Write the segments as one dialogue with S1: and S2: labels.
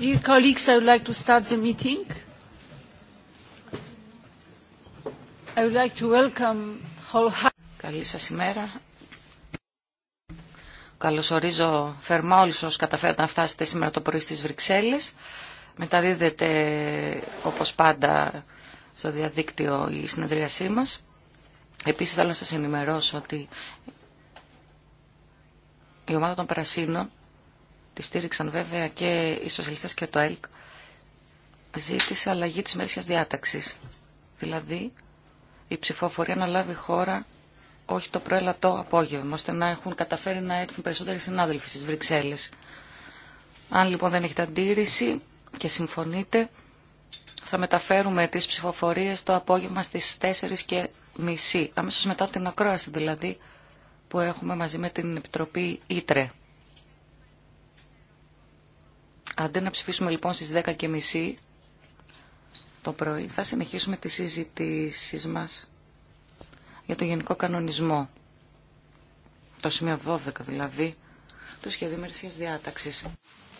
S1: Καλή σας ημέρα. Καλωσορίζω θερμά όλους όσους καταφέρατε να φτάσετε σήμερα το πρωί στις Βρυξέλλες. Μεταδίδεται όπως πάντα στο διαδίκτυο η συνεδρίασή μας. Επίσης θέλω να σας ενημερώσω ότι η ομάδα των περασίνων. Τη στήριξαν βέβαια και οι σοσιαλιστές και το ΕΛΚ. Ζήτησε αλλαγή της μερίσιας διάταξης. Δηλαδή, η ψηφοφορία να λάβει χώρα όχι το προέλατο απόγευμα, ώστε να έχουν καταφέρει να έρθουν περισσότεροι συνάδελφοι στις Βρυξέλλες. Αν λοιπόν δεν έχετε αντίρρηση και συμφωνείτε, θα μεταφέρουμε τις ψηφοφορίες το απόγευμα στις 4 και μισή, αμέσως μετά από την ακρόαση δηλαδή που έχουμε μαζί με την Επιτροπή Ήτρε. Αντί να ψηφίσουμε λοιπόν στις 10.30 το πρωί, θα συνεχίσουμε τις συζητήσεις μας για το γενικό κανονισμό. Το σημείο 12 δηλαδή, το σχέδιο μερικής διάταξης.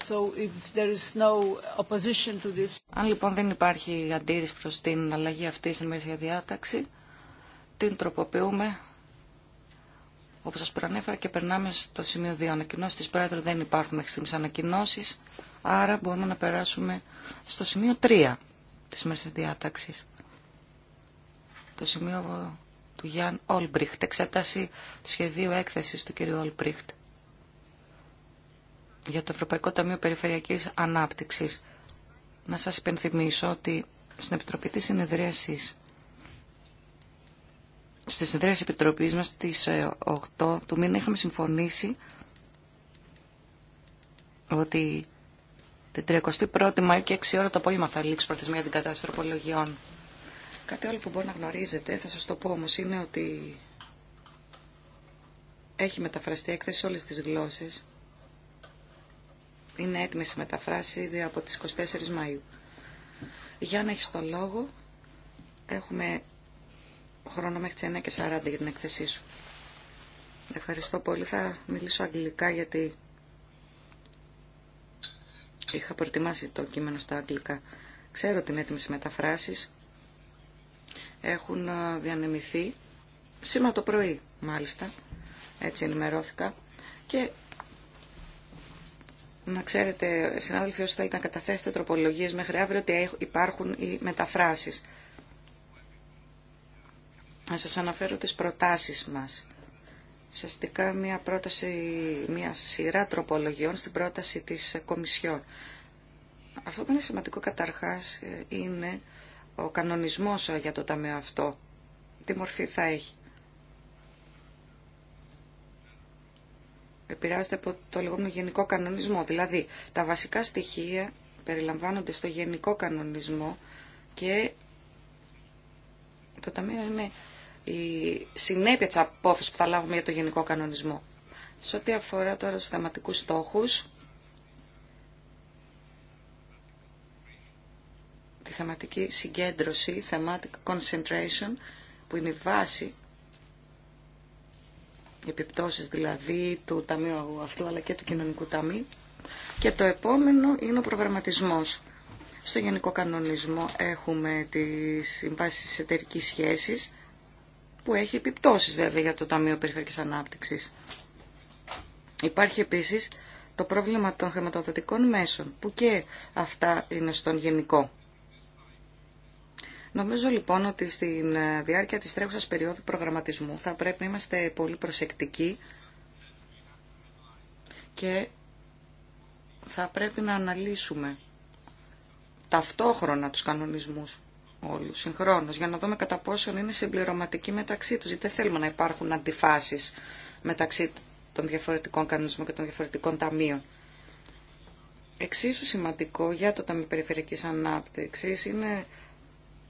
S1: So if there is no opposition to this... Αν λοιπόν δεν υπάρχει αντίρρηση προς την αλλαγή αυτή στην μερική διάταξη, την τροποποιούμε Όπω σα προανέφερα και περνάμε στο σημείο 2. Ανακοινώσει τη Πρόεδρου δεν υπάρχουν μέχρι στιγμή ανακοινώσει. Άρα μπορούμε να περάσουμε στο σημείο 3 τη σημερινή διάταξη. Το σημείο του Γιάνν Όλμπριχτ. Εξέταση του σχεδίου έκθεση του κ. Όλμπριχτ για το Ευρωπαϊκό Ταμείο Περιφερειακής ανάπτυξη. Να σα υπενθυμίσω ότι στην Επιτροπή τη Συνεδρίαση στη τη επιτροπής μας στις 8 ε, του μήνα είχαμε συμφωνήσει ότι την 31η Μαΐου και 6 ώρα το απόγευμα θα λήξει προθεσμία την κατάσταση τροπολογιών. Κάτι άλλο που μπορεί να γνωρίζετε, θα σας το πω όμως, είναι ότι έχει μεταφραστεί έκθεση σε όλες τις γλώσσες. Είναι έτοιμη η μεταφράση ήδη από τις 24 Μαΐου. Για να έχει το λόγο, έχουμε χρόνο μέχρι τις 9.40 για την εκθεσή σου. Ευχαριστώ πολύ. Θα μιλήσω αγγλικά γιατί είχα προετοιμάσει το κείμενο στα αγγλικά. Ξέρω ότι είναι μεταφράσει Έχουν διανεμηθεί σήμερα το πρωί μάλιστα. Έτσι ενημερώθηκα. Και να ξέρετε, συνάδελφοι, όσοι θέλετε να καταθέσετε τροπολογίες μέχρι αύριο ότι υπάρχουν οι μεταφράσεις να σας αναφέρω τις προτάσεις μας. Ουσιαστικά μια πρόταση, μια σειρά τροπολογιών στην πρόταση της Κομισιόν. Αυτό που είναι σημαντικό καταρχάς ε, είναι ο κανονισμός για το ταμείο αυτό. Τι μορφή θα έχει. Επηρεάζεται από το λεγόμενο γενικό κανονισμό. Δηλαδή, τα βασικά στοιχεία περιλαμβάνονται στο γενικό κανονισμό και το Ταμείο είναι η συνέπεια της απόφασης που θα λάβουμε για το γενικό κανονισμό. Σε ό,τι αφορά τώρα τους θεματικούς στόχους, τη θεματική συγκέντρωση, thematic concentration, που είναι η βάση, οι επιπτώσεις δηλαδή του Ταμείου αυτού αλλά και του Κοινωνικού Ταμείου. Και το επόμενο είναι ο προγραμματισμός. Στο Γενικό Κανονισμό έχουμε τις συμβάσεις εταιρικής σχέσης, που έχει επιπτώσεις βέβαια για το Ταμείο Περιφερειακής Ανάπτυξης. Υπάρχει επίσης το πρόβλημα των χρηματοδοτικών μέσων, που και αυτά είναι στον γενικό. Νομίζω λοιπόν ότι στην ε, διάρκεια της τρέχουσας περίοδου προγραμματισμού θα πρέπει να είμαστε πολύ προσεκτικοί και θα πρέπει να αναλύσουμε ταυτόχρονα τους κανονισμούς όλου συγχρόνω για να δούμε κατά πόσον είναι συμπληρωματικοί μεταξύ του. Γιατί δεν θέλουμε να υπάρχουν αντιφάσει μεταξύ των διαφορετικών κανονισμών και των διαφορετικών ταμείων. Εξίσου σημαντικό για το Ταμείο Περιφερειακής Ανάπτυξης είναι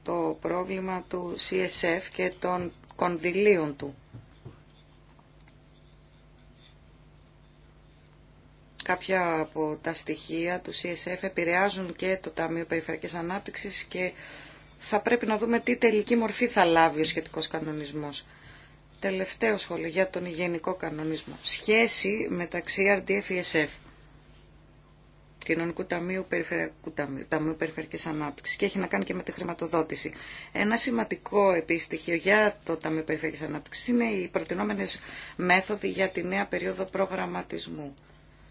S1: το πρόβλημα του CSF και των κονδυλίων του. Κάποια από τα στοιχεία του CSF επηρεάζουν και το Ταμείο Περιφερειακής Ανάπτυξης και θα πρέπει να δούμε τι τελική μορφή θα λάβει ο σχετικός κανονισμός. Τελευταίο σχόλιο για τον γενικό κανονισμό. Σχέση μεταξύ RDF-ESF, Κοινωνικού Ταμείου Περιφερειακού Ταμείου, Ταμείου Περιφερειακής Ανάπτυξης και έχει να κάνει και με τη χρηματοδότηση. Ένα σημαντικό επίστοιχο για το Ταμείο Περιφερειακής Ανάπτυξης είναι οι προτινόμενες μέθοδοι για τη νέα περίοδο προγραμματισμού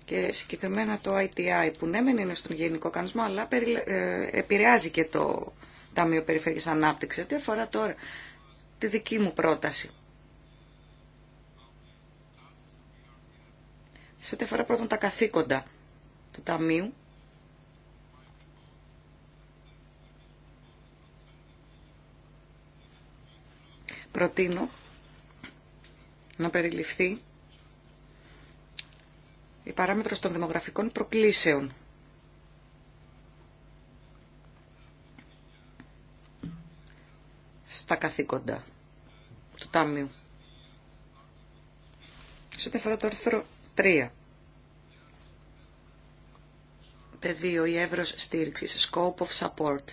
S1: και συγκεκριμένα το ITI που ναι μεν είναι στον γενικό κανονισμό αλλά ε, επηρεάζει και το Ταμείο Περιφερειακής Ανάπτυξης. Ό,τι αφορά τώρα τη δική μου πρόταση. Σε ό,τι αφορά πρώτον τα καθήκοντα του Ταμείου, προτείνω να περιληφθεί η παράμετρος των δημογραφικών προκλήσεων στα καθήκοντα του Τάμιου. Σε ό,τι το άρθρο 3. Πεδίο ή εύρος στήριξης, scope of support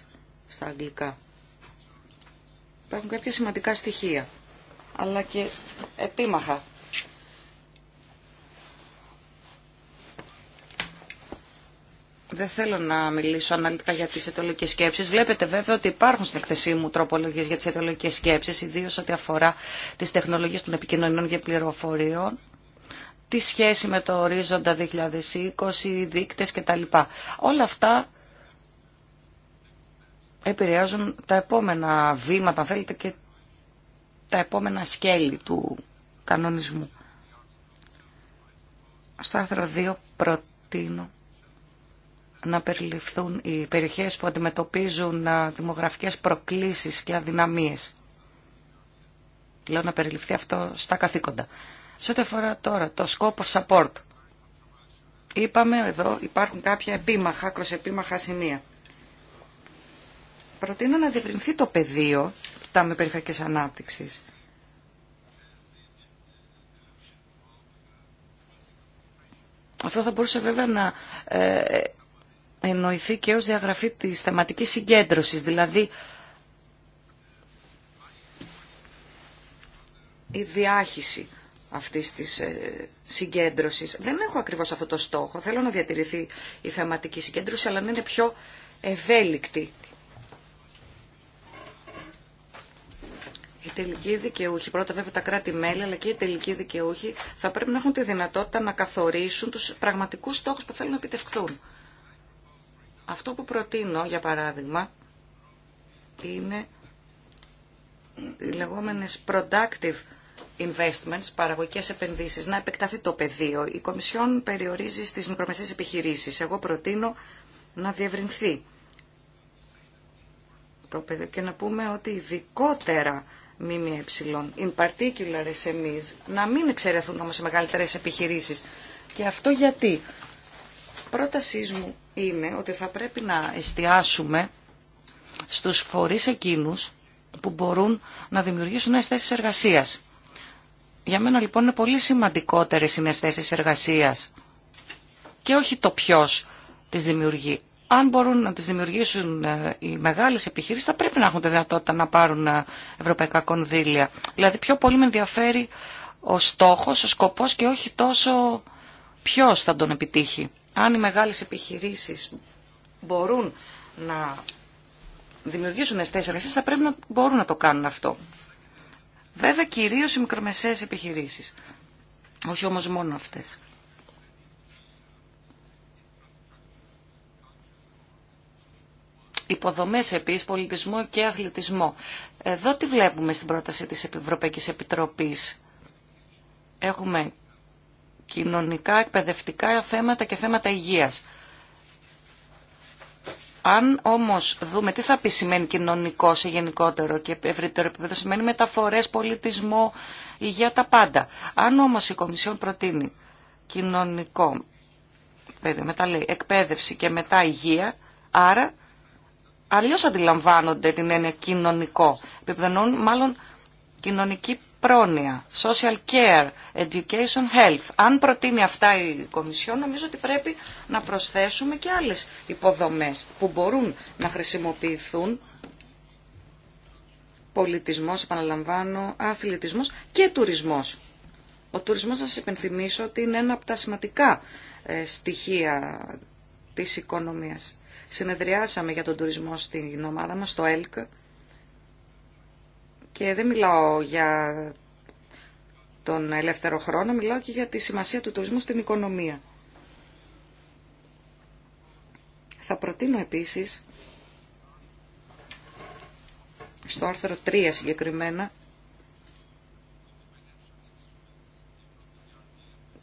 S1: στα αγγλικά. Υπάρχουν κάποια σημαντικά στοιχεία, αλλά και επίμαχα Δεν θέλω να μιλήσω αναλυτικά για τι αιτιολογικέ σκέψεις. Βλέπετε βέβαια ότι υπάρχουν στην εκθεσή μου τροπολογίες για τις αιτιολογικέ σκέψεις, ιδίως ό,τι αφορά τις τεχνολογίες των επικοινωνιών και πληροφοριών, τη σχέση με το ορίζοντα 2020, οι δείκτες κτλ. Όλα αυτά επηρεάζουν τα επόμενα βήματα, αν θέλετε, και τα επόμενα σκέλη του κανονισμού. Στο άρθρο 2 προτείνω να περιληφθούν οι περιοχές που αντιμετωπίζουν δημογραφικές προκλήσεις και αδυναμίες. Λέω να περιληφθεί αυτό στα καθήκοντα. Σε ό,τι αφορά τώρα το scope of support. Είπαμε εδώ υπάρχουν κάποια επίμαχα, κροσεπίμαχα σημεία. Προτείνω να διευρυνθεί το πεδίο τα με Περιφερειακής Ανάπτυξης. Αυτό θα μπορούσε βέβαια να ε, εννοηθεί και ως διαγραφή της θεματικής συγκέντρωσης, δηλαδή η διάχυση αυτής της ε, συγκέντρωσης. Δεν έχω ακριβώς αυτό το στόχο. Θέλω να διατηρηθεί η θεματική συγκέντρωση, αλλά να είναι πιο ευέλικτη. Οι τελική δικαιούχοι, πρώτα βέβαια τα κράτη-μέλη, αλλά και οι τελικοί δικαιούχοι θα πρέπει να έχουν τη δυνατότητα να καθορίσουν τους πραγματικούς στόχους που θέλουν να επιτευχθούν. Αυτό που προτείνω, για παράδειγμα, είναι οι λεγόμενες productive investments, παραγωγικές επενδύσεις, να επεκταθεί το πεδίο. Η Κομισιόν περιορίζει στις μικρομεσαίες επιχειρήσεις. Εγώ προτείνω να διευρυνθεί το πεδίο και να πούμε ότι ειδικότερα ΜΜΕ, in particular SMEs, να μην εξαιρεθούν όμως οι μεγαλύτερες επιχειρήσεις. Και αυτό γιατί πρότασή μου είναι ότι θα πρέπει να εστιάσουμε στους φορείς εκείνους που μπορούν να δημιουργήσουν νέες θέσεις εργασίας. Για μένα λοιπόν είναι πολύ σημαντικότερες οι νέες θέσεις εργασίας και όχι το ποιο τις δημιουργεί. Αν μπορούν να τις δημιουργήσουν ε, οι μεγάλες επιχειρήσεις θα πρέπει να έχουν τη δυνατότητα να πάρουν ε, ευρωπαϊκά κονδύλια. Δηλαδή πιο πολύ με ενδιαφέρει ο στόχος, ο σκοπός και όχι τόσο ποιος θα τον επιτύχει αν οι μεγάλες επιχειρήσεις μπορούν να δημιουργήσουν αισθέσεις εργασίες, θα πρέπει να μπορούν να το κάνουν αυτό. Βέβαια, κυρίως οι μικρομεσαίες επιχειρήσεις. Όχι όμως μόνο αυτές. Υποδομές επίσης, πολιτισμό και αθλητισμό. Εδώ τι βλέπουμε στην πρόταση της Ευρωπαϊκής Επιτροπής. Έχουμε κοινωνικά, εκπαιδευτικά θέματα και θέματα υγείας. Αν όμως δούμε τι θα πει σημαίνει κοινωνικό σε γενικότερο και ευρύτερο επίπεδο, σημαίνει μεταφορές, πολιτισμό, υγεία, τα πάντα. Αν όμως η Κομισιόν προτείνει κοινωνικό, μετά λέει εκπαίδευση και μετά υγεία, άρα αλλιώς αντιλαμβάνονται την έννοια κοινωνικό. μάλλον κοινωνική πρόνοια, social care, education, health. Αν προτείνει αυτά η Κομισιόν, νομίζω ότι πρέπει να προσθέσουμε και άλλες υποδομές που μπορούν να χρησιμοποιηθούν πολιτισμός, επαναλαμβάνω, αθλητισμός και τουρισμός. Ο τουρισμός, να σας υπενθυμίσω, ότι είναι ένα από τα σημαντικά ε, στοιχεία της οικονομίας. Συνεδριάσαμε για τον τουρισμό στην ομάδα μας, στο ΕΛΚ, και δεν μιλάω για τον ελεύθερο χρόνο, μιλάω και για τη σημασία του τουρισμού στην οικονομία. Θα προτείνω επίσης στο άρθρο 3 συγκεκριμένα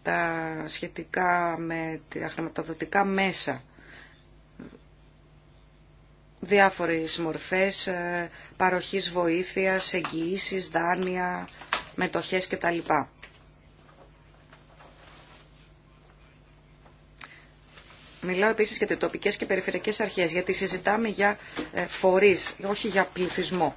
S1: τα σχετικά με τα χρηματοδοτικά μέσα διάφορες μορφές ε, παροχής βοήθειας, εγγυήσεις, δάνεια, μετοχές κτλ. Μιλάω επίσης για τις τοπικές και περιφερειακές αρχές, γιατί συζητάμε για ε, φορείς, όχι για πληθυσμό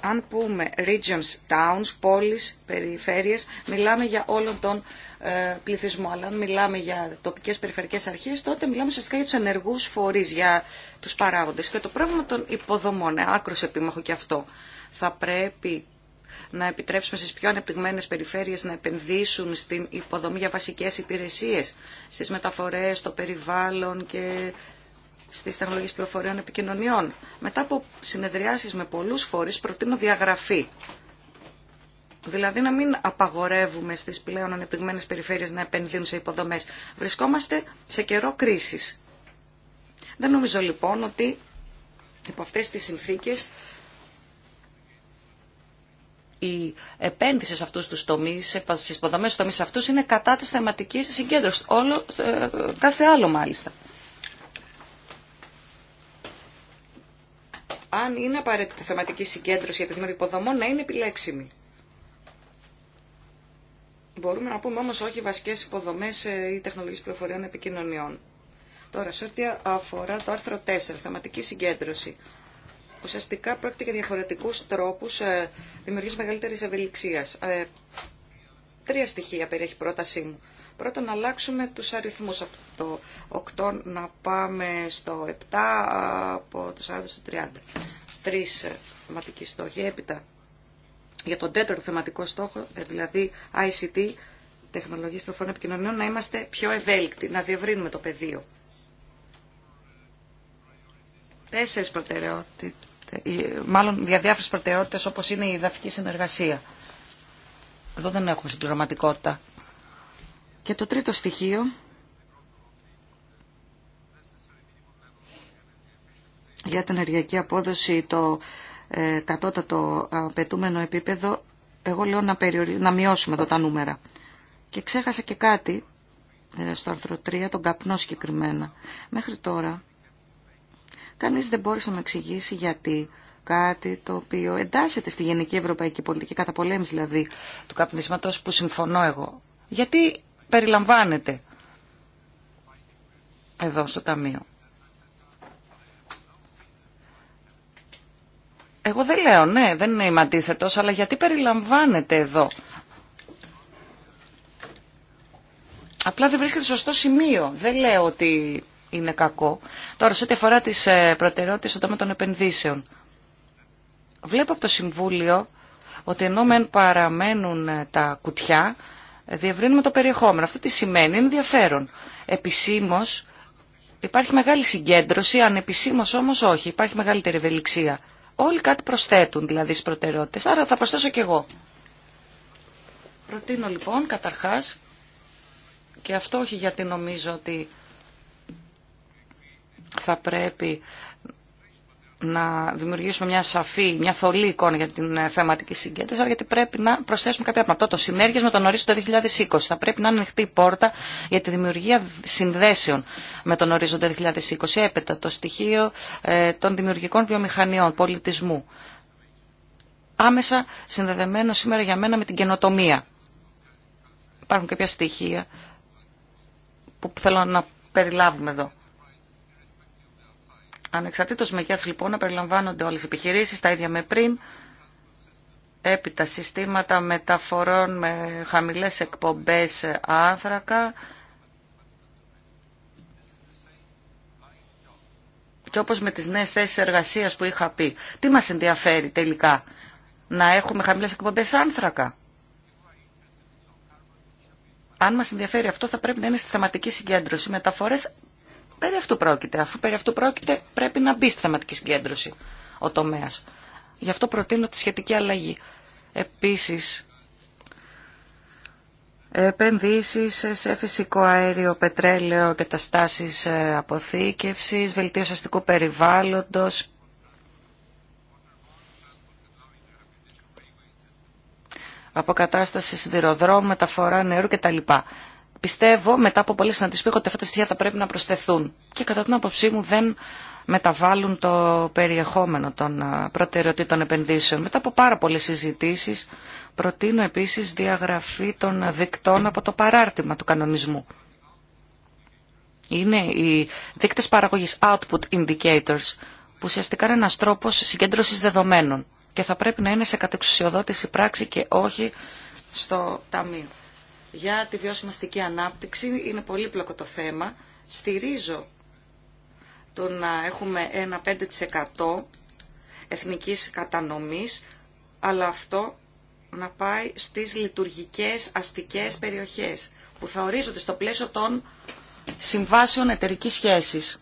S1: αν πούμε regions, towns, πόλεις, περιφέρειες, μιλάμε για όλον τον ε, πληθυσμό. Αλλά αν μιλάμε για τοπικές περιφερειακές αρχές, τότε μιλάμε ουσιαστικά για τους ενεργούς φορείς, για τους παράγοντες. Και το πρόβλημα των υποδομών, ε, άκρος επίμαχο και αυτό, θα πρέπει να επιτρέψουμε στις πιο ανεπτυγμένες περιφέρειες να επενδύσουν στην υποδομή για βασικές υπηρεσίες, στις μεταφορές, στο περιβάλλον και στις τεχνολογίες πληροφοριών επικοινωνιών. Μετά από συνεδριάσεις με πολλούς φορείς προτείνω διαγραφή. Δηλαδή να μην απαγορεύουμε στις πλέον ανεπτυγμένες περιφέρειες να επενδύουν σε υποδομές. Βρισκόμαστε σε καιρό κρίσης. Δεν νομίζω λοιπόν ότι υπό αυτές τις συνθήκες η επένδυση σε αυτούς τους τομείς, στις υποδομές τομείς αυτούς είναι κατά της θεματικής συγκέντρωσης, όλο, ε, κάθε άλλο μάλιστα. αν είναι απαραίτητη θεματική συγκέντρωση για τη δημιουργία υποδομών, να είναι επιλέξιμη. Μπορούμε να πούμε όμως όχι βασικές υποδομές ε, ή τεχνολογίες πληροφοριών επικοινωνιών. Τώρα, σε ό,τι αφορά το άρθρο 4, θεματική συγκέντρωση, ουσιαστικά πρόκειται για διαφορετικούς τρόπους ε, δημιουργίας μεγαλυτερη ευελιξια ε, Τρία στοιχεία περιέχει η πρότασή μου. Πρώτον να αλλάξουμε τους αριθμούς από το 8 να πάμε στο 7, από το 40 στο 30. Τρεις θεματικοί στόχοι. Έπειτα για τον τέταρτο θεματικό στόχο, δηλαδή ICT, τεχνολογίες προφόρων επικοινωνιών, να είμαστε πιο ευέλικτοι, να διευρύνουμε το πεδίο. Τέσσερις προτεραιότητες, ε, μάλλον για διάφορες προτεραιότητες όπως είναι η δαφική συνεργασία. Εδώ δεν έχουμε συμπληρωματικότητα. Και το τρίτο στοιχείο για την ενεργειακή απόδοση το ε, κατώτατο απαιτούμενο επίπεδο, εγώ λέω να, μειώσουμε εδώ τα νούμερα. Και ξέχασα και κάτι ε, στο άρθρο 3, τον καπνό συγκεκριμένα. Μέχρι τώρα, κανείς δεν μπόρεσε να με εξηγήσει γιατί κάτι το οποίο εντάσσεται στη Γενική Ευρωπαϊκή Πολιτική, κατά δηλαδή του καπνίσματος που συμφωνώ εγώ. Γιατί περιλαμβάνεται εδώ στο Ταμείο. Εγώ δεν λέω, ναι, δεν είμαι αντίθετο, αλλά γιατί περιλαμβάνεται εδώ. Απλά δεν βρίσκεται σωστό σημείο. Δεν λέω ότι είναι κακό. Τώρα, σε ό,τι αφορά τι ε, προτεραιότητε στον τομέα των επενδύσεων. Βλέπω από το Συμβούλιο ότι ενώ μεν παραμένουν ε, τα κουτιά, διευρύνουμε το περιεχόμενο. Αυτό τι σημαίνει, είναι ενδιαφέρον. Επισήμως υπάρχει μεγάλη συγκέντρωση, ανεπισήμως όμως όχι, υπάρχει μεγαλύτερη ευελιξία. Όλοι κάτι προσθέτουν δηλαδή στις προτεραιότητες, άρα θα προσθέσω κι εγώ. Προτείνω λοιπόν καταρχάς, και αυτό όχι γιατί νομίζω ότι θα πρέπει να δημιουργήσουμε μια σαφή, μια θολή εικόνα για την ε, θεματική συγκέντρωση, αλλά γιατί πρέπει να προσθέσουμε κάποια πράγματα. Το συνέργειε με τον ορίζοντα 2020. Θα πρέπει να ανοιχτεί ανοιχτή η πόρτα για τη δημιουργία συνδέσεων με τον ορίζοντα 2020. Έπειτα το στοιχείο ε, των δημιουργικών βιομηχανιών, πολιτισμού. Άμεσα συνδεδεμένο σήμερα για μένα με την καινοτομία. Υπάρχουν κάποια στοιχεία που θέλω να περιλάβουμε εδώ. Ανεξαρτήτως μεγέθους λοιπόν να περιλαμβάνονται όλες οι επιχειρήσεις, τα ίδια με πριν, έπειτα συστήματα μεταφορών με χαμηλές εκπομπές άνθρακα και όπως με τις νέες θέσεις εργασίας που είχα πει. Τι μας ενδιαφέρει τελικά, να έχουμε χαμηλές εκπομπές άνθρακα. Αν μας ενδιαφέρει αυτό θα πρέπει να είναι στη θεματική συγκέντρωση μεταφορές Περί αυτού πρόκειται. Αφού περί αυτού πρόκειται, πρέπει να μπει στη θεματική συγκέντρωση ο τομέα. Γι' αυτό προτείνω τη σχετική αλλαγή. Επίση, επενδύσεις σε φυσικό αέριο, πετρέλαιο και ταστάσει ε, αποθήκευσης, βελτίωση αστικού περιβάλλοντος, αποκατάσταση σιδηροδρόμου, μεταφορά νερού κτλ. Πιστεύω μετά από πολλές συναντήσεις που έχω ότι αυτά τα στοιχεία θα πρέπει να προσθεθούν και κατά την άποψή μου δεν μεταβάλλουν το περιεχόμενο των προτεραιοτήτων επενδύσεων. Μετά από πάρα πολλές συζητήσεις προτείνω επίσης διαγραφή των δικτών από το παράρτημα του κανονισμού. Είναι οι δείκτες παραγωγής output indicators που ουσιαστικά είναι ένας τρόπος συγκέντρωσης δεδομένων και θα πρέπει να είναι σε κατεξουσιοδότηση πράξη και όχι στο ταμείο για τη βιώσιμαστική ανάπτυξη. Είναι πολύπλοκο το θέμα. Στηρίζω το να έχουμε ένα 5% εθνικής κατανομής, αλλά αυτό να πάει στις λειτουργικές αστικές περιοχές, που θα ορίζονται στο πλαίσιο των συμβάσεων εταιρικής σχέσης.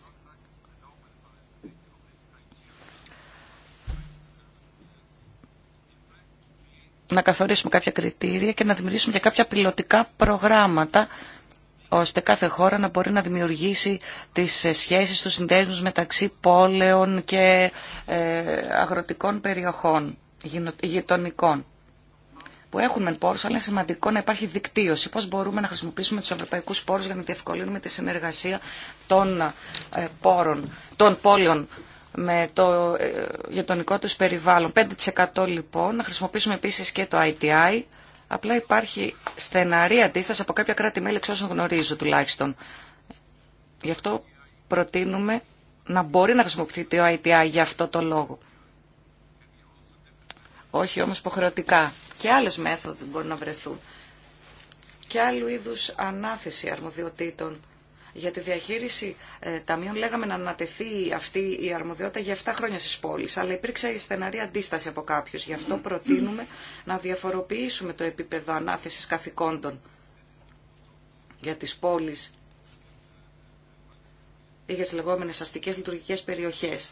S1: να καθορίσουμε κάποια κριτήρια και να δημιουργήσουμε και κάποια πιλωτικά προγράμματα ώστε κάθε χώρα να μπορεί να δημιουργήσει τις σχέσεις, του συνδέσμους μεταξύ πόλεων και ε, αγροτικών περιοχών, γειτονικών που έχουν μεν πόρου, αλλά είναι σημαντικό να υπάρχει δικτύωση. πώς μπορούμε να χρησιμοποιήσουμε τους ευρωπαϊκούς πόρους για να διευκολύνουμε τη συνεργασία των ε, πόρων, των πόλεων με το ε, γειτονικό τους περιβάλλον. 5% λοιπόν, να χρησιμοποιήσουμε επίσης και το ITI. Απλά υπάρχει στεναρή αντίσταση από κάποια κράτη-μέλη εξ όσων γνωρίζω τουλάχιστον. Γι' αυτό προτείνουμε να μπορεί να χρησιμοποιηθεί το ITI για αυτό το λόγο. Όχι όμως υποχρεωτικά. Και άλλες μέθοδοι μπορούν να βρεθούν. Και άλλου είδους ανάθεση αρμοδιοτήτων για τη διαχείριση ε, ταμείων λέγαμε να ανατεθεί αυτή η αρμοδιότητα για 7 χρόνια στις πόλεις, αλλά υπήρξε η στεναρή αντίσταση από κάποιους. Γι' αυτό προτείνουμε να διαφοροποιήσουμε το επίπεδο ανάθεσης καθηκόντων για τις πόλεις ή για τις λεγόμενες αστικές λειτουργικές περιοχές.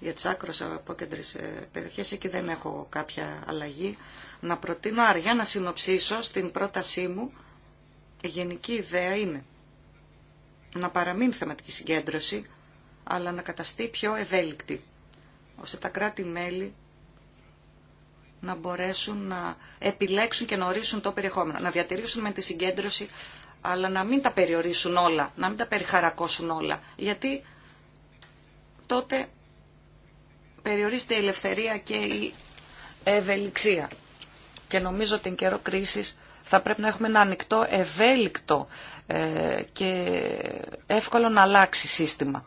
S1: Για τις από απόκεντρες ε, περιοχές εκεί δεν έχω κάποια αλλαγή. Να προτείνω για να συνοψίσω στην πρότασή μου η γενική ιδέα είναι να παραμείνει θεματική συγκέντρωση, αλλά να καταστεί πιο ευέλικτη, ώστε τα κράτη-μέλη να μπορέσουν να επιλέξουν και να ορίσουν το περιεχόμενο, να διατηρήσουν με τη συγκέντρωση, αλλά να μην τα περιορίσουν όλα, να μην τα περιχαρακώσουν όλα, γιατί τότε περιορίζεται η ελευθερία και η ευελιξία. Και νομίζω ότι εν καιρό κρίσης θα πρέπει να έχουμε ένα ανοιχτό, ευέλικτο ε, και εύκολο να αλλάξει σύστημα.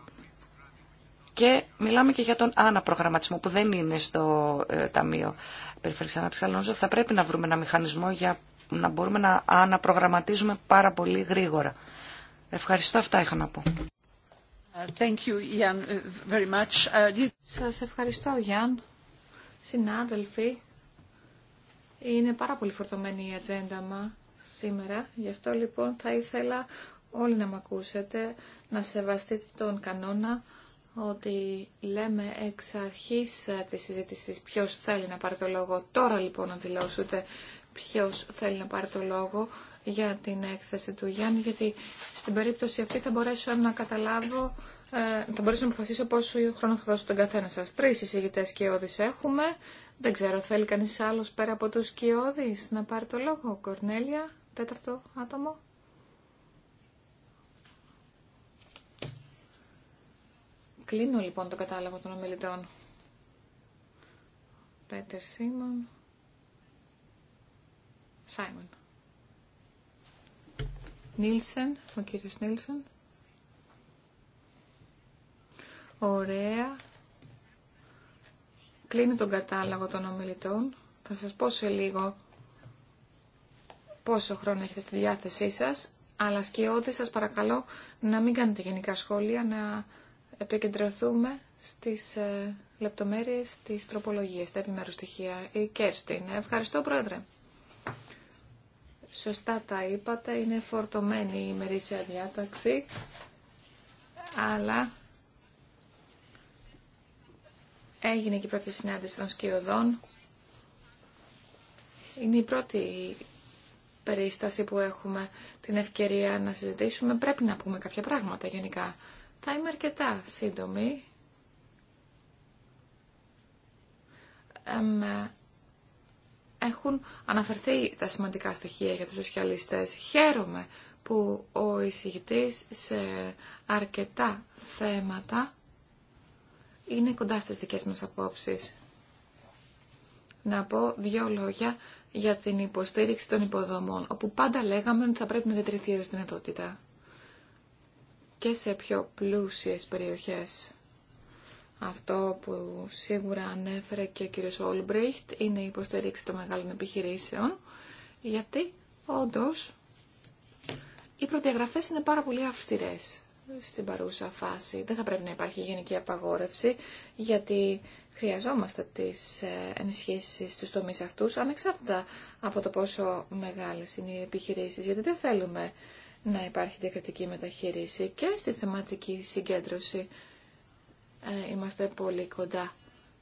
S1: Και μιλάμε και για τον αναπρογραμματισμό που δεν είναι στο ε, Ταμείο Περιφέρειας Ανάπτυξης, αλλά θα πρέπει να βρούμε ένα μηχανισμό για να μπορούμε να αναπρογραμματίζουμε πάρα πολύ γρήγορα. Ευχαριστώ, αυτά είχα να πω. Thank you, Ian, very much. Uh,
S2: Σας ευχαριστώ, Γιάν. Συνάδελφοι, είναι πάρα πολύ φορτωμένη η ατζέντα μα σήμερα. Γι' αυτό λοιπόν θα ήθελα όλοι να με ακούσετε, να σεβαστείτε τον κανόνα ότι λέμε εξ αρχής ε, της συζήτησης ποιος θέλει να πάρει το λόγο. Τώρα λοιπόν να δηλώσετε ποιος θέλει να πάρει το λόγο για την έκθεση του Γιάννη, γιατί στην περίπτωση αυτή θα μπορέσω να καταλάβω, ε, θα μπορέσω να αποφασίσω πόσο χρόνο θα δώσω τον καθένα σας. Τρεις εισηγητές όδης έχουμε. Δεν ξέρω, θέλει κανείς άλλος πέρα από τους κοιόδης να πάρει το λόγο, Κορνέλια τέταρτο άτομο. Κλείνω λοιπόν το κατάλογο των ομιλητών. Πέτερ Σίμον. Σάιμον. Νίλσεν, ο κύριος Νίλσεν. Ωραία. Κλείνω τον κατάλογο των ομιλητών. Θα σας πω σε λίγο πόσο χρόνο έχετε στη διάθεσή σας, αλλά σκιώδη σας παρακαλώ να μην κάνετε γενικά σχόλια, να επικεντρωθούμε στις ε, λεπτομέρειες της τροπολογίας, τα επιμέρους στοιχεία. Η Κέρστιν, ευχαριστώ Πρόεδρε. Σωστά τα είπατε, είναι φορτωμένη η ημερήσια διάταξη, αλλά έγινε και η πρώτη συνάντηση των σκιωδών. Είναι η πρώτη περίσταση που έχουμε την ευκαιρία να συζητήσουμε, πρέπει να πούμε κάποια πράγματα γενικά. Θα είμαι αρκετά σύντομη. έχουν αναφερθεί τα σημαντικά στοιχεία για τους σοσιαλιστές. Χαίρομαι που ο εισηγητής σε αρκετά θέματα είναι κοντά στις δικές μας απόψεις. Να πω δύο λόγια για την υποστήριξη των υποδομών, όπου πάντα λέγαμε ότι θα πρέπει να διατηρηθεί η δυνατότητα και σε πιο πλούσιες περιοχές. Αυτό που σίγουρα ανέφερε και ο κύριος Όλμπριχτ είναι η υποστήριξη των μεγάλων επιχειρήσεων, γιατί όντως οι προδιαγραφές είναι πάρα πολύ αυστηρές στην παρούσα φάση. Δεν θα πρέπει να υπάρχει γενική απαγόρευση, γιατί χρειαζόμαστε τις ε, ενισχύσεις στους τομείς αυτούς, ανεξάρτητα από το πόσο μεγάλες είναι οι επιχειρήσεις, γιατί δεν θέλουμε να υπάρχει διακριτική μεταχείριση και στη θεματική συγκέντρωση ε, είμαστε πολύ κοντά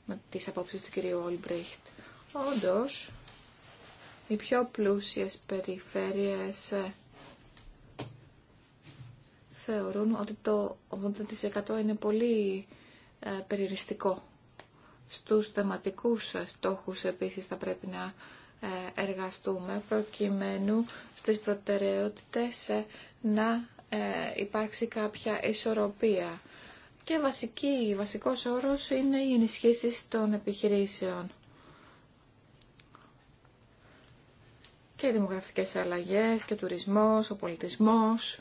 S2: με τις απόψεις του κυρίου Ολμπρίχτ. Όντως, οι πιο πλούσιες περιφέρειες ε, θεωρούν ότι το 80% είναι πολύ ε, περιοριστικό στους θεματικούς στόχους επίσης θα πρέπει να ε, εργαστούμε προκειμένου στις προτεραιότητες ε, να ε, υπάρξει κάποια ισορροπία. Και βασική, βασικός όρος είναι οι ενισχύσεις των επιχειρήσεων. Και οι δημογραφικές αλλαγές και ο τουρισμός, ο πολιτισμός.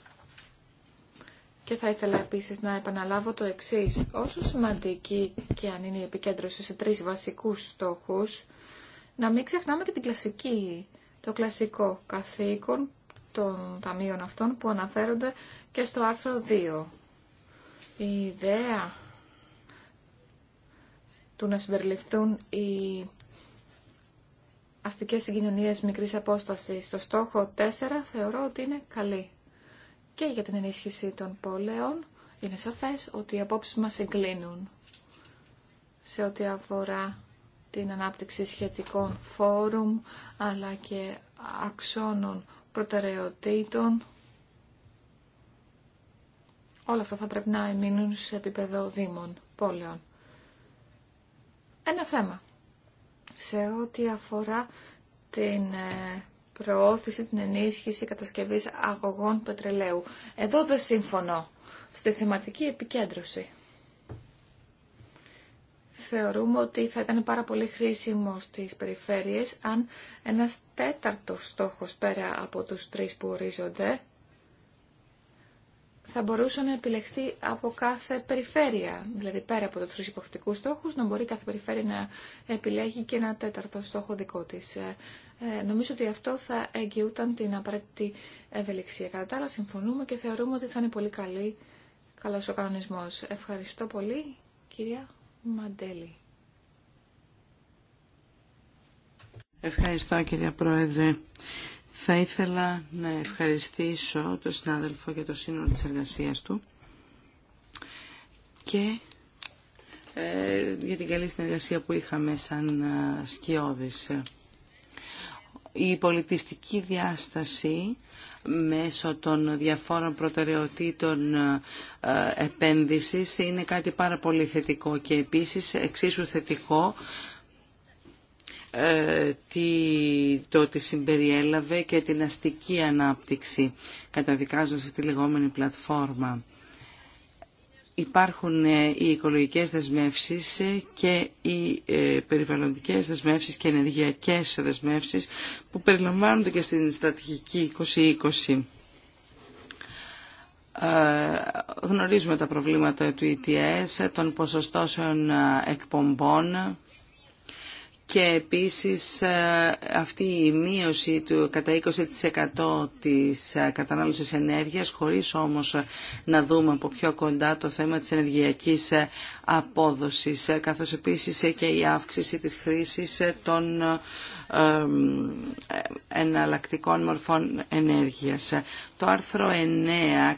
S2: Και θα ήθελα επίσης να επαναλάβω το εξής. Όσο σημαντική και αν είναι η επικέντρωση σε τρεις βασικούς στόχους, να μην ξεχνάμε και την κλασική, το κλασικό καθήκον των ταμείων αυτών που αναφέρονται και στο άρθρο 2. Η ιδέα του να συμπεριληφθούν οι αστικές συγκοινωνίες μικρής απόστασης στο στόχο 4 θεωρώ ότι είναι καλή και για την ενίσχυση των πόλεων, είναι σαφές ότι οι απόψεις μας συγκλίνουν σε ό,τι αφορά την ανάπτυξη σχετικών φόρουμ, αλλά και αξώνων προτεραιοτήτων. Όλα αυτά θα πρέπει να μείνουν σε επίπεδο δήμων, πόλεων. Ένα θέμα σε ό,τι αφορά την ε, προώθηση, την ενίσχυση κατασκευής αγωγών πετρελαίου. Εδώ δεν σύμφωνο. Στη θεματική επικέντρωση. Θεωρούμε ότι θα ήταν πάρα πολύ χρήσιμο στις περιφέρειες αν ένας τέταρτος στόχος πέρα από τους τρεις που ορίζονται θα μπορούσε να επιλεχθεί από κάθε περιφέρεια. Δηλαδή πέρα από τους τρεις υποχρεωτικούς στόχους να μπορεί κάθε περιφέρεια να επιλέγει και ένα τέταρτο στόχο δικό της. Ε, νομίζω ότι αυτό θα εγγυούταν την απαραίτητη ευελιξία. Κατά τα άλλα, συμφωνούμε και θεωρούμε ότι θα είναι πολύ καλή, καλός ο κανονισμός. Ευχαριστώ πολύ, κυρία Μαντέλη.
S3: Ευχαριστώ, κυρία Πρόεδρε. Θα ήθελα να ευχαριστήσω τον συνάδελφο για το σύνολο της εργασίας του και ε, για την καλή συνεργασία που είχαμε σαν ε, σκιώδης η πολιτιστική διάσταση μέσω των διαφόρων προτεραιοτήτων ε, επένδυσης είναι κάτι πάρα πολύ θετικό και επίσης εξίσου θετικό ε, το ότι συμπεριέλαβε και την αστική ανάπτυξη καταδικάζοντας αυτή τη λεγόμενη πλατφόρμα υπάρχουν ε, οι οικολογικές δεσμεύσεις ε, και οι ε, περιβαλλοντικές δεσμεύσεις και ενεργειακές δεσμεύσεις που περιλαμβάνονται και στην στρατηγική 2020. Γνωρίζουμε τα προβλήματα του ETS, των ποσοστώσεων εκπομπών και επίσης ε, αυτή η μείωση του κατά 20% της ε, κατανάλωσης ενέργειας χωρίς όμως να δούμε από πιο κοντά το θέμα της ενεργειακής ε, απόδοσης καθώς επίσης και η αύξηση της χρήσης των εναλλακτικών μορφών ενέργειας. Το άρθρο 9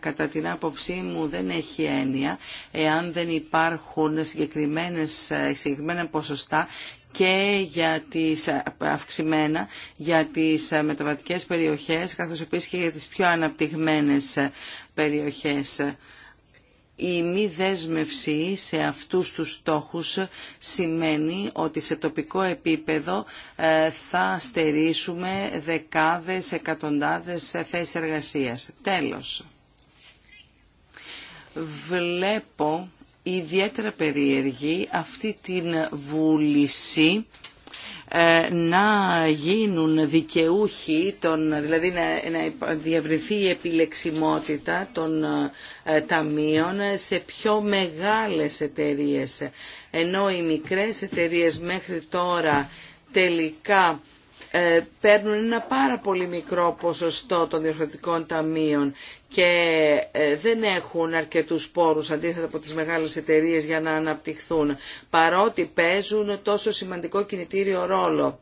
S3: κατά την άποψή μου δεν έχει έννοια εάν δεν υπάρχουν συγκεκριμένα ποσοστά και για τις αυξημένα, για τις μεταβατικές περιοχές, καθώς επίσης και για τις πιο αναπτυγμένες περιοχές. Η μη δέσμευση σε αυτούς τους στόχους σημαίνει ότι σε τοπικό επίπεδο ε, θα στερήσουμε δεκάδες, εκατοντάδες θέσεις εργασίας. Τέλος. Βλέπω ιδιαίτερα περίεργη αυτή την βούληση ε, να γίνουν δικαιούχοι, των, δηλαδή να, να η επιλεξιμότητα των ε, ταμείων σε πιο μεγάλες εταιρείες. Ενώ οι μικρές εταιρείες μέχρι τώρα τελικά ε, παίρνουν ένα πάρα πολύ μικρό ποσοστό των διορθωτικών ταμείων και ε, δεν έχουν αρκετούς πόρους αντίθετα από τις μεγάλες εταιρείες για να αναπτυχθούν παρότι παίζουν τόσο σημαντικό κινητήριο ρόλο.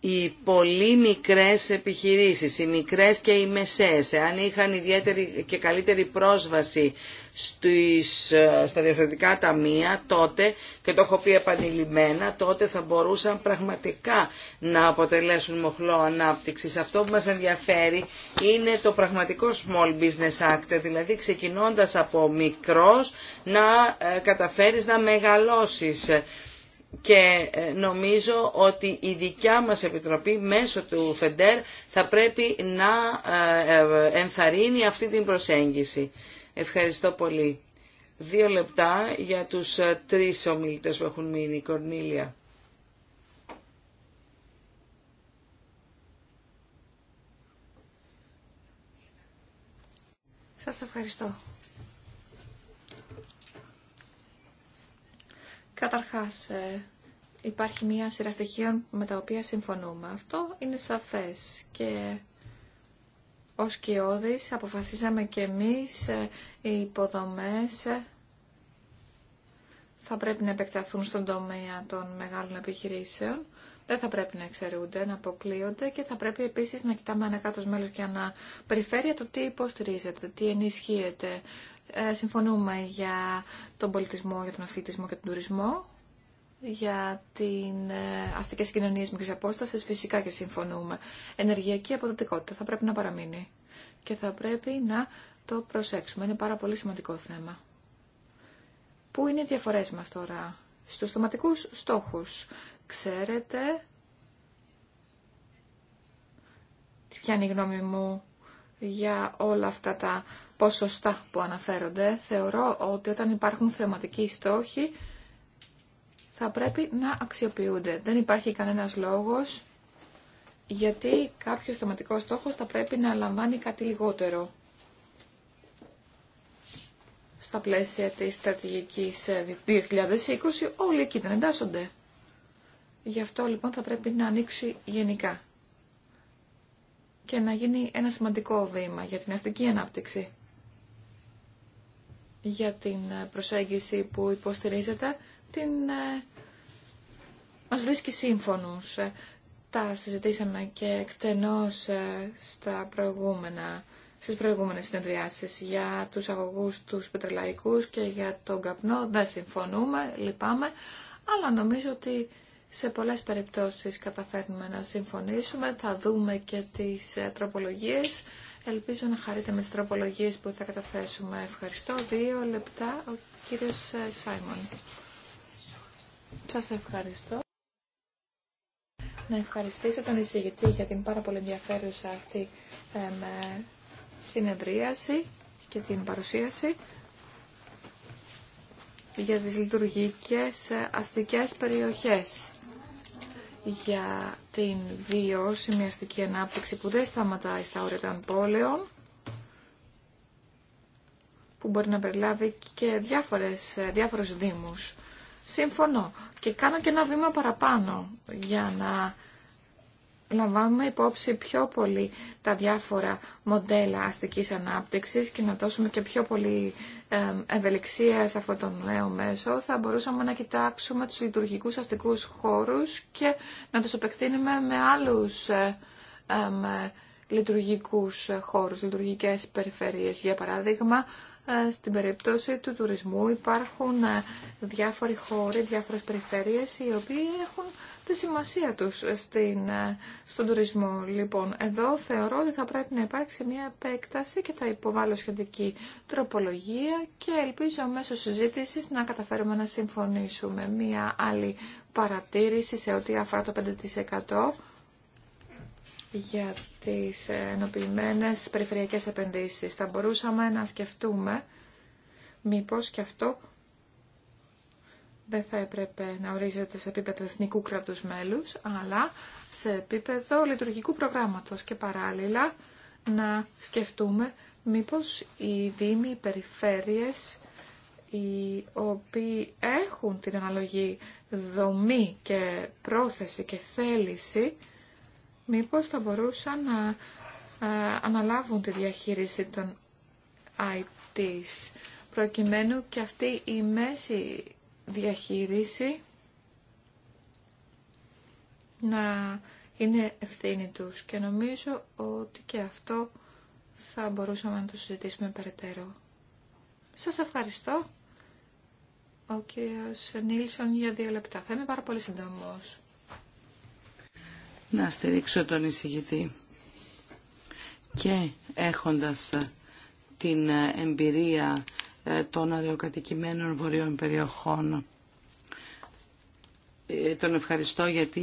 S3: οι πολύ μικρές επιχειρήσεις, οι μικρές και οι μεσές, αν είχαν ιδιαίτερη και καλύτερη πρόσβαση στις, ε, στα διαφορετικά ταμεία τότε, και το έχω πει επανειλημμένα, τότε θα μπορούσαν πραγματικά να αποτελέσουν μοχλό ανάπτυξης. Αυτό που μας ενδιαφέρει είναι το πραγματικό Small Business Act, δηλαδή ξεκινώντας από μικρός να ε, καταφέρεις να μεγαλώσεις και ε, νομίζω ότι η δικιά μας Επιτροπή μέσω του ΦΕΝΤΕΡ θα πρέπει να ενθαρρύνει αυτή την προσέγγιση. Ευχαριστώ πολύ. Δύο λεπτά για τους ε, τρεις ομιλητές που έχουν μείνει. Κορνίλια.
S2: Σας ευχαριστώ. Καταρχάς, ε, υπάρχει μία σειρά στοιχείων με τα οποία συμφωνούμε. Αυτό είναι σαφές και ως κοιόδης αποφασίσαμε και εμείς ε, οι υποδομές ε, θα πρέπει να επεκταθούν στον τομέα των μεγάλων επιχειρήσεων. Δεν θα πρέπει να εξαιρούνται, να αποκλείονται και θα πρέπει επίσης να κοιτάμε ένα κράτος μέλος και να περιφέρεια το τι υποστηρίζεται, τι ενισχύεται. Ε, συμφωνούμε για τον πολιτισμό, για τον αθλητισμό και τον τουρισμό για την ε, αστικέ κοινωνίε μικρή απόσταση, φυσικά και συμφωνούμε. Ενεργειακή αποδοτικότητα θα πρέπει να παραμείνει και θα πρέπει να το προσέξουμε. Είναι πάρα πολύ σημαντικό θέμα. Πού είναι οι διαφορέ μας τώρα στους θεματικού στόχους. Ξέρετε ποια είναι η γνώμη μου για όλα αυτά τα ποσοστά που αναφέρονται. Θεωρώ ότι όταν υπάρχουν θεματικοί στόχοι θα πρέπει να αξιοποιούνται. Δεν υπάρχει κανένας λόγος γιατί κάποιο θεματικό στόχος θα πρέπει να λαμβάνει κάτι λιγότερο στα πλαίσια της στρατηγικής 2020 όλοι εκεί δεν εντάσσονται. Γι' αυτό λοιπόν θα πρέπει να ανοίξει γενικά και να γίνει ένα σημαντικό βήμα για την αστική ανάπτυξη, για την προσέγγιση που υποστηρίζεται την, ε, μας βρίσκει σύμφωνους. Ε, τα συζητήσαμε και εκτενώς ε, στα προηγούμενα, στις προηγούμενες συνεδριάσεις για τους αγωγούς τους πετρελαϊκούς και για τον καπνό. Δεν συμφωνούμε, λυπάμαι, αλλά νομίζω ότι σε πολλές περιπτώσεις καταφέρνουμε να συμφωνήσουμε. Θα δούμε και τις τροπολογίες. Ελπίζω να χαρείτε με τις τροπολογίες που θα καταθέσουμε. Ευχαριστώ. Δύο λεπτά ο κύριος Σάιμον. Σας ευχαριστώ. Να ευχαριστήσω τον εισηγητή για την πάρα πολύ ενδιαφέρουσα αυτή συνεδρίαση και την παρουσίαση για τις λειτουργικές ε, αστικές περιοχές για την βιώσιμη αστική ανάπτυξη που δεν σταματάει στα όρια των πόλεων που μπορεί να περιλάβει και διάφορες, ε, διάφορους δήμους σύμφωνο Και κάνω και ένα βήμα παραπάνω για να λαμβάνουμε υπόψη πιο πολύ τα διάφορα μοντέλα αστικής ανάπτυξης και να δώσουμε και πιο πολύ ευελιξία σε αυτό το νέο μέσο, θα μπορούσαμε να κοιτάξουμε τους λειτουργικούς αστικούς χώρους και να τους επεκτείνουμε με άλλους ε, λειτουργικούς χώρους, λειτουργικές περιφερειές. Για παράδειγμα, ε, στην περίπτωση του τουρισμού υπάρχουν ε, διάφοροι χώροι, διάφορες περιφέρειες οι οποίοι έχουν τη σημασία τους στην, ε, στον τουρισμό. Λοιπόν, εδώ θεωρώ ότι θα πρέπει να υπάρξει μια επέκταση και θα υποβάλω σχετική τροπολογία και ελπίζω μέσω συζήτηση να καταφέρουμε να συμφωνήσουμε. Μια άλλη παρατήρηση σε ό,τι αφορά το 5% για τις ενοποιημένες περιφερειακές επενδύσεις. Θα μπορούσαμε να σκεφτούμε μήπως και αυτό δεν θα έπρεπε να ορίζεται σε επίπεδο εθνικού κράτους μέλους, αλλά σε επίπεδο λειτουργικού προγράμματος και παράλληλα να σκεφτούμε μήπως οι δήμοι, οι περιφέρειες, οι οποίοι έχουν την αναλογή δομή και πρόθεση και θέληση, μήπως θα μπορούσαν να αναλάβουν τη διαχείριση των ITs, προκειμένου και αυτή η μέση διαχείριση να είναι ευθύνη τους. Και νομίζω ότι και αυτό θα μπορούσαμε να το συζητήσουμε περαιτέρω. Σας ευχαριστώ. Ο κύριος Νίλσον για δύο λεπτά. Θα είμαι πάρα πολύ συντομός
S3: να στηρίξω τον εισηγητή και έχοντας ε, την ε, εμπειρία ε, των αδειοκατοικημένων βορείων περιοχών ε, τον ευχαριστώ γιατί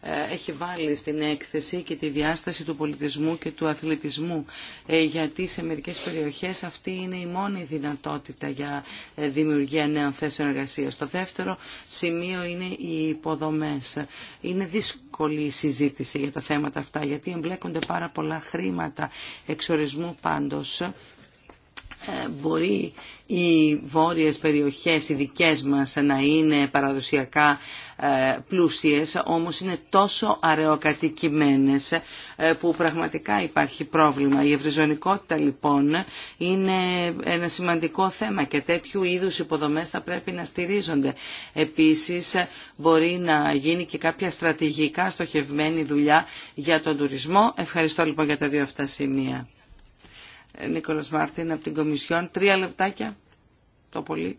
S3: ε, έχει βάλει στην έκθεση και τη διάσταση του πολιτισμού και του αθλητισμού ε, γιατί σε μερικές περιοχές αυτή είναι η μόνη δυνατότητα για δημιουργία νέων θέσεων εργασίας. Το δεύτερο σημείο είναι οι υποδομές. Είναι δύσκολη η συζήτηση για τα θέματα αυτά γιατί εμπλέκονται πάρα πολλά χρήματα εξορισμού πάντως ε, μπορεί οι βόρειες περιοχές, οι δικές μας, να είναι παραδοσιακά ε, πλούσιες, όμως είναι τόσο αραιοκατοικημένες ε, που πραγματικά υπάρχει πρόβλημα. Η ευρυζωνικότητα λοιπόν είναι ένα σημαντικό θέμα και τέτοιου είδους υποδομές θα πρέπει να στηρίζονται. Επίσης μπορεί να γίνει και κάποια στρατηγικά στοχευμένη δουλειά για τον τουρισμό. Ευχαριστώ λοιπόν για τα δύο αυτά σημεία. Νίκολας Μάρτιν από την Κομισιόν. Τρία λεπτάκια το πολύ.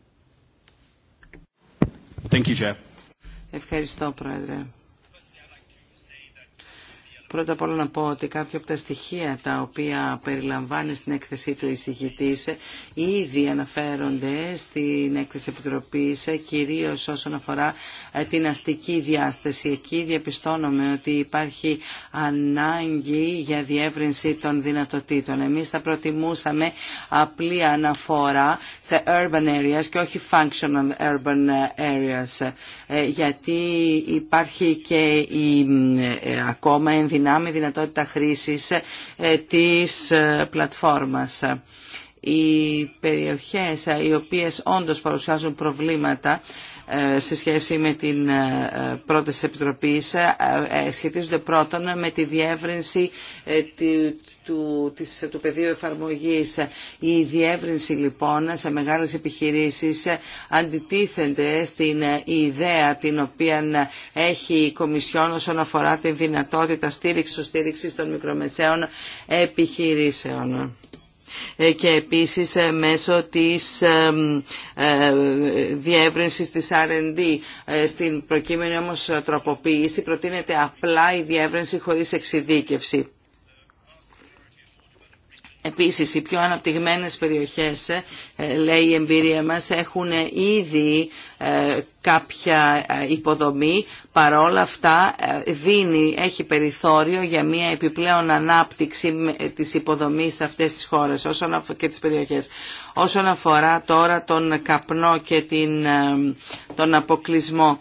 S3: Thank you, Chair. Ευχαριστώ, Πρόεδρε. Πρώτα απ' όλα να πω ότι κάποια από τα στοιχεία τα οποία περιλαμβάνει στην έκθεσή του εισηγητή ε, ήδη αναφέρονται στην έκθεση επιτροπή, ε, κυρίω όσον αφορά ε, την αστική διάσταση. Εκεί διαπιστώνουμε ότι υπάρχει ανάγκη για διεύρυνση των δυνατοτήτων. Εμεί θα προτιμούσαμε απλή αναφορά σε urban areas και όχι functional urban areas, γιατί υπάρχει και η, ακόμα ενδυνατότητα κοινά δυνατότητα χρήσης ε, της ε, πλατφόρμας οι περιοχές ε, οι οποίες όντως παρουσιάζουν προβλήματα σε σχέση με την ε, πρώτη επιτροπή, Επιτροπής ε, ε, σχετίζονται πρώτον με τη διεύρυνση του, του πεδίου εφαρμογής. Η διεύρυνση λοιπόν σε μεγάλες επιχειρήσεις αντιτίθενται στην ιδέα την οποία έχει η Κομισιόν όσον αφορά την δυνατότητα στήριξης, στήριξης των μικρομεσαίων επιχειρήσεων. Ε, και επίσης ε, μέσω της ε, διεύρυνσης της R&D. Στην προκείμενη όμως τροποποίηση προτείνεται απλά η διεύρυνση χωρίς εξειδίκευση. Επίσης, οι πιο αναπτυγμένες περιοχές, ε, λέει η εμπειρία μας, έχουν ήδη ε, κάποια ε, υποδομή, παρόλα αυτά δίνει, έχει περιθώριο για μια επιπλέον ανάπτυξη της υποδομής σε αυτές τις χώρες και τις περιοχές. Όσον αφορά τώρα τον καπνό και τον αποκλεισμό,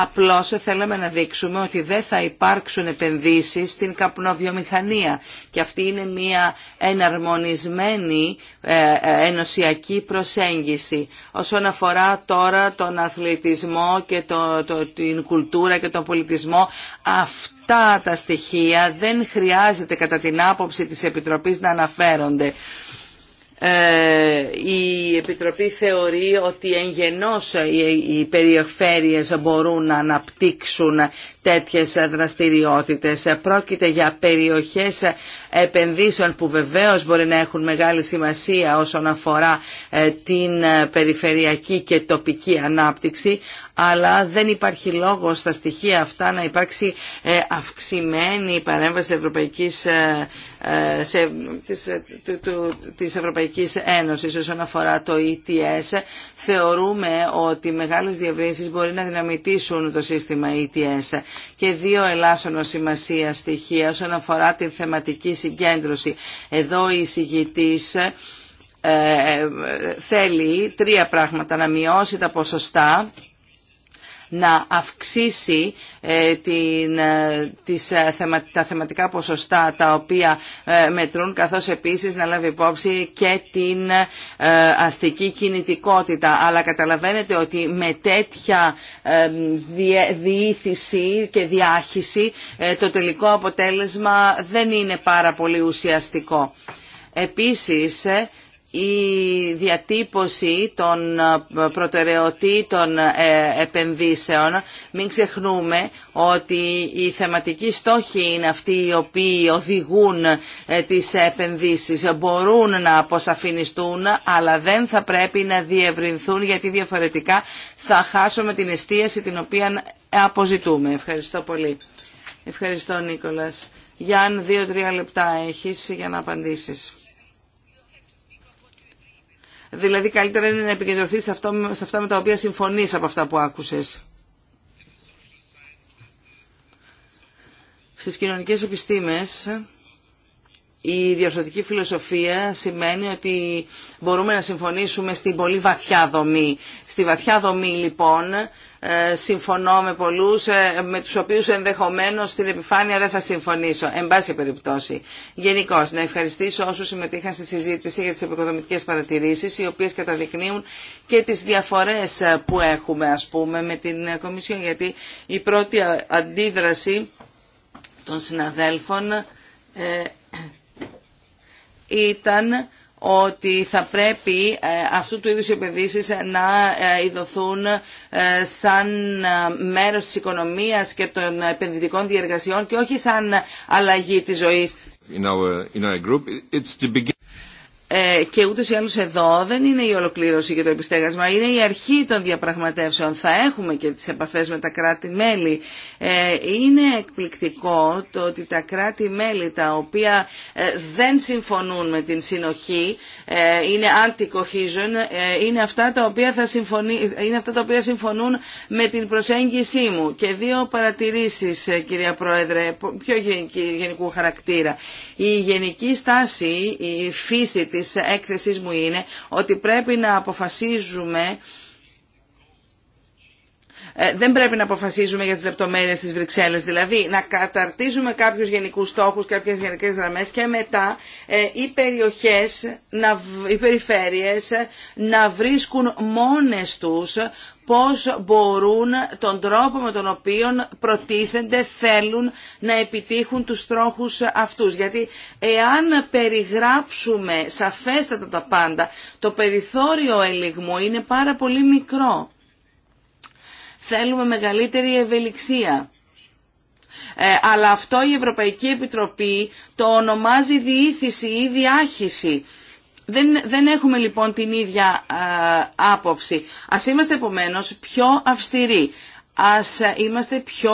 S3: Απλώς θέλαμε να δείξουμε ότι δεν θα υπάρξουν επενδύσεις στην καπνοβιομηχανία και αυτή είναι μια εναρμονισμένη ε, ε, ενωσιακή προσέγγιση. Όσον αφορά τώρα τον αθλητισμό και το, την κουλτούρα και τον πολιτισμό, αυτά τα στοιχεία δεν χρειάζεται κατά την άποψη της Επιτροπής να αναφέρονται. Ε, η Επιτροπή θεωρεί ότι εν γενός οι περιφέρειες μπορούν να αναπτύξουν τέτοιες δραστηριότητες. Πρόκειται για περιοχές επενδύσεων που βεβαίως μπορεί να έχουν μεγάλη σημασία όσον αφορά ε, την ε, περιφερειακή και τοπική ανάπτυξη, αλλά δεν υπάρχει λόγος στα στοιχεία αυτά να υπάρξει ε, αυξημένη παρέμβαση Ευρωπαϊκής, σε, της, της Ευρωπαϊκής Ένωσης όσον αφορά το ETS. Θεωρούμε ότι μεγάλες διευρύνσεις μπορεί να δυναμητήσουν το σύστημα ETS. Και δύο ελάσσονο σημασία στοιχεία όσον αφορά την θεματική συγκέντρωση. Εδώ η εισηγητής ε, ε, θέλει τρία πράγματα να μειώσει τα ποσοστά να αυξήσει ε, την, ε, τις, ε, τα θεματικά ποσοστά τα οποία μετρούν καθώς επίσης να λάβει υπόψη και την αστική κινητικότητα. Αλλά καταλαβαίνετε ότι με τέτοια διήθηση και διάχυση το τελικό αποτέλεσμα δεν είναι πάρα πολύ ουσιαστικό. Επίσης, η διατύπωση των ε, προτεραιοτήτων ε, επενδύσεων. Μην ξεχνούμε ότι οι θεματικοί στόχοι είναι αυτοί οι οποίοι οδηγούν ε, τις επενδύσεις. Μπορούν να αποσαφινιστούν, αλλά δεν θα πρέπει να διευρυνθούν, γιατί διαφορετικά θα χάσουμε την εστίαση την οποία αποζητούμε. Ευχαριστώ πολύ. Ευχαριστώ, Νίκολας. Γιάννη, δύο-τρία λεπτά έχεις για να απαντήσεις. Δηλαδή καλύτερα είναι να επικεντρωθεί σε, αυτό, αυτά με τα οποία συμφωνείς από αυτά που άκουσες. Στις κοινωνικές επιστήμες η διορθωτική φιλοσοφία σημαίνει ότι μπορούμε να συμφωνήσουμε στην πολύ βαθιά δομή. Στη βαθιά δομή λοιπόν ε, συμφωνώ με πολλούς ε, με τους οποίους ενδεχομένως στην επιφάνεια δεν θα συμφωνήσω. Εν πάση περιπτώσει. Γενικώ, να ευχαριστήσω όσους συμμετείχαν στη συζήτηση για τις επικοδομητικές παρατηρήσεις οι οποίες καταδεικνύουν και τις διαφορές που έχουμε ας πούμε με την Κομισιόν γιατί η πρώτη αντίδραση των συναδέλφων ε, ήταν ότι θα πρέπει ε, αυτού του είδους οι επενδύσεις να ε, ειδωθούν ε, σαν μέρος της οικονομίας και των επενδυτικών διεργασιών και όχι σαν αλλαγή της ζωής.
S1: In
S3: ε, και ούτε ή άλλως εδώ δεν είναι η ολοκλήρωση και το επιστέγασμα, είναι η αρχή των διαπραγματεύσεων. Θα έχουμε και τις επαφές με τα κράτη-μέλη. Ε, είναι εκπληκτικό το ότι τα κράτη-μέλη τα οποία ε, δεν συμφωνούν με την συνοχή, είναι anti-cohesion, είναι, αυτά τα οποία είναι αυτά τα οποία συμφωνούν με την προσέγγιση μου. Και δύο παρατηρήσεις, κυρία Πρόεδρε, πιο γενικού χαρακτήρα. Η γενική στάση, η φύση της έκθεσής μου είναι ότι πρέπει να αποφασίζουμε ε, δεν πρέπει να αποφασίζουμε για τις λεπτομέρειες της Βρυξέλλες, δηλαδή να καταρτίζουμε κάποιους γενικούς στόχους, κάποιες γενικές γραμμές και μετά ε, οι περιοχές, οι περιφέρειες να βρίσκουν μόνες τους πώς μπορούν τον τρόπο με τον οποίο προτίθενται, θέλουν να επιτύχουν τους τρόχους αυτούς. Γιατί εάν περιγράψουμε σαφέστατα τα πάντα, το περιθώριο ελιγμού είναι πάρα πολύ μικρό. Θέλουμε μεγαλύτερη ευελιξία. Ε, αλλά αυτό η Ευρωπαϊκή Επιτροπή το ονομάζει διήθηση ή διάχυση. Δεν, δεν έχουμε λοιπόν την ίδια άποψη. Ας είμαστε επομένως πιο αυστηροί. Ας είμαστε πιο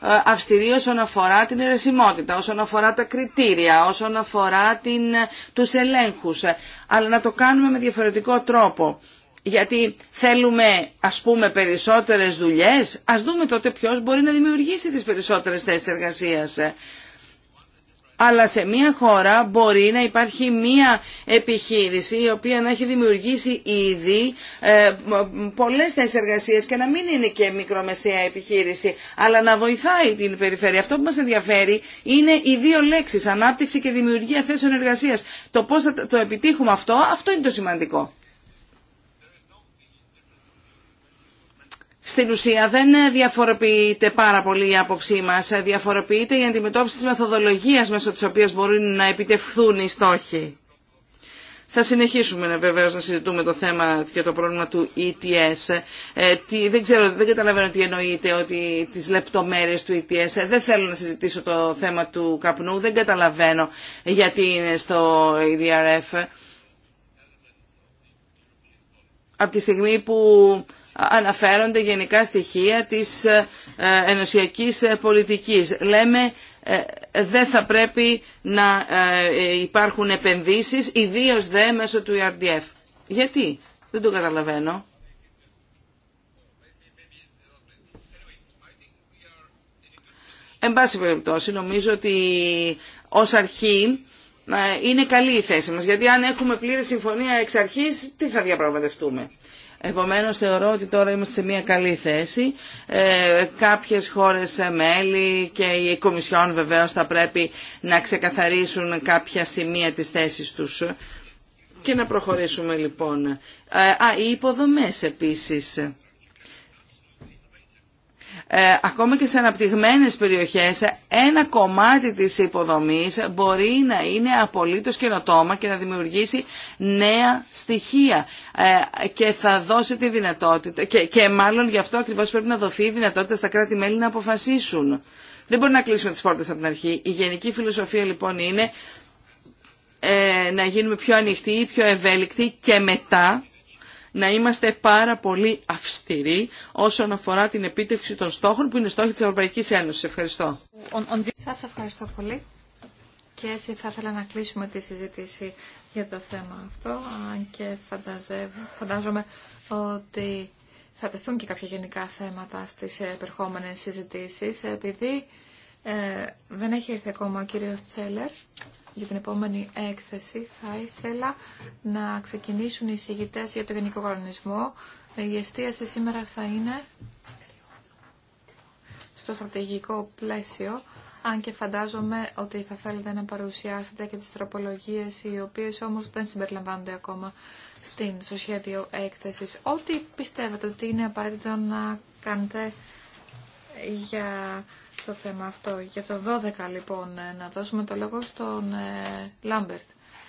S3: ε, αυστηροί όσον αφορά την ερεσιμότητα, όσον αφορά τα κριτήρια, όσον αφορά την, ε, τους ελέγχους. Ε, αλλά να το κάνουμε με διαφορετικό τρόπο. Γιατί θέλουμε ας πούμε περισσότερες δουλειές, ας δούμε τότε ποιος μπορεί να δημιουργήσει τις περισσότερες θέσεις εργασίας αλλά σε μια χώρα μπορεί να υπάρχει μια επιχείρηση η οποία να έχει δημιουργήσει ήδη ε, πολλές θέσεις εργασίας και να μην είναι και μικρομεσαία επιχείρηση, αλλά να βοηθάει την περιφέρεια. Αυτό που μας ενδιαφέρει είναι οι δύο λέξεις, ανάπτυξη και δημιουργία θέσεων εργασίας. Το πώς θα το επιτύχουμε αυτό, αυτό είναι το σημαντικό. στην ουσία δεν διαφοροποιείται πάρα πολύ η άποψή μας. Διαφοροποιείται η αντιμετώπιση της μεθοδολογίας μέσω της οποίας μπορούν να επιτευχθούν οι στόχοι. Θα συνεχίσουμε να βεβαίως να συζητούμε το θέμα και το πρόβλημα του ETS. Ε, δεν ξέρω, δεν καταλαβαίνω τι εννοείται ότι τις λεπτομέρειες του ETS. Ε, δεν θέλω να συζητήσω το θέμα του καπνού. Δεν καταλαβαίνω γιατί είναι στο EDRF. Από τη στιγμή που αναφέρονται γενικά στοιχεία της ε, ενωσιακής ε, πολιτικής. Λέμε ε, δεν θα πρέπει να υπάρχουν επενδύσεις, ιδίως δε μέσω του ERDF. Γιατί, δεν το καταλαβαίνω. Εν πάση περιπτώσει, νομίζω ότι ως αρχή είναι καλή η θέση μας, γιατί αν έχουμε πλήρη συμφωνία εξ αρχής, τι θα διαπραγματευτούμε. Επομένως θεωρώ ότι τώρα είμαστε σε μια καλή θέση. Ε, κάποιες χώρες μέλη και οι Κομισιόν βεβαίως θα πρέπει να ξεκαθαρίσουν κάποια σημεία της θέσης τους. Και να προχωρήσουμε λοιπόν. Ε, α, οι υποδομές επίσης. Ε, ακόμα και σε αναπτυγμένες περιοχές ένα κομμάτι της υποδομής μπορεί να είναι απολύτως καινοτόμα και να δημιουργήσει νέα στοιχεία ε, και θα δώσει τη δυνατότητα και, μάλλον γι' αυτό ακριβώς πρέπει να δοθεί η δυνατότητα στα κράτη-μέλη να αποφασίσουν. Δεν μπορεί να κλείσουμε τις πόρτες από την αρχή. Η γενική φιλοσοφία λοιπόν είναι ε, να γίνουμε πιο ανοιχτοί, πιο ευέλικτοι και μετά να είμαστε πάρα πολύ αυστηροί όσον αφορά την επίτευξη των στόχων που είναι στόχοι της Ευρωπαϊκής Ένωσης. Ευχαριστώ.
S2: Σας ευχαριστώ πολύ. Και έτσι θα ήθελα να κλείσουμε τη συζήτηση για το θέμα αυτό, αν και φαντάζομαι ότι θα τεθούν και κάποια γενικά θέματα στις επερχόμενες συζητήσεις, επειδή ε, δεν έχει έρθει ακόμα ο κύριος Τσέλερ για την επόμενη έκθεση θα ήθελα να ξεκινήσουν οι συγητές για το γενικό κανονισμό. Η εστίαση σήμερα θα είναι στο στρατηγικό πλαίσιο, αν και φαντάζομαι ότι θα θέλετε να παρουσιάσετε και τις τροπολογίες οι οποίες όμως δεν συμπεριλαμβάνονται ακόμα στην, στο σχέδιο έκθεσης. Ό,τι πιστεύετε ότι είναι απαραίτητο να κάνετε για το θέμα αυτό. Για το 12 λοιπόν να δώσουμε το λόγο στον ε, Λάμπερτ.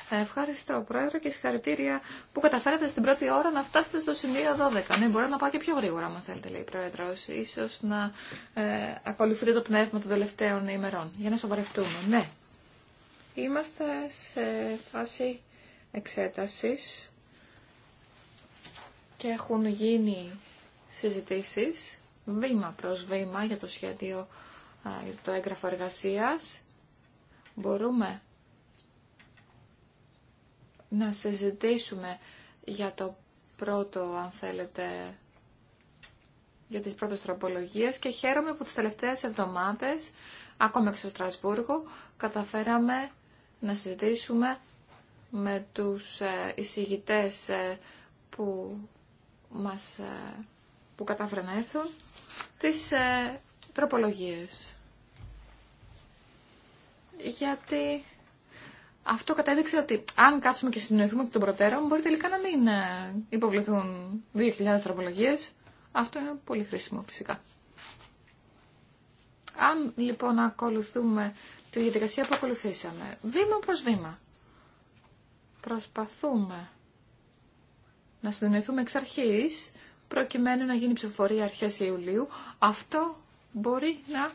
S2: Ευχαριστώ Πρόεδρο και συγχαρητήρια που καταφέρατε στην πρώτη ώρα να φτάσετε στο σημείο 12. Ναι, μπορεί να πάω και πιο γρήγορα, αν θέλετε, λέει η Πρόεδρο, σω να ε, ακολουθείτε το πνεύμα των τελευταίων ημερών, για να σοβαρευτούμε. Ναι, είμαστε σε φάση εξέταση και έχουν γίνει συζητήσει βήμα προ βήμα για το σχέδιο το έγγραφο εργασίας, μπορούμε να συζητήσουμε για το πρώτο, αν θέλετε, για τις πρώτες τροπολογίες και χαίρομαι που τις τελευταίες εβδομάδες, ακόμα και στο Στρασβούργο, καταφέραμε να συζητήσουμε με τους ε, εισηγητές ε, που, μας, ε, που κατάφεραν να έρθουν τις τροπολογίες γιατί αυτό κατέδειξε ότι αν κάτσουμε και συνοηθούμε και τον προτέρων, μπορεί τελικά να μην ε, υποβληθούν 2.000 τροπολογίε. Αυτό είναι πολύ χρήσιμο φυσικά. Αν λοιπόν ακολουθούμε τη διαδικασία που ακολουθήσαμε, βήμα προς βήμα, προσπαθούμε να συνοηθούμε εξ αρχής, προκειμένου να γίνει ψηφοφορία αρχές Ιουλίου, αυτό μπορεί να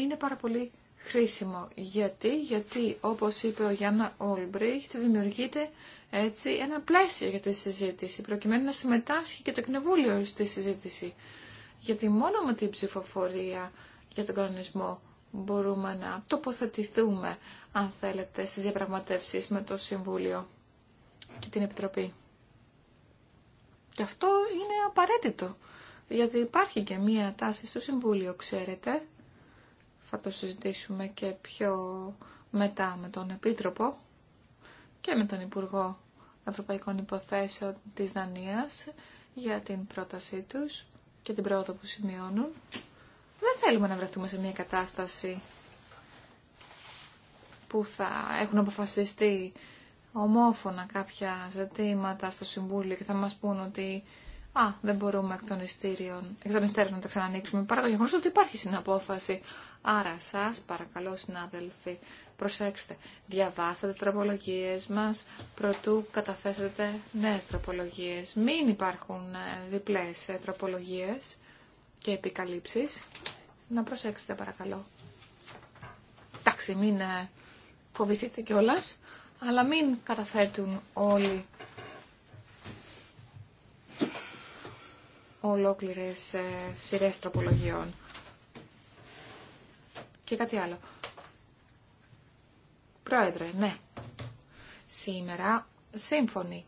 S2: είναι πάρα πολύ χρήσιμο. Γιατί, γιατί όπως είπε ο Γιάννα Όλμπριχτ, δημιουργείται έτσι ένα πλαίσιο για τη συζήτηση, προκειμένου να συμμετάσχει και το Κοινοβούλιο στη συζήτηση. Γιατί μόνο με την ψηφοφορία για τον κανονισμό μπορούμε να τοποθετηθούμε, αν θέλετε, στις διαπραγματεύσεις με το Συμβούλιο και την Επιτροπή. Και αυτό είναι απαραίτητο, γιατί υπάρχει και μία τάση στο Συμβούλιο, ξέρετε, θα το συζητήσουμε και πιο μετά με τον Επίτροπο και με τον Υπουργό Ευρωπαϊκών Υποθέσεων της Δανίας για την πρότασή τους και την πρόοδο που σημειώνουν. Δεν θέλουμε να βρεθούμε σε μια κατάσταση που θα έχουν αποφασιστεί ομόφωνα κάποια ζητήματα στο Συμβούλιο και θα μας πούν ότι Α, δεν μπορούμε εκ των, εκ των υστέρων να τα ξανανοίξουμε, παρά το γεγονός ότι υπάρχει συναπόφαση. Άρα σας παρακαλώ συνάδελφοι, προσέξτε, διαβάστε τις τροπολογίες μας, προτού καταθέσετε νέες τροπολογίες. Μην υπάρχουν ε, διπλές ε, τροπολογίες και επικαλύψεις. Να προσέξετε παρακαλώ. Εντάξει, μην ε, φοβηθείτε κιόλα, αλλά μην καταθέτουν όλοι ολόκληρες ε, σειρές τροπολογιών. Και κάτι άλλο. Πρόεδρε, ναι. Σήμερα, σύμφωνοι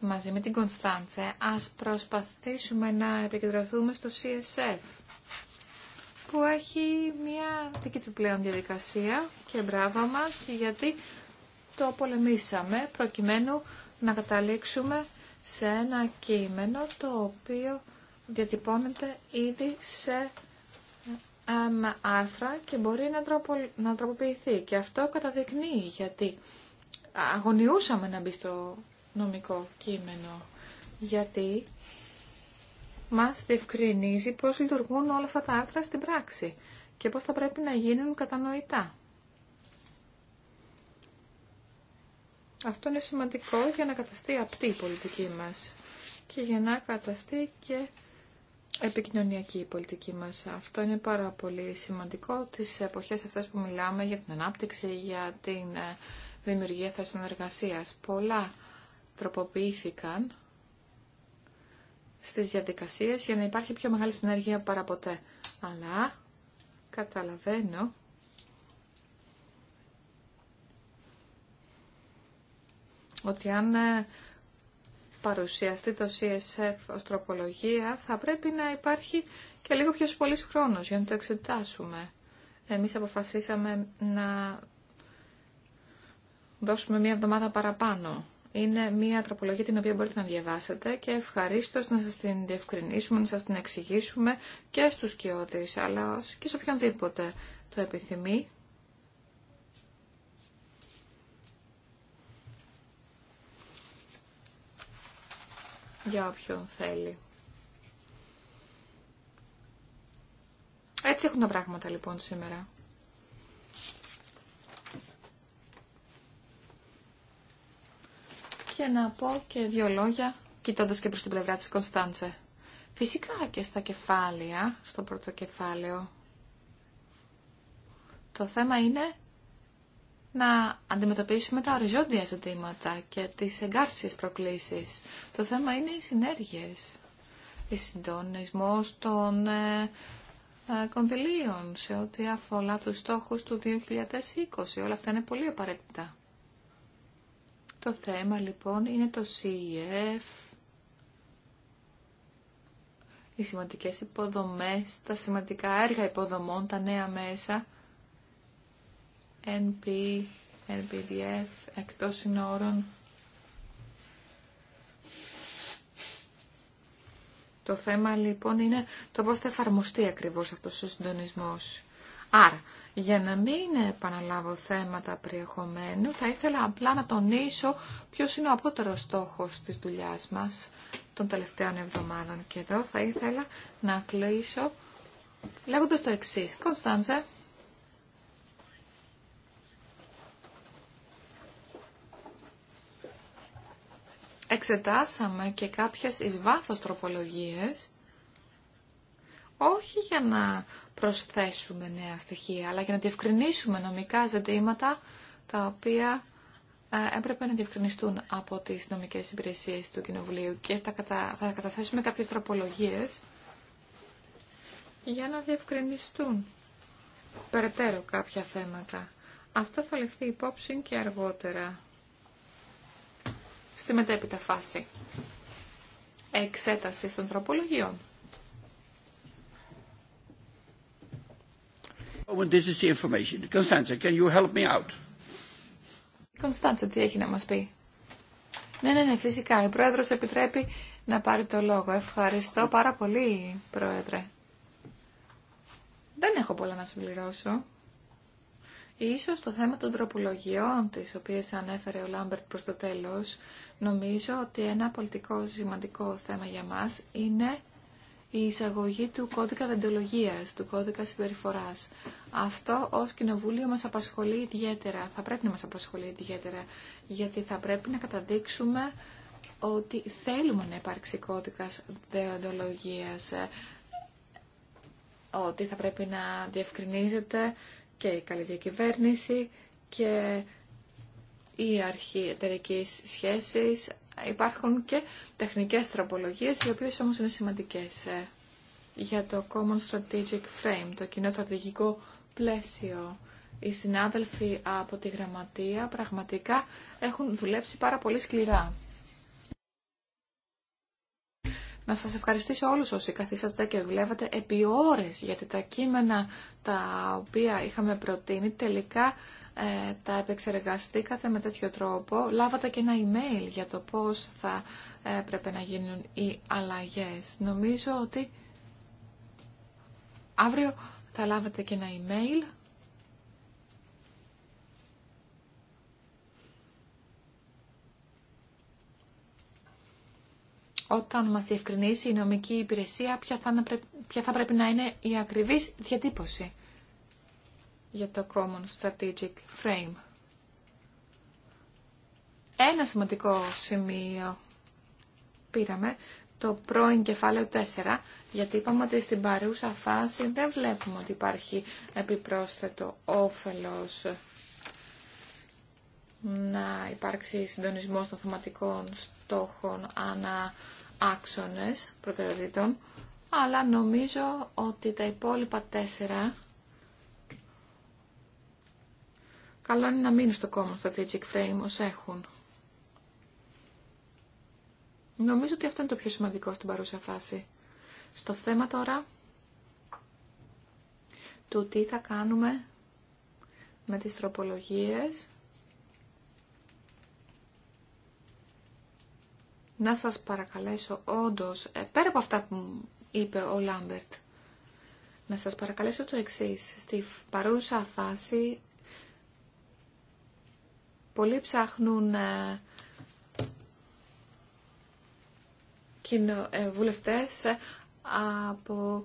S2: μαζί με την Κωνσταντσε, ας προσπαθήσουμε να επικεντρωθούμε στο CSF, που έχει μια δική του πλέον διαδικασία και μπράβο μας, γιατί το πολεμήσαμε προκειμένου να καταλήξουμε σε ένα κείμενο το οποίο διατυπώνεται ήδη σε άρθρα και μπορεί να, τροπο, να τροποποιηθεί. Και αυτό καταδεικνύει γιατί αγωνιούσαμε να μπει στο νομικό κείμενο. Γιατί μας διευκρινίζει πώς λειτουργούν όλα αυτά τα άρθρα στην πράξη και πώς θα πρέπει να γίνουν κατανοητά. Αυτό είναι σημαντικό για να καταστεί απτή η πολιτική μας και για να καταστεί και επικοινωνιακή η πολιτική μας. Αυτό είναι πάρα πολύ σημαντικό τις εποχές αυτές που μιλάμε για την ανάπτυξη, για την ε, δημιουργία θέσεων εργασίας. Πολλά τροποποιήθηκαν στις διαδικασίες για να υπάρχει πιο μεγάλη συνεργία παραποτέ. Αλλά καταλαβαίνω ότι αν ε, παρουσιαστεί το CSF ως τροπολογία, θα πρέπει να υπάρχει και λίγο πιο πολύ χρόνος για να το εξετάσουμε. Εμείς αποφασίσαμε να δώσουμε μία εβδομάδα παραπάνω. Είναι μία τροπολογία την οποία μπορείτε να διαβάσετε και ευχαρίστως να σας την διευκρινίσουμε, να σας την εξηγήσουμε και στους κοιότης, αλλά και σε οποιονδήποτε το επιθυμεί. για όποιον θέλει. Έτσι έχουν τα πράγματα λοιπόν σήμερα. Και να πω και δύο λόγια, κοιτώντας και προς την πλευρά της Κωνσταντσε. Φυσικά και στα κεφάλαια, στο πρώτο κεφάλαιο. Το θέμα είναι να αντιμετωπίσουμε τα οριζόντια ζητήματα και τις εγκάρσεις προκλήσεις. Το θέμα είναι οι συνέργειες, η συντονισμός των ε, ε, κονδυλίων σε ό,τι αφορά τους στόχους του 2020. Όλα αυτά είναι πολύ απαραίτητα. Το θέμα λοιπόν είναι το CEF, οι σημαντικές υποδομές, τα σημαντικά έργα υποδομών, τα νέα μέσα NP, NPDF, εκτός συνόρων. Το θέμα λοιπόν είναι το πώς θα εφαρμοστεί ακριβώς αυτός ο συντονισμός. Άρα, για να μην επαναλάβω θέματα περιεχομένου, θα ήθελα απλά να τονίσω ποιος είναι ο απότερος στόχος της δουλειάς μας των τελευταίων εβδομάδων. Και εδώ θα ήθελα να κλείσω λέγοντας το εξής. Κωνσταντζε, εξετάσαμε και κάποιες εις βάθος τροπολογίες, όχι για να προσθέσουμε νέα στοιχεία, αλλά για να διευκρινίσουμε νομικά ζητήματα τα οποία ε, έπρεπε να διευκρινιστούν από τις νομικές υπηρεσίες του Κοινοβουλίου και θα, κατα... θα καταθέσουμε κάποιες τροπολογίες για να διευκρινιστούν περαιτέρω κάποια θέματα. Αυτό θα ληφθεί υπόψη και αργότερα στη μετέπειτα φάση Εξέταση των τροπολογιών.
S1: Oh, this is the information. Constanza, can you help me out?
S2: Κωνσταντσα, τι έχει να μας πει. Ναι, ναι, ναι, φυσικά. Η Πρόεδρος επιτρέπει να πάρει το λόγο. Ευχαριστώ πάρα πολύ, Πρόεδρε. Δεν έχω πολλά να συμπληρώσω. Ίσως το θέμα των τροπολογιών, τις οποίες ανέφερε ο Λάμπερτ προς το τέλος, νομίζω ότι ένα πολιτικό σημαντικό θέμα για μας είναι η εισαγωγή του κώδικα δεντολογίας, του κώδικα συμπεριφοράς. Αυτό ως κοινοβούλιο μας απασχολεί ιδιαίτερα, θα πρέπει να μας απασχολεί ιδιαίτερα, γιατί θα πρέπει να καταδείξουμε ότι θέλουμε να υπάρξει κώδικας δεοντολογίας, ε, ότι θα πρέπει να διευκρινίζεται και η καλή διακυβέρνηση και η αρχή εταιρική σχέσης. Υπάρχουν και τεχνικές τροπολογίες, οι οποίες όμως είναι σημαντικές ε, για το Common Strategic Frame, το κοινό στρατηγικό πλαίσιο. Οι συνάδελφοι από τη Γραμματεία πραγματικά έχουν δουλέψει πάρα πολύ σκληρά. Να σας ευχαριστήσω όλους όσοι καθίσατε και βλέπατε επί ώρες, γιατί τα κείμενα τα οποία είχαμε προτείνει τελικά ε, τα επεξεργαστήκατε με τέτοιο τρόπο. Λάβατε και ένα email για το πώς θα πρέπει να γίνουν οι αλλαγές. Νομίζω ότι αύριο θα λάβετε και ένα email όταν μας διευκρινίσει η νομική υπηρεσία ποια θα, θα πρέπει να είναι η ακριβής διατύπωση για το Common Strategic Frame. Ένα σημαντικό σημείο πήραμε, το πρώην κεφάλαιο 4, γιατί είπαμε ότι στην παρούσα φάση δεν βλέπουμε ότι υπάρχει επιπρόσθετο όφελος να υπάρξει συντονισμός των θεματικών στόχων ανά άξονες προτεραιοτήτων, αλλά νομίζω ότι τα υπόλοιπα τέσσερα καλό είναι να μείνουν στο κόμμα στο strategic frame όσο έχουν. Νομίζω ότι αυτό είναι το πιο σημαντικό στην παρούσα φάση. Στο θέμα τώρα του τι θα κάνουμε με τις τροπολογίες να σας παρακαλέσω όντως, ε, πέρα από αυτά που είπε ο Λάμπερτ, να σας παρακαλέσω το εξής. Στη παρούσα φάση, πολλοί ψάχνουν ε, ε, βουλευτές από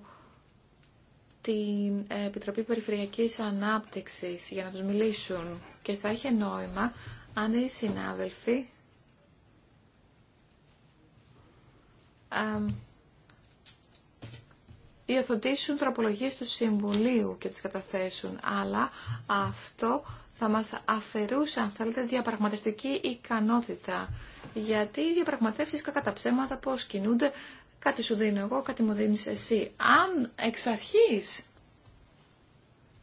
S2: την Επιτροπή Περιφερειακής Ανάπτυξης για να τους μιλήσουν και θα είχε νόημα αν οι συνάδελφοι υιοθετήσουν τροπολογίες του Συμβουλίου και τις καταθέσουν, αλλά αυτό θα μας αφαιρούσε, αν θέλετε, διαπραγματευτική ικανότητα. Γιατί οι διαπραγματεύσεις τα ψέματα πώς κινούνται, κάτι σου δίνω εγώ, κάτι μου δίνεις εσύ. Αν εξ αρχής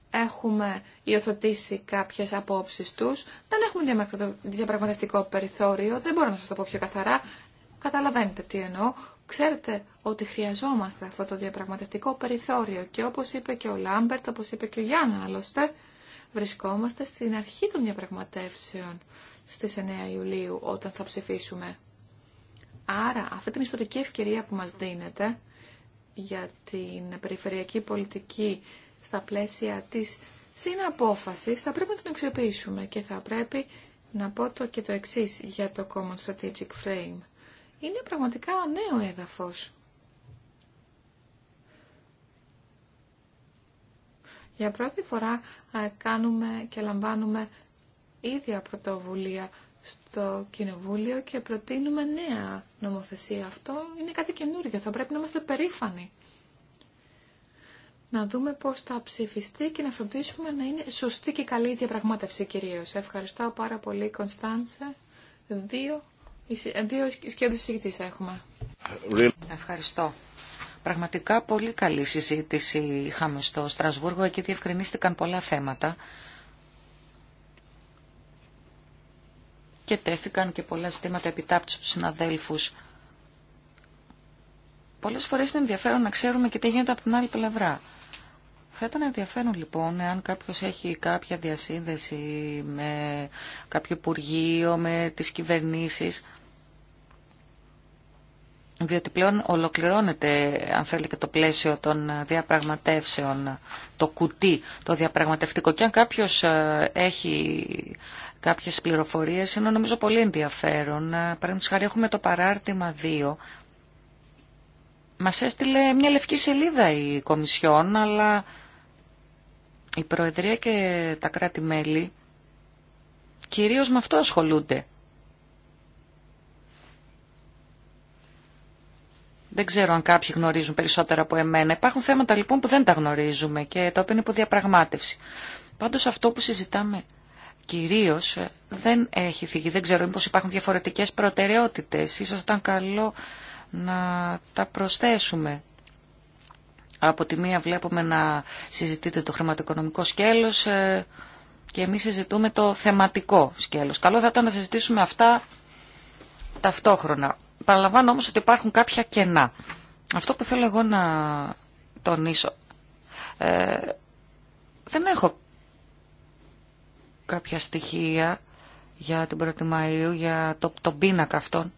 S2: έχουμε υιοθετήσει κάποιες απόψεις τους, δεν έχουμε διαπραγματευτικό περιθώριο, δεν μπορώ να σας το πω πιο καθαρά, καταλαβαίνετε τι εννοώ, Ξέρετε ότι χρειαζόμαστε αυτό το διαπραγματευτικό περιθώριο και όπως είπε και ο Λάμπερτ, όπως είπε και ο Γιάννα άλλωστε, βρισκόμαστε στην αρχή των διαπραγματεύσεων στις 9 Ιουλίου όταν θα ψηφίσουμε. Άρα αυτή την ιστορική ευκαιρία που μας δίνεται για την περιφερειακή πολιτική στα πλαίσια της συναπόφασης θα πρέπει να την αξιοποιήσουμε και θα πρέπει να πω και το εξής για το Common Strategic Frame είναι πραγματικά νέο έδαφος. Για πρώτη φορά ε, κάνουμε και λαμβάνουμε ίδια πρωτοβουλία στο Κοινοβούλιο και προτείνουμε νέα νομοθεσία. Αυτό είναι κάτι καινούργιο, θα πρέπει να είμαστε περήφανοι. Να δούμε πώς θα ψηφιστεί και να φροντίσουμε να είναι σωστή και καλή η διαπραγμάτευση κυρίως. Ευχαριστώ πάρα πολύ Κωνσταντσε. Δύο ε, δύο σκέδες συζήτηση έχουμε.
S1: Ευχαριστώ. Πραγματικά πολύ καλή συζήτηση είχαμε στο Στρασβούργο. Εκεί διευκρινίστηκαν πολλά θέματα. Και τέθηκαν και πολλά ζητήματα επιτάπτους του συναδέλφους. Πολλές φορές είναι ενδιαφέρον να ξέρουμε και τι γίνεται από την άλλη πλευρά. Θα ήταν ενδιαφέρον λοιπόν αν κάποιος έχει κάποια διασύνδεση με κάποιο υπουργείο, με τις κυβερνήσεις, διότι πλέον ολοκληρώνεται, αν θέλει, και το πλαίσιο των διαπραγματεύσεων, το κουτί, το διαπραγματευτικό. Και αν κάποιος ε, έχει κάποιες πληροφορίες, είναι νομίζω πολύ ενδιαφέρον. Ε, παραδείγματος χάρη έχουμε το παράρτημα 2, μας έστειλε μια λευκή σελίδα η Κομισιόν, αλλά η Προεδρία και τα κράτη-μέλη κυρίως με αυτό ασχολούνται. Δεν ξέρω αν κάποιοι γνωρίζουν περισσότερα από εμένα. Υπάρχουν θέματα λοιπόν που δεν τα γνωρίζουμε και τα οποία είναι διαπραγμάτευση. Πάντως αυτό που συζητάμε κυρίως ε, δεν έχει φύγει. Δεν ξέρω μήπως υπάρχουν διαφορετικές προτεραιότητες. Ίσως ήταν καλό να τα προσθέσουμε από τη μία βλέπουμε να συζητείτε το χρηματοοικονομικό σκέλος ε, και εμείς συζητούμε το θεματικό σκέλος. Καλό θα ήταν να συζητήσουμε αυτά ταυτόχρονα. Παραλαμβάνω όμως ότι υπάρχουν κάποια κενά. Αυτό που θέλω εγώ να τονίσω. Ε, δεν έχω κάποια στοιχεία για την 1η Μαΐου, για το, τον πίνακα αυτόν.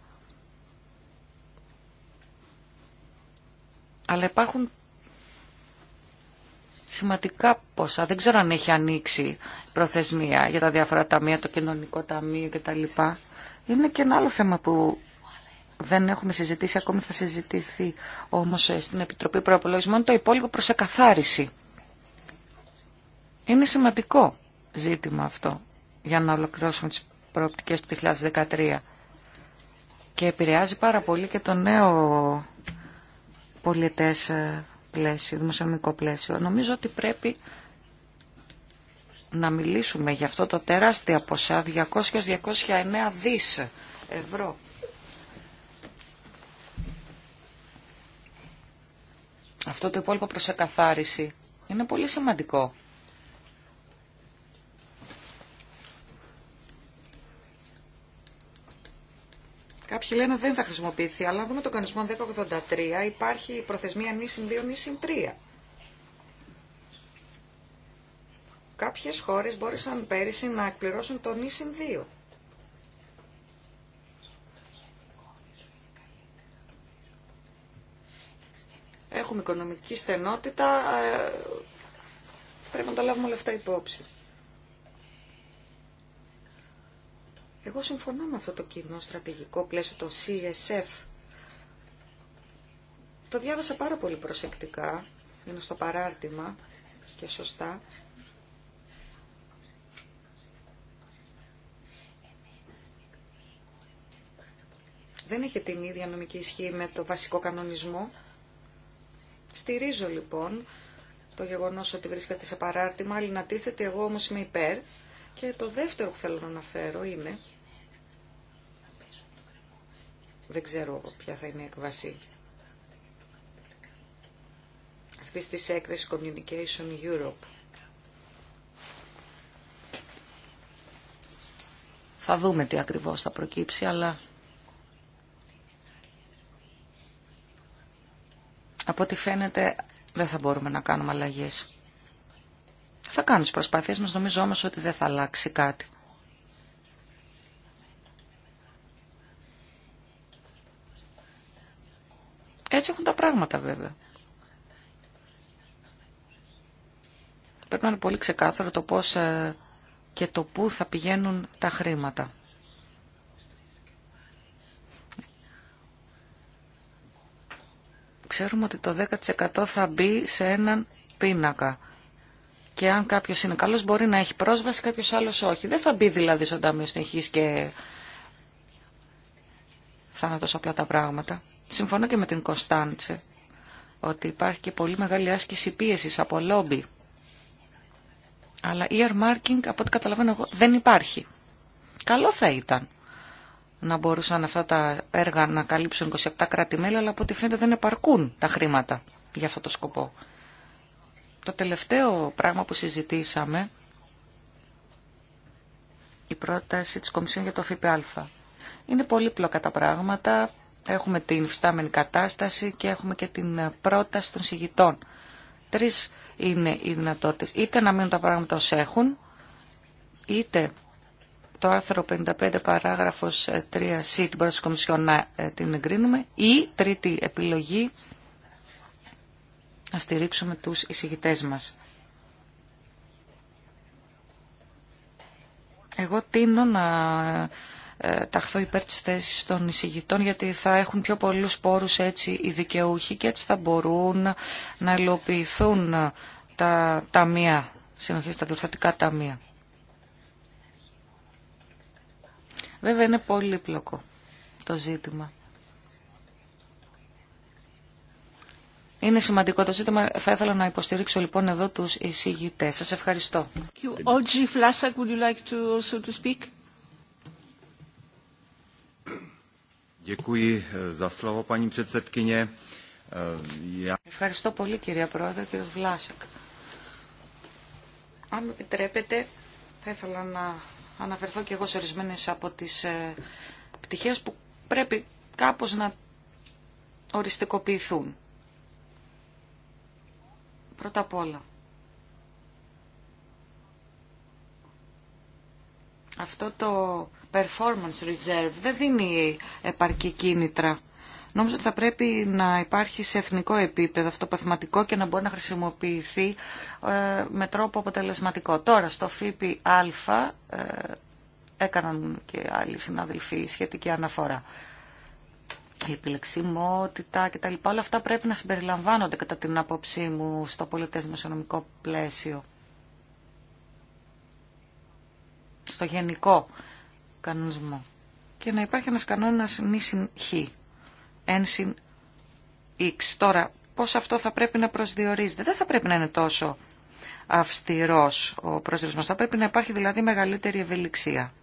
S1: Αλλά υπάρχουν σημαντικά ποσά. Δεν ξέρω αν έχει ανοίξει προθεσμία για τα διάφορα ταμεία, το κοινωνικό ταμείο κτλ. Είναι και ένα άλλο θέμα που δεν έχουμε συζητήσει, ακόμη θα συζητηθεί όμως ε, στην Επιτροπή Προαπολογισμών, το υπόλοιπο προς εκαθάριση. Είναι σημαντικό ζήτημα αυτό για να ολοκληρώσουμε τις προοπτικές του 2013 και επηρεάζει πάρα πολύ και το νέο πολιτές ε, πλαίσιο, δημοσιονομικό πλαίσιο. Νομίζω ότι πρέπει να μιλήσουμε για αυτό το τεράστια ποσά, 200-209 δις ευρώ. Αυτό το υπόλοιπο προς εκαθάριση είναι πολύ σημαντικό. Κάποιοι λένε δεν θα χρησιμοποιηθεί, αλλά αν δούμε τον κανονισμό 1083 υπάρχει προθεσμία νήσιν 2 νήσιν 3. Κάποιες χώρες μπόρεσαν πέρυσι να εκπληρώσουν το νήσιν 2. Έχουμε οικονομική στενότητα, ε, πρέπει να τα λάβουμε όλα αυτά υπόψη. Εγώ συμφωνώ με αυτό το κοινό στρατηγικό πλαίσιο, το CSF. Το διάβασα πάρα πολύ προσεκτικά, είναι στο παράρτημα και σωστά. Δεν έχει την ίδια νομική ισχύ με το βασικό κανονισμό. Στηρίζω λοιπόν το γεγονός ότι βρίσκεται σε παράρτημα, αλλά να τίθεται εγώ όμως είμαι υπέρ. Και το δεύτερο που θέλω να αναφέρω είναι δεν ξέρω ποια θα είναι η εκβασή. Αυτή τη έκθεση Communication Europe. Θα δούμε τι ακριβώς θα προκύψει, αλλά από ό,τι φαίνεται δεν θα μπορούμε να κάνουμε αλλαγές. Θα κάνουμε τις προσπάθειες μας, νομίζω όμως ότι δεν θα αλλάξει κάτι. Έτσι έχουν τα πράγματα βέβαια. Πρέπει να είναι πολύ ξεκάθαρο το πώς ε, και το πού θα πηγαίνουν τα χρήματα. Ξέρουμε ότι το 10% θα μπει σε έναν πίνακα. Και αν κάποιος είναι καλός μπορεί να έχει πρόσβαση, κάποιος άλλος όχι. Δεν θα μπει δηλαδή στον Ταμείο Συνεχής και θα είναι τόσο απλά τα πράγματα. Συμφωνώ και με την Κωνσταντσε ότι υπάρχει και πολύ μεγάλη άσκηση πίεσης από λόμπι. Αλλά earmarking, από ό,τι καταλαβαίνω εγώ, δεν υπάρχει. Καλό θα ήταν να μπορούσαν αυτά τα έργα να καλύψουν 27 κράτη-μέλη, αλλά από ό,τι φαίνεται δεν επαρκούν τα χρήματα για αυτό το σκοπό. Το τελευταίο πράγμα που συζητήσαμε, η πρόταση της Κομισιόν για το ΦΠΑ. Είναι πολύπλοκα τα πράγματα, Έχουμε την φυστάμενη κατάσταση και έχουμε και την ε, πρόταση των συγητών. Τρεις είναι οι δυνατότητες. Είτε να μείνουν τα πράγματα ως έχουν, είτε το άρθρο 55 παράγραφος 3c ε, την πρόταση Κομισιόν να ε, την εγκρίνουμε ή τρίτη επιλογή να στηρίξουμε τους εισηγητές μας. Εγώ τίνω να ε, ταχθώ υπέρ της θέσης των εισηγητών γιατί θα έχουν πιο πολλούς πόρους έτσι οι δικαιούχοι και έτσι θα μπορούν να υλοποιηθούν τα ταμεία, συνοχή τα διορθωτικά ταμεία. Βέβαια είναι πολύ πλοκό το ζήτημα. Είναι σημαντικό το ζήτημα. Θα ήθελα να υποστηρίξω λοιπόν εδώ τους εισηγητές. Σας ευχαριστώ. Eh, eh, Ευχαριστώ πολύ κυρία Πρόεδρε, κύριος Βλάσακ. Αν με επιτρέπετε, θα ήθελα να αναφερθώ και εγώ σε ορισμένε από τις ε, πτυχές που πρέπει κάπως να οριστικοποιηθούν. Πρώτα απ' όλα. Αυτό το performance reserve δεν δίνει επαρκή κίνητρα. Νομίζω ότι θα πρέπει να υπάρχει σε εθνικό επίπεδο αυτό παθηματικό και να μπορεί να χρησιμοποιηθεί ε, με τρόπο αποτελεσματικό. Τώρα στο ΦΠΑ ε, έκαναν και άλλοι συναδελφοί σχετική αναφορά. Η επιλεξιμότητα κτλ. Όλα αυτά πρέπει να συμπεριλαμβάνονται κατά την άποψή μου στο πολιτές πλαίσιο. Στο γενικό κανονισμό και να υπάρχει ένας κανόνας νη χ, εν x. Τώρα, πώς αυτό θα πρέπει να προσδιορίζεται. Δεν θα πρέπει να είναι τόσο αυστηρός ο προσδιορισμός. Θα πρέπει να υπάρχει δηλαδή μεγαλύτερη ευελιξία.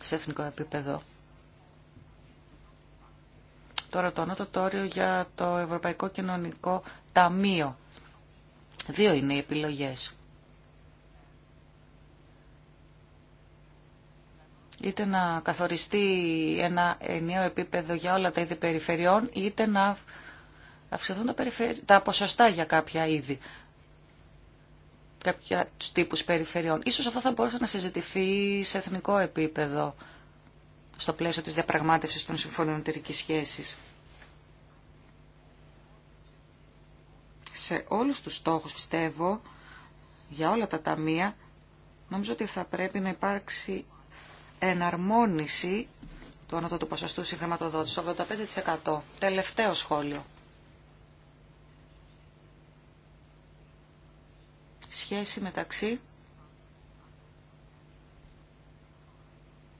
S1: Σε εθνικό επίπεδο. Τώρα το ανώτατο όριο για το Ευρωπαϊκό Κοινωνικό Ταμείο. Δύο είναι οι επιλογές. είτε να καθοριστεί ένα ενιαίο επίπεδο για όλα τα είδη περιφερειών, είτε να αυξηθούν τα, περιφέρ τα ποσοστά για κάποια είδη, κάποια τύπους περιφερειών. Ίσως αυτό θα μπορούσε να συζητηθεί σε εθνικό επίπεδο, στο πλαίσιο της διαπραγμάτευσης των συμφωνίων εταιρικής σχέσης. Σε όλους τους στόχους, πιστεύω, για όλα τα ταμεία, νομίζω ότι θα πρέπει να υπάρξει εναρμόνιση του ανώτατου ποσοστού συγχρηματοδότηση, 85%. Τελευταίο σχόλιο. Σχέση μεταξύ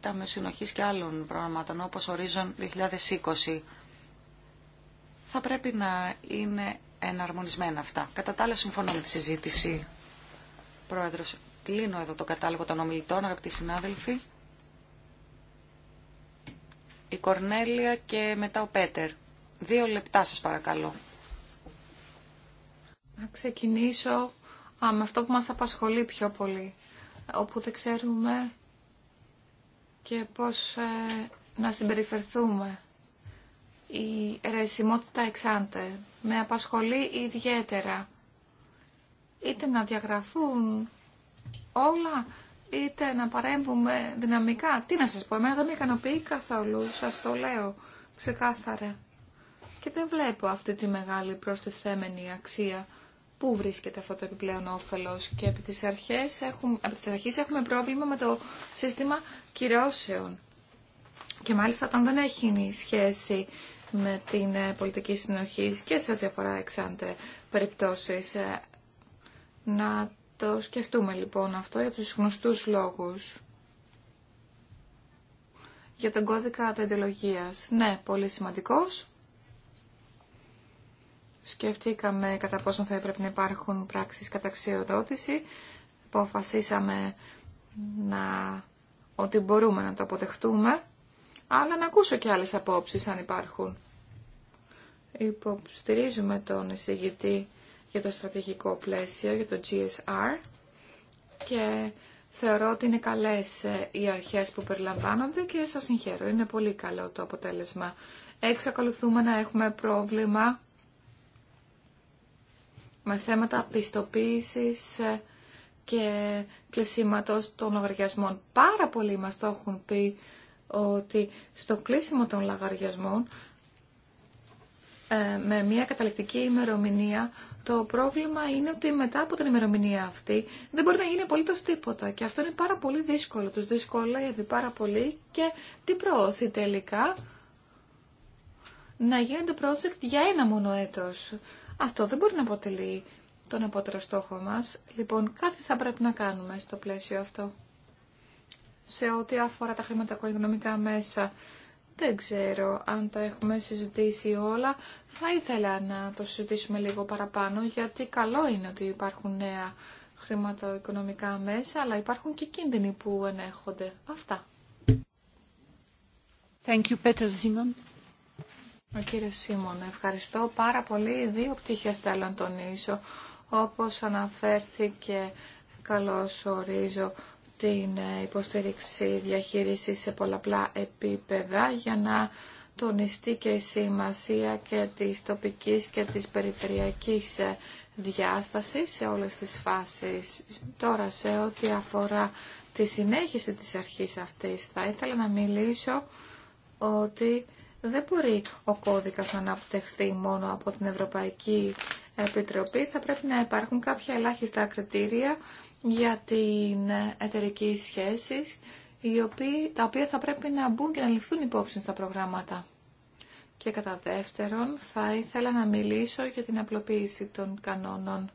S1: τα συνοχής και άλλων προγραμμάτων όπως ορίζον 2020. Θα πρέπει να είναι εναρμονισμένα αυτά. Κατά τα άλλα συμφωνώ με τη συζήτηση. Πρόεδρος, κλείνω εδώ το κατάλογο των ομιλητών, αγαπητοί συνάδελφοι η Κορνέλια και μετά ο Πέτερ. Δύο λεπτά σας παρακαλώ.
S2: Να ξεκινήσω α, με αυτό που μας απασχολεί πιο πολύ, όπου δεν ξέρουμε και πώς ε, να συμπεριφερθούμε. Η ρεσιμότητα εξάντε με απασχολεί ιδιαίτερα. Είτε να διαγραφούν όλα είτε να παρέμβουμε δυναμικά. Τι να σας πω, εμένα δεν με ικανοποιεί καθόλου, σας το λέω ξεκάθαρα. Και δεν βλέπω αυτή τη μεγάλη προστιθέμενη αξία πού βρίσκεται αυτό το επιπλέον όφελος και επί τις, αρχές έχουμε, τις αρχές έχουμε πρόβλημα με το σύστημα κυρώσεων. Και μάλιστα όταν δεν έχει σχέση με την ε, πολιτική συνοχή και σε ό,τι αφορά εξάντε περιπτώσεις ε, να το σκεφτούμε λοιπόν αυτό για τους γνωστούς λόγους. Για τον κώδικα απεντολογίας. Ναι, πολύ σημαντικός. Σκεφτήκαμε κατά πόσον θα έπρεπε να υπάρχουν πράξεις καταξιοδότηση. Αποφασίσαμε να... ότι μπορούμε να το αποτεχτούμε. Αλλά να ακούσω και άλλες απόψεις αν υπάρχουν. Υποστηρίζουμε τον εισηγητή για το στρατηγικό πλαίσιο, για το GSR και θεωρώ ότι είναι καλές ε, οι αρχές που περιλαμβάνονται και σας συγχαίρω. Είναι πολύ καλό το αποτέλεσμα. Εξακολουθούμε να έχουμε πρόβλημα με θέματα πιστοποίησης ε, και κλεισίματος των λογαριασμών. Πάρα πολλοί μας το έχουν πει ότι στο κλείσιμο των λογαριασμών ε, με μια καταληκτική ημερομηνία το πρόβλημα είναι ότι μετά από την ημερομηνία αυτή δεν μπορεί να γίνει απολύτω τίποτα. Και αυτό είναι πάρα πολύ δύσκολο. Του δυσκολεύει πάρα πολύ και τι προώθει τελικά να γίνεται project για ένα μόνο έτο. Αυτό δεν μπορεί να αποτελεί τον απότερο στόχο μας. Λοιπόν, κάτι θα πρέπει να κάνουμε στο πλαίσιο αυτό. Σε ό,τι αφορά τα χρηματοοικονομικά μέσα δεν ξέρω αν τα έχουμε συζητήσει όλα. Θα ήθελα να το συζητήσουμε λίγο παραπάνω, γιατί καλό είναι ότι υπάρχουν νέα χρηματοοικονομικά μέσα, αλλά υπάρχουν και κίνδυνοι που ενέχονται. Αυτά. Thank you, Peter Simon. Ο κύριο ευχαριστώ πάρα πολύ. Δύο πτυχές θέλω να τονίσω. Όπως αναφέρθηκε, καλώς ορίζω την ε, υποστήριξη διαχείρισης σε πολλαπλά επίπεδα για να τονιστεί και η σημασία και της τοπικής και της περιφερειακής ε, διάστασης σε όλες τις φάσεις. Τώρα σε ό,τι αφορά τη συνέχιση της αρχής αυτής θα ήθελα να μιλήσω ότι δεν μπορεί ο κώδικας να αναπτυχθεί μόνο από την Ευρωπαϊκή Επιτροπή. Θα πρέπει να υπάρχουν κάποια ελάχιστα κριτήρια για την εταιρική σχέση, τα οποία θα πρέπει να μπουν και να ληφθούν υπόψη στα προγράμματα. Και κατά δεύτερον, θα ήθελα να μιλήσω για την απλοποίηση των κανόνων.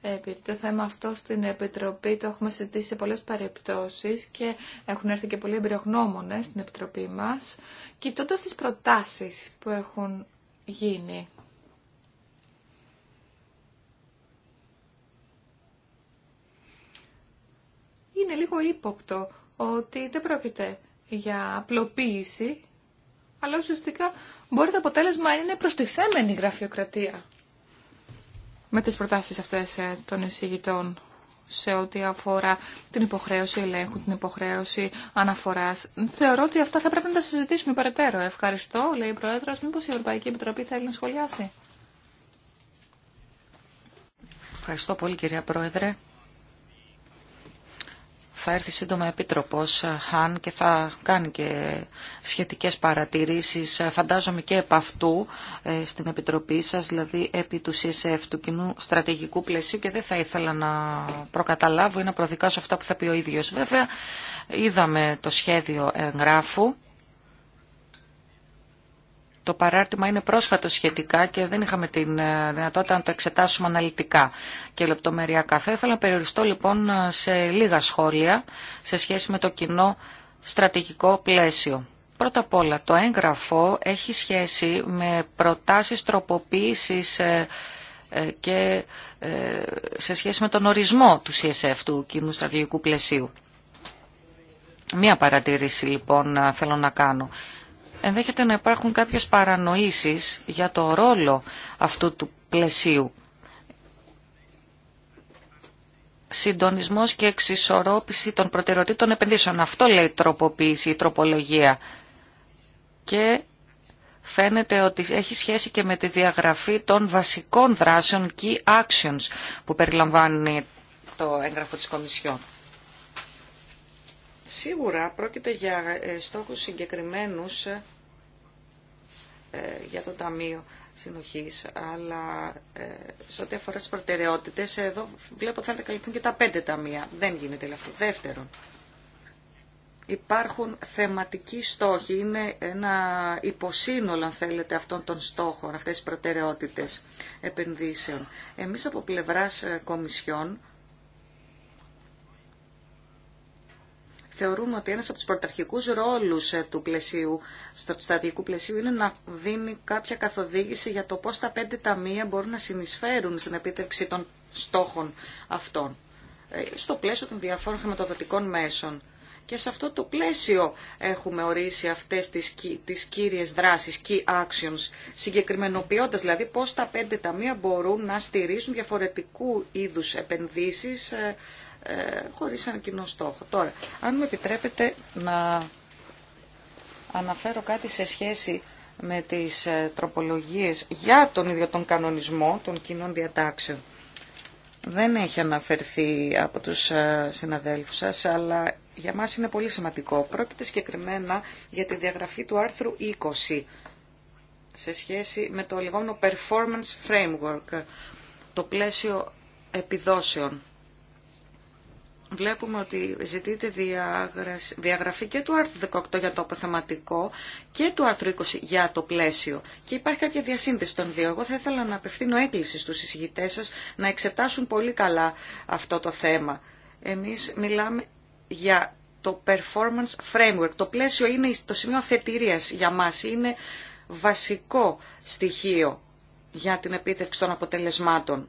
S2: Ε, επειδή το θέμα αυτό στην Επιτροπή το έχουμε συζητήσει σε πολλές περιπτώσεις και έχουν έρθει και πολλοί εμπειρογνώμονες στην Επιτροπή μας, κοιτώντας τις προτάσεις που έχουν γίνει. είναι λίγο ύποπτο ότι δεν πρόκειται για απλοποίηση, αλλά ουσιαστικά μπορεί το αποτέλεσμα είναι προστιθέμενη γραφειοκρατία με τις προτάσεις αυτές ε, των εισηγητών σε ό,τι αφορά την υποχρέωση ελέγχου, την υποχρέωση αναφοράς. Θεωρώ ότι αυτά θα πρέπει να τα συζητήσουμε περαιτέρω. Ευχαριστώ, λέει η Πρόεδρος. Μήπως η Ευρωπαϊκή Επιτροπή θέλει να σχολιάσει.
S1: Ευχαριστώ πολύ κυρία Πρόεδρε θα έρθει σύντομα επίτροπος Χαν και θα κάνει και σχετικές παρατηρήσεις, φαντάζομαι και επ' αυτού ε, στην επιτροπή σας, δηλαδή επί του CSF, του κοινού στρατηγικού πλαισίου και δεν θα ήθελα να προκαταλάβω ή να προδικάσω αυτά που θα πει ο ίδιος. Βέβαια, είδαμε το σχέδιο εγγράφου το παράρτημα είναι πρόσφατο σχετικά και δεν είχαμε την ε, δυνατότητα να το εξετάσουμε αναλυτικά και λεπτομεριακά. Θα ήθελα να περιοριστώ λοιπόν ε, σε λίγα σχόλια σε σχέση με το κοινό στρατηγικό πλαίσιο. Πρώτα απ' όλα, το έγγραφο έχει σχέση με προτάσεις τροποποίησης ε, και σε σχέση με τον ορισμό του CSF, του κοινού στρατηγικού πλαισίου. Μία παρατήρηση λοιπόν θέλω να κάνω ενδέχεται να υπάρχουν κάποιες παρανοήσεις για το ρόλο αυτού του πλαισίου. Συντονισμός και εξισορρόπηση των προτεραιοτήτων επενδύσεων. Αυτό λέει τροποποίηση, η τροπολογία. Και φαίνεται ότι έχει σχέση και με τη διαγραφή των βασικών δράσεων key actions που περιλαμβάνει το έγγραφο της Κομισιόν. Σίγουρα πρόκειται για ε, στόχους συγκεκριμένους ε, ε, για το Ταμείο Συνοχής, αλλά ε, σε ό,τι αφορά τις προτεραιότητες, εδώ βλέπω θα καλυφθούν και τα πέντε ταμεία. Δεν γίνεται αυτό. Δεύτερον, υπάρχουν θεματικοί στόχοι, είναι ένα υποσύνολο, αν θέλετε, αυτών των στόχων, αυτές τις προτεραιότητες επενδύσεων. Εμείς από πλευράς ε, Κομισιόν θεωρούμε ότι ένας από τους πρωταρχικούς ρόλους ε, του πλαισίου, του στρατηγικού πλαισίου είναι να δίνει κάποια καθοδήγηση για το πώς τα πέντε ταμεία μπορούν να συνεισφέρουν στην επίτευξη των στόχων αυτών ε, στο πλαίσιο των διαφόρων χρηματοδοτικών μέσων. Και σε αυτό το πλαίσιο έχουμε ορίσει αυτές τις, τις κύριες δράσεις, key actions, συγκεκριμενοποιώντας δηλαδή πώς τα πέντε ταμεία μπορούν να στηρίζουν διαφορετικού είδους επενδύσεις ε, ε, χωρίς ένα κοινό στόχο. Τώρα, αν μου επιτρέπετε να αναφέρω κάτι σε σχέση με τις ε, τροπολογίες για τον ίδιο τον κανονισμό των κοινών διατάξεων. Δεν έχει αναφερθεί από τους ε, συναδέλφους σας, αλλά για μας είναι πολύ σημαντικό. Πρόκειται συγκεκριμένα για τη διαγραφή του άρθρου 20 σε σχέση με το λεγόμενο performance framework, το πλαίσιο επιδόσεων βλέπουμε ότι ζητείται διαγραφή και του άρθρου 18 για το αποθεματικό και του άρθρου 20 για το πλαίσιο. Και υπάρχει κάποια διασύνδεση των δύο. Εγώ θα ήθελα να απευθύνω έκκληση στους συζητητές σας να εξετάσουν πολύ καλά αυτό το θέμα. Εμείς μιλάμε για το performance framework. Το πλαίσιο είναι το σημείο αφετηρίας για μας. Είναι βασικό στοιχείο για την επίτευξη των αποτελεσμάτων.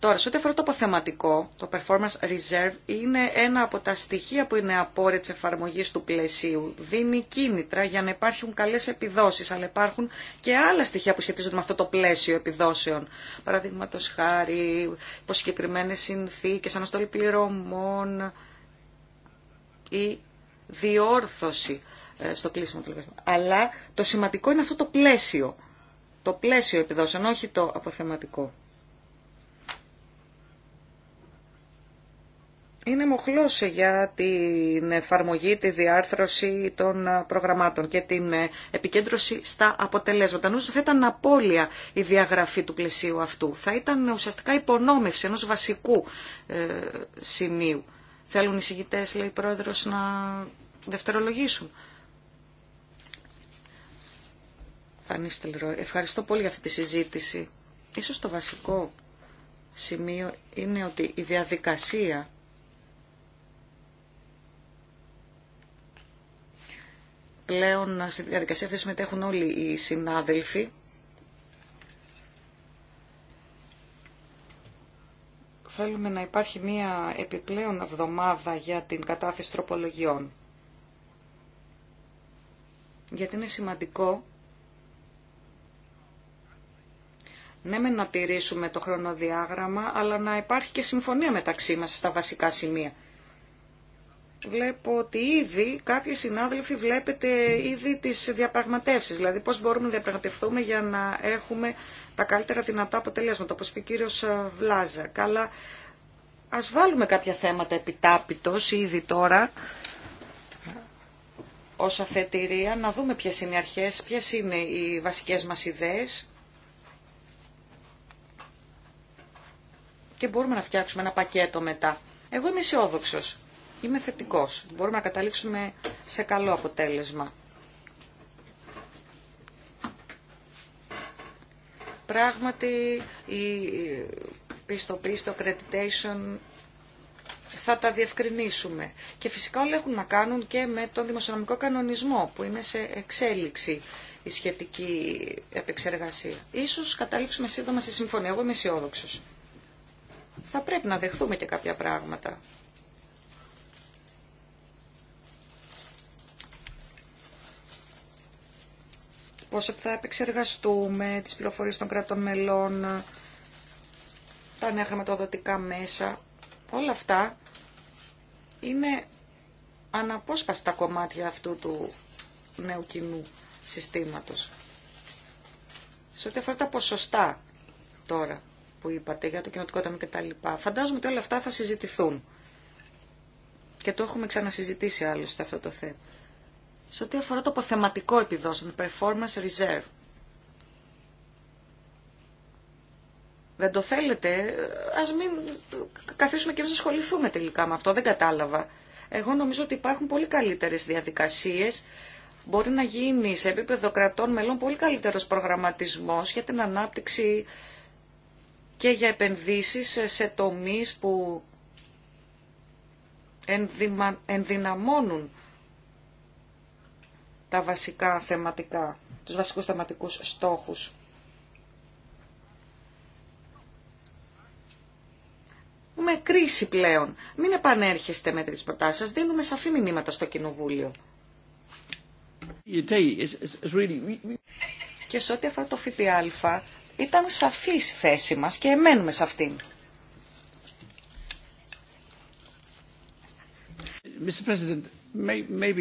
S1: Τώρα, σε ό,τι αφορά το αποθεματικό, το Performance Reserve είναι ένα από τα στοιχεία που είναι απόρρια τη εφαρμογή του πλαισίου. Δίνει κίνητρα για να υπάρχουν καλέ επιδόσει, αλλά υπάρχουν και άλλα στοιχεία που σχετίζονται με αυτό το πλαίσιο επιδόσεων. Παραδείγματο χάρη, υποσκεκριμένε συνθήκε, αναστολή πληρωμών ή διόρθωση ε, στο κλείσιμο του λογαριασμού. Αλλά το σημαντικό είναι αυτό το πλαίσιο. Το πλαίσιο επιδόσεων, όχι το αποθεματικό. είναι μοχλός για την εφαρμογή, τη διάρθρωση των προγραμμάτων και την επικέντρωση στα αποτελέσματα. Νομίζω θα ήταν απώλεια η διαγραφή του πλαισίου αυτού. Θα ήταν ουσιαστικά υπονόμευση ενός βασικού ε, σημείου. Θέλουν οι συγητές, λέει η πρόεδρος, να δευτερολογήσουν. Ευχαριστώ πολύ για αυτή τη συζήτηση. Ίσως το βασικό σημείο είναι ότι η διαδικασία πλέον στη διαδικασία αυτή συμμετέχουν όλοι οι συνάδελφοι. Θέλουμε να υπάρχει μία επιπλέον εβδομάδα για την κατάθεση τροπολογιών. Γιατί είναι σημαντικό ναι με να τηρήσουμε το χρονοδιάγραμμα, αλλά να υπάρχει και συμφωνία μεταξύ μας στα βασικά σημεία βλέπω ότι ήδη κάποιοι συνάδελφοι βλέπετε ήδη τις διαπραγματεύσεις, δηλαδή πώς μπορούμε να διαπραγματευτούμε για να έχουμε τα καλύτερα δυνατά αποτελέσματα, όπως είπε ο κύριος Βλάζα. Καλά, ας βάλουμε κάποια θέματα επιτάπητος ήδη τώρα ως αφετηρία, να δούμε ποιες είναι οι αρχές, ποιες είναι οι βασικές μας ιδέες. Και μπορούμε να φτιάξουμε ένα πακέτο μετά. Εγώ είμαι αισιόδοξο είμαι θετικός. Μπορούμε να καταλήξουμε σε καλό αποτέλεσμα. Πράγματι, η πιστοποίηση, το accreditation θα τα διευκρινίσουμε. Και φυσικά όλα έχουν να κάνουν και με τον δημοσιονομικό κανονισμό που είναι σε εξέλιξη η σχετική επεξεργασία. Ίσως καταλήξουμε σύντομα σε συμφωνία. Εγώ είμαι αισιόδοξο. Θα πρέπει να δεχθούμε και κάποια πράγματα. πώς θα επεξεργαστούμε τις πληροφορίες των κρατών μελών, τα νέα χρηματοδοτικά μέσα, όλα αυτά είναι αναπόσπαστα κομμάτια αυτού του νέου κοινού συστήματος. Σε ό,τι αφορά τα ποσοστά τώρα που είπατε για το κοινοτικό τα λοιπά, Φαντάζομαι ότι όλα αυτά θα συζητηθούν. Και το έχουμε ξανασυζητήσει άλλωστε αυτό το θέμα σε ό,τι αφορά το αποθεματικό επιδόσεων, performance reserve. Δεν το θέλετε, ας μην καθίσουμε και εμείς να ασχοληθούμε τελικά με αυτό, δεν κατάλαβα. Εγώ νομίζω ότι υπάρχουν πολύ καλύτερες διαδικασίες. Μπορεί να γίνει σε επίπεδο κρατών μελών πολύ καλύτερος προγραμματισμός για την ανάπτυξη και για επενδύσεις σε τομείς που ενδυναμώνουν τα βασικά θεματικά, τους βασικούς θεματικούς στόχους. Με κρίση πλέον. Μην επανέρχεστε με τις προτάσεις σας. Δίνουμε σαφή μηνύματα στο Κοινοβούλιο. Και σε ό,τι αφορά το ΦΠΑ, ήταν σαφής θέση μας και εμένουμε σε αυτήν. Mr. President, maybe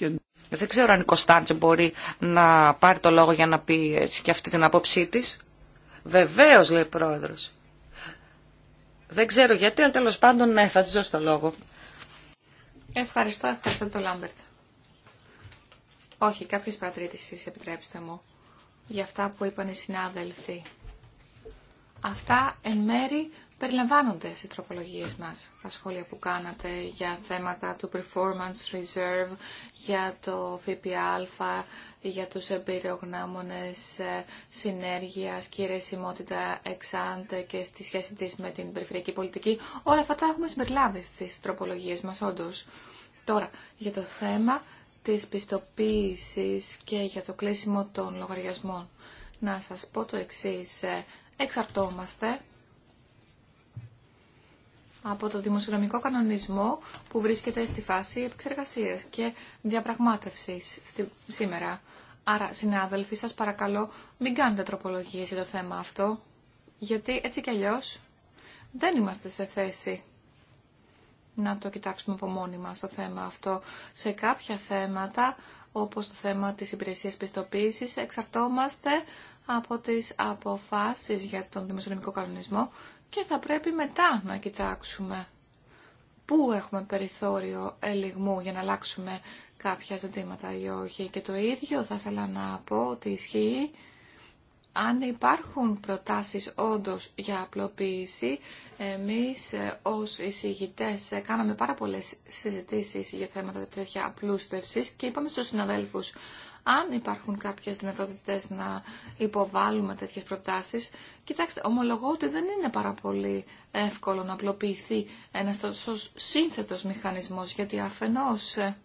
S1: can... Δεν ξέρω αν η Κωνσταντζε μπορεί να πάρει το λόγο για να πει έτσι και αυτή την απόψή τη. Βεβαίω λέει ο πρόεδρος. Δεν ξέρω γιατί, αλλά τέλο πάντων ναι, θα τη δώσω το λόγο.
S2: Ευχαριστώ, ευχαριστώ τον Λάμπερτ. Όχι, κάποιες παρατήρησει επιτρέψτε μου για αυτά που είπαν οι συνάδελφοι. Αυτά εν μέρη περιλαμβάνονται στις τροπολογίες μας τα σχόλια που κάνατε για θέματα του performance reserve, για το ΦΠΑ, για τους εμπειρογνώμονες ε, συνέργειας και ρεσιμότητα εξάντε και στη σχέση της με την περιφερειακή πολιτική. Όλα αυτά τα έχουμε συμπεριλάβει στις τροπολογίες μας όντως. Τώρα, για το θέμα της πιστοποίησης και για το κλείσιμο των λογαριασμών. Να σας πω το εξής. Ε, εξαρτώμαστε από το δημοσιονομικό κανονισμό που βρίσκεται στη φάση επεξεργασίας και διαπραγμάτευσης σήμερα. Άρα, συνάδελφοι, σας παρακαλώ μην κάνετε τροπολογίες για το θέμα αυτό, γιατί έτσι κι αλλιώς δεν είμαστε σε θέση να το κοιτάξουμε από μόνοι μας θέμα αυτό. Σε κάποια θέματα, όπως το θέμα της υπηρεσίας πιστοποίησης, εξαρτώμαστε από τις αποφάσεις για τον δημοσιονομικό κανονισμό και θα πρέπει μετά να κοιτάξουμε πού έχουμε περιθώριο ελιγμού για να αλλάξουμε κάποια ζητήματα ή όχι. Και το ίδιο θα ήθελα να πω ότι ισχύει αν υπάρχουν προτάσεις όντως για απλοποίηση, εμείς ε, ως εισηγητές ε, κάναμε πάρα πολλές συζητήσεις για θέματα τέτοια απλούστευσης και είπαμε στους συναδέλφους αν υπάρχουν κάποιες δυνατότητες να υποβάλουμε τέτοιες προτάσεις. Κοιτάξτε, ομολογώ ότι δεν είναι πάρα πολύ εύκολο να απλοποιηθεί ένας τόσο σύνθετος μηχανισμός, γιατί αφενός ε,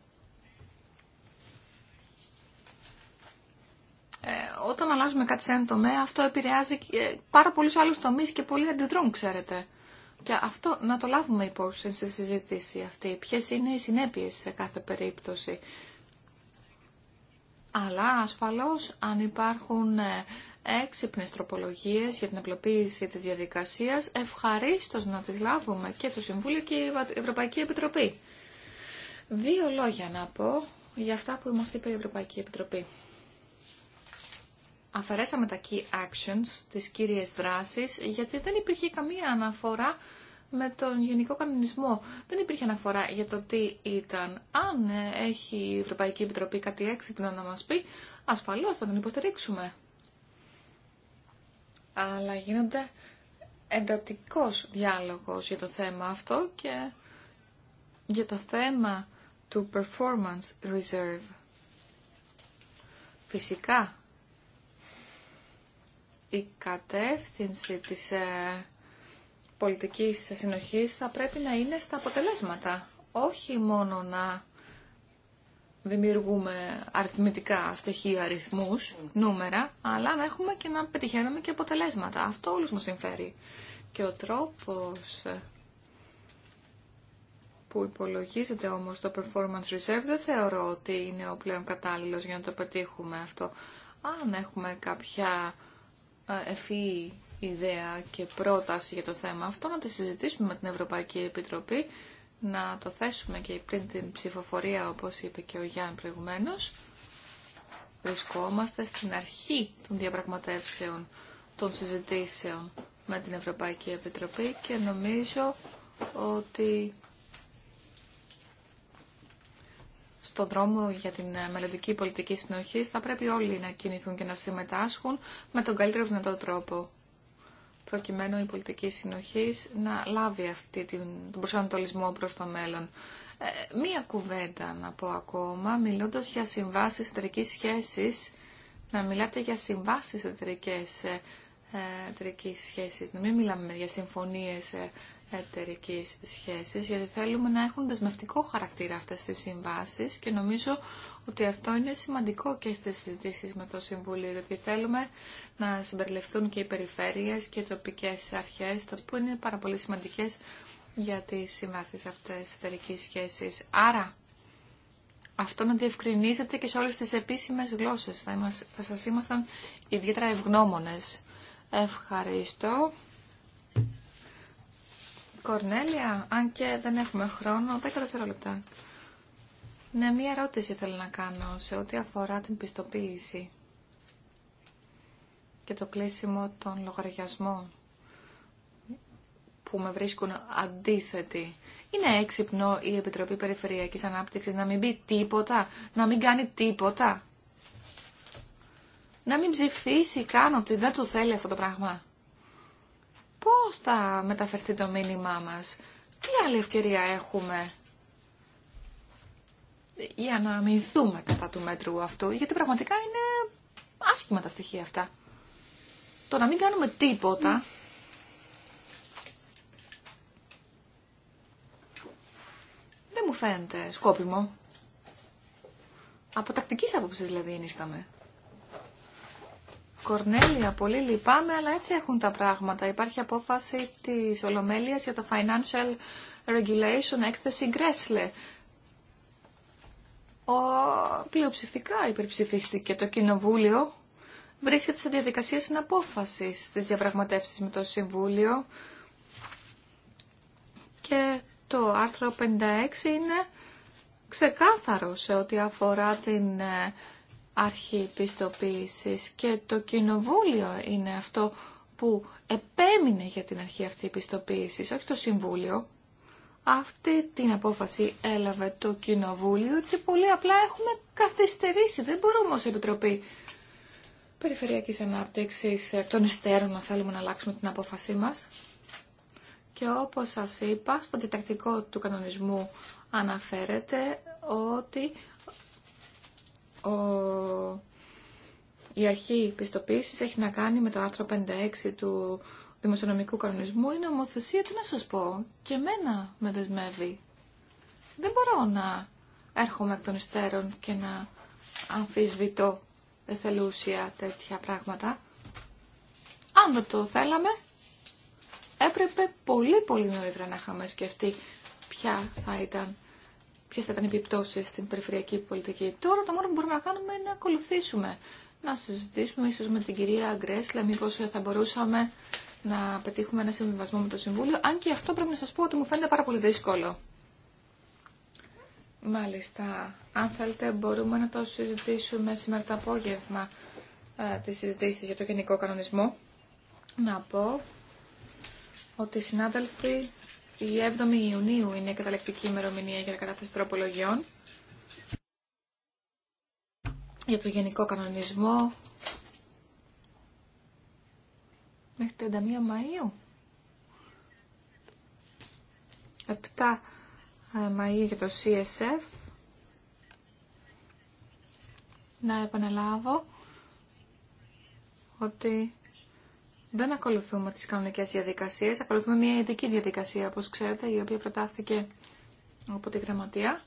S2: ε, όταν αλλάζουμε κάτι σε ένα τομέα, αυτό επηρεάζει ε, πάρα πολλούς άλλους τομείς και πολλοί αντιδρούν, ξέρετε. Και αυτό να το λάβουμε υπόψη στη συζήτηση αυτή. Ποιες είναι οι συνέπειες σε κάθε περίπτωση. Αλλά ασφαλώς αν υπάρχουν ε, έξυπνες τροπολογίες για την απλοποίηση της διαδικασίας, ευχαρίστως να τις λάβουμε και το Συμβούλιο και η Ευρωπαϊκή Επιτροπή. Δύο λόγια να πω για αυτά που μας είπε η Ευρωπαϊκή Επιτροπή. Αφαιρέσαμε τα key actions, τις κύριες δράσεις, γιατί δεν υπήρχε καμία αναφορά με τον Γενικό Κανονισμό. Δεν υπήρχε αναφορά για το τι ήταν. Αν ε, έχει η Ευρωπαϊκή Επιτροπή κάτι έξυπνο να μας πει, ασφαλώς θα τον υποστηρίξουμε. Αλλά γίνονται εντατικός διάλογος για το θέμα αυτό και για το θέμα του Performance Reserve. Φυσικά, η κατεύθυνση της ε, πολιτικής συνοχής θα πρέπει να είναι στα αποτελέσματα. Όχι μόνο να δημιουργούμε αριθμητικά στοιχεία, αριθμούς, νούμερα, αλλά να έχουμε και να πετυχαίνουμε και αποτελέσματα. Αυτό όλους μας συμφέρει. Και ο τρόπος που υπολογίζεται όμως το performance reserve δεν θεωρώ ότι είναι ο πλέον κατάλληλος για να το πετύχουμε αυτό. Αν έχουμε κάποια ε, ευφυή ιδέα και πρόταση για το θέμα αυτό, να τη συζητήσουμε με την Ευρωπαϊκή Επιτροπή, να το θέσουμε και πριν την ψηφοφορία, όπως είπε και ο Γιάννη προηγουμένως. Βρισκόμαστε στην αρχή των διαπραγματεύσεων, των συζητήσεων με την Ευρωπαϊκή Επιτροπή και νομίζω ότι στον δρόμο για την μελλοντική πολιτική συνοχή θα πρέπει όλοι να κινηθούν και να συμμετάσχουν με τον καλύτερο δυνατό τρόπο προκειμένου η πολιτική συνοχής να λάβει αυτή την, τον προσανατολισμό προς το μέλλον. Ε, μία κουβέντα να πω ακόμα, μιλώντας για συμβάσεις εταιρικής σχέσης, να μιλάτε για συμβάσεις εταιρικές εταιρική ε, εταιρικής να μην μιλάμε για συμφωνίες ε, εταιρική σχέση, γιατί θέλουμε να έχουν δεσμευτικό χαρακτήρα αυτέ τι συμβάσει και νομίζω ότι αυτό είναι σημαντικό και στις συζητήσεις με το Συμβούλιο, γιατί θέλουμε να συμπεριληφθούν και οι περιφέρειες και οι τοπικές αρχές, το που είναι πάρα πολύ σημαντικές για τις συμβάσεις αυτές εταιρικής σχέσης. Άρα, αυτό να διευκρινίζεται και σε όλες τις επίσημες γλώσσες. Θα, είμαστε, θα σας ήμασταν ιδιαίτερα ευγνώμονε Ευχαριστώ. Κορνέλια, αν και δεν έχουμε χρόνο, 10 λεπτά. Ναι, μία ερώτηση θέλω να κάνω σε ό,τι αφορά την πιστοποίηση και το κλείσιμο των λογαριασμών που με βρίσκουν αντίθετη. Είναι έξυπνο η Επιτροπή Περιφερειακής Ανάπτυξης να μην πει τίποτα, να μην κάνει τίποτα. Να μην ψηφίσει καν ότι δεν του θέλει αυτό το πράγμα. Πώς θα μεταφερθεί το μήνυμά μας, τι άλλη ευκαιρία έχουμε για να αμυνθούμε κατά του μέτρου αυτού, γιατί πραγματικά είναι άσχημα τα στοιχεία αυτά. Το να μην κάνουμε τίποτα... Δεν μου φαίνεται σκόπιμο. Από τακτικής άποψης δηλαδή ενίσταμε. Κορνέλια, πολύ λυπάμαι, αλλά έτσι έχουν τα πράγματα. Υπάρχει απόφαση της Ολομέλειας για το Financial Regulation έκθεση Γκρέσλε ο, πλειοψηφικά υπερψηφίστηκε το Κοινοβούλιο. Βρίσκεται σε διαδικασία συναπόφαση της διαπραγματεύση με το Συμβούλιο. Και το άρθρο 56 είναι ξεκάθαρο σε ό,τι αφορά την ε, αρχή πιστοποίηση. και το Κοινοβούλιο είναι αυτό που επέμεινε για την αρχή αυτή πιστοποίηση, όχι το Συμβούλιο. Αυτή την απόφαση έλαβε το Κοινοβούλιο και πολύ απλά έχουμε καθυστερήσει. Δεν μπορούμε ως Επιτροπή Περιφερειακής Ανάπτυξης ε, των υστέρων να θέλουμε να αλλάξουμε την απόφασή μας. Και όπως σας είπα, στο διτακτικό του κανονισμού αναφέρεται ότι ο... η αρχή πιστοποίησης έχει να κάνει με το άρθρο 56 του δημοσιονομικού κανονισμού είναι ομοθεσία, τι να σας πω, και εμένα με δεσμεύει. Δεν μπορώ να έρχομαι εκ των υστέρων και να αμφισβητώ εθελούσια τέτοια πράγματα. Αν δεν το θέλαμε, έπρεπε πολύ πολύ νωρίτερα να είχαμε σκεφτεί ποια θα ήταν, ποιες θα ήταν οι επιπτώσεις στην περιφερειακή πολιτική. Τώρα το μόνο που μπορούμε να κάνουμε είναι να ακολουθήσουμε να συζητήσουμε ίσως με την κυρία Γκρέσλα μήπως θα μπορούσαμε να πετύχουμε ένα συμβιβασμό με το Συμβούλιο, αν και αυτό πρέπει να σας πω ότι μου φαίνεται πάρα πολύ δύσκολο. Μάλιστα, αν θέλετε μπορούμε να το συζητήσουμε σήμερα το απόγευμα ε, τις για το γενικό κανονισμό. Να πω ότι συνάδελφοι η 7η Ιουνίου είναι η καταλεκτική ημερομηνία για κατάθεση τροπολογιών για το γενικό κανονισμό μέχρι 31 Μαΐου. 7 ε, Μαΐου για το CSF. Να επαναλάβω ότι δεν ακολουθούμε τις κανονικές διαδικασίες, ακολουθούμε μια ειδική διαδικασία, όπως ξέρετε, η οποία προτάθηκε από τη Γραμματεία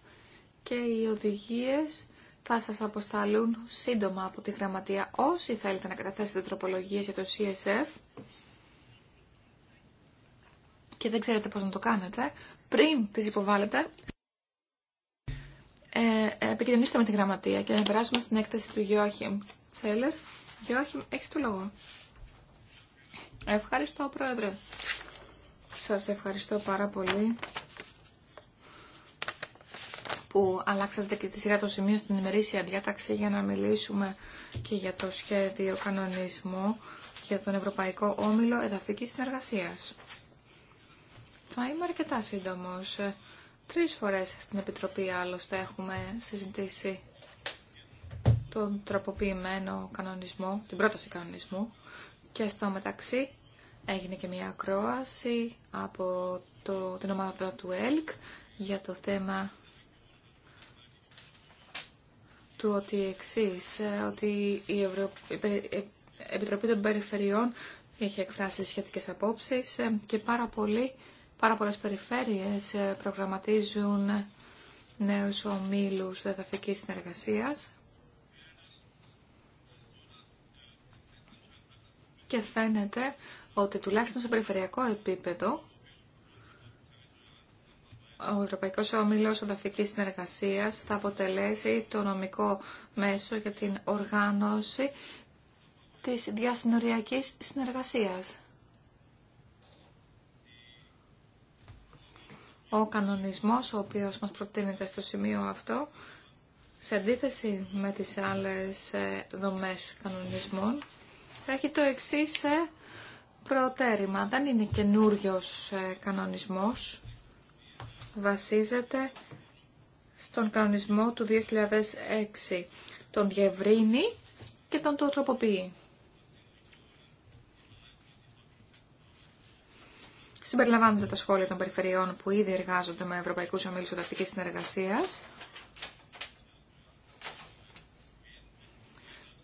S2: και οι οδηγίες θα σας αποσταλούν σύντομα από τη γραμματεία όσοι θέλετε να καταθέσετε τροπολογίες για το CSF και δεν ξέρετε πώς να το κάνετε, πριν τις υποβάλλετε, ε, ε επικοινωνήστε με τη γραμματεία και να περάσουμε στην έκθεση του Γιώχημ Τσέλερ. Γιώχημ, έχεις το λόγο. Ευχαριστώ, Πρόεδρε. Σας ευχαριστώ πάρα πολύ που αλλάξατε και τη σειρά των σημείων στην ημερήσια διάταξη για να μιλήσουμε και για το σχέδιο κανονισμού για τον Ευρωπαϊκό Όμιλο Εδαφικής Συνεργασίας. Θα είμαι αρκετά σύντομος. Τρεις φορές στην Επιτροπή άλλωστε έχουμε συζητήσει τον τροποποιημένο κανονισμό, την πρόταση κανονισμού και στο μεταξύ έγινε και μια ακρόαση από το, την ομάδα του ΕΛΚ για το θέμα ότι εξή, ε, ότι η, Ευρω... Επιτροπή των Περιφερειών έχει εκφράσει σχετικέ απόψεις ε, και πάρα, πολύ πάρα πολλές περιφέρειες ε, προγραμματίζουν νέους ομίλους εδαφικής συνεργασίας και φαίνεται ότι τουλάχιστον σε περιφερειακό επίπεδο ο Ευρωπαϊκός Ομίλος Ανταφικής Συνεργασίας θα αποτελέσει το νομικό μέσο για την οργάνωση της διασυνοριακής συνεργασίας. Ο κανονισμός ο οποίος μας προτείνεται στο σημείο αυτό, σε αντίθεση με τις άλλες ε, δομές κανονισμών, έχει το εξής ε, προτέρημα. Δεν είναι καινούριος ε, κανονισμός βασίζεται στον κανονισμό του 2006. Τον διευρύνει και τον το τροποποιεί. Συμπεριλαμβάνονται τα σχόλια των περιφερειών που ήδη εργάζονται με Ευρωπαϊκούς Ομίλου Οδακτική Συνεργασία.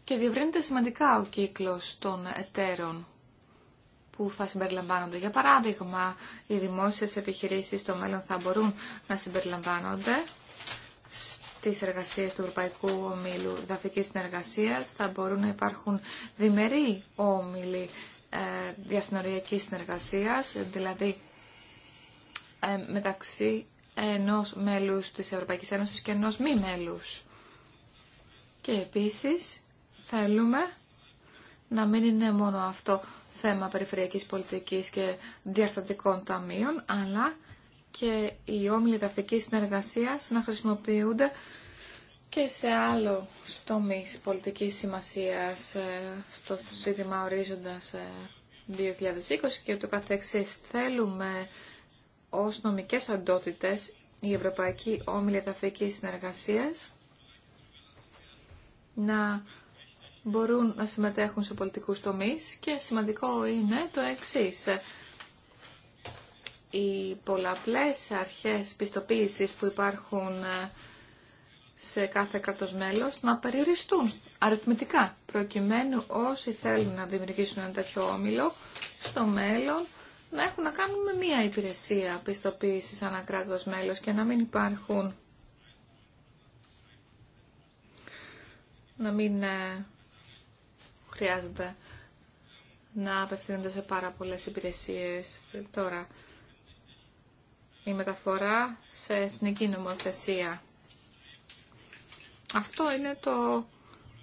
S2: Και διευρύνεται σημαντικά ο κύκλος των εταίρων που θα συμπεριλαμβάνονται. Για παράδειγμα, οι δημόσιες επιχειρήσεις στο μέλλον θα μπορούν να συμπεριλαμβάνονται στις εργασίες του Ευρωπαϊκού Ομίλου Δαφικής Συνεργασίας. Θα μπορούν να υπάρχουν διμερεί όμιλοι ε, διασυνοριακής συνεργασίας, δηλαδή ε, μεταξύ ενός μέλους της Ευρωπαϊκής Ένωσης και ενός μη μέλους. Και επίσης θέλουμε να μην είναι μόνο αυτό θέμα περιφερειακής πολιτικής και διαρθρωτικών ταμείων, αλλά και οι όμιλοι ταφικής συνεργασίας να χρησιμοποιούνται και σε άλλο τομεί πολιτικής σημασίας ε, στο σύντημα ορίζοντας 2020 ε, και το καθεξής. Θέλουμε ως νομικές οντότητες η Ευρωπαϊκή Όμιλη Ταφικής Συνεργασίας να μπορούν να συμμετέχουν σε πολιτικούς τομείς και σημαντικό είναι το εξής. Οι πολλαπλές αρχές πιστοποίησης που υπάρχουν ε, σε κάθε κράτος μέλος να περιοριστούν αριθμητικά προκειμένου όσοι θέλουν να δημιουργήσουν ένα τέτοιο όμιλο στο μέλλον να έχουν να κάνουν με μία υπηρεσία πιστοποίησης ανά κράτος μέλος και να μην υπάρχουν να μην ε, χρειάζεται να απευθύνονται σε πάρα πολλές υπηρεσίες. Τώρα, η μεταφορά σε εθνική νομοθεσία. Αυτό είναι το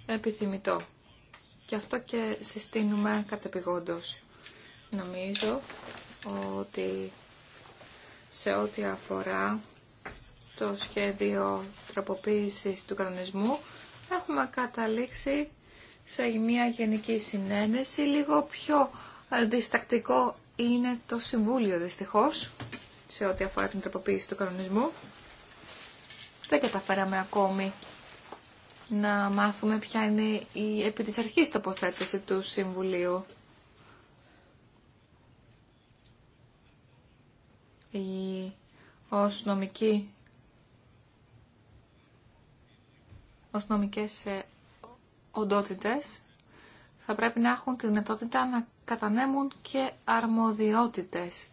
S2: επιθυμητό. Και αυτό και συστήνουμε κατεπηγόντως. Νομίζω ότι σε ό,τι αφορά το σχέδιο τροποποίησης του κανονισμού έχουμε καταλήξει σε μια γενική συνένεση. Λίγο πιο αντιστακτικό είναι το Συμβούλιο δυστυχώς σε ό,τι αφορά την τροποποίηση του κανονισμού. Δεν καταφέραμε ακόμη να μάθουμε ποια είναι η επί της αρχής τοποθέτηση του Συμβουλίου. Η, ως νομική ως ε, οντότητες θα πρέπει να έχουν τη δυνατότητα να κατανέμουν και αρμοδιότητες.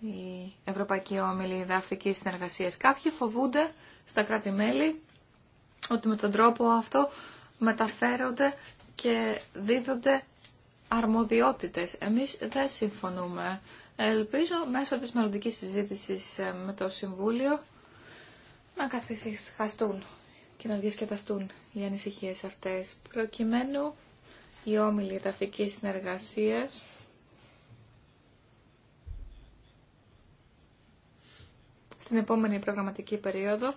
S2: Η Ευρωπαϊκή Όμιλη Δαφική Συνεργασία. Κάποιοι φοβούνται στα κράτη-μέλη ότι με τον τρόπο αυτό μεταφέρονται και δίδονται αρμοδιότητες. Εμείς δεν συμφωνούμε. Ελπίζω μέσω της μελλοντική συζήτησης με το Συμβούλιο να καθυσυχαστούν και να διασκεδαστούν οι ανησυχίες αυτές, προκειμένου οι όμιλοι εδαφικής συνεργασίας στην επόμενη προγραμματική περίοδο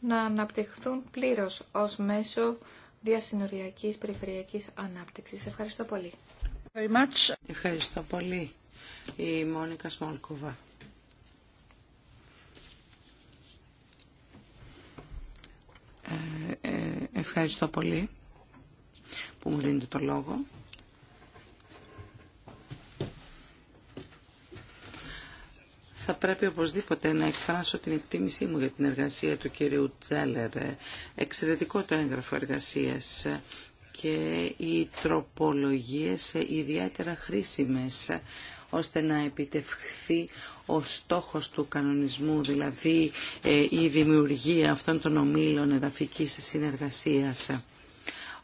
S2: να αναπτυχθούν πλήρως ως μέσο διασυνοριακής περιφερειακής ανάπτυξης. Ευχαριστώ πολύ.
S3: Very much. Ευχαριστώ πολύ η Μόνικα Σμόλκοβα. Ευχαριστώ πολύ που μου δίνετε το λόγο. θα πρέπει οπωσδήποτε να εκφράσω την εκτίμησή μου για την εργασία του κυρίου Τζέλερ. Εξαιρετικό το έγγραφο εργασίας και οι τροπολογίες ιδιαίτερα χρήσιμες ώστε να επιτευχθεί ο στόχος του κανονισμού, δηλαδή ε, η δημιουργία αυτών των ομίλων εδαφικής συνεργασίας.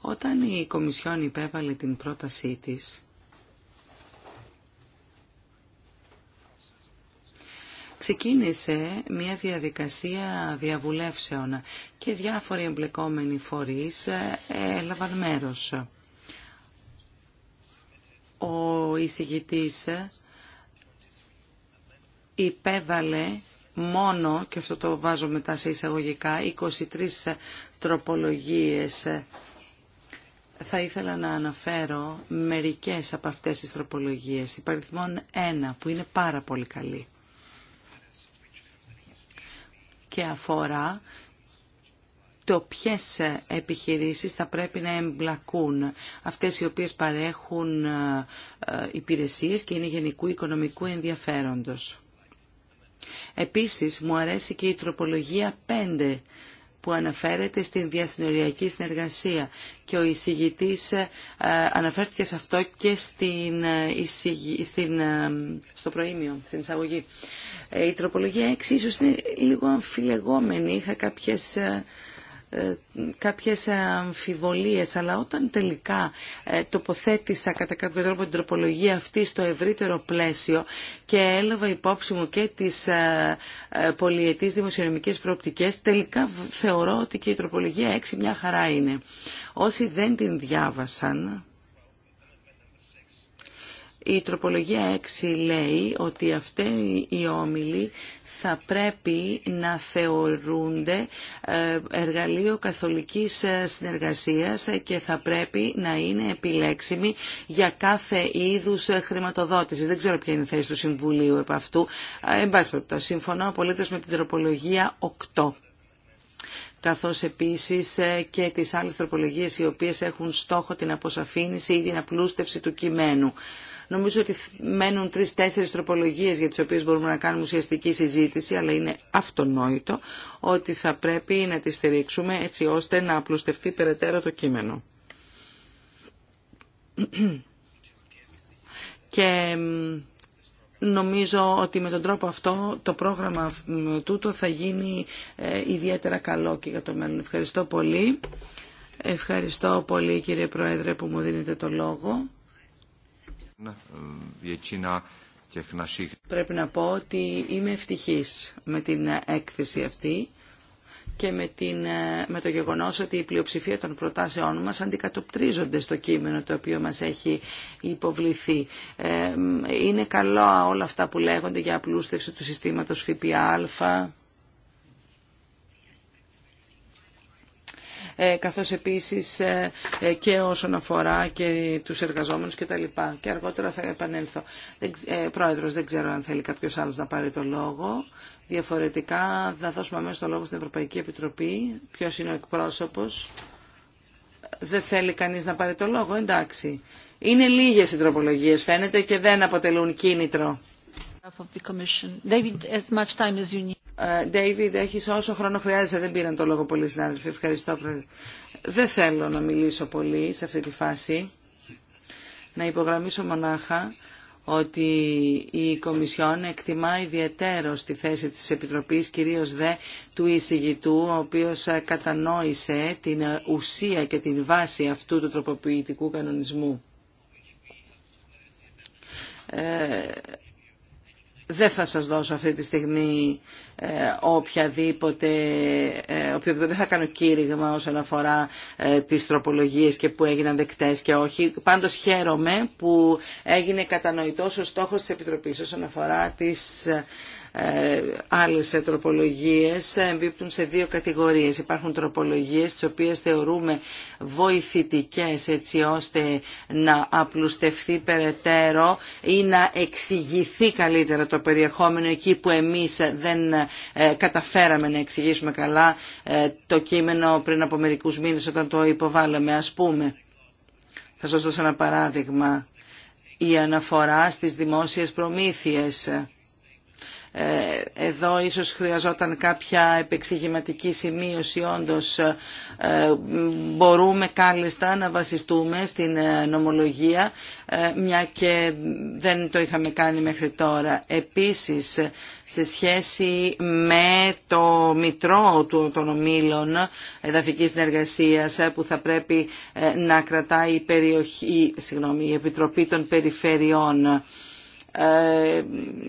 S3: Όταν η Κομισιόν υπέβαλε την πρότασή της, ξεκίνησε μια διαδικασία διαβουλεύσεων και διάφοροι εμπλεκόμενοι φορείς ε, έλαβαν μέρος. Ο εισηγητής υπέβαλε μόνο, και αυτό το βάζω μετά σε εισαγωγικά, 23 τροπολογίες. Θα ήθελα να αναφέρω μερικές από αυτές τις τροπολογίες. Υπαριθμόν ένα που είναι πάρα πολύ καλή και αφορά το ποιες επιχειρήσεις θα πρέπει να εμπλακούν. Αυτές οι οποίες παρέχουν ε, ε, υπηρεσίες και είναι γενικού οικονομικού ενδιαφέροντος. Επίσης, μου αρέσει και η τροπολογία 5 που αναφέρεται στην διασυνοριακή συνεργασία και ο εισηγητής ε, αναφέρθηκε σε αυτό και στην, ε, στην, ε, στο προήμιο, στην εισαγωγή. Η τροπολογία 6 ίσως είναι λίγο αμφιλεγόμενη, είχα κάποιες ε, κάποιες αμφιβολίες αλλά όταν τελικά ε, τοποθέτησα κατά κάποιο τρόπο την τροπολογία αυτή στο ευρύτερο πλαίσιο και έλαβα υπόψη μου και τις ε, πολιετής δημοσιονομικές προοπτικές τελικά θεωρώ ότι και η τροπολογία 6 μια χαρά είναι. Όσοι δεν την διάβασαν η τροπολογία 6 λέει ότι αυτοί οι όμιλοι θα πρέπει να θεωρούνται ε, εργαλείο καθολικής ε, συνεργασίας και θα πρέπει να είναι επιλέξιμοι για κάθε είδους ε, χρηματοδότησης. Δεν ξέρω ποια είναι η θέση του Συμβουλίου επ' αυτού. Εν συμφωνώ απολύτως με την τροπολογία 8 καθώς επίσης και τις άλλες τροπολογίες οι οποίες έχουν στόχο την αποσαφήνιση ή την απλούστευση του κειμένου. Νομίζω ότι μένουν τρει-τέσσερι τροπολογίε για τι οποίε μπορούμε να κάνουμε ουσιαστική συζήτηση, αλλά είναι αυτονόητο ότι θα πρέπει να τη στηρίξουμε έτσι ώστε να απλουστευτεί περαιτέρω το κείμενο. Και νομίζω ότι με τον τρόπο αυτό το πρόγραμμα τούτο θα γίνει ε, ιδιαίτερα καλό και για το μέλλον. Ευχαριστώ πολύ. Ευχαριστώ πολύ κύριε Πρόεδρε που μου δίνετε το λόγο. Ναι, ε, Πρέπει να πω ότι είμαι ευτυχής με την έκθεση αυτή και με, την, ε, με το γεγονός ότι η πλειοψηφία των προτάσεών μας αντικατοπτρίζονται στο κείμενο το οποίο μας έχει υποβληθεί. Ε, είναι καλό όλα αυτά που λέγονται για απλούστευση του συστήματος ΦΠΑ, Ε, καθώς επίσης ε, ε, και όσον αφορά και τους εργαζόμενους και τα λοιπά. Και αργότερα θα επανέλθω. Πρόεδρος, δεν ξέρω αν θέλει κάποιος άλλος να πάρει το λόγο. Διαφορετικά θα δώσουμε αμέσως το λόγο στην Ευρωπαϊκή Επιτροπή. Ποιος είναι ο εκπρόσωπος. Δεν θέλει κανείς να πάρει το λόγο. Εντάξει. Είναι λίγες οι τροπολογίες φαίνεται και δεν αποτελούν κίνητρο.
S1: David, as much time as Ντέιβιντ, ε, έχει
S3: όσο χρόνο χρειάζεσαι. Δεν πήραν το λόγο πολύ συνάδελφοι. Ευχαριστώ. Δεν θέλω να μιλήσω πολύ σε αυτή τη φάση. Να υπογραμμίσω μονάχα ότι η Κομισιόν εκτιμά ιδιαίτερο στη θέση της Επιτροπής, κυρίως δε του εισηγητού, ο οποίος κατανόησε την ουσία και την βάση αυτού του τροποποιητικού κανονισμού. Ε, δεν θα σας δώσω αυτή τη στιγμή ε, οποιαδήποτε, ε, οποιοδήποτε δεν θα κάνω κήρυγμα όσον αφορά ε, τις τροπολογίες και που έγιναν δεκτές και όχι. Πάντως χαίρομαι που έγινε κατανοητός ο στόχος της Επιτροπής όσον αφορά τις ε, άλλες τροπολογίες εμπίπτουν σε δύο κατηγορίες. Υπάρχουν τροπολογίες τις οποίες θεωρούμε βοηθητικές έτσι ώστε να απλουστευτεί περαιτέρω ή να εξηγηθεί καλύτερα το περιεχόμενο εκεί που εμείς δεν ε, καταφέραμε να εξηγήσουμε καλά ε, το κείμενο πριν από μερικούς μήνες όταν το υποβάλαμε ας πούμε. Θα σας δώσω ένα παράδειγμα. Η αναφορά στις δημόσιες προμήθειες ε, εδώ ίσως χρειαζόταν κάποια επεξηγηματική σημείωση όντως ε, μπορούμε κάλλιστα να βασιστούμε στην ε, νομολογία μια και δεν το είχαμε κάνει μέχρι τώρα. Επίσης σε σχέση με το μητρό του των ομίλων εδαφικής συνεργασίας που θα πρέπει να κρατάει η, περιοχή, συγγνώμη, η Επιτροπή των Περιφερειών. Ε,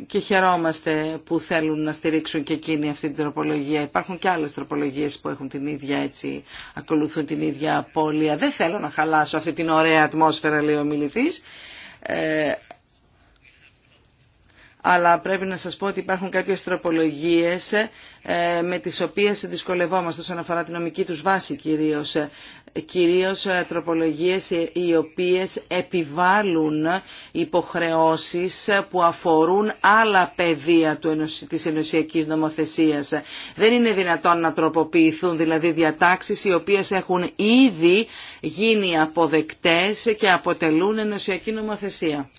S3: και χαιρόμαστε που θέλουν να στηρίξουν και εκείνη αυτή την τροπολογία. Υπάρχουν και άλλες τροπολογίες που έχουν την ίδια έτσι, ακολουθούν την ίδια απώλεια. Δεν θέλω να χαλάσω αυτή την ωραία ατμόσφαιρα, λέει ο μιλητής. Ε, αλλά πρέπει να σας πω ότι υπάρχουν κάποιες τροπολογίες ε, με τις οποίες δυσκολευόμαστε όσον αφορά τη νομική τους βάση κυρίως. Ε, κυρίως ε, τροπολογίες οι οποίες επιβάλλουν υποχρεώσεις που αφορούν άλλα πεδία της ενωσιακής νομοθεσίας. Δεν είναι δυνατόν να τροποποιηθούν δηλαδή διατάξεις οι οποίες έχουν ήδη γίνει αποδεκτές και αποτελούν ενωσιακή νομοθεσία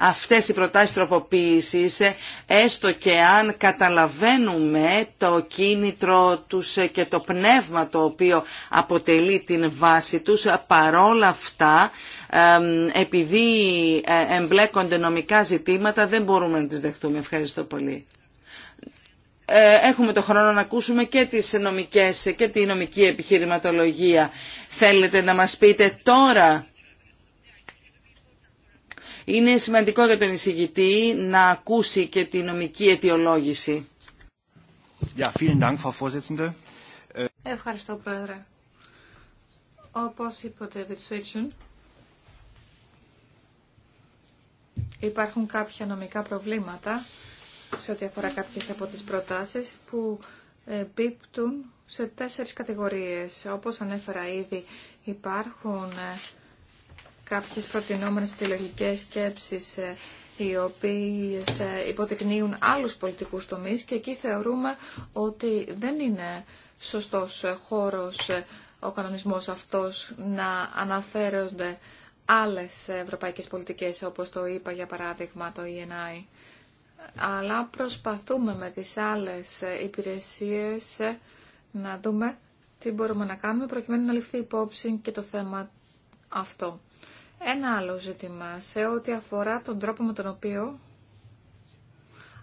S3: αυτές οι προτάσεις τροποποίησης, ε, έστω και αν καταλαβαίνουμε το κίνητρο τους ε, και το πνεύμα το οποίο αποτελεί την βάση τους, ε, παρόλα αυτά, επειδή εμπλέκονται νομικά ζητήματα, δεν μπορούμε να τις δεχτούμε. Ευχαριστώ πολύ έχουμε το χρόνο να ακούσουμε και τις νομικές και τη νομική επιχειρηματολογία. Θέλετε να μας πείτε τώρα είναι σημαντικό για τον εισηγητή να ακούσει και τη νομική αιτιολόγηση. Ε,
S2: Ευχαριστώ, Πρόεδρε. Όπως είπε ο υπάρχουν κάποια νομικά προβλήματα σε ό,τι αφορά κάποιες από τις προτάσεις που πίπτουν σε τέσσερις κατηγορίες. Όπως ανέφερα ήδη, υπάρχουν ε, κάποιες προτινόμενες τηλεογικές σκέψεις ε, οι οποίες ε, υποδεικνύουν άλλους πολιτικούς τομείς και εκεί θεωρούμε ότι δεν είναι σωστός ε, χώρος ο κανονισμός αυτός να αναφέρονται άλλες ευρωπαϊκές πολιτικές όπως το είπα για παράδειγμα το ENI. Αλλά προσπαθούμε με τις άλλες υπηρεσίες να δούμε τι μπορούμε να κάνουμε προκειμένου να ληφθεί υπόψη και το θέμα αυτό. Ένα άλλο ζήτημα σε ό,τι αφορά τον τρόπο με τον οποίο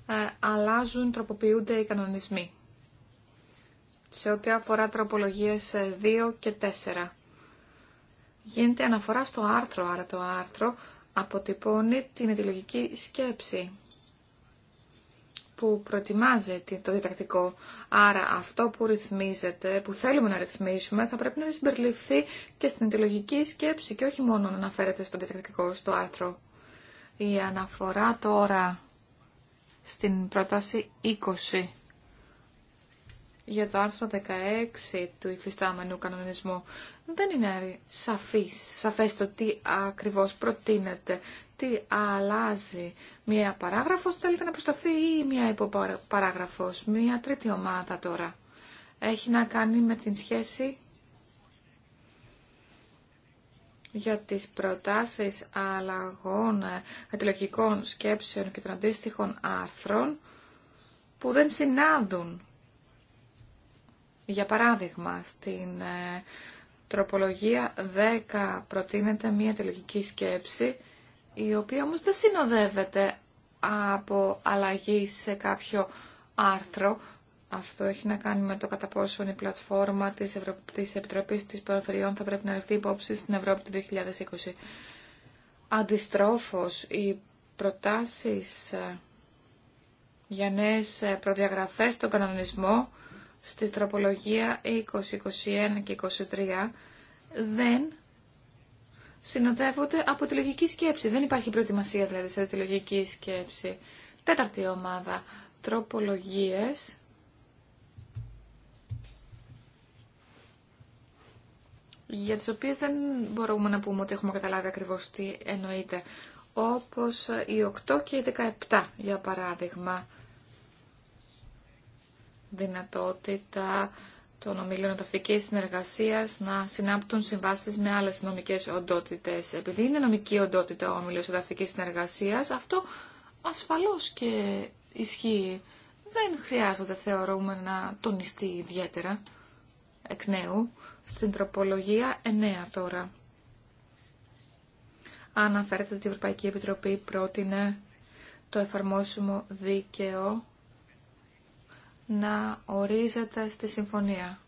S2: ε, αλλάζουν, τροποποιούνται οι κανονισμοί. Σε ό,τι αφορά τροπολογίες 2 ε, και 4. Γίνεται αναφορά στο άρθρο, άρα το άρθρο αποτυπώνει την αιτηλογική σκέψη που προετοιμάζει το διδακτικό Άρα αυτό που ρυθμίζεται, που θέλουμε να ρυθμίσουμε, θα πρέπει να συμπεριληφθεί και στην αιτιολογική σκέψη και όχι μόνο να αναφέρεται στο διδακτικό στο άρθρο. Η αναφορά τώρα στην πρόταση 20 για το άρθρο 16 του υφιστάμενου κανονισμού. Δεν είναι σαφής, σαφές το τι ακριβώς προτείνεται. Τι αλλάζει μία παράγραφος, θέλετε να προσταθεί ή μία υποπαράγραφος, μία τρίτη ομάδα τώρα. Έχει να κάνει με την σχέση για τις προτάσεις αλλαγών αντιλογικών σκέψεων και των αντίστοιχων άρθρων που δεν συνάδουν. Για παράδειγμα, στην ε, τροπολογία 10 προτείνεται μία τελογική σκέψη η οποία όμως δεν συνοδεύεται από αλλαγή σε κάποιο άρθρο. Αυτό έχει να κάνει με το κατά πόσον η πλατφόρμα της, Ευρω... της Επιτροπής της Προεδριών θα πρέπει να ληφθεί υπόψη στην Ευρώπη του 2020. Αντιστρόφως, οι προτάσεις ε, για νέες ε, προδιαγραφές στον κανονισμό στη τροπολογία 2021 και 2023 δεν συνοδεύονται από τη λογική σκέψη. Δεν υπάρχει προετοιμασία δηλαδή σε τη λογική σκέψη. Τέταρτη ομάδα, τροπολογίες. για τις οποίες δεν μπορούμε να πούμε ότι έχουμε καταλάβει ακριβώς τι εννοείται. Όπως οι 8 και οι 17, για παράδειγμα, δυνατότητα των ομίλων ταυτικής συνεργασίας να συνάπτουν συμβάσεις με άλλες νομικές οντότητες. Επειδή είναι νομική οντότητα ο ομίλος ταυτικής συνεργασίας, αυτό ασφαλώς και ισχύει. Δεν χρειάζεται, θεωρούμε, να τονιστεί ιδιαίτερα εκ νέου στην τροπολογία 9 τώρα. Αναφέρεται ότι η Ευρωπαϊκή Επιτροπή πρότεινε το εφαρμόσιμο δίκαιο να ορίζεται στη συμφωνία.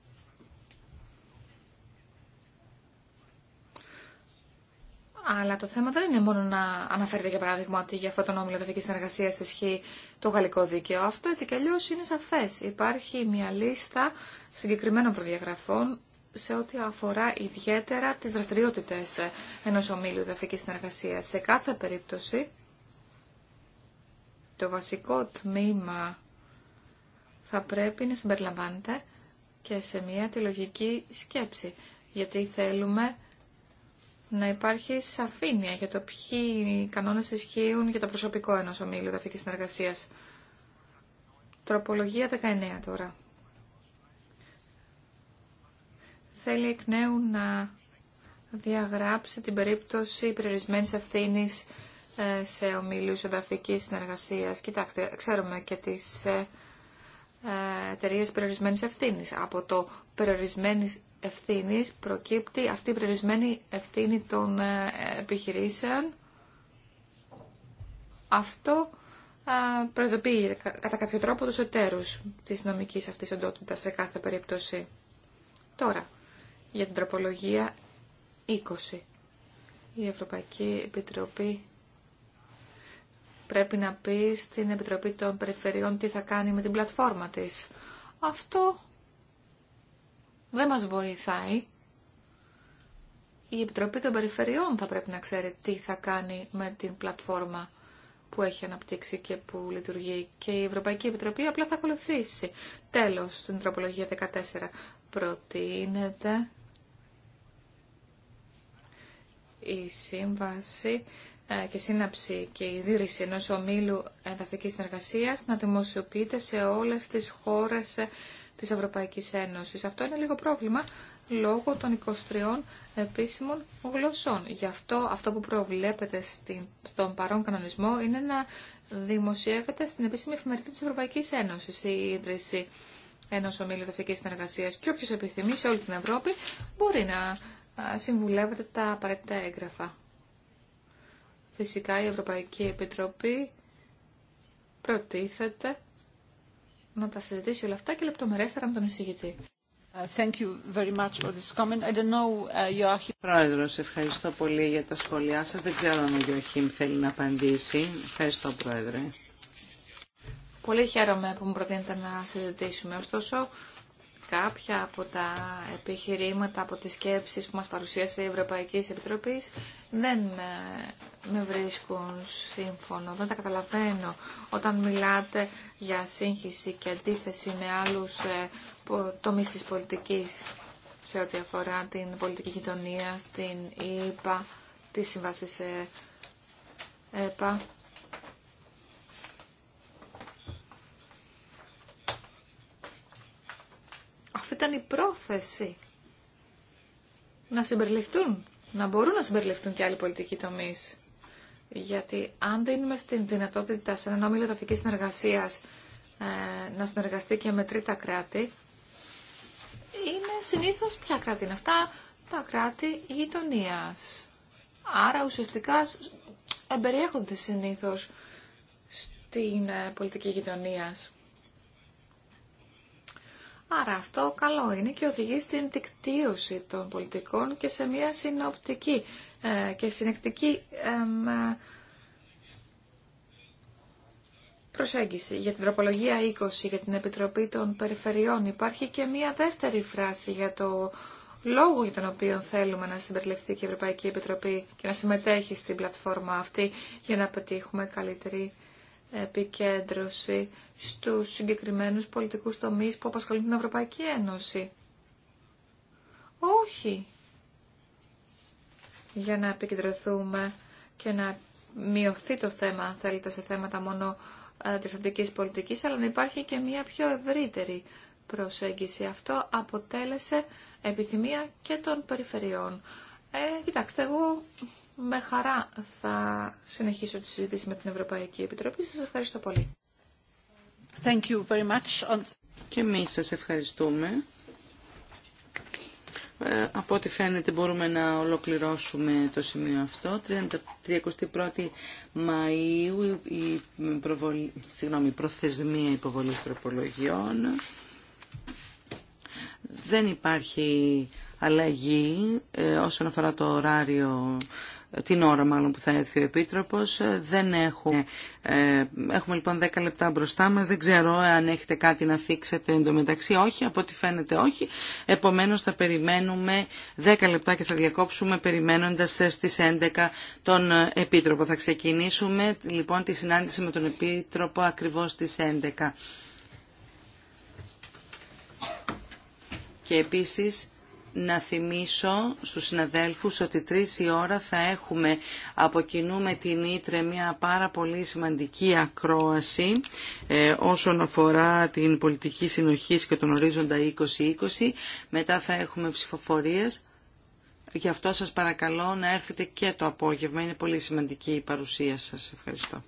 S2: Αλλά το θέμα δεν είναι μόνο να αναφέρεται για παράδειγμα ότι για αυτό τον όμιλο δεδική συνεργασία ισχύει το γαλλικό δίκαιο. Αυτό έτσι κι αλλιώ είναι σαφέ. Υπάρχει μια λίστα συγκεκριμένων προδιαγραφών σε ό,τι αφορά ιδιαίτερα τις δραστηριότητες ενός ομίλου δαφικής συνεργασίας. Σε κάθε περίπτωση, το βασικό τμήμα θα πρέπει να συμπεριλαμβάνεται και σε μια τη σκέψη, γιατί θέλουμε να υπάρχει σαφήνεια για το ποιοι κανόνες ισχύουν για το προσωπικό ενός ομίλου ταφικής συνεργασίας. Τροπολογία 19 τώρα. Θέλει εκ νέου να διαγράψει την περίπτωση περιορισμένη ευθύνη ε, σε ομίλους οδαφικής συνεργασίας. Κοιτάξτε, ξέρουμε και τις ε, ε, εταιρείε περιορισμένη ευθύνη. Από το περιορισμένη ευθύνη προκύπτει αυτή η περιορισμένη ευθύνη των ε, επιχειρήσεων. Αυτό ε, προειδοποιεί κατά κάποιο τρόπο τους εταίρους της νομικής αυτής οντότητας σε κάθε περίπτωση. Τώρα, για την τροπολογία 20. Η Ευρωπαϊκή Επιτροπή πρέπει να πει στην Επιτροπή των Περιφερειών τι θα κάνει με την πλατφόρμα της. Αυτό δεν μας βοηθάει. Η Επιτροπή των Περιφερειών θα πρέπει να ξέρει τι θα κάνει με την πλατφόρμα που έχει αναπτύξει και που λειτουργεί και η Ευρωπαϊκή Επιτροπή απλά θα ακολουθήσει. Τέλος, στην τροπολογία 14 προτείνεται η σύμβαση ε, και σύναψη και ιδρύση ενός ομίλου ενταφικής συνεργασίας να δημοσιοποιείται σε όλες τις χώρες ε, της Ευρωπαϊκής Ένωσης. Αυτό είναι λίγο πρόβλημα λόγω των 23 επίσημων γλωσσών. Γι' αυτό αυτό που προβλέπεται στην, στον παρόν κανονισμό είναι να δημοσιεύεται στην επίσημη εφημερίδα της Ευρωπαϊκής Ένωσης η ίδρυση ενός ομίλου ενταφικής συνεργασίας και όποιος επιθυμεί σε όλη την Ευρώπη μπορεί να συμβουλεύεται τα απαραίτητα έγγραφα. Φυσικά η Ευρωπαϊκή Επιτροπή προτίθεται να τα συζητήσει όλα αυτά και λεπτομερέστερα με τον εισηγητή. Uh,
S1: uh,
S3: Προεδρο, ευχαριστώ πολύ για τα σχόλιά σας. Δεν ξέρω αν ο Ιωχήμ θέλει να απαντήσει. Ευχαριστώ, Πρόεδρε.
S2: Πολύ χαίρομαι που μου προτείνετε να συζητήσουμε. Ωστόσο, κάποια από τα επιχειρήματα, από τις σκέψεις που μας παρουσίασε η Ευρωπαϊκή Επιτροπή δεν ε, με βρίσκουν σύμφωνο. Δεν τα καταλαβαίνω. Όταν μιλάτε για σύγχυση και αντίθεση με άλλους ε, τομείς της πολιτικής σε ό,τι αφορά την πολιτική γειτονία, την ΕΠΑ, τη σύμβαση σε ΕΠΑ. Αυτή ήταν η πρόθεση να συμπεριληφθούν, να μπορούν να συμπεριληφθούν και άλλοι πολιτικοί τομείς. Γιατί αν δίνουμε στην δυνατότητα σε έναν όμιλο εδαφική συνεργασία ε, να συνεργαστεί και με τρίτα κράτη, είναι συνήθω ποια κράτη είναι αυτά, τα κράτη γειτονία. Άρα ουσιαστικά εμπεριέχονται συνήθω στην ε, πολιτική γειτονία. Άρα αυτό καλό είναι και οδηγεί στην δικτύωση των πολιτικών και σε μια συνοπτική ε, και συνεκτική ε, προσέγγιση. Για την τροπολογία 20, για την Επιτροπή των Περιφερειών υπάρχει και μία δεύτερη φράση για το λόγο για τον οποίο θέλουμε να συμπεριληφθεί και η Ευρωπαϊκή Επιτροπή και να συμμετέχει στην πλατφόρμα αυτή για να πετύχουμε καλύτερη επικέντρωση στους συγκεκριμένους πολιτικούς τομείς που απασχολούν την Ευρωπαϊκή Ένωση. Όχι, για να επικεντρωθούμε και να μειωθεί το θέμα, αν θέλετε, σε θέματα μόνο ε, της αντικής πολιτικής, αλλά να υπάρχει και μια πιο ευρύτερη προσέγγιση. Αυτό αποτέλεσε επιθυμία και των περιφερειών. Ε, κοιτάξτε, εγώ με χαρά θα συνεχίσω τη συζήτηση με την Ευρωπαϊκή
S3: Επιτροπή. Σας ευχαριστώ πολύ. Thank you very much. Και εμείς σας ευχαριστούμε. Ε, από ό,τι φαίνεται μπορούμε να ολοκληρώσουμε το σημείο αυτό. 31η Μαΐου η προβολή, συγγνώμη, προθεσμία υποβολής τροπολογιών. Δεν υπάρχει αλλαγή ε, όσον αφορά το ωράριο την ώρα μάλλον που θα έρθει ο Επίτροπος. Δεν έχουμε, ε, έχουμε λοιπόν 10 λεπτά μπροστά μας. Δεν ξέρω αν έχετε κάτι να θίξετε εντωμεταξύ. Όχι, από ό,τι φαίνεται όχι. Επομένως θα περιμένουμε 10 λεπτά και θα διακόψουμε περιμένοντας στις 11 τον Επίτροπο. Θα ξεκινήσουμε λοιπόν τη συνάντηση με τον Επίτροπο ακριβώς στις 11. Και επίσης να θυμίσω στους συναδέλφους ότι τρεις η ώρα θα έχουμε από κοινού με την Ήτρε μια πάρα πολύ σημαντική ακρόαση ε, όσον αφορά την πολιτική συνοχή και τον ορίζοντα 2020. Μετά θα έχουμε ψηφοφορίες. Γι' αυτό σας παρακαλώ να έρθετε και το απόγευμα. Είναι πολύ σημαντική η παρουσία σας. Ευχαριστώ.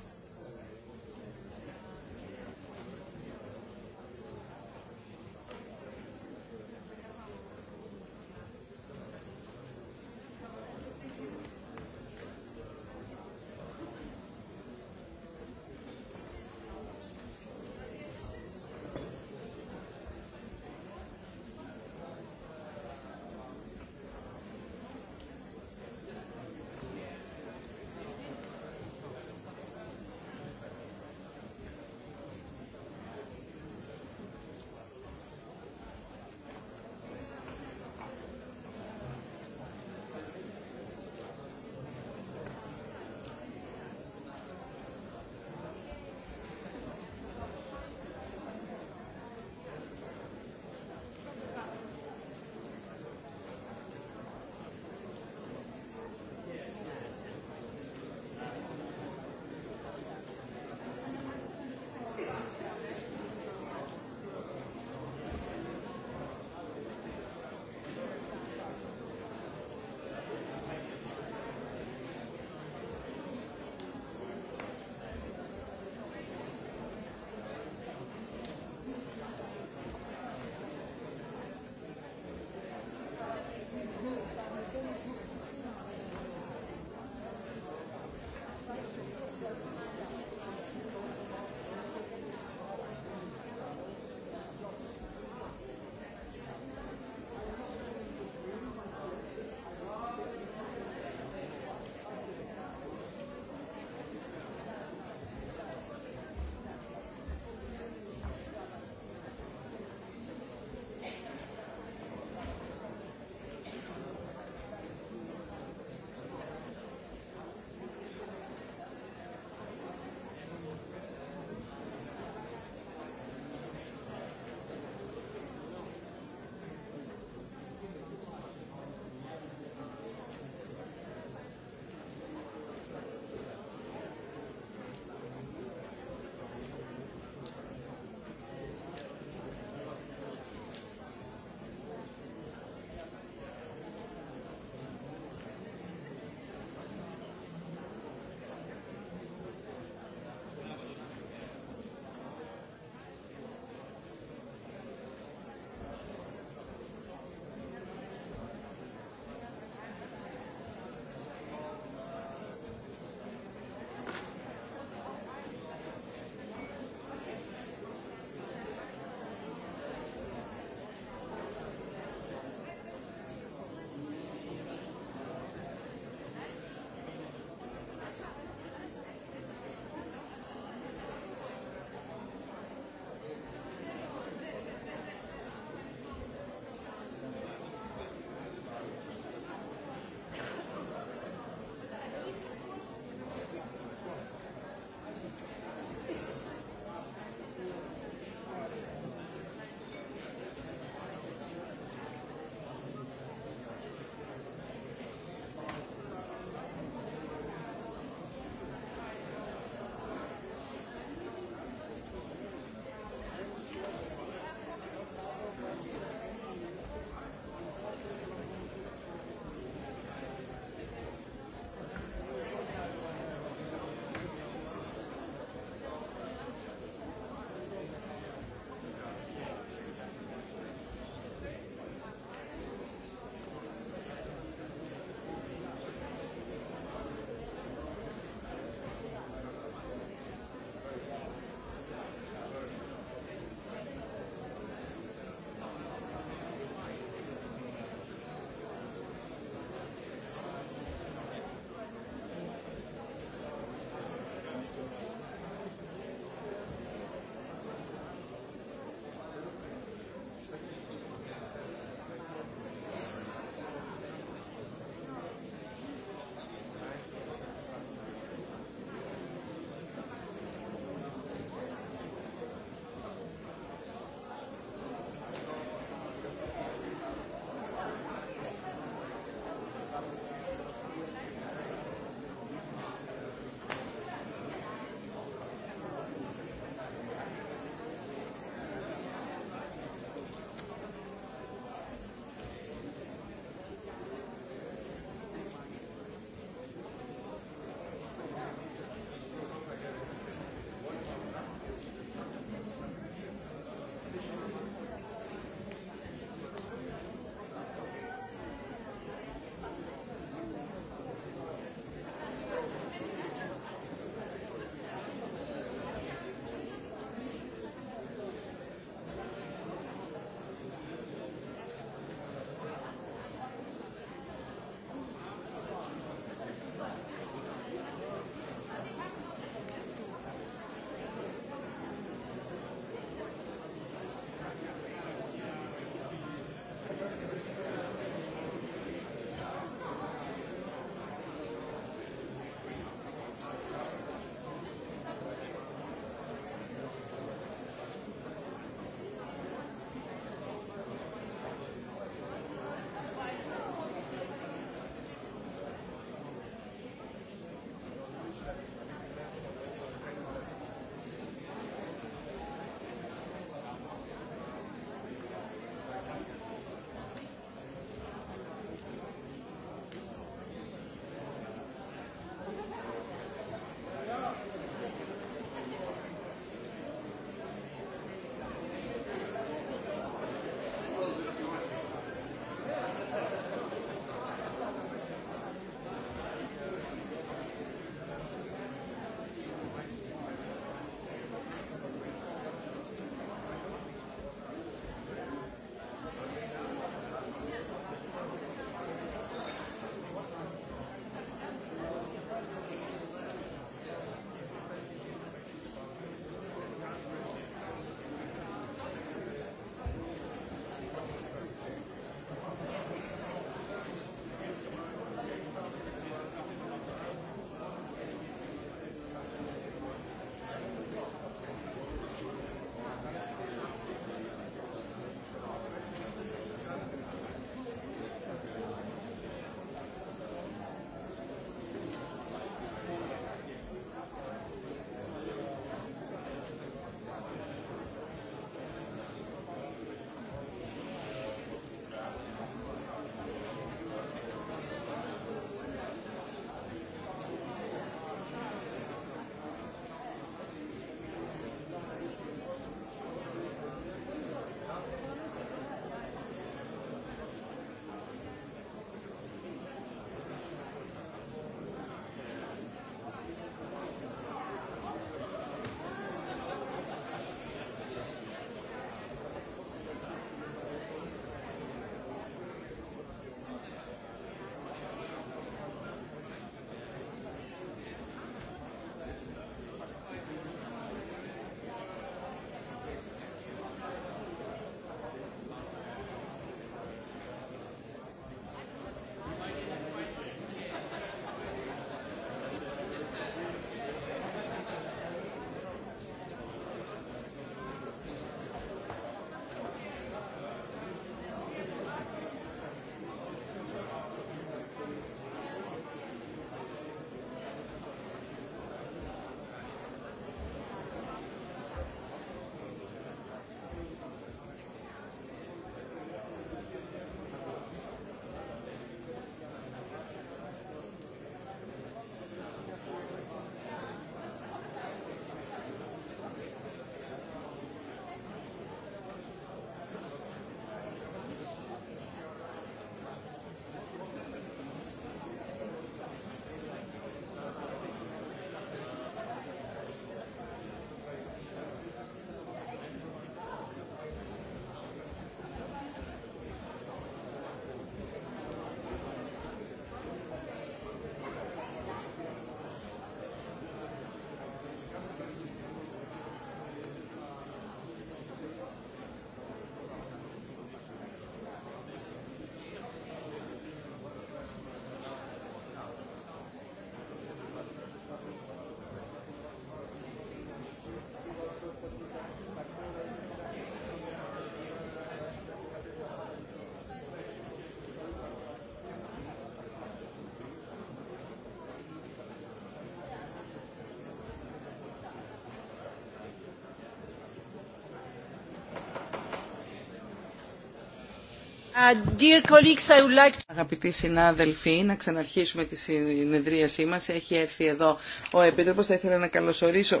S3: Αγαπητοί συνάδελφοι, να ξαναρχίσουμε τη συνεδρίασή μας. Έχει έρθει εδώ ο Επίτροπος. Θα ήθελα να καλωσορίσω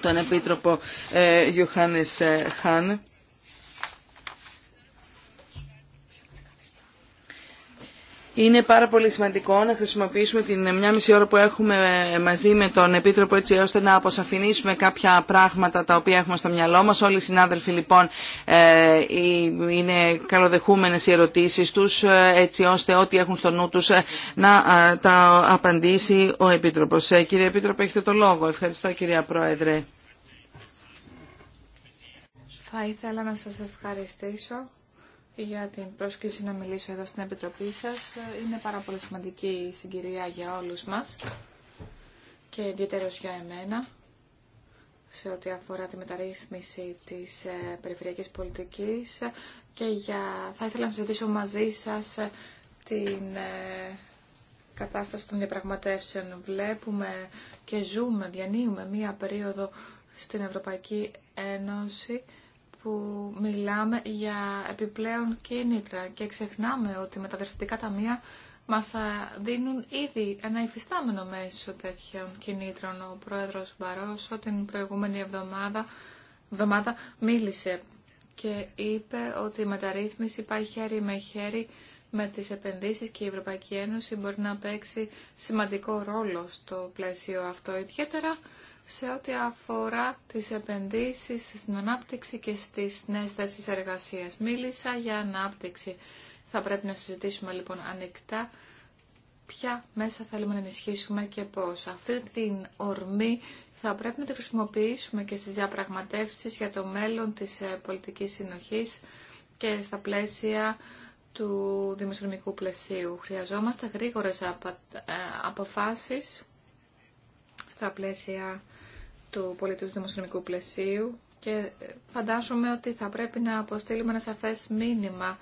S3: τον Επίτροπο Γιωχάνες Χάν Είναι πάρα πολύ σημαντικό να χρησιμοποιήσουμε την μια μισή ώρα που έχουμε ε, μαζί με τον Επίτροπο έτσι ώστε να αποσαφηνίσουμε κάποια πράγματα τα οποία έχουμε στο μυαλό μας. Όλοι οι συνάδελφοι λοιπόν ε, είναι καλοδεχούμενες οι ερωτήσεις τους ε, έτσι ώστε ό,τι έχουν στο νου τους να τα απαντήσει ο Επίτροπος. Κύριε Επίτροπο έχετε το λόγο. Ευχαριστώ κυρία Πρόεδρε.
S2: Θα ήθελα να σας ευχαριστήσω για την πρόσκληση να μιλήσω εδώ στην Επιτροπή σας. Είναι πάρα πολύ σημαντική η συγκυρία για όλους μας και ιδιαίτερο για εμένα σε ό,τι αφορά τη μεταρρύθμιση της ε, περιφερειακής πολιτικής και για... θα ήθελα να συζητήσω μαζί σας ε, την ε, κατάσταση των διαπραγματεύσεων. Βλέπουμε και ζούμε, διανύουμε μία περίοδο στην Ευρωπαϊκή Ένωση που μιλάμε για επιπλέον κίνητρα και ξεχνάμε ότι με τα μία ταμεία μας δίνουν ήδη ένα υφιστάμενο μέσο τέτοιων κινήτρων. Ο πρόεδρος Μπαρόσο την προηγούμενη εβδομάδα, εβδομάδα μίλησε και είπε ότι η μεταρρύθμιση πάει χέρι με χέρι με τις επενδύσεις και η Ευρωπαϊκή Ένωση μπορεί να παίξει σημαντικό ρόλο στο πλαίσιο αυτό ιδιαίτερα σε ό,τι αφορά τις επενδύσεις στην ανάπτυξη και στις νέες θέσεις εργασίας. Μίλησα για ανάπτυξη. Θα πρέπει να συζητήσουμε λοιπόν ανοιχτά ποια μέσα θέλουμε να ενισχύσουμε και πώς. Αυτή την ορμή θα πρέπει να τη χρησιμοποιήσουμε και στις διαπραγματεύσεις για το μέλλον της ε, πολιτικής συνοχής και στα πλαίσια του δημοσιονομικού πλαισίου. Χρειαζόμαστε γρήγορες ε, αποφάσεις στα πλαίσια του πολιτικού δημοσιονομικού πλαισίου και φαντάζομαι ότι θα πρέπει να αποστείλουμε ένα σαφές μήνυμα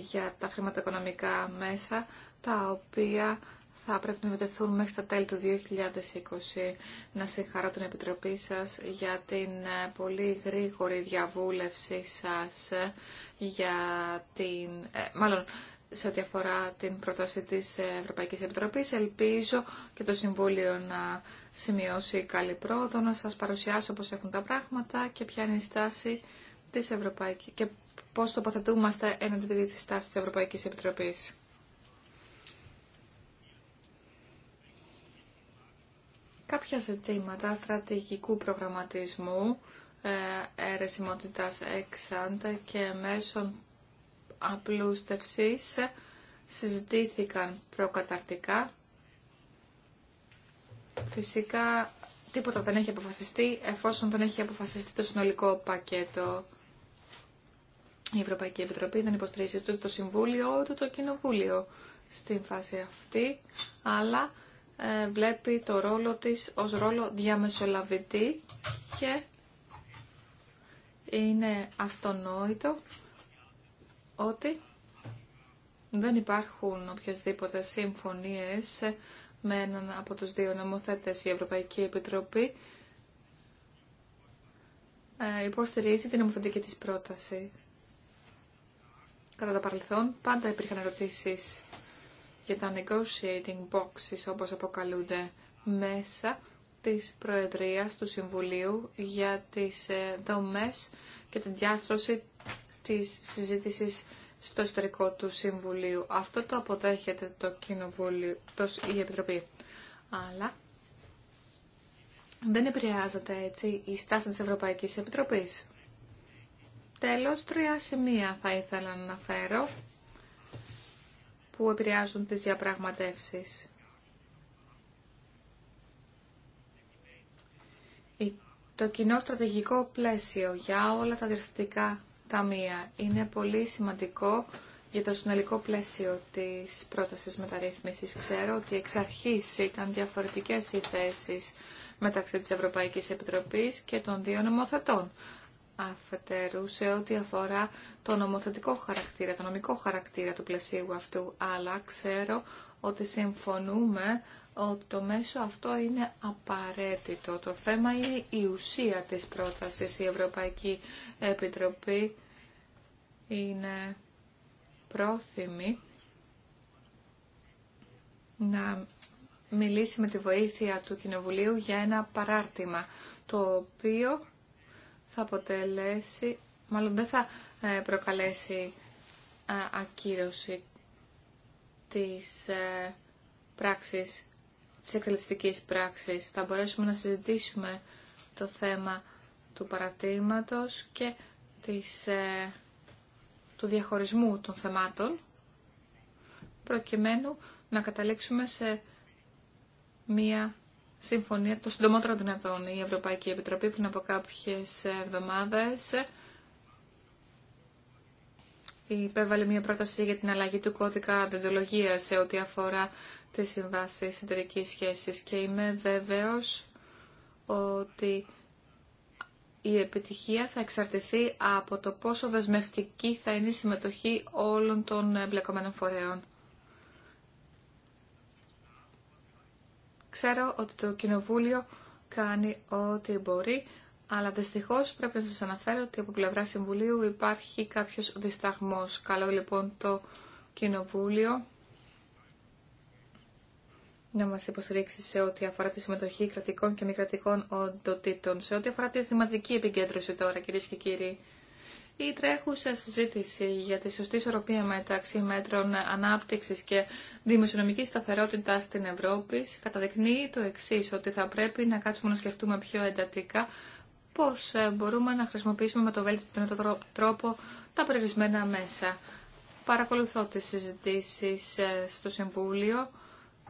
S2: για τα χρηματοοικονομικά μέσα, τα οποία θα πρέπει να βεβαιωθούν μέχρι τα τέλη του 2020. Να συγχαρώ την Επιτροπή σας για την ε, πολύ γρήγορη διαβούλευση σας ε, για την... Ε, μάλλον, σε ό,τι αφορά την πρόταση της Ευρωπαϊκής Επιτροπής. Ελπίζω και το Συμβούλιο να σημειώσει καλή πρόοδο, να σας παρουσιάσω πώς έχουν τα πράγματα και ποια είναι η στάση της Ευρωπαϊκής και πώς τοποθετούμαστε έναντι της στάσης της Ευρωπαϊκής Επιτροπής. Κάποια ζητήματα στρατηγικού προγραμματισμού, ε, αιρεσιμότητας 60 και μέσων απλούστευσης συζητήθηκαν προκαταρτικά. Φυσικά τίποτα δεν έχει αποφασιστεί εφόσον δεν έχει αποφασιστεί το συνολικό πακέτο. Η Ευρωπαϊκή Επιτροπή δεν υποστηρίζει ούτε το Συμβούλιο ούτε το Κοινοβούλιο στην φάση αυτή, αλλά ε, βλέπει το ρόλο της ως ρόλο διαμεσολαβητή και είναι αυτονόητο ότι δεν υπάρχουν οποιασδήποτε συμφωνίες με έναν από τους δύο νομοθέτες η Ευρωπαϊκή Επιτροπή ε, υποστηρίζει την νομοθετική της πρόταση. Κατά το παρελθόν πάντα υπήρχαν ερωτήσεις για τα negotiating boxes όπως αποκαλούνται μέσα της Προεδρίας του Συμβουλίου για τις ε, δομές και την διάρθρωση της συζήτησης στο ιστορικό του Συμβουλίου. Αυτό το αποδέχεται το Κοινοβούλιο, το, η Επιτροπή. Αλλά δεν επηρεάζεται έτσι η στάση της Ευρωπαϊκής Επιτροπής. Τέλος, τρία σημεία θα ήθελα να αναφέρω που επηρεάζουν τις διαπραγματεύσεις. Το κοινό στρατηγικό πλαίσιο για όλα τα διευθυντικά ταμεία. Είναι πολύ σημαντικό για το συνολικό πλαίσιο της πρότασης μεταρρύθμισης. Ξέρω ότι εξ αρχής ήταν διαφορετικές οι θέσεις μεταξύ της Ευρωπαϊκής Επιτροπής και των δύο νομοθετών. Αφετέρου σε ό,τι αφορά το νομοθετικό χαρακτήρα, το νομικό χαρακτήρα του πλαισίου αυτού, αλλά ξέρω ότι συμφωνούμε ότι το μέσο αυτό είναι απαραίτητο. Το θέμα είναι η ουσία της πρότασης. Η Ευρωπαϊκή Επιτροπή είναι πρόθυμη να μιλήσει με τη βοήθεια του Κοινοβουλίου για ένα παράρτημα, το οποίο θα αποτελέσει, μάλλον δεν θα ε, προκαλέσει ε, ακύρωση της ε, πράξης τις εκτελεστικής πράξεις, Θα μπορέσουμε να συζητήσουμε το θέμα του παρατήματος και της, ε, του διαχωρισμού των θεμάτων, προκειμένου να καταλήξουμε σε μία συμφωνία το συντομότερο δυνατόν. Η Ευρωπαϊκή Επιτροπή πριν από κάποιες εβδομάδες υπέβαλε μία πρόταση για την αλλαγή του κώδικα αντιντολογίας σε ό,τι αφορά τη συμβάση συντηρική σχέσης και είμαι βέβαιος ότι η επιτυχία θα εξαρτηθεί από το πόσο δεσμευτική θα είναι η συμμετοχή όλων των εμπλεκομένων φορέων. Ξέρω ότι το Κοινοβούλιο κάνει ό,τι μπορεί, αλλά δυστυχώς πρέπει να σας αναφέρω ότι από πλευρά Συμβουλίου υπάρχει κάποιος δισταγμός. Καλό λοιπόν το Κοινοβούλιο να μας υποστηρίξει σε ό,τι αφορά τη συμμετοχή κρατικών και μη κρατικών οντοτήτων, σε ό,τι αφορά τη θεματική επικέντρωση τώρα, κυρίε και κύριοι. Η τρέχουσα συζήτηση για τη σωστή ισορροπία μεταξύ μέτρων ανάπτυξης και δημοσιονομικής σταθερότητας στην Ευρώπη καταδεικνύει το εξής, ότι θα πρέπει να κάτσουμε να σκεφτούμε πιο εντατικά πώς ε, μπορούμε να χρησιμοποιήσουμε με το βέλτιστο δυνατό τρόπο τα περιορισμένα μέσα. Παρακολουθώ τις συζητήσεις ε, στο Συμβούλιο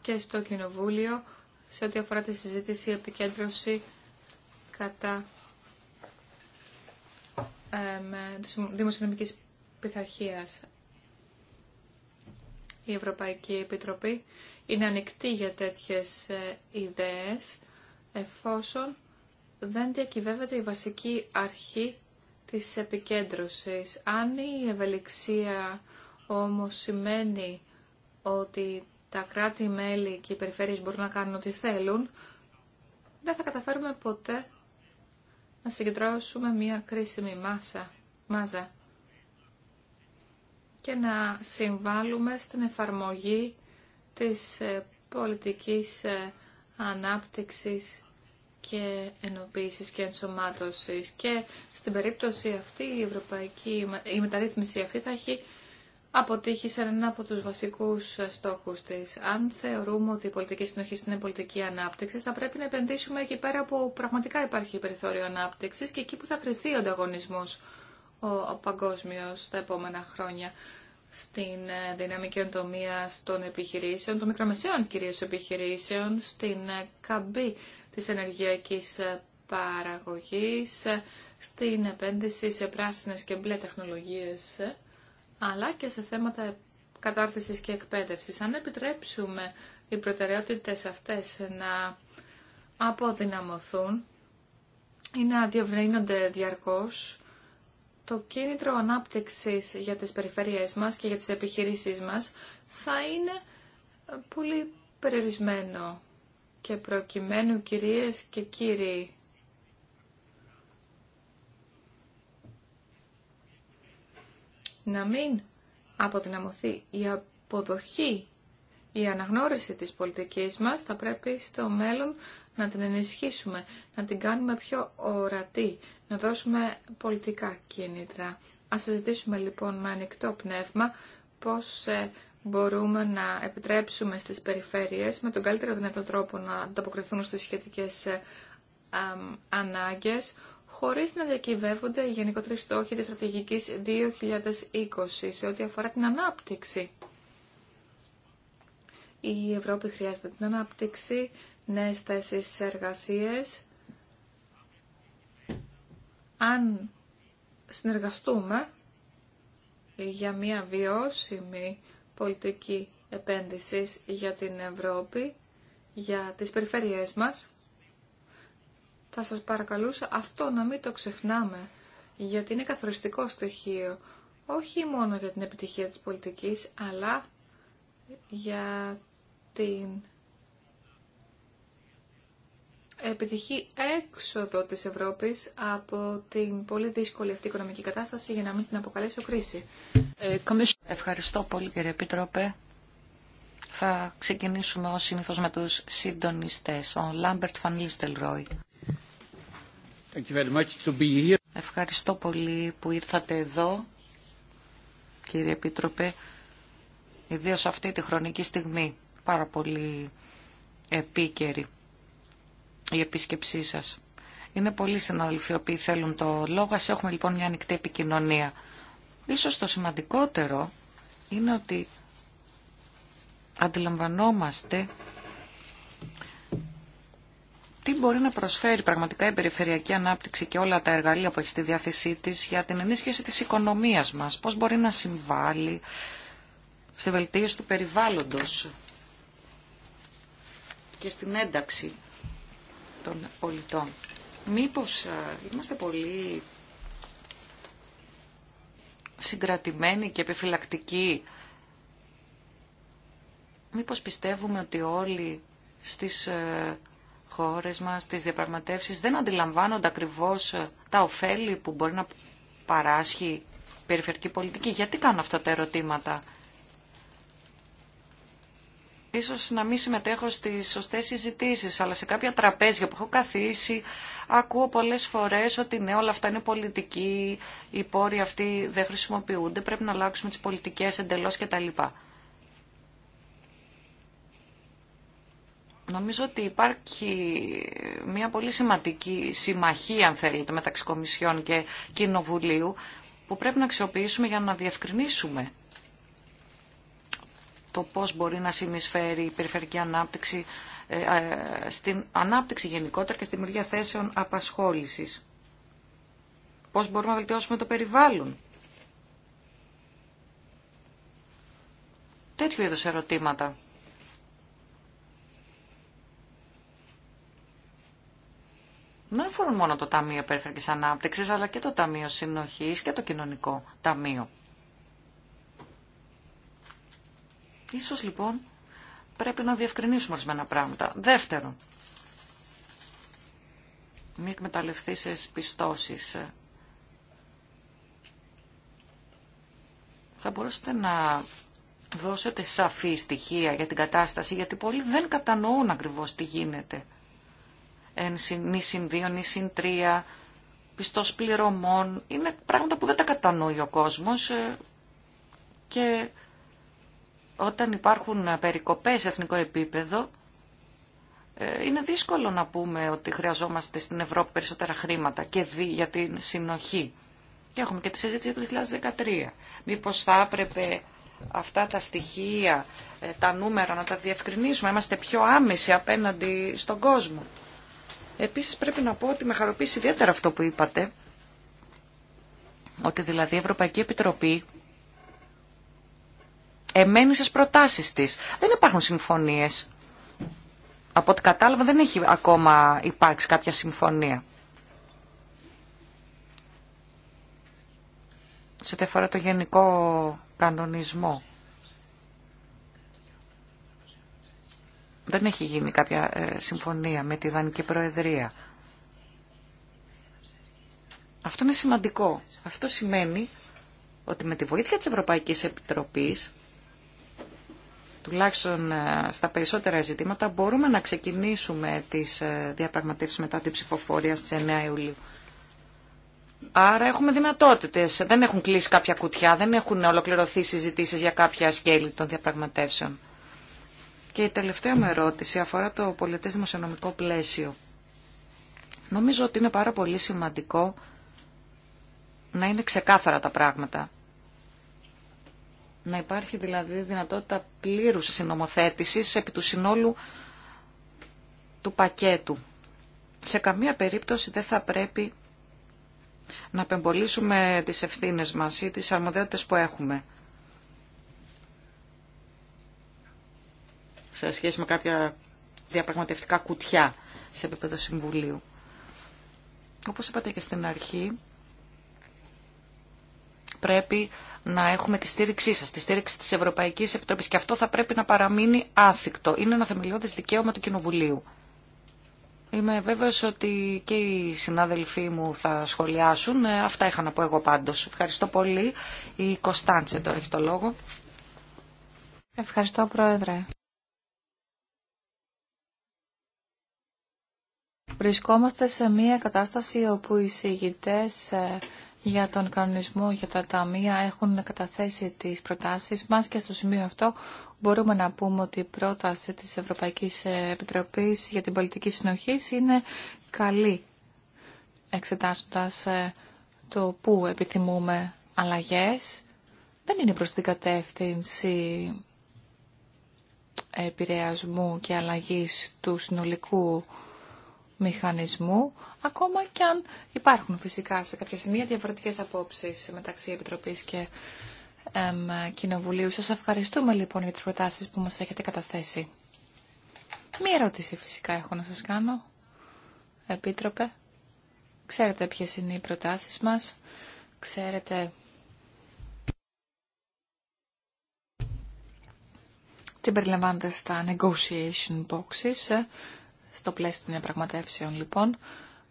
S2: και στο Κοινοβούλιο σε ό,τι αφορά τη συζήτηση επικέντρωση κατά ε, της δημοσιονομικής πειθαρχίας. Η Ευρωπαϊκή Επιτροπή είναι ανοιχτή για τέτοιες ε, ιδέες εφόσον δεν διακυβεύεται η βασική αρχή της επικέντρωσης. Αν η ευελιξία όμως σημαίνει ότι τα κράτη-μέλη και οι περιφέρειες μπορούν να κάνουν ό,τι θέλουν, δεν θα καταφέρουμε ποτέ να συγκεντρώσουμε μία κρίσιμη μάσα, μάζα και να συμβάλλουμε στην εφαρμογή της ε, πολιτικής ε, ανάπτυξης και ενοποίησης και ενσωμάτωσης. Και στην περίπτωση αυτή η, ευρωπαϊκή, η μεταρρύθμιση αυτή θα έχει αποτύχησαν ένα από τους βασικούς στόχους της. Αν θεωρούμε ότι η πολιτική συνοχή είναι πολιτική ανάπτυξη, θα πρέπει να επενδύσουμε εκεί πέρα που πραγματικά υπάρχει περιθώριο ανάπτυξης και εκεί που θα κρυθεί ο ανταγωνισμός ο, ο παγκόσμιος τα επόμενα χρόνια στην ε, δυναμική οντομία των επιχειρήσεων, των μικρομεσαίων κυρίως επιχειρήσεων, στην ε, καμπή της ενεργειακής ε, παραγωγής, στην επένδυση σε πράσινες και μπλε τεχνολογίες αλλά και σε θέματα κατάρτισης και εκπαίδευσης. Αν επιτρέψουμε οι προτεραιότητες αυτές να αποδυναμωθούν ή να διευρύνονται διαρκώς, το κίνητρο ανάπτυξης για τις περιφέρειές μας και για τις επιχειρήσεις μας θα είναι πολύ περιορισμένο και προκειμένου κυρίες και κύριοι να μην αποδυναμωθεί η αποδοχή, η αναγνώριση της πολιτικής μας, θα πρέπει στο μέλλον να την ενισχύσουμε, να την κάνουμε πιο ορατή, να δώσουμε πολιτικά κίνητρα. Ας συζητήσουμε λοιπόν με ανοιχτό πνεύμα πώς ε, μπορούμε να επιτρέψουμε στις περιφέρειες με τον καλύτερο δυνατό τρόπο να ανταποκριθούν στις σχετικές ε, ανάγκες, χωρίς να διακυβεύονται οι γενικότεροι στόχοι της στρατηγικής 2020 σε ό,τι αφορά την ανάπτυξη. Η Ευρώπη χρειάζεται την ανάπτυξη, νέες θέσεις εργασίες. Αν συνεργαστούμε για μια βιώσιμη πολιτική επένδυσης για την Ευρώπη, για τις περιφερειές μας, θα σας παρακαλούσα αυτό να μην το ξεχνάμε, γιατί είναι καθοριστικό στοιχείο, όχι μόνο για την επιτυχία της πολιτικής, αλλά για την επιτυχή έξοδο της Ευρώπης από την πολύ δύσκολη αυτή οικονομική κατάσταση για να μην την αποκαλέσω
S1: κρίση. Ευχαριστώ πολύ κύριε Επίτροπε. Θα ξεκινήσουμε ως συνήθως με τους συντονιστές. Ο Λάμπερτ Φανίλ Ρόι. Ευχαριστώ πολύ που ήρθατε εδώ, κύριε Επίτροπε, ιδίως αυτή τη χρονική στιγμή, πάρα πολύ επίκαιρη η επίσκεψή σας. Είναι πολλοί συναδελφοί θέλουν το λόγο. Ας έχουμε λοιπόν μια ανοιχτή επικοινωνία. Ίσως το σημαντικότερο είναι ότι αντιλαμβανόμαστε τι μπορεί να προσφέρει πραγματικά η περιφερειακή ανάπτυξη και όλα τα εργαλεία που έχει στη διάθεσή της για την ενίσχυση της οικονομίας μας, πώς μπορεί να συμβάλλει στη βελτίωση του περιβάλλοντος και στην ένταξη των πολιτών. Μήπως ε, είμαστε πολύ συγκρατημένοι και επιφυλακτικοί. Μήπως πιστεύουμε ότι όλοι στις ε, χώρες μας, στις διαπραγματεύσεις, δεν αντιλαμβάνονται ακριβώς ε, τα ωφέλη που μπορεί να παράσχει η περιφερική πολιτική. Γιατί κάνω αυτά τα ερωτήματα. Ίσως να μην συμμετέχω στις σωστές συζητήσει, αλλά σε κάποια τραπέζια που έχω καθίσει ακούω πολλές φορές ότι ναι όλα αυτά είναι πολιτική, οι πόροι αυτοί δεν χρησιμοποιούνται, πρέπει να αλλάξουμε τις πολιτικές εντελώς κτλ. Νομίζω ότι υπάρχει μια πολύ σημαντική συμμαχία, αν θέλετε, μεταξύ Κομισιών και Κοινοβουλίου, που πρέπει να αξιοποιήσουμε για να διευκρινίσουμε το πώς μπορεί να συνεισφέρει η περιφερειακή ανάπτυξη ε, ε, στην ανάπτυξη γενικότερα και στη δημιουργία θέσεων απασχόλησης. Πώς μπορούμε να βελτιώσουμε το περιβάλλον. Τέτοιου είδους ερωτήματα δεν αφορούν μόνο το Ταμείο Περιφερειακής ανάπτυξη, αλλά και το Ταμείο συνοχή και το Κοινωνικό Ταμείο. Ίσως λοιπόν πρέπει να διευκρινίσουμε ορισμένα πράγματα. Δεύτερον, μη σε πιστώσεις. Θα μπορούσατε να δώσετε σαφή στοιχεία για την κατάσταση, γιατί πολλοί δεν κατανοούν ακριβώς τι γίνεται νη συν 2, νη συν 3, πιστός πληρωμών. Είναι πράγματα που δεν τα κατανοεί ο κόσμος ε, και όταν υπάρχουν ε, περικοπές σε εθνικό επίπεδο, ε, είναι δύσκολο να πούμε ότι χρειαζόμαστε στην Ευρώπη περισσότερα χρήματα και δι για την συνοχή. Και έχουμε και τη συζήτηση του 2013. Μήπως θα έπρεπε αυτά τα στοιχεία, τα νούμερα να τα διευκρινίσουμε, είμαστε πιο άμεση απέναντι στον κόσμο. Επίσης πρέπει να πω ότι με χαροποίησε ιδιαίτερα αυτό που είπατε, ότι δηλαδή η Ευρωπαϊκή Επιτροπή εμένει στις προτάσεις της. Δεν υπάρχουν συμφωνίες. Από ό,τι κατάλαβα δεν έχει ακόμα υπάρξει κάποια συμφωνία. Σε ό,τι αφορά το γενικό κανονισμό. δεν έχει γίνει κάποια ε, συμφωνία με τη Δανική Προεδρία. Αυτό είναι σημαντικό. Αυτό σημαίνει ότι με τη βοήθεια της Ευρωπαϊκής Επιτροπής, τουλάχιστον ε, στα περισσότερα ζητήματα, μπορούμε να ξεκινήσουμε τις ε, διαπραγματεύσεις μετά την ψηφοφορία στις 9 Ιουλίου. Άρα έχουμε δυνατότητες. Δεν έχουν κλείσει κάποια κουτιά, δεν έχουν ολοκληρωθεί συζητήσεις για κάποια σκέλη των διαπραγματεύσεων. Και η τελευταία μου ερώτηση αφορά το πολιτέ δημοσιονομικό πλαίσιο. Νομίζω ότι είναι πάρα πολύ σημαντικό να είναι ξεκάθαρα τα πράγματα. Να υπάρχει δηλαδή δυνατότητα πλήρους συνομοθέτησης επί του συνόλου του πακέτου. Σε καμία περίπτωση δεν θα πρέπει να απεμπολίσουμε τις ευθύνες μας ή τις αρμοδιότητες που έχουμε. σε σχέση με κάποια διαπραγματευτικά κουτιά σε επίπεδο Συμβουλίου. Όπως είπατε και στην αρχή, πρέπει να έχουμε τη στήριξή σας, τη στήριξη της Ευρωπαϊκής Επιτροπής και αυτό θα πρέπει να παραμείνει άθικτο. Είναι ένα θεμελιώδης δικαίωμα του Κοινοβουλίου. Είμαι βέβαιος ότι και οι συνάδελφοί μου θα σχολιάσουν. Ε, αυτά είχα να πω εγώ πάντως. Ευχαριστώ πολύ. Η Κωνσταντσε τώρα έχει το λόγο.
S2: Ευχαριστώ Πρόεδρε. Βρισκόμαστε σε μια κατάσταση όπου οι συγητές ε, για τον κανονισμό για τα ταμεία έχουν καταθέσει τις προτάσεις μας και στο σημείο αυτό μπορούμε να πούμε ότι η πρόταση της Ευρωπαϊκής Επιτροπής για την πολιτική συνοχή είναι καλή εξετάζοντας ε, το πού επιθυμούμε αλλαγές. Δεν είναι προς την κατεύθυνση επηρεασμού και αλλαγής του συνολικού μηχανισμού, ακόμα και αν υπάρχουν φυσικά σε κάποια σημεία διαφορετικές απόψεις μεταξύ Επιτροπής και Κοινοβουλίου. Σας ευχαριστούμε λοιπόν για τις προτάσεις που μας έχετε καταθέσει. Μία ερώτηση φυσικά έχω να σας κάνω. Επίτροπε, ξέρετε ποιες είναι οι προτάσεις μας, ξέρετε τι περιλαμβάνεται στα negotiation boxes στο πλαίσιο των διαπραγματεύσεων λοιπόν.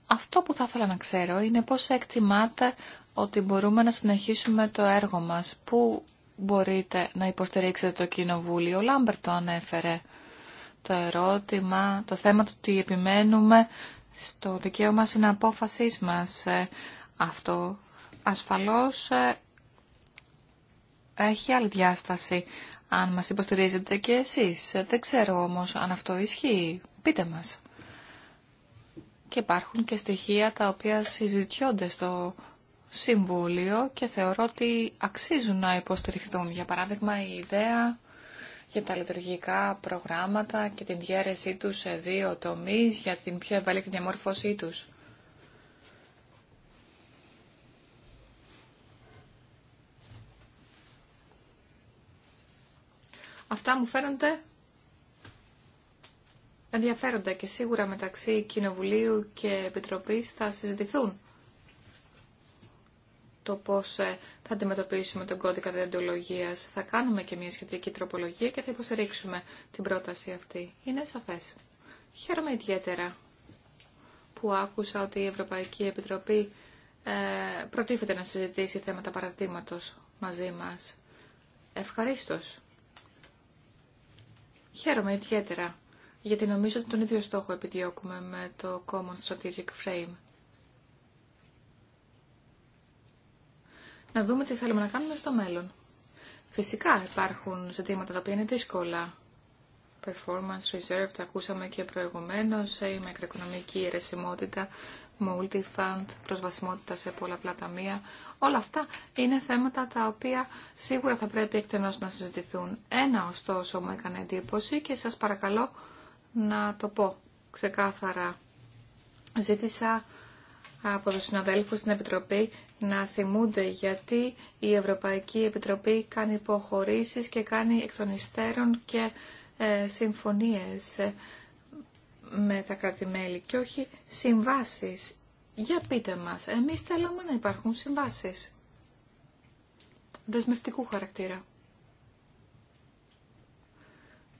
S2: Αυτό που θα ήθελα να ξέρω είναι πώς εκτιμάτε ότι μπορούμε να συνεχίσουμε το έργο μας. Πού μπορείτε να υποστηρίξετε το Κοινοβούλιο. Ο Λάμπερ ανέφερε το ερώτημα, το θέμα του ότι επιμένουμε στο δικαίωμα συναπόφασής μας. Ε, αυτό ασφαλώς ε, έχει άλλη διάσταση αν μας υποστηρίζετε και εσείς. Ε, δεν ξέρω όμως αν αυτό ισχύει. Πείτε μας. Και υπάρχουν και στοιχεία τα οποία συζητιώνται στο Συμβούλιο και θεωρώ ότι αξίζουν να υποστηριχθούν. Για παράδειγμα, η ιδέα για τα λειτουργικά προγράμματα και την διαίρεσή τους σε δύο τομείς για την πιο ευέλικτη διαμόρφωσή τους. Αυτά μου φαίνονται ενδιαφέροντα και σίγουρα μεταξύ Κοινοβουλίου και Επιτροπής θα συζητηθούν το πώς ε, θα αντιμετωπίσουμε τον κώδικα διοντολογίας. Θα κάνουμε και μια σχετική τροπολογία και θα υποστηρίξουμε την πρόταση αυτή. Είναι σαφές. Χαίρομαι ιδιαίτερα που άκουσα ότι η Ευρωπαϊκή Επιτροπή ε, προτίθεται να συζητήσει θέματα παραδείγματος μαζί μας. Ευχαριστώ. Χαίρομαι ιδιαίτερα γιατί νομίζω ότι τον ίδιο στόχο επιδιώκουμε με το Common Strategic Frame. Να δούμε τι θέλουμε να κάνουμε στο μέλλον. Φυσικά υπάρχουν ζητήματα τα οποία είναι δύσκολα. Performance Reserve, τα ακούσαμε και προηγουμένως, η μακροοικονομική αιρεσιμότητα, multi-fund, προσβασιμότητα σε πολλαπλά ταμεία. Όλα αυτά είναι θέματα τα οποία σίγουρα θα πρέπει εκτενώς να συζητηθούν. Ένα ωστόσο μου έκανε εντύπωση και σας παρακαλώ να το πω ξεκάθαρα. Ζήτησα από τους συναδέλφους στην Επιτροπή να θυμούνται γιατί η Ευρωπαϊκή Επιτροπή κάνει υποχωρήσεις και κάνει εκ των υστέρων και ε, συμφωνίες ε, με τα κρατημέλη και όχι συμβάσεις. Για πείτε μας, εμείς θέλουμε να υπάρχουν συμβάσεις δεσμευτικού χαρακτήρα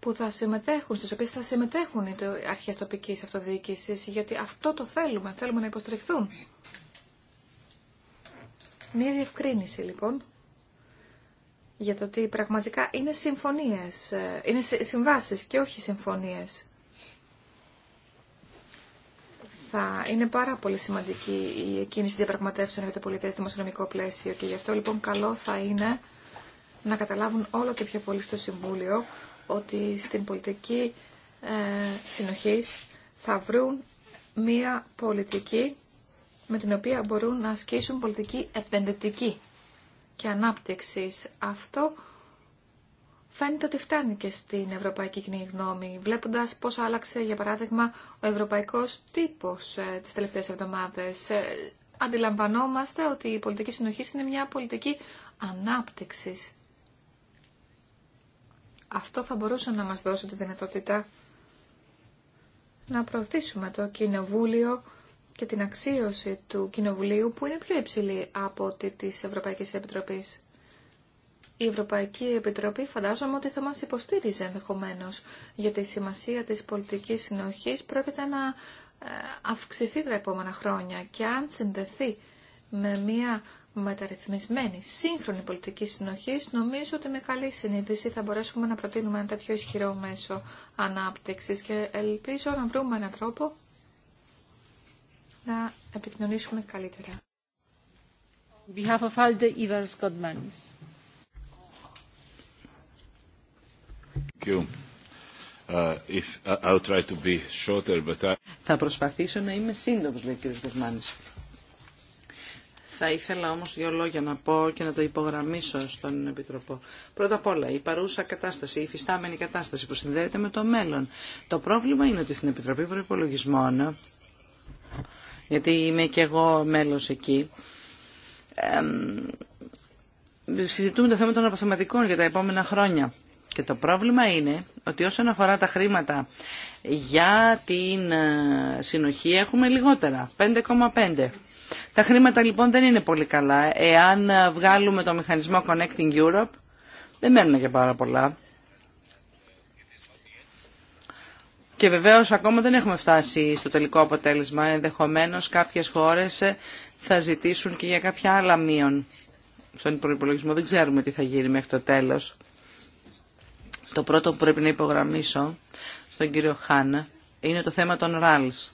S2: που θα συμμετέχουν, στις οποίες θα συμμετέχουν οι αρχές τοπικής αυτοδιοίκησης, γιατί αυτό το θέλουμε, θέλουμε να υποστηριχθούν. Μία διευκρίνηση λοιπόν για το ότι πραγματικά είναι συμφωνίες, ε, είναι συμβάσεις και όχι συμφωνίες. Θα είναι πάρα πολύ σημαντική η κίνηση διαπραγματεύσεων για το πολιτές δημοσιονομικό πλαίσιο και γι' αυτό λοιπόν καλό θα είναι να καταλάβουν όλο και πιο πολύ στο Συμβούλιο ότι στην πολιτική ε, συνοχής θα βρουν μία πολιτική με την οποία μπορούν να ασκήσουν πολιτική επενδυτική και ανάπτυξης. Αυτό φαίνεται ότι φτάνει και στην ευρωπαϊκή κοινή γνώμη, βλέποντας πώς άλλαξε, για παράδειγμα, ο ευρωπαϊκός τύπος ε, τις τελευταίες εβδομάδες. Ε, αντιλαμβανόμαστε ότι η πολιτική συνοχή είναι μια πολιτική ανάπτυξης. Αυτό θα μπορούσε να μας δώσει τη δυνατότητα να προωθήσουμε το Κοινοβούλιο και την αξίωση του Κοινοβουλίου που είναι πιο υψηλή από τη της Ευρωπαϊκής Επιτροπής. Η Ευρωπαϊκή Επιτροπή φαντάζομαι ότι θα μας υποστήριζε ενδεχομένω για τη σημασία της πολιτικής συνοχής πρόκειται να ε, αυξηθεί τα επόμενα χρόνια και αν συνδεθεί με μια μεταρρυθμισμένη, σύγχρονη πολιτική συνοχή, νομίζω ότι με καλή συνείδηση θα μπορέσουμε να προτείνουμε ένα τέτοιο ισχυρό μέσο ανάπτυξη και ελπίζω να βρούμε έναν τρόπο να επικοινωνήσουμε καλύτερα. of
S3: Θα προσπαθήσω να είμαι σύντομος, λέει ο κ. Θα ήθελα όμως δύο λόγια να πω και να το υπογραμμίσω στον Επιτροπό. Πρώτα απ' όλα, η παρούσα κατάσταση, η υφιστάμενη κατάσταση που συνδέεται με το μέλλον. Το πρόβλημα είναι ότι στην Επιτροπή Προπολογισμών, γιατί είμαι και εγώ μέλος εκεί, συζητούμε το θέμα των αποθεματικών για τα επόμενα χρόνια. Και το πρόβλημα είναι ότι όσον αφορά τα χρήματα για την ε, συνοχή έχουμε λιγότερα, 5,5. Τα χρήματα λοιπόν δεν είναι πολύ καλά. Εάν βγάλουμε το μηχανισμό Connecting Europe, δεν μένουν και πάρα πολλά. Και βεβαίως ακόμα δεν έχουμε φτάσει στο τελικό αποτέλεσμα. Ενδεχομένω κάποιες χώρες θα ζητήσουν και για κάποια άλλα μείον στον υπολογισμό. Δεν ξέρουμε τι θα γίνει μέχρι το τέλος. Το πρώτο που πρέπει να υπογραμμίσω στον κύριο Χάν είναι το θέμα των ράλς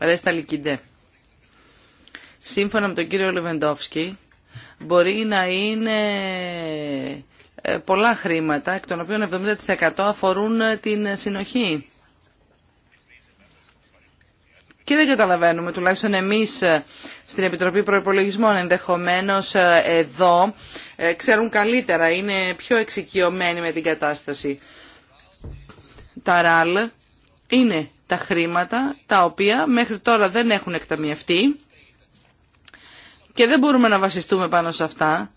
S3: ρέστα λικιντέ. Σύμφωνα με τον κύριο Λεβεντόφσκι, μπορεί να είναι ε, πολλά χρήματα, εκ των οποίων 70% αφορούν ε, την συνοχή. Και δεν καταλαβαίνουμε, τουλάχιστον εμείς ε, στην Επιτροπή Προϋπολογισμών ενδεχομένως εδώ, ξέρουν καλύτερα, είναι πιο εξοικειωμένοι με την κατάσταση. Τα ΡΑΛ είναι τα χρήματα τα οποία μέχρι τώρα δεν έχουν εκταμιευτεί και δεν μπορούμε να βασιστούμε πάνω σε αυτά.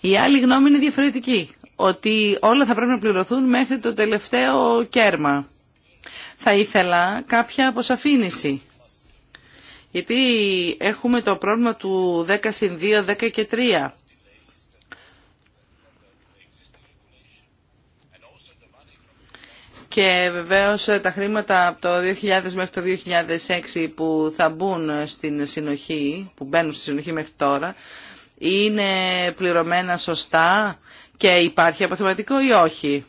S3: Η άλλη γνώμη είναι διαφορετική, ότι όλα θα πρέπει να πληρωθούν μέχρι το τελευταίο κέρμα. Θα ήθελα κάποια αποσαφήνιση. Γιατί έχουμε το πρόβλημα του 10 συν 2, 10 και 3. και βεβαίως τα χρήματα από το 2000 μέχρι το 2006 που θα μπουν στην συνοχή, που μπαίνουν στη συνοχή μέχρι τώρα, είναι πληρωμένα σωστά και υπάρχει αποθεματικό ή όχι.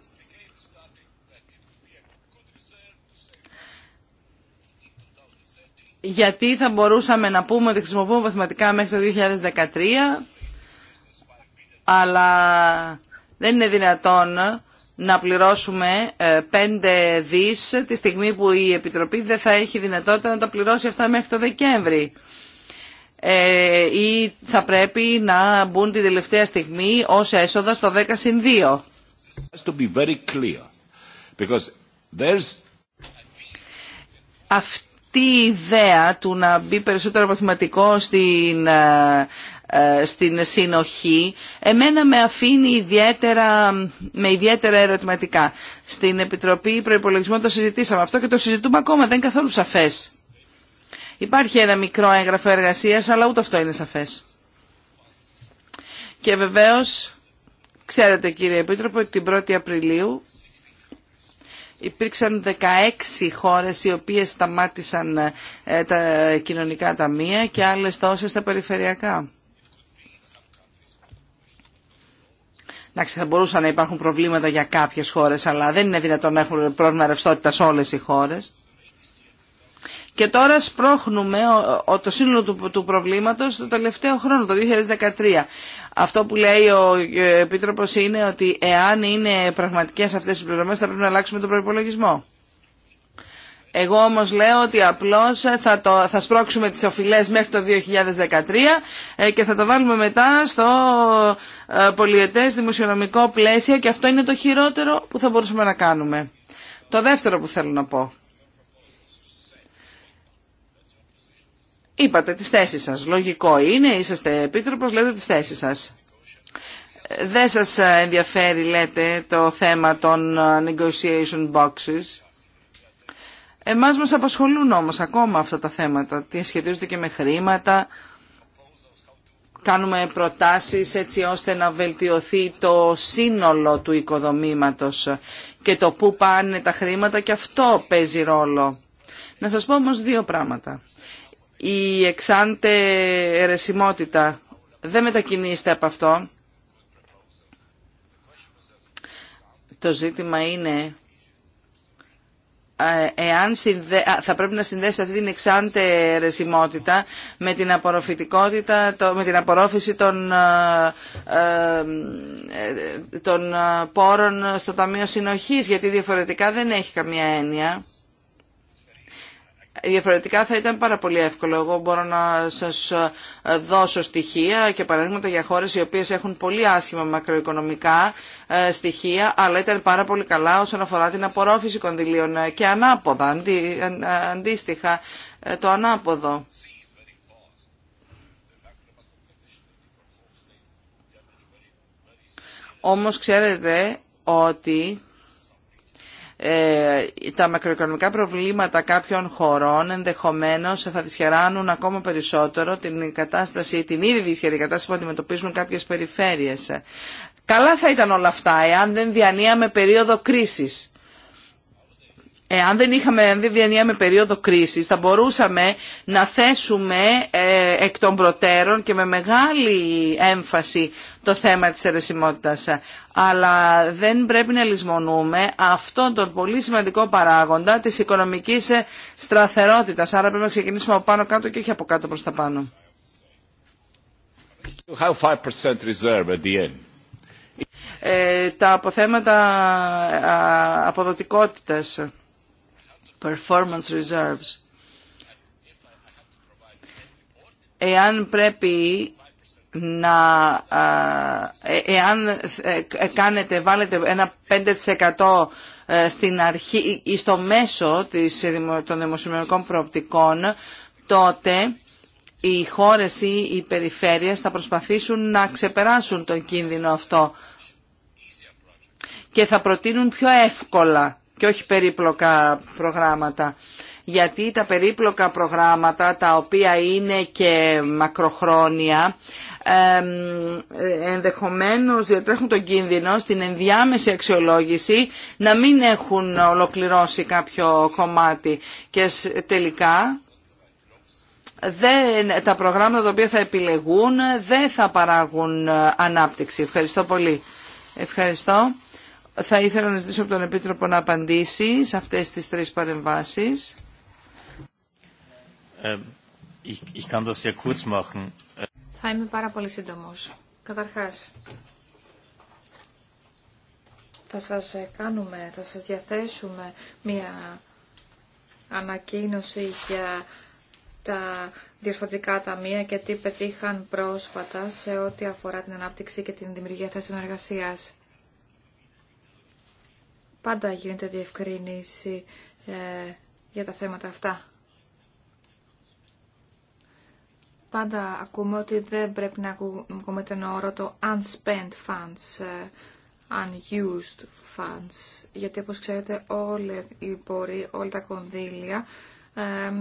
S3: Γιατί θα μπορούσαμε να πούμε ότι χρησιμοποιούμε αποθεματικά μέχρι το 2013, αλλά δεν είναι δυνατόν να πληρώσουμε 5 ε, δις τη στιγμή που η Επιτροπή δεν θα έχει δυνατότητα να τα πληρώσει αυτά μέχρι το Δεκέμβρη ε, ή θα πρέπει να μπουν την τελευταία στιγμή ως έσοδα στο 10 συν 2. Αυτή η ιδέα του να μπει περισσότερο μαθηματικό στην ε, ε, στην συνοχή, εμένα με αφήνει ιδιαίτερα, με ιδιαίτερα ερωτηματικά. Στην Επιτροπή Προϋπολογισμών το συζητήσαμε αυτό και το συζητούμε ακόμα, δεν είναι καθόλου σαφές. Υπάρχει ένα μικρό έγγραφο εργασίας, αλλά ούτε αυτό είναι σαφές. Και βεβαίως, ξέρετε κύριε Επίτροπο, ότι την 1η Απριλίου υπήρξαν 16 χώρες οι οποίες σταμάτησαν ε, τα κοινωνικά ταμεία και άλλες τόσες τα περιφερειακά. Εντάξει, θα μπορούσαν να υπάρχουν προβλήματα για κάποιες χώρες, αλλά δεν είναι δυνατόν να έχουν πρόβλημα ρευστότητα όλες οι χώρες. Και τώρα σπρώχνουμε το σύνολο του προβλήματος το τελευταίο χρόνο, το 2013. Αυτό που λέει ο Επίτροπος είναι ότι εάν είναι πραγματικές αυτές οι πληρωμές θα πρέπει να αλλάξουμε τον προϋπολογισμό. Εγώ όμως λέω ότι απλώς ε, θα, θα σπρώξουμε τις οφειλές μέχρι το 2013 ε, και θα το βάλουμε μετά στο ε, πολιετές δημοσιονομικό πλαίσιο και αυτό είναι το χειρότερο που θα μπορούσαμε να κάνουμε. Το δεύτερο που θέλω να πω. Είπατε τις θέσεις σας. Λογικό είναι, είσαστε επίτροπος, λέτε τις θέσεις σας. Δεν σας ενδιαφέρει, λέτε, το θέμα των negotiation boxes Εμάς μας απασχολούν όμως ακόμα αυτά τα θέματα, τι σχετίζονται και με χρήματα, κάνουμε προτάσεις έτσι ώστε να βελτιωθεί το σύνολο του οικοδομήματος και το πού πάνε τα χρήματα και αυτό παίζει ρόλο. Να σας πω όμως δύο πράγματα. Η εξάντε ερεσιμότητα δεν μετακινήστε από αυτό. Το ζήτημα είναι ε, θα πρέπει να συνδέσει αυτή την εξάντε με την απορροφητικότητα, με την απορρόφηση των, ε, ε, των πόρων στο Ταμείο Συνοχής, γιατί διαφορετικά δεν έχει καμία έννοια. Διαφορετικά θα ήταν πάρα πολύ εύκολο. Εγώ μπορώ να σας ε, δώσω στοιχεία και παραδείγματα για χώρες οι οποίες έχουν πολύ άσχημα μακροοικονομικά ε, στοιχεία, αλλά ήταν πάρα πολύ καλά όσον αφορά την απορρόφηση κονδυλίων ε, και ανάποδα, αντί, αντίστοιχα το ανάποδο. Όμως ξέρετε ότι ε, τα μακροοικονομικά προβλήματα κάποιων χωρών ενδεχομένως θα δυσχεράνουν ακόμα περισσότερο την κατάσταση, την ήδη δυσχερή κατάσταση που αντιμετωπίζουν κάποιες περιφέρειες. Καλά θα ήταν όλα αυτά εάν δεν διανύαμε περίοδο κρίσης. Εάν δεν είχαμε διανύαμε περίοδο κρίσης, θα μπορούσαμε να θέσουμε ε, εκ των προτέρων και με μεγάλη έμφαση το θέμα της αιρεσιμότητας. Αλλά δεν πρέπει να λησμονούμε αυτόν τον πολύ σημαντικό παράγοντα της οικονομικής ε, στραθερότητας. Άρα πρέπει να ξεκινήσουμε από πάνω κάτω και όχι από κάτω προς τα πάνω. Ε, τα αποθέματα αποδοτικότητας performance reserves. Εάν πρέπει να ε, εάν ε, κάνετε, βάλετε ένα 5% ε, στην αρχή ή στο μέσο της, των δημοσιονομικών προοπτικών, τότε οι χώρες ή οι περιφέρειες θα προσπαθήσουν να ξεπεράσουν τον κίνδυνο αυτό και θα προτείνουν πιο εύκολα και όχι περίπλοκα προγράμματα. Γιατί τα περίπλοκα προγράμματα, τα οποία είναι και μακροχρόνια, ενδεχομένως διατρέχουν τον κίνδυνο στην ενδιάμεση αξιολόγηση να μην έχουν ολοκληρώσει κάποιο κομμάτι. Και τελικά δεν, τα προγράμματα τα οποία θα επιλεγούν δεν θα παράγουν ε, ανάπτυξη. Ευχαριστώ πολύ. Ευχαριστώ. Θα ήθελα να ζητήσω από τον Επίτροπο να απαντήσει σε αυτές τις τρεις παρεμβάσεις. Ε,
S2: θα είμαι πάρα πολύ σύντομος. Καταρχάς, θα σας κάνουμε, θα σας διαθέσουμε μία ανακοίνωση για τα διαφορετικά ταμεία και τι πετύχαν πρόσφατα σε ό,τι αφορά την ανάπτυξη και την δημιουργία θέσεων εργασίας. Πάντα γίνεται διευκρίνηση ε, για τα θέματα αυτά. Πάντα ακούμε ότι δεν πρέπει να ακούμε τον όρο το unspent funds, ε, unused funds, γιατί όπως ξέρετε όλοι οι πόροι, όλα τα κονδύλια ε,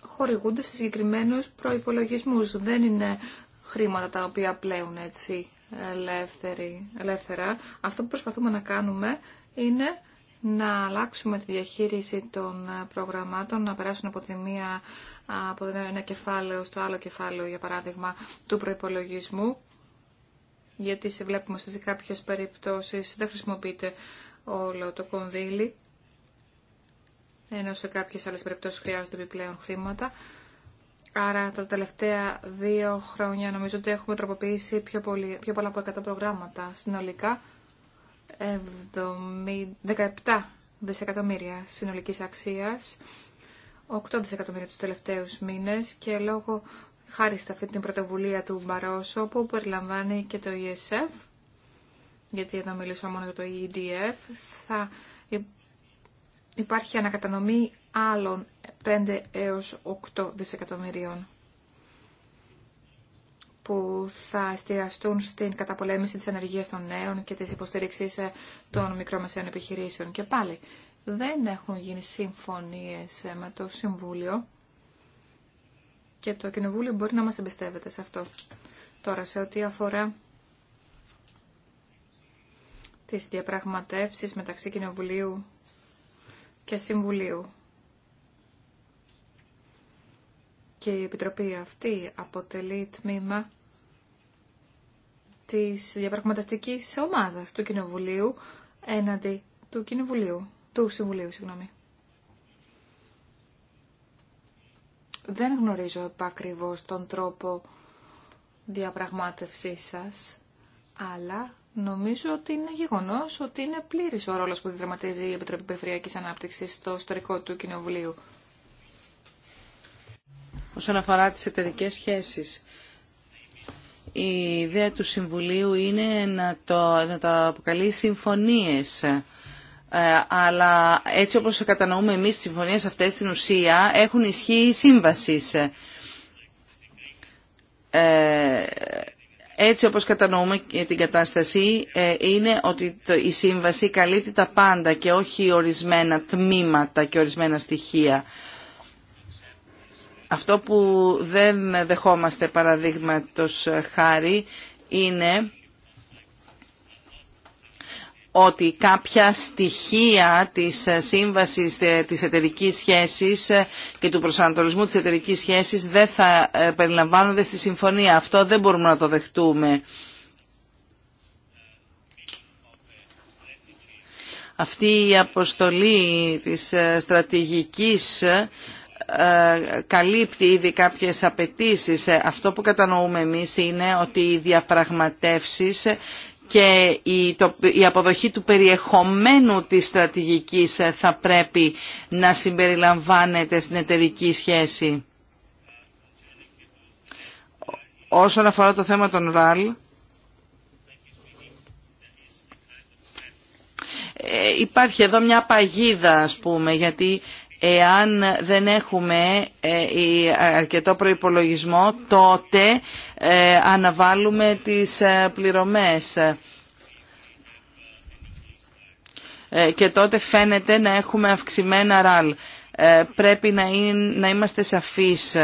S2: χορηγούνται σε συγκεκριμένους προϋπολογισμούς. Δεν είναι χρήματα τα οποία πλέουν έτσι ελεύθερη, ελεύθερα. Αυτό που προσπαθούμε να κάνουμε είναι να αλλάξουμε τη διαχείριση των ε, προγραμμάτων, να περάσουν από τη μία από ένα κεφάλαιο στο άλλο κεφάλαιο, για παράδειγμα, του προϋπολογισμού, γιατί σε βλέπουμε ότι σε κάποιες περιπτώσεις δεν χρησιμοποιείται όλο το κονδύλι, ενώ σε κάποιες άλλες περιπτώσεις χρειάζονται επιπλέον χρήματα. Άρα τα τελευταία δύο χρόνια νομίζω ότι έχουμε τροποποιήσει πιο, πολύ, πιο πολλά από 100 προγράμματα συνολικά. 17 δισεκατομμύρια συνολικής αξίας, 8 δισεκατομμύρια τους τελευταίους μήνες και λόγω χάρη σε αυτή την πρωτοβουλία του Μπαρόσο που περιλαμβάνει και το ESF, γιατί εδώ μιλούσα μόνο για το EDF, θα υπάρχει ανακατανομή άλλων 5 έως 8 δισεκατομμυρίων που θα εστιαστούν στην καταπολέμηση της ενεργείας των νέων και της υποστήριξης ε, των μικρομεσαίων επιχειρήσεων. Και πάλι, δεν έχουν γίνει συμφωνίες ε, με το Συμβούλιο και το Κοινοβούλιο μπορεί να μας εμπιστεύεται σε αυτό. Τώρα, σε ό,τι αφορά τις διαπραγματεύσεις μεταξύ Κοινοβουλίου και Συμβουλίου και η Επιτροπή αυτή αποτελεί τμήμα της διαπραγματευτικής ομάδας του Κοινοβουλίου έναντι του Κοινοβουλίου, του Συμβουλίου, συγγνώμη. Δεν γνωρίζω επακριβώς τον τρόπο διαπραγμάτευσή σας, αλλά νομίζω ότι είναι γεγονός ότι είναι πλήρης ο ρόλος που διδραματίζει η Επιτροπή Περιφερειακής Ανάπτυξης στο ιστορικό του Κοινοβουλίου
S3: όσον αφορά τις εταιρικές σχέσεις. Η ιδέα του Συμβουλίου είναι να το, να το αποκαλεί συμφωνίες. Ε, αλλά έτσι όπως κατανοούμε εμείς τις συμφωνίες αυτές στην ουσία έχουν ισχύ σύμβασης. Ε, έτσι όπως κατανοούμε την κατάσταση ε, είναι ότι η σύμβαση καλύπτει τα πάντα και όχι ορισμένα τμήματα και ορισμένα στοιχεία. Αυτό που δεν δεχόμαστε παραδείγματος χάρη είναι ότι κάποια στοιχεία της σύμβασης της εταιρικής σχέσης και του προσανατολισμού της εταιρικής σχέσης δεν θα ε, περιλαμβάνονται στη συμφωνία. Αυτό δεν μπορούμε να το δεχτούμε. Αυτή η αποστολή της ε, στρατηγικής ε, καλύπτει ήδη κάποιες απαιτήσεις. Ε, αυτό που κατανοούμε εμείς είναι ότι οι διαπραγματεύσεις και η αποδοχή του περιεχομένου της στρατηγικής ε, θα πρέπει να συμπεριλαμβάνεται στην εταιρική σχέση. Όσον αφορά το θέμα των ΡΑΛ, υπάρχει εδώ μια παγίδα, ας πούμε, γιατί Εάν δεν έχουμε ε, αρκετό προϋπολογισμό, τότε ε, αναβάλουμε τις ε, πληρωμές και τότε φαίνεται να έχουμε αυξημένα ραλ. Πρέπει να, να είμαστε σαφείς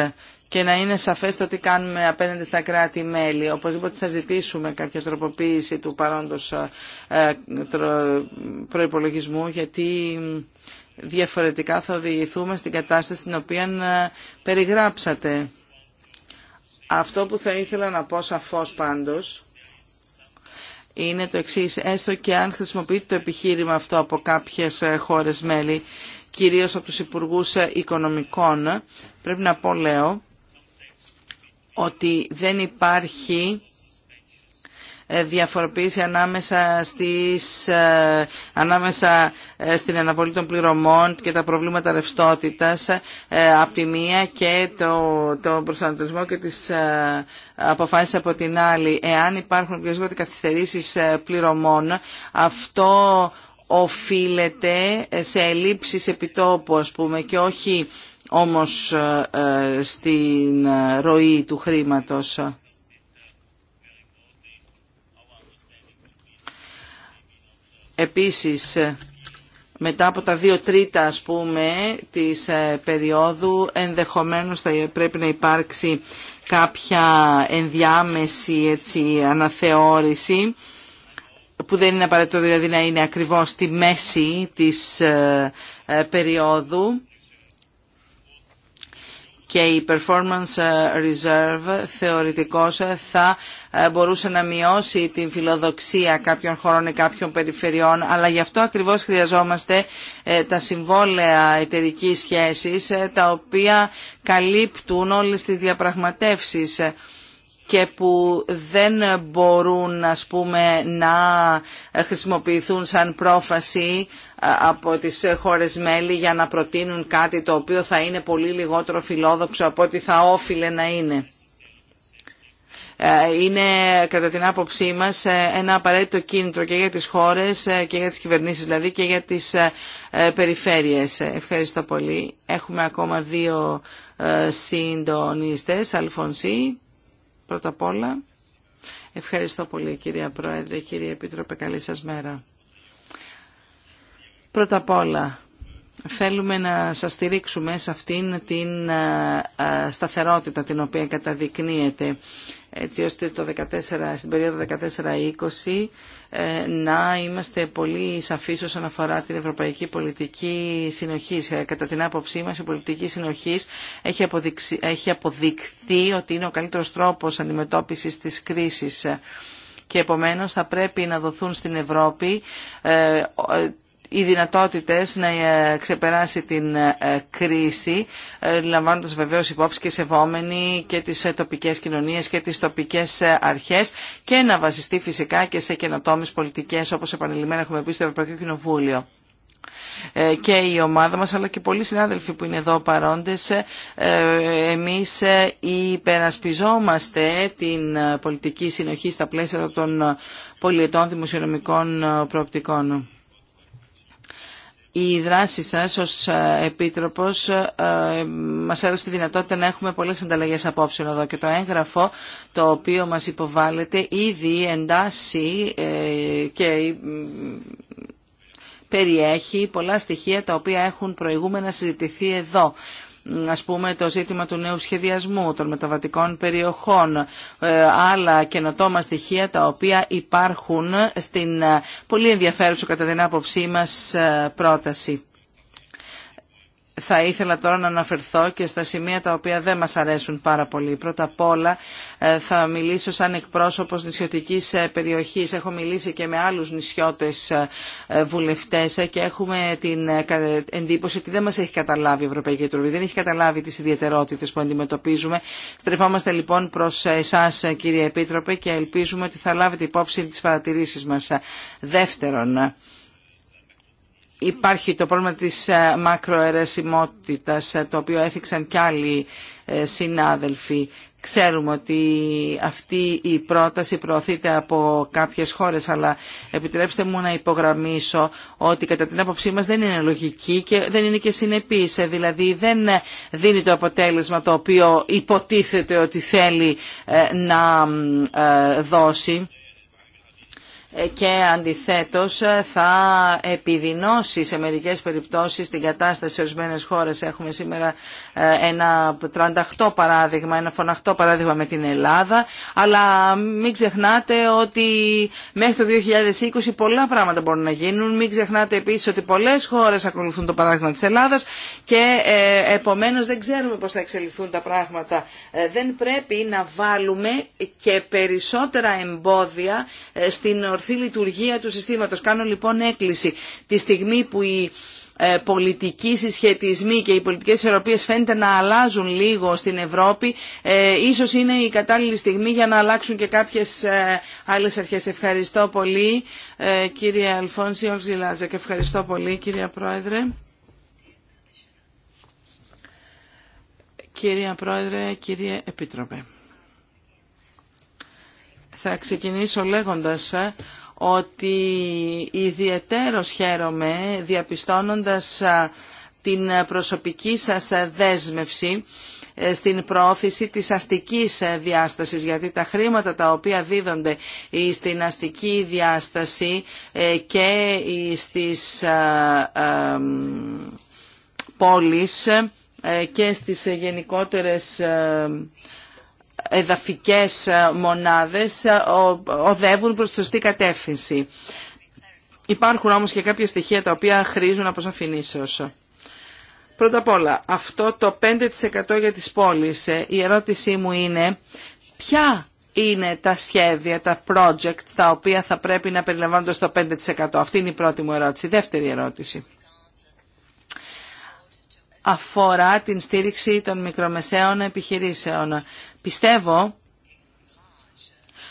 S3: και να είναι σαφές το τι κάνουμε απέναντι στα κράτη-μέλη. Οπωσδήποτε θα ζητήσουμε κάποια τροποποίηση του παρόντος προϋπολογισμού γιατί διαφορετικά θα οδηγηθούμε στην κατάσταση στην οποία ε, περιγράψατε. Αυτό που θα ήθελα να πω σαφώς πάντως είναι το εξής, έστω και αν χρησιμοποιείται το επιχείρημα αυτό από κάποιες ε, χώρες μέλη, κυρίως από τους Υπουργούς ε, Οικονομικών, πρέπει να πω, λέω, ότι δεν υπάρχει ε, διαφοροποίηση ανάμεσα, στις, ε, ανάμεσα ε, στην αναβολή των πληρωμών και τα προβλήματα ρευστότητας από τη μία και το, το προσανατολισμό και τις αποφάσεις από την άλλη. Εάν υπάρχουν οποιασδήποτε καθυστερήσεις πληρωμών, αυτό οφείλεται σε ελλείψεις επιτόπου, που πούμε, και όχι όμως στην ροή του χρήματος. Επίσης, μετά από τα δύο τρίτα ας πούμε της ε, περίοδου ενδεχομένως θα πρέπει να υπάρξει κάποια ενδιάμεση έτσι, αναθεώρηση που δεν είναι απαραίτητο δηλαδή να είναι ακριβώς στη μέση της ε, ε, περίοδου και η performance ε, reserve θεωρητικώς ε, θα ε, μπορούσε να μειώσει την φιλοδοξία κάποιων χωρών ή κάποιων περιφερειών, αλλά γι' αυτό ακριβώς χρειαζόμαστε τα συμβόλαια εταιρική σχέσης, τα οποία καλύπτουν όλες τις διαπραγματεύσεις και που δεν μπορούν ας πούμε, να χρησιμοποιηθούν σαν πρόφαση από τις χώρες μέλη για να προτείνουν κάτι το οποίο θα είναι πολύ λιγότερο φιλόδοξο από ό,τι θα όφιλε να είναι ε, είναι κατά την άποψή μας ε, ένα απαραίτητο κίνητρο και για τις χώρες ε, και για τις κυβερνήσεις δηλαδή και για τις περιφέρειες. Ευχαριστώ πολύ. Έχουμε ακόμα δύο συντονιστές. Αλφονσί, πρώτα απ' όλα. Ευχαριστώ πολύ κυρία Πρόεδρε, κύριε Επίτροπε, καλή σας μέρα. Πρώτα απ' όλα, θέλουμε να σας στηρίξουμε σε αυτήν την ε, ε, σταθερότητα την οποία καταδεικνύεται έτσι ώστε το 14, στην περίοδο 14-20 ε, να είμαστε πολύ σαφείς όσον αφορά την ευρωπαϊκή πολιτική συνοχής. Κατά την άποψή μας η πολιτική συνοχής έχει, αποδειξει, έχει αποδεικτεί ότι είναι ο καλύτερος τρόπος αντιμετώπισης της κρίσης και επομένως θα πρέπει να δοθούν στην Ευρώπη οι δυνατότητες να ε, ξεπεράσει την ε, κρίση, ε, λαμβάνοντας βεβαίως υπόψη και σεβόμενη και τις τοπικές κοινωνίες και τις τοπικές αρχές και να βασιστεί φυσικά και σε καινοτόμες πολιτικές όπως επανειλημμένα έχουμε πει στο Ευρωπαϊκό Κοινοβούλιο και η ομάδα μας αλλά και πολλοί συνάδελφοι που είναι εδώ παρόντες εμείς υπερασπιζόμαστε την πολιτική συνοχή στα πλαίσια των πολιετών δημοσιονομικών προοπτικών. Η δράση σας ως ε, Επίτροπος ε, μας έδωσε τη δυνατότητα να έχουμε πολλές ανταλλαγές απόψεων εδώ και το έγγραφο το οποίο μας υποβάλλεται ήδη εντάσσει ε, και περιέχει πολλά στοιχεία τα οποία έχουν προηγούμενα συζητηθεί εδώ ας πούμε το ζήτημα του νέου σχεδιασμού, των μεταβατικών περιοχών, ε, άλλα καινοτόμα στοιχεία τα οποία υπάρχουν στην ε, πολύ ενδιαφέρουσα κατά την άποψή μας ε, πρόταση θα ήθελα τώρα να αναφερθώ και στα σημεία τα οποία δεν μας αρέσουν πάρα πολύ. Πρώτα απ' όλα ε, θα μιλήσω σαν εκπρόσωπος νησιωτικής ε, περιοχής. Έχω μιλήσει και με άλλους νησιώτες ε, βουλευτές και έχουμε την εντύπωση ότι δεν μας έχει καταλάβει η Ευρωπαϊκή Επιτροπή. Δεν έχει καταλάβει τις ιδιαιτερότητες που αντιμετωπίζουμε. Στρεφόμαστε λοιπόν προς εσάς κύριε Επίτροπε και ελπίζουμε ότι θα λάβετε υπόψη τις παρατηρήσεις μας. Δεύτερον, Υπάρχει το πρόβλημα της ε, μακροαιρεσιμότητας, ε, το οποίο έθιξαν κι άλλοι ε, συνάδελφοι. Ξέρουμε ότι αυτή η πρόταση προωθείται από κάποιες χώρες, αλλά επιτρέψτε μου να υπογραμμίσω ότι κατά την άποψή μας δεν είναι λογική και δεν είναι και συνεπής. Δηλαδή δεν δίνει το αποτέλεσμα το οποίο υποτίθεται ότι θέλει να δώσει. Ε, και αντιθέτως ε, θα επιδεινώσει σε μερικές περιπτώσεις την κατάσταση σε ορισμένε χώρες. Έχουμε σήμερα ε, ένα 38 παράδειγμα, ένα φωναχτό παράδειγμα με την Ελλάδα, αλλά μην ξεχνάτε ότι μέχρι το 2020 πολλά πράγματα μπορούν να γίνουν. Μην ξεχνάτε επίσης ότι πολλές χώρες ακολουθούν το παράδειγμα της Ελλάδας και επομένως δεν ξέρουμε πώς θα εξελιχθούν τα πράγματα. Δεν πρέπει να βάλουμε και περισσότερα εμπόδια στην ορθή λειτουργία του συστήματος. Κάνω λοιπόν έκκληση τη στιγμή που η ε, πολιτικοί συσχετισμοί και οι πολιτικές ισορροπίες φαίνεται να αλλάζουν λίγο στην Ευρώπη. Ε, ίσως είναι η κατάλληλη στιγμή για να αλλάξουν και κάποιες ε, άλλες αρχές. Ευχαριστώ πολύ ε, κύριε Αλφόνση και Ευχαριστώ πολύ κύριε Πρόεδρε. Κύριε Πρόεδρε, κύριε Επίτροπε. Θα ξεκινήσω λέγοντας ε, ότι ιδιαιτέρως χαίρομαι διαπιστώνοντας ε, την προσωπική σας ε, δέσμευση στην προώθηση της αστικής διάστασης, γιατί τα χρήματα τα οποία δίδονται στην αστική διάσταση και στις πόλεις και στις γενικότερες εδαφικές ε, μονάδες ε, οδεύουν προς τη σωστή κατεύθυνση. Υπάρχουν όμως και κάποια στοιχεία τα οποία χρήζουν από Πρώτα απ' όλα, αυτό το 5% για τις πόλεις, ε, η ερώτησή μου είναι ποια είναι τα σχέδια, τα project τα οποία θα πρέπει να περιλαμβάνονται στο 5%. Αυτή είναι η πρώτη μου ερώτηση. δεύτερη ερώτηση αφορά την στήριξη των μικρομεσαίων επιχειρήσεων. Πιστεύω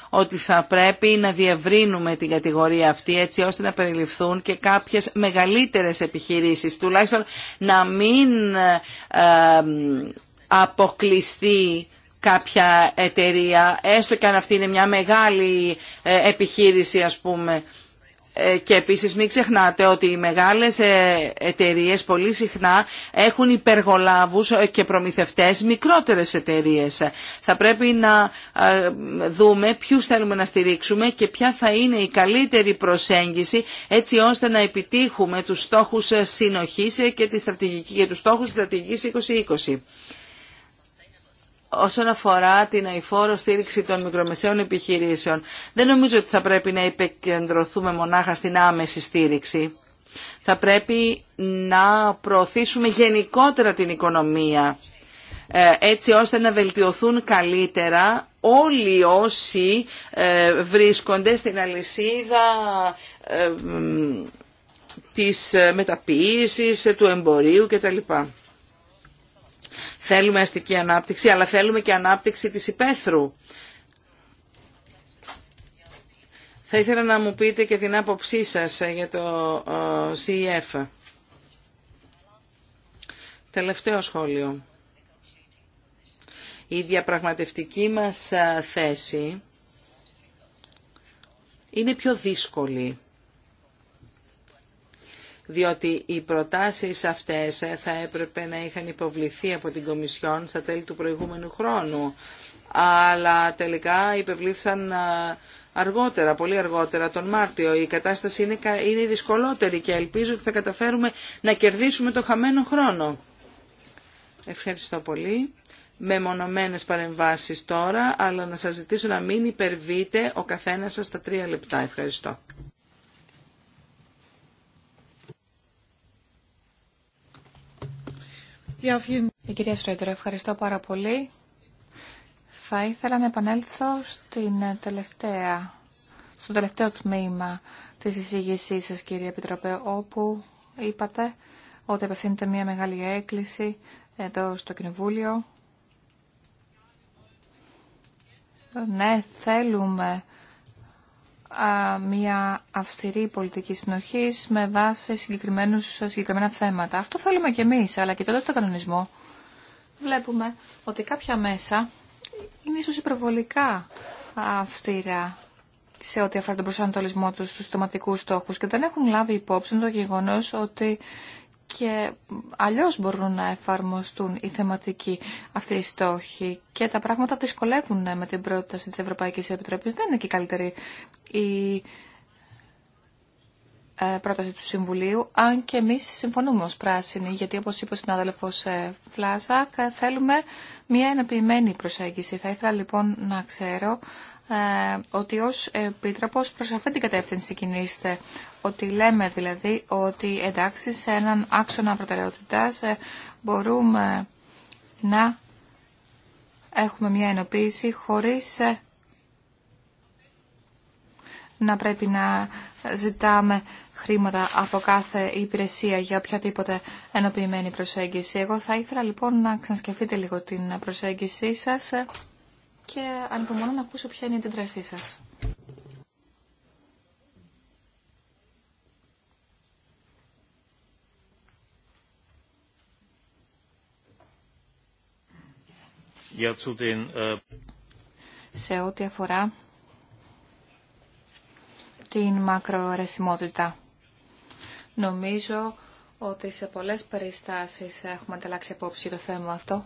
S3: ότι θα πρέπει να διευρύνουμε την κατηγορία αυτή έτσι ώστε να περιληφθούν και κάποιες μεγαλύτερες επιχειρήσεις, τουλάχιστον να μην ε, αποκλειστεί κάποια εταιρεία, έστω και αν αυτή είναι μια μεγάλη ε, επιχείρηση ας πούμε. Ε, και επίσης μην ξεχνάτε ότι οι μεγάλες ε, εταιρείες πολύ συχνά έχουν υπεργολάβους ε, και προμηθευτές μικρότερες εταιρείες. Θα πρέπει να δούμε ποιους θέλουμε να στηρίξουμε και ποια θα είναι η καλύτερη προσέγγιση έτσι ώστε να επιτύχουμε τους στόχους συνοχής και, τη στρατηγική, και τους στόχους της στρατηγικής 2020 όσον αφορά την αηφόρο στήριξη των μικρομεσαίων επιχειρήσεων. Δεν νομίζω ότι θα πρέπει να επικεντρωθούμε μονάχα στην άμεση στήριξη. Θα πρέπει να προωθήσουμε γενικότερα την οικονομία, ε, έτσι ώστε να βελτιωθούν καλύτερα όλοι όσοι ε, βρίσκονται στην αλυσίδα ε, της μεταποίησης, του εμπορίου κτλ. Θέλουμε αστική ανάπτυξη, αλλά θέλουμε και ανάπτυξη της υπαίθρου. Θα ήθελα να μου πείτε και την άποψή σας ε, για το ε, CEF. Τελευταίο σχόλιο. Η διαπραγματευτική μας ε, θέση είναι πιο δύσκολη διότι οι προτάσεις αυτές θα έπρεπε να είχαν υποβληθεί από την Κομισιόν στα τέλη του προηγούμενου χρόνου, αλλά τελικά υπευλήθησαν αργότερα, πολύ αργότερα, τον Μάρτιο. Η κατάσταση είναι, είναι δυσκολότερη και ελπίζω ότι θα καταφέρουμε να κερδίσουμε το χαμένο χρόνο. Ευχαριστώ πολύ. Με μονομένες παρεμβάσεις τώρα, αλλά να σας ζητήσω να μην υπερβείτε ο καθένας σας τα τρία λεπτά. Ευχαριστώ.
S2: Η κυρία Σρέντερ, ευχαριστώ πάρα πολύ. Θα ήθελα να επανέλθω στην ε, τελευταία, στο τελευταίο τμήμα της εισήγησή σας, κύριε Επιτροπέ, όπου είπατε ότι απευθύνεται μια μεγάλη έκκληση εδώ στο Κοινοβούλιο. Ναι, θέλουμε μια αυστηρή πολιτική συνοχή με βάση συγκεκριμένους, συγκεκριμένα θέματα. Αυτό θέλουμε και εμείς, αλλά κοιτώντας τον κανονισμό βλέπουμε ότι κάποια μέσα είναι ίσω υπερβολικά αυστηρά σε ό,τι αφορά τον προσανατολισμό τους στου θεματικού στόχους και δεν έχουν λάβει υπόψη το γεγονός ότι και αλλιώς μπορούν να εφαρμοστούν οι θεματικοί αυτοί οι στόχοι και τα πράγματα δυσκολεύουν με την πρόταση της Ευρωπαϊκής Επιτροπής. Δεν είναι και καλύτερη η ε, πρόταση του Συμβουλίου, αν και εμείς συμφωνούμε ως πράσινοι, γιατί όπως είπε ο συνάδελφος Φλάζακ, ε, ε, θέλουμε μια ενεπιμενή προσέγγιση. Θα ήθελα λοιπόν να ξέρω ε, ότι ως Επίτροπος προς αυτή την κατεύθυνση κινείστε. Ότι λέμε δηλαδή ότι εντάξει σε έναν άξονα προτεραιότητας ε, μπορούμε να έχουμε μια ενοποίηση χωρίς ε, να πρέπει να ζητάμε χρήματα από κάθε υπηρεσία για οποιαδήποτε ενοποιημένη προσέγγιση. Εγώ θα ήθελα λοιπόν να ξανασκεφτείτε λίγο την προσέγγιση σας και ανυπομονώ να ακούσω ποια είναι η αντίδρασή σας. Äh, σε ό,τι αφορά την μακροαρεσιμότητα. Νομίζω ότι σε πολλές περιστάσεις έχουμε ανταλλάξει απόψη το θέμα αυτό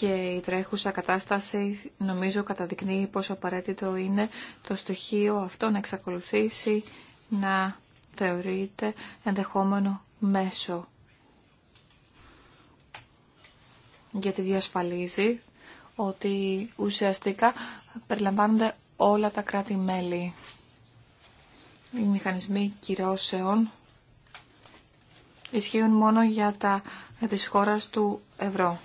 S2: και η τρέχουσα κατάσταση νομίζω καταδεικνύει πόσο απαραίτητο είναι το στοιχείο αυτό να εξακολουθήσει να θεωρείται ενδεχόμενο μέσο. Γιατί διασφαλίζει ότι ουσιαστικά περιλαμβάνονται όλα τα κράτη-μέλη. Οι μηχανισμοί κυρώσεων ισχύουν μόνο για, τα, για τις του ευρώ.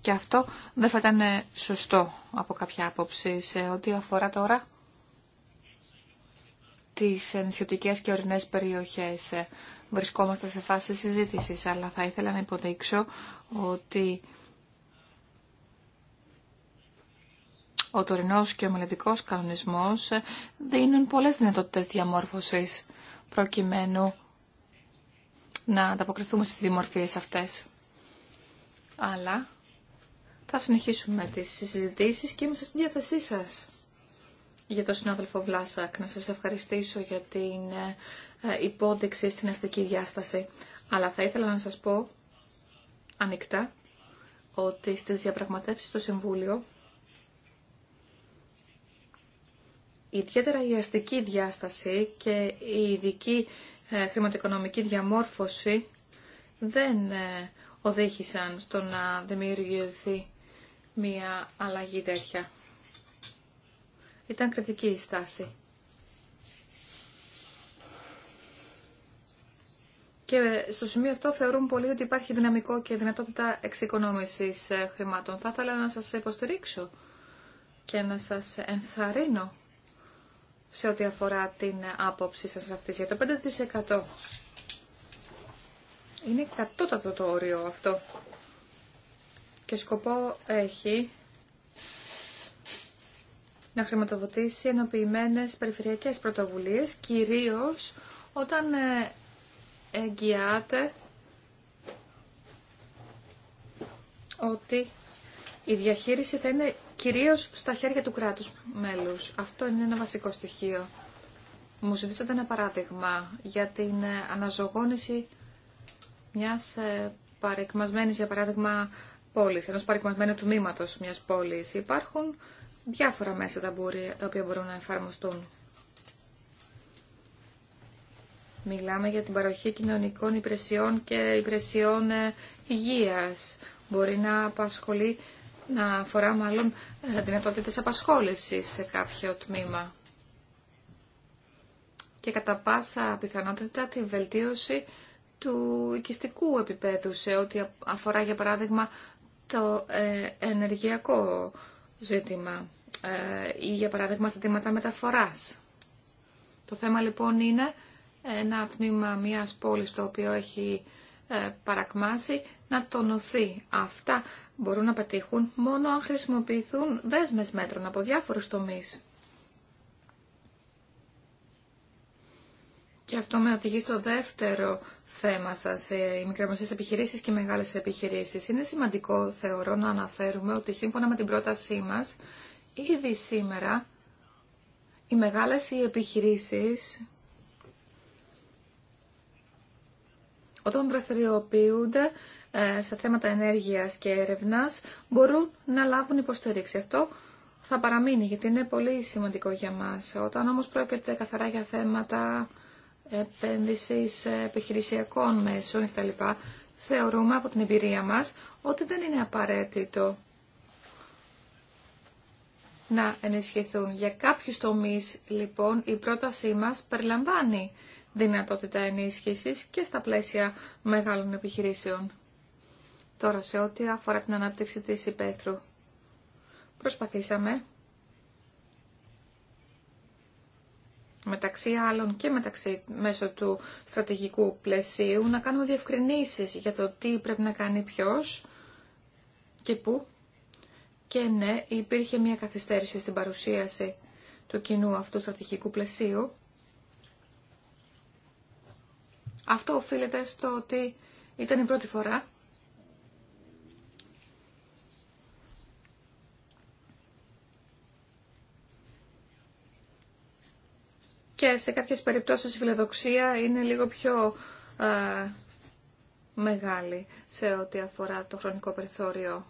S2: Και αυτό δεν θα ήταν σωστό από κάποια άποψη σε ό,τι αφορά τώρα τις νησιωτικές και ορεινές περιοχές. Βρισκόμαστε σε φάση συζήτησης, αλλά θα ήθελα να υποδείξω ότι ο τωρινός και ο μελλοντικός κανονισμός δίνουν πολλές δυνατότητες διαμόρφωσης προκειμένου να ανταποκριθούμε στις δημορφίες αυτές. Αλλά θα συνεχίσουμε τις συζητήσεις και είμαστε στη διάθεσή σας. Για τον συνάδελφο Βλάσακ, να σας ευχαριστήσω για την ε, ε, υπόδειξη στην αστική διάσταση. Αλλά θα ήθελα να σας πω ανοιχτά ότι στις διαπραγματεύσεις στο Συμβούλιο ιδιαίτερα η αστική διάσταση και η ειδική ε, χρηματοοικονομική διαμόρφωση δεν οδήγησαν στο να δημιουργηθεί μία αλλαγή τέτοια. Ήταν κριτική η στάση. Και στο σημείο αυτό θεωρούν πολύ ότι υπάρχει δυναμικό και δυνατότητα εξοικονόμησης ε, χρημάτων. Θα ήθελα να σας υποστηρίξω και να σας ενθαρρύνω σε ό,τι αφορά την άποψη σας αυτής για το 5%. Είναι κατώτατο το όριο αυτό και σκοπό έχει να χρηματοδοτήσει ενοποιημένες περιφερειακές πρωτοβουλίες, κυρίως όταν ε, εγγυάται ότι η διαχείριση θα είναι κυρίως στα χέρια του κράτους μέλους. Αυτό είναι ένα βασικό στοιχείο. Μου ζητήσατε ένα παράδειγμα για την ε, αναζωγόνηση μιας ε, παρεκμασμένης, για παράδειγμα, πόλης, ενός παρικμασμένου τμήματος μιας πόλης. Υπάρχουν διάφορα μέσα τα, μπορεί τα οποία μπορούν να εφαρμοστούν. Μιλάμε για την παροχή κοινωνικών υπηρεσιών και υπηρεσιών ε, υγείας. Μπορεί να απασχολεί, να αφορά μάλλον ε, δυνατότητες απασχόλησης σε κάποιο τμήμα. Και κατά πάσα πιθανότητα τη βελτίωση του οικιστικού επίπεδου σε ό,τι αφορά για παράδειγμα το ε, ενεργειακό ζήτημα ε, ή για παράδειγμα ζητήματα μεταφοράς. Το θέμα λοιπόν είναι ένα τμήμα μιας πόλης το οποίο έχει ε, παρακμάσει να τονωθεί. Αυτά μπορούν να πετύχουν μόνο αν χρησιμοποιηθούν δέσμες μέτρων από διάφορους τομείς. Και αυτό με οδηγεί στο δεύτερο θέμα σας, ε, οι μικρομεσαίε επιχειρήσει και οι μεγάλες επιχειρήσεις. Είναι σημαντικό, θεωρώ, να αναφέρουμε ότι σύμφωνα με την πρότασή μα, ήδη σήμερα οι μεγάλες επιχειρήσει όταν δραστηριοποιούνται ε, σε θέματα ενέργειας και έρευνας μπορούν να λάβουν υποστήριξη. Αυτό θα παραμείνει γιατί είναι πολύ σημαντικό για μας. Όταν όμως πρόκειται καθαρά για θέματα επένδυσης επιχειρησιακών μέσων κτλ. Θεωρούμε από την εμπειρία μας ότι δεν είναι απαραίτητο να ενισχυθούν. Για κάποιους τομείς, λοιπόν, η πρότασή μας περιλαμβάνει δυνατότητα ενίσχυσης και στα πλαίσια μεγάλων επιχειρήσεων. Τώρα, σε ό,τι αφορά την ανάπτυξη της υπαίθρου, προσπαθήσαμε μεταξύ άλλων και μεταξύ μέσω του στρατηγικού πλαισίου, να κάνουμε διευκρινήσεις για το τι πρέπει να κάνει ποιος και πού. Και ναι, υπήρχε μια καθυστέρηση στην παρουσίαση του κοινού αυτού στρατηγικού πλαισίου. Αυτό οφείλεται στο ότι ήταν η πρώτη φορά και σε κάποιες περιπτώσεις η φιλοδοξία είναι λίγο πιο ε, μεγάλη σε ό,τι αφορά το χρονικό περιθώριο.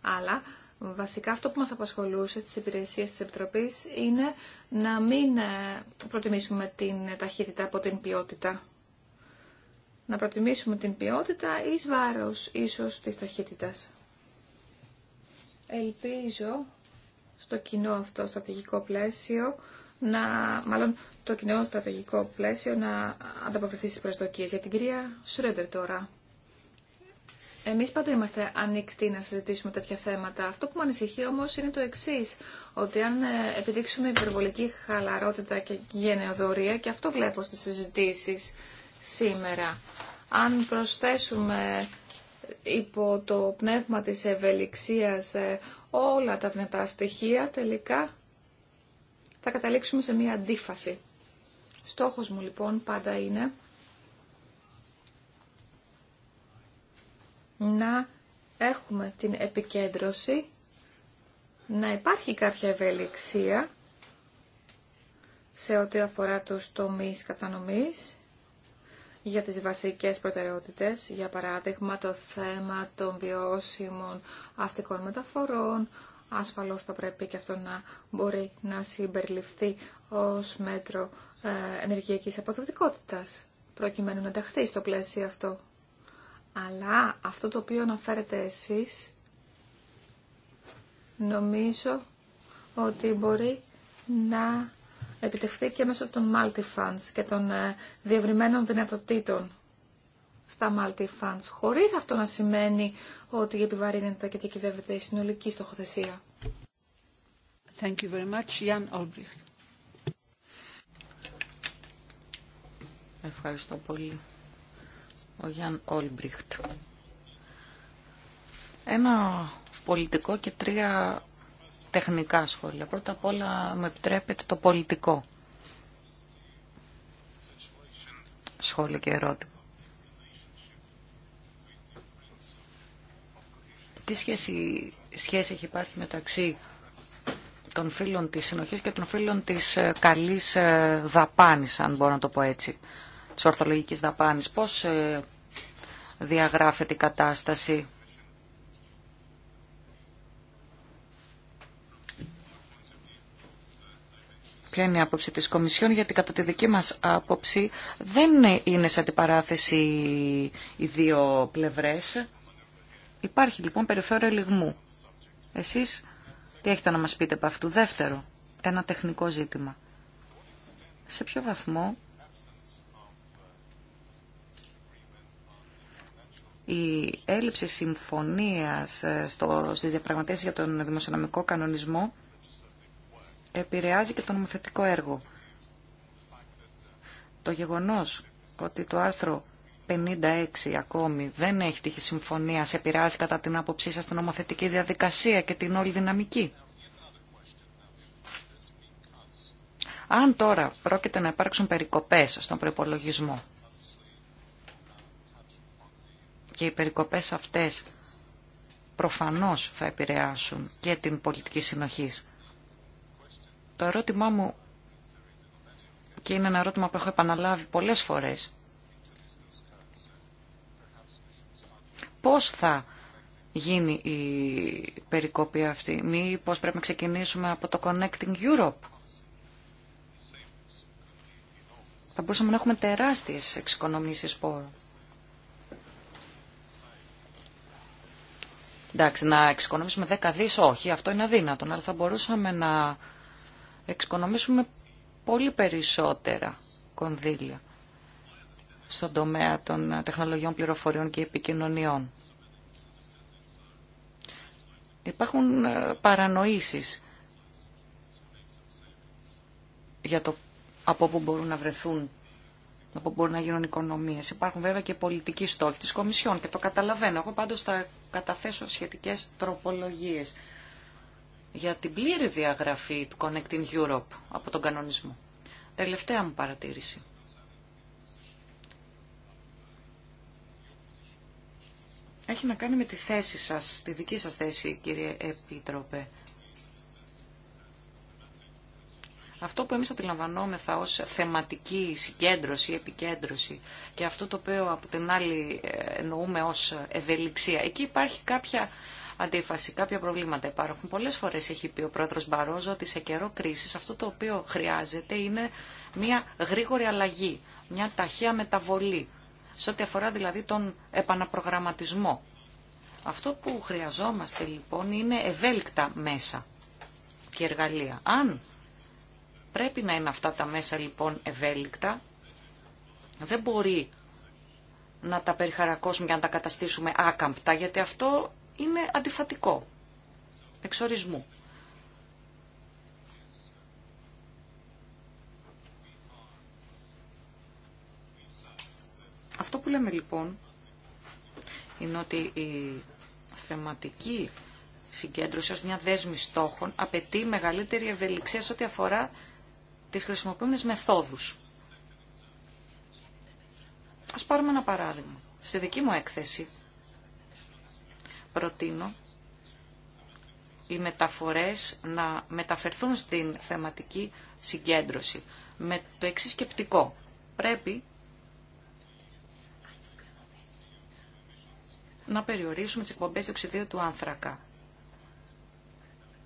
S2: Αλλά βασικά αυτό που μας απασχολούσε στις υπηρεσίες της Επιτροπής είναι να μην ε, προτιμήσουμε την ταχύτητα από την ποιότητα. Να προτιμήσουμε την ποιότητα ή βάρος ίσως της ταχύτητας. Ελπίζω στο κοινό αυτό στρατηγικό πλαίσιο να, μάλλον το κοινό στρατηγικό πλαίσιο να ανταποκριθεί στις προσδοκίες. Για την κυρία Σουρέντερ τώρα. Εμείς πάντα είμαστε ανοικτοί να συζητήσουμε τέτοια θέματα. Αυτό που με ανησυχεί όμως είναι το εξή ότι αν ε, επιδείξουμε υπερβολική χαλαρότητα και γενεοδορία, και αυτό βλέπω στις συζητήσεις σήμερα, αν προσθέσουμε υπό το πνεύμα της ευελιξίας ε, όλα τα δυνατά στοιχεία, τελικά θα καταλήξουμε σε μία αντίφαση. Στόχος μου λοιπόν πάντα είναι να έχουμε την επικέντρωση, να υπάρχει κάποια ευελιξία σε ό,τι αφορά τους τομείς κατανομής για τις βασικές προτεραιότητες, για παράδειγμα το θέμα των βιώσιμων αστικών μεταφορών, ασφαλώς θα πρέπει και αυτό να μπορεί να συμπεριληφθεί ως μέτρο ε, ενεργειακής αποδοτικότητας, προκειμένου να ενταχθεί στο πλαίσιο αυτό. Αλλά αυτό το οποίο αναφέρετε εσείς, νομίζω ότι μπορεί να επιτευχθεί και μέσω των multi και των ε, διευρυμένων δυνατοτήτων στα multi-funds, χωρίς αυτό να σημαίνει ότι επιβαρύνεται και διακυβεύεται η συνολική
S1: στοχοθεσία. you very much. Jan Ευχαριστώ πολύ. Ο Γιάν Όλμπριχτ. Ένα πολιτικό και τρία τεχνικά σχόλια. Πρώτα απ' όλα με επιτρέπετε το πολιτικό σχόλιο και ερώτημα. Τι σχέση, έχει υπάρχει μεταξύ των φίλων της συνοχής και των φίλων της ε, καλής ε, δαπάνης, αν μπορώ να το πω έτσι, της ορθολογικής δαπάνης. Πώς ε, διαγράφεται η κατάσταση. Ποια είναι η άποψη της Κομισιόν, γιατί κατά τη δική μας άποψη δεν είναι σε παράθεση οι δύο πλευρές. Υπάρχει λοιπόν περιθώριο λιγμού. Εσείς τι έχετε να μας πείτε από αυτού. Δεύτερο, ένα τεχνικό ζήτημα. Σε ποιο βαθμό η έλλειψη συμφωνίας ε, στο, στις διαπραγματεύσεις για τον δημοσιονομικό κανονισμό επηρεάζει και το νομοθετικό έργο. Το γεγονός ότι το άρθρο 56 ακόμη δεν έχει τύχει συμφωνία, σε επηρεάζει κατά την άποψή σας την νομοθετική διαδικασία και την όλη δυναμική. Αν τώρα πρόκειται να υπάρξουν περικοπές στον προϋπολογισμό και οι περικοπές αυτές προφανώς θα επηρεάσουν και την πολιτική συνοχής. Το ερώτημά μου, και είναι ένα ερώτημα που έχω επαναλάβει πολλές φορές, πώς θα γίνει η περικοπή αυτή. Μήπως πρέπει να ξεκινήσουμε από το Connecting Europe. Θα μπορούσαμε να έχουμε τεράστιες εξοικονομήσεις πόρων. Εντάξει, να εξοικονομήσουμε δέκα δις, όχι, αυτό είναι αδύνατο, αλλά θα μπορούσαμε να εξοικονομήσουμε πολύ περισσότερα κονδύλια στον τομέα των τεχνολογιών πληροφοριών και επικοινωνιών. Υπάρχουν ε, παρανοήσεις για το από πού μπορούν να βρεθούν, από πού μπορούν να γίνουν οικονομίες. Υπάρχουν βέβαια και πολιτικοί στόχοι της Κομισιόν και το καταλαβαίνω. Εγώ πάντως θα καταθέσω σχετικές τροπολογίες για την πλήρη διαγραφή του Connecting Europe από τον κανονισμό. Τελευταία μου παρατήρηση. έχει να κάνει με τη θέση σας, τη δική σας θέση κύριε Επίτροπε. Αυτό που εμείς αντιλαμβανόμεθα ως θεματική συγκέντρωση, επικέντρωση και αυτό το οποίο από την άλλη ε, εννοούμε ως ευελιξία, εκεί υπάρχει κάποια αντίφαση, κάποια προβλήματα υπάρχουν. Πολλές φορές έχει πει ο πρόεδρος Μπαρόζο ότι σε καιρό κρίσης αυτό το οποίο χρειάζεται είναι μια γρήγορη αλλαγή, μια ταχεία μεταβολή σε ό,τι αφορά δηλαδή τον επαναπρογραμματισμό. Αυτό που χρειαζόμαστε λοιπόν είναι ευέλικτα μέσα και εργαλεία. Αν πρέπει να είναι αυτά τα μέσα λοιπόν ευέλικτα, δεν μπορεί να τα περιχαρακώσουμε και να τα καταστήσουμε άκαμπτα, γιατί αυτό είναι αντιφατικό εξορισμού. Αυτό που λέμε λοιπόν είναι ότι η θεματική συγκέντρωση ως μια δέσμη στόχων απαιτεί μεγαλύτερη ευελιξία σε ό,τι αφορά τις χρησιμοποιούμενες μεθόδους. Ας πάρουμε ένα παράδειγμα. Στη δική μου έκθεση προτείνω οι μεταφορές να μεταφερθούν στην θεματική συγκέντρωση με το εξής σκεπτικό. Πρέπει να περιορίσουμε τις εκπομπές διοξιδίου του άνθρακα.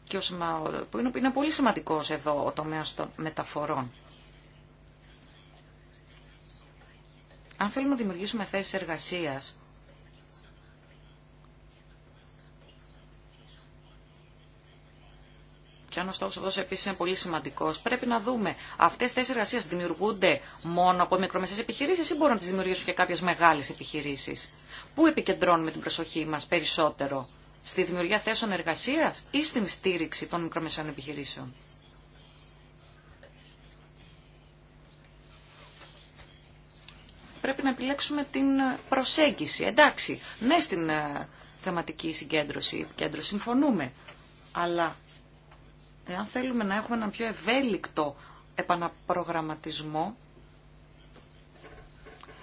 S1: Και που είναι πολύ σημαντικός εδώ ο τομέας των μεταφορών. Αν θέλουμε να δημιουργήσουμε θέσεις εργασίας, και αν ο στόχο αυτό επίση είναι πολύ σημαντικό, πρέπει να δούμε αυτέ τι θέσει δημιουργούνται μόνο από μικρομεσαίε επιχειρήσει ή μπορούν να τι δημιουργήσουν και κάποιε μεγάλε επιχειρήσει. Πού επικεντρώνουμε την προσοχή μα περισσότερο, στη δημιουργία θέσεων εργασία ή στην στήριξη των μικρομεσαίων επιχειρήσεων. Πρέπει να επιλέξουμε την προσέγγιση. Εντάξει, ναι στην ε, θεματική συγκέντρωση, επικέντρωση, συμφωνούμε. Αλλά Εάν θέλουμε να έχουμε έναν πιο ευέλικτο επαναπρογραμματισμό,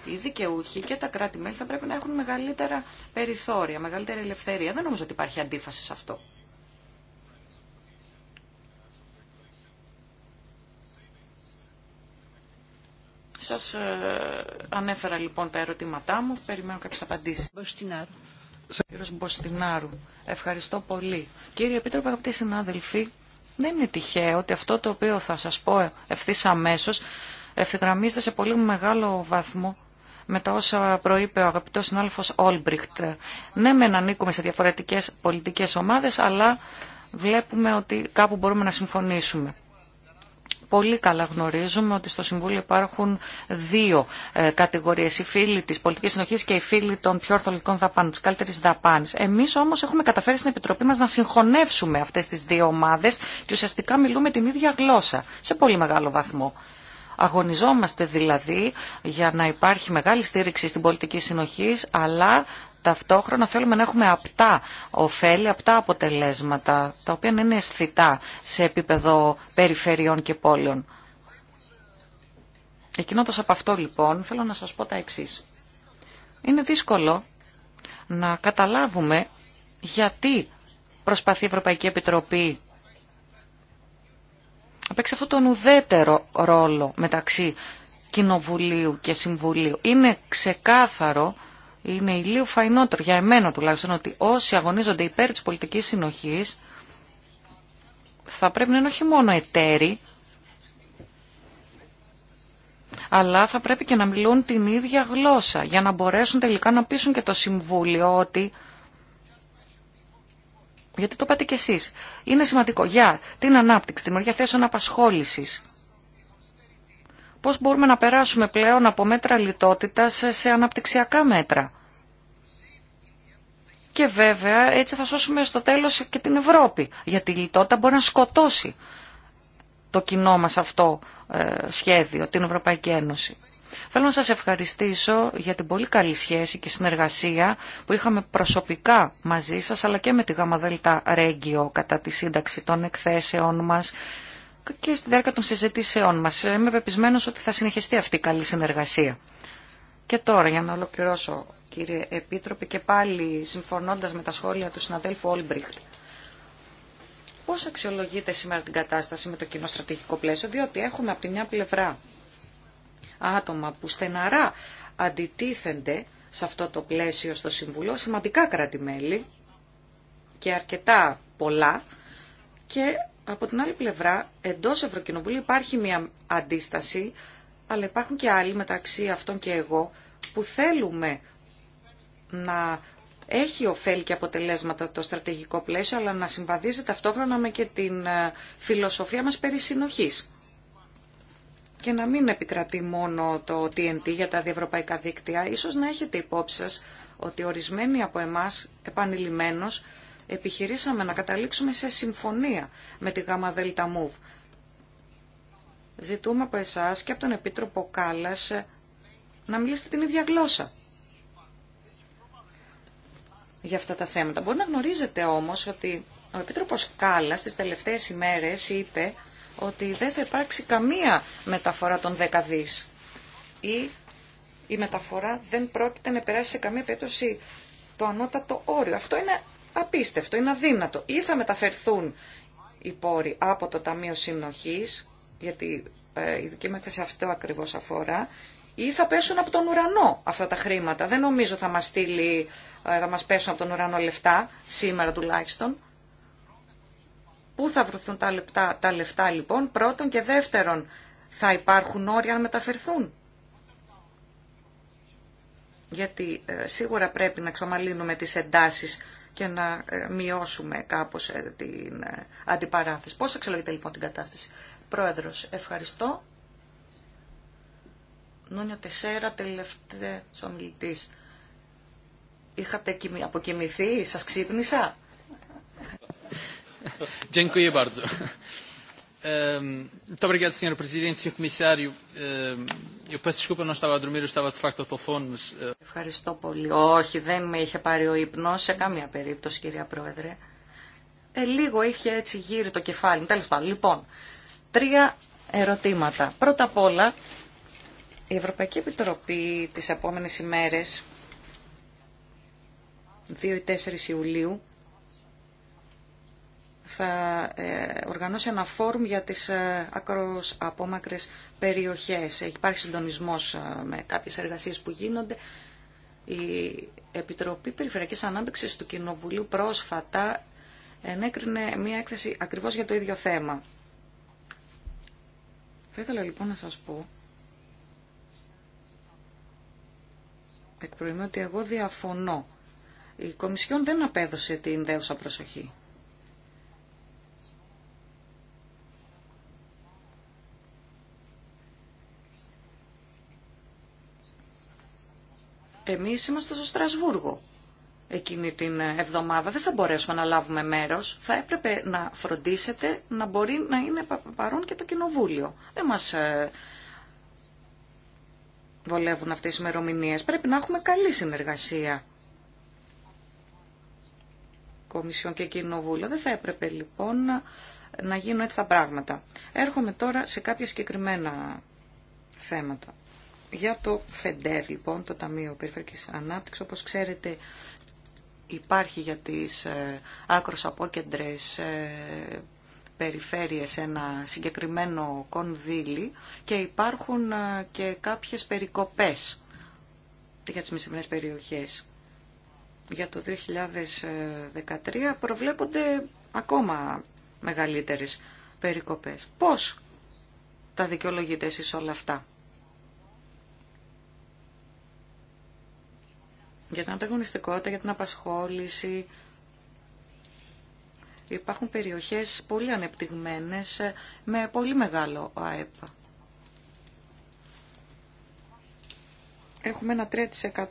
S1: οι δικαιούχοι και τα κράτη-μέλη θα πρέπει να έχουν μεγαλύτερα περιθώρια, μεγαλύτερη ελευθερία. Δεν νομίζω ότι υπάρχει αντίφαση σε αυτό. Σας ε, ανέφερα λοιπόν τα ερωτήματά μου. Περιμένω κάποιες απαντήσεις. Κύριος Μποστινάρου, ευχαριστώ πολύ. Κύριε Επίτροπε, αγαπητοί συνάδελφοι, δεν είναι τυχαίο ότι αυτό το οποίο θα σας πω ευθύ αμέσω ευθυγραμμίζεται σε πολύ μεγάλο βαθμό με τα όσα προείπε ο αγαπητός συνάδελφος Όλμπριχτ. Ναι, μεν ανήκουμε σε διαφορετικές πολιτικές ομάδες, αλλά βλέπουμε ότι κάπου μπορούμε να συμφωνήσουμε πολύ καλά γνωρίζουμε ότι στο Συμβούλιο υπάρχουν δύο ε, κατηγορίε. Οι φίλοι τη πολιτική συνοχή και οι φίλοι των πιο ορθολογικών δαπάνων, τη καλύτερη δαπάνη. Εμεί όμω έχουμε καταφέρει στην Επιτροπή μα να συγχωνεύσουμε αυτέ τι δύο ομάδε και ουσιαστικά μιλούμε την ίδια γλώσσα σε πολύ μεγάλο βαθμό. Αγωνιζόμαστε δηλαδή για να υπάρχει μεγάλη στήριξη στην πολιτική συνοχή, αλλά ταυτόχρονα θέλουμε να έχουμε απτά ωφέλη, απτά αποτελέσματα, τα οποία είναι αισθητά σε επίπεδο περιφερειών και πόλεων. Εκείνο από αυτό λοιπόν, θέλω να σας πω τα εξής. Είναι δύσκολο να καταλάβουμε γιατί προσπαθεί η Ευρωπαϊκή Επιτροπή να παίξει αυτόν τον ουδέτερο ρόλο μεταξύ Κοινοβουλίου και Συμβουλίου. Είναι ξεκάθαρο είναι ηλίου φαϊνότερο για εμένα τουλάχιστον ότι όσοι αγωνίζονται υπέρ της πολιτικής συνοχής θα πρέπει να είναι όχι μόνο εταίροι αλλά θα πρέπει και να μιλούν την ίδια γλώσσα για να μπορέσουν τελικά να πείσουν και το Συμβούλιο ότι γιατί το πάτε κι εσείς. Είναι σημαντικό για την ανάπτυξη, την δημιουργία θέσεων απασχόλησης πώς μπορούμε να περάσουμε πλέον από μέτρα λιτότητας σε αναπτυξιακά μέτρα. Και βέβαια έτσι θα σώσουμε στο τέλος και την Ευρώπη, γιατί η λιτότητα μπορεί να σκοτώσει το κοινό μας αυτό ε, σχέδιο, την Ευρωπαϊκή Ένωση. Θέλω να σας ευχαριστήσω για την πολύ καλή σχέση και συνεργασία που είχαμε προσωπικά μαζί σας αλλά και με τη ΓΔ κατά τη σύνταξη των εκθέσεών μας και στη διάρκεια των συζητήσεών μας. Είμαι πεπισμένος ότι θα συνεχιστεί αυτή η καλή συνεργασία. Και τώρα, για να ολοκληρώσω, κύριε Επίτροπε, και πάλι συμφωνώντας με τα σχόλια του συναδέλφου Όλμπριχτ, πώς αξιολογείται σήμερα την κατάσταση με το κοινό στρατηγικό πλαίσιο, διότι έχουμε από τη μια πλευρά άτομα που στεναρά αντιτίθενται σε αυτό το πλαίσιο στο Συμβουλό, σημαντικα σημαντικά κράτη-μέλη και αρκετά πολλά, και από την άλλη πλευρά, εντό Ευρωκοινοβουλίου υπάρχει μια αντίσταση, αλλά υπάρχουν και άλλοι μεταξύ αυτών και εγώ, που θέλουμε να έχει ωφέλη και αποτελέσματα το στρατηγικό πλαίσιο, αλλά να συμβαδίζει ταυτόχρονα με και την ε, φιλοσοφία μας περί συνοχής. Και να μην επικρατεί μόνο το TNT για τα διευρωπαϊκά δίκτυα. Ίσως να έχετε υπόψη σας ότι ορισμένοι από εμάς επανειλημμένως επιχειρήσαμε να καταλήξουμε σε συμφωνία με τη ΓΑΜΑ ΔΕΛΤΑ ΜΟΥΒ. Ζητούμε από εσάς και από τον Επίτροπο Κάλλας να μιλήσετε την ίδια γλώσσα για αυτά τα θέματα. Μπορεί να γνωρίζετε όμως ότι ο Επίτροπος Κάλλας τις τελευταίες ημέρες είπε ότι δεν θα υπάρξει καμία μεταφορά των 10 η μεταφορά δεν πρόκειται να περάσει σε καμία περίπτωση το ανώτατο όριο. Αυτό είναι απίστευτο, είναι αδύνατο. Ή θα μεταφερθούν οι πόροι από το Ταμείο Συνοχής, γιατί ε, η δική μου έκθεση αυτό ακριβώς αφορά, ή θα πέσουν μου αυτο ακριβως αφορα η θα πεσουν απο τον ουρανό αυτά τα χρήματα. Δεν νομίζω θα μας, ε, θα μας πέσουν από τον ουρανό λεφτά, σήμερα τουλάχιστον. Πού θα βρεθούν τα λεφτά, τα λεφτά λοιπόν, πρώτον και δεύτερον, θα υπάρχουν όρια να μεταφερθούν. Γιατί ε, σίγουρα πρέπει να εξομαλύνουμε τις εντάσεις και να ε, μειώσουμε κάπως ε, την ε, αντιπαράθεση. Πώς εξελογείται λοιπόν την κατάσταση. Πρόεδρος, ευχαριστώ. Νούνιο Τεσέρα, τελευταίος ομιλητής. Είχατε αποκοιμηθεί, σας ξύπνησα. Ευχαριστώ πολύ. Όχι, δεν με είχε πάρει ο ύπνο σε καμία περίπτωση, κυρία Πρόεδρε. Ε, λίγο είχε έτσι γύρει το κεφάλι. Τέλο πάντων, λοιπόν, τρία ερωτήματα. Πρώτα απ' όλα, η Ευρωπαϊκή Επιτροπή τις επόμενες ημέρες, 2 ή 4 Ιουλίου, θα ε, οργανώσει ένα φόρουμ για τις ε, ακρος απόμακρες περιοχές. Ε, υπάρχει συντονισμός με κάποιες εργασίες που γίνονται. Η Επιτροπή Περιφερειακής Ανάπτυξης του Κοινοβουλίου πρόσφατα ενέκρινε μία έκθεση ακριβώς για το ίδιο θέμα. Θα ήθελα λοιπόν να σας πω εκ ότι εγώ διαφωνώ. Η Κομισιόν δεν απέδωσε την δέουσα προσοχή Εμείς είμαστε στο Στρασβούργο εκείνη την εβδομάδα. Δεν θα μπορέσουμε να λάβουμε μέρος. Θα έπρεπε να φροντίσετε να μπορεί να είναι παρόν και το Κοινοβούλιο. Δεν μας ε, βολεύουν αυτές οι ημερομηνίε. Πρέπει να έχουμε καλή συνεργασία. Κομισιόν και Κοινοβούλιο. Δεν θα έπρεπε λοιπόν να γίνουν έτσι τα πράγματα. Έρχομαι τώρα σε κάποια συγκεκριμένα θέματα. Για το ΦΕΝΤΕΡ, λοιπόν, το Ταμείο Περιφερειακής Ανάπτυξης, όπως ξέρετε, υπάρχει για τις ε, άκρος απόκεντρες ε, περιφέρειες ένα συγκεκριμένο κονδύλι και υπάρχουν ε, και κάποιες περικοπές για τις μεσημερινές περιοχές. Για το 2013 προβλέπονται ακόμα μεγαλύτερες περικοπές. Πώς τα δικαιολογείτε εσείς όλα αυτά. για την ανταγωνιστικότητα, για την απασχόληση. Υπάρχουν περιοχές πολύ ανεπτυγμένες ε, με πολύ μεγάλο ΑΕΠ. Έχουμε ένα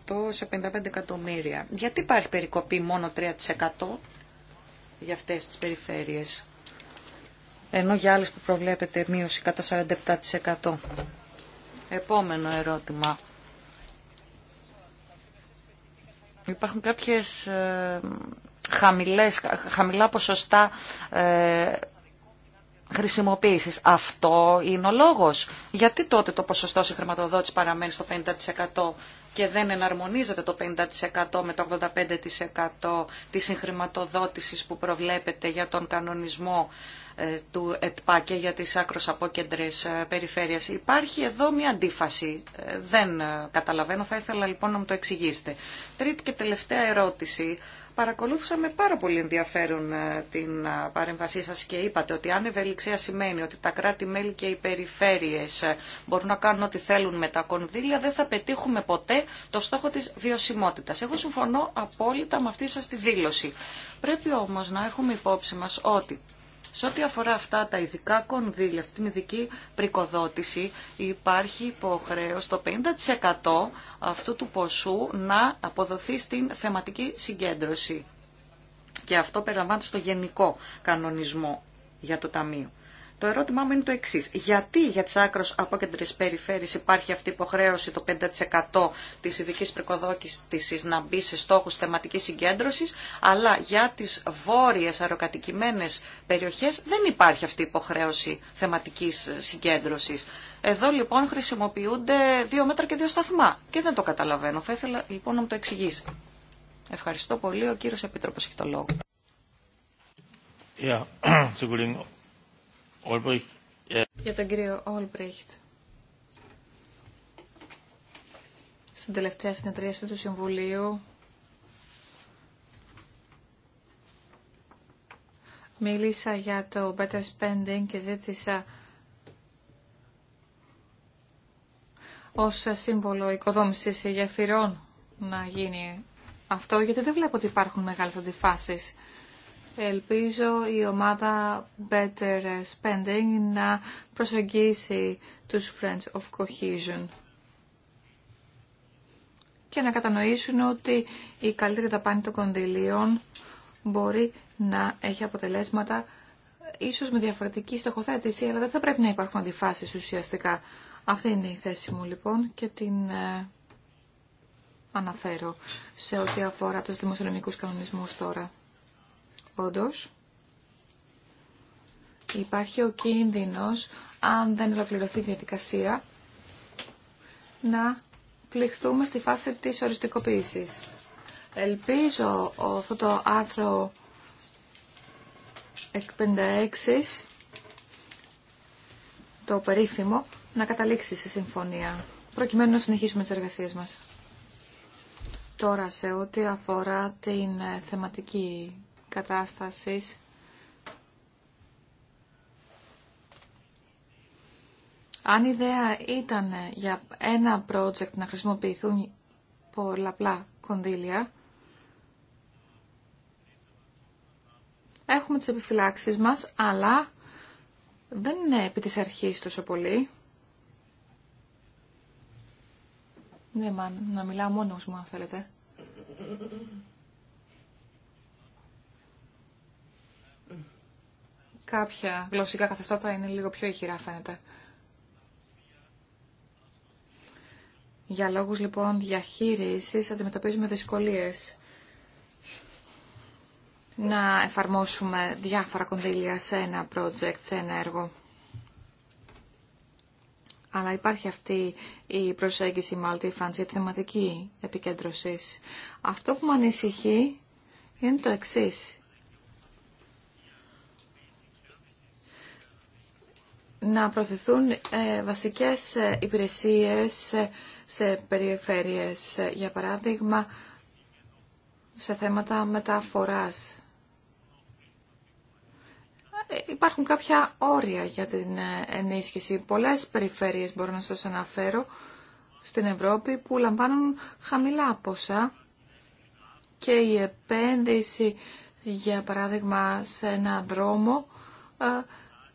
S1: 3% σε 55 εκατομμύρια. Γιατί υπάρχει περικοπή μόνο 3% για αυτές τις περιφέρειες, ενώ για άλλες που προβλέπεται μείωση κατά 47%. Επόμενο ερώτημα. Υπάρχουν κάποιες ε, χαμηλές, χαμηλά ποσοστά ε, χρησιμοποίησης. Αυτό είναι ο λόγος. Γιατί τότε το ποσοστό χρηματοδότηση παραμένει στο 50% και δεν εναρμονίζεται το 50% με το 85% της συγχρηματοδότησης που προβλέπεται για τον κανονισμό ε, του ΕΤΠΑ και για τις άκρως απόκεντρες ε, περιφέρειας. Υπάρχει εδώ μια αντίφαση. Ε, δεν καταλαβαίνω, θα ήθελα λοιπόν να μου το εξηγήσετε. Τρίτη και τελευταία ερώτηση. Παρακολούθησα με πάρα πολύ ενδιαφέρον την παρέμβασή σας και είπατε ότι αν ευελιξία σημαίνει ότι τα κράτη-μέλη και οι περιφέρειες μπορούν να κάνουν ό,τι θέλουν με τα κονδύλια, δεν θα πετύχουμε ποτέ το στόχο της βιωσιμότητας. Εγώ συμφωνώ απόλυτα με αυτή σας τη δήλωση. Πρέπει όμως να έχουμε υπόψη μας ότι σε ό,τι αφορά αυτά τα ειδικά κονδύλια, αυτή την ειδική πρικοδότηση, υπάρχει υποχρέωση το 50% αυτού του ποσού να αποδοθεί στην θεματική συγκέντρωση. Και αυτό περιλαμβάνεται στο γενικό κανονισμό για το Ταμείο. Το ερώτημά μου είναι το εξή. Γιατί για τι άκρω απόκεντρε περιφέρειε υπάρχει αυτή η υποχρέωση το 5% τη ειδική προκοδόκηση να μπει σε στόχου θεματική συγκέντρωση, αλλά για τι βόρειε αεροκατοικημένε περιοχέ δεν υπάρχει αυτή η υποχρέωση θεματική συγκέντρωση. Εδώ λοιπόν χρησιμοποιούνται δύο μέτρα και δύο σταθμά και δεν το καταλαβαίνω. Θα ήθελα λοιπόν να μου το εξηγήσει. Ευχαριστώ πολύ. Ο κύριο Επίτροπο έχει το λόγο.
S2: Ε, για τον κύριο Όλμπριχτ. Στην τελευταία συνεδρίαση του Συμβουλίου μίλησα για το better spending και ζήτησα ως σύμβολο οικοδόμησης γεφυρών να γίνει αυτό, γιατί δεν βλέπω ότι υπάρχουν μεγάλες αντιφάσεις Ελπίζω η ομάδα Better Spending να προσεγγίσει τους Friends of Cohesion και να κατανοήσουν ότι η καλύτερη δαπάνη των κονδυλίων μπορεί να έχει αποτελέσματα ίσως με διαφορετική στοχοθέτηση, αλλά δεν θα πρέπει να υπάρχουν αντιφάσεις ουσιαστικά. Αυτή είναι η θέση μου λοιπόν και την ε, αναφέρω σε ό,τι αφορά τους δημοσιονομικούς κανονισμούς τώρα. Όντως, υπάρχει ο κίνδυνος, αν δεν ολοκληρωθεί η διαδικασία, να πληχθούμε στη φάση της οριστικοποίησης. Ελπίζω αυτό το άρθρο 56, το περίφημο, να καταλήξει σε συμφωνία, προκειμένου να συνεχίσουμε τις εργασίες μας. Τώρα, σε ό,τι αφορά την θεματική κατάστασης Αν η ιδέα ήταν για ένα project να χρησιμοποιηθούν πολλαπλά κονδύλια, έχουμε τις επιφυλάξεις μας, αλλά δεν είναι επί της αρχής τόσο πολύ. Ναι, μα να μιλάω μόνος μου αν θέλετε. κάποια γλωσσικά καθεστώτα είναι λίγο πιο ηχηρά φαίνεται. Για λόγους λοιπόν διαχείρισης αντιμετωπίζουμε δυσκολίες να εφαρμόσουμε διάφορα κονδύλια σε ένα project, σε ένα έργο. Αλλά υπάρχει αυτή η προσέγγιση multi-funds, η θεματική επικέντρωση. Αυτό που με ανησυχεί είναι το εξής. να προωθηθούν ε, βασικές ε, υπηρεσίες ε, σε περιφέρειες, για παράδειγμα σε θέματα μεταφοράς. Υπάρχουν κάποια όρια για την ενίσχυση. Πολλές περιφέρειες μπορώ να σας αναφέρω στην Ευρώπη που λαμβάνουν χαμηλά ποσά και η επένδυση για παράδειγμα σε ένα δρόμο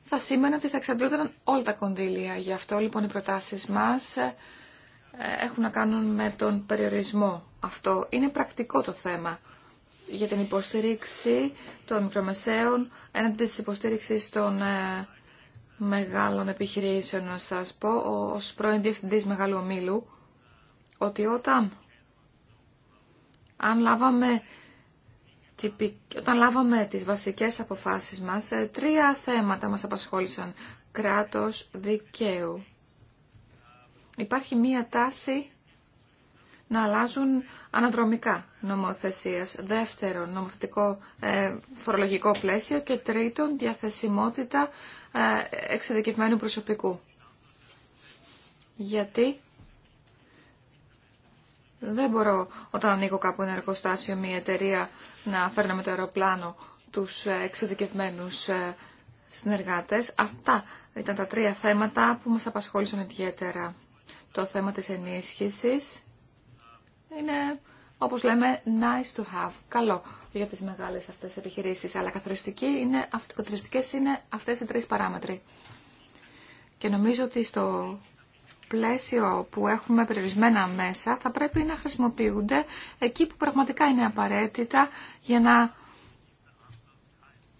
S2: θα σήμαινε ότι θα εξαντλούνταν όλα τα κονδύλια. Γι' αυτό λοιπόν οι προτάσεις μας ε, έχουν να κάνουν με τον περιορισμό. Αυτό είναι πρακτικό το θέμα για την υποστήριξη των μικρομεσαίων έναντι της υποστήριξης των ε, μεγάλων επιχειρήσεων. Να σας πω ως πρώην διευθυντής Μεγάλου Ομίλου ότι όταν αν λάβαμε όταν λάβαμε τις βασικές αποφάσεις μας, ε, τρία θέματα μας απασχόλησαν. Κράτος δικαίου. Υπάρχει μία τάση να αλλάζουν αναδρομικά νομοθεσίας. Δεύτερον, νομοθετικό ε, φορολογικό πλαίσιο. Και τρίτον, διαθεσιμότητα ε, εξειδικευμένου προσωπικού. Γιατί δεν μπορώ όταν ανοίγω κάπου ένα εργοστάσιο, μια ταση να αλλαζουν αναδρομικα νομοθεσιας δευτερον νομοθετικο φορολογικο πλαισιο και τριτον διαθεσιμοτητα ε προσωπικου γιατι δεν μπορω οταν ανοιγω καπου ενα εργοστασιο μια εταιρεια να φέρναμε το αεροπλάνο τους εξειδικευμένους ε, συνεργάτες. Αυτά ήταν τα τρία θέματα που μας απασχόλησαν ιδιαίτερα. Το θέμα της ενίσχυσης είναι, όπως λέμε, nice to have, καλό για τις μεγάλες αυτές επιχειρήσεις, αλλά καθοριστική είναι, καθοριστικές είναι αυτές οι τρεις παράμετροι. Και νομίζω ότι στο πλαίσιο που έχουμε περιορισμένα μέσα θα πρέπει να χρησιμοποιούνται εκεί που πραγματικά είναι απαραίτητα για να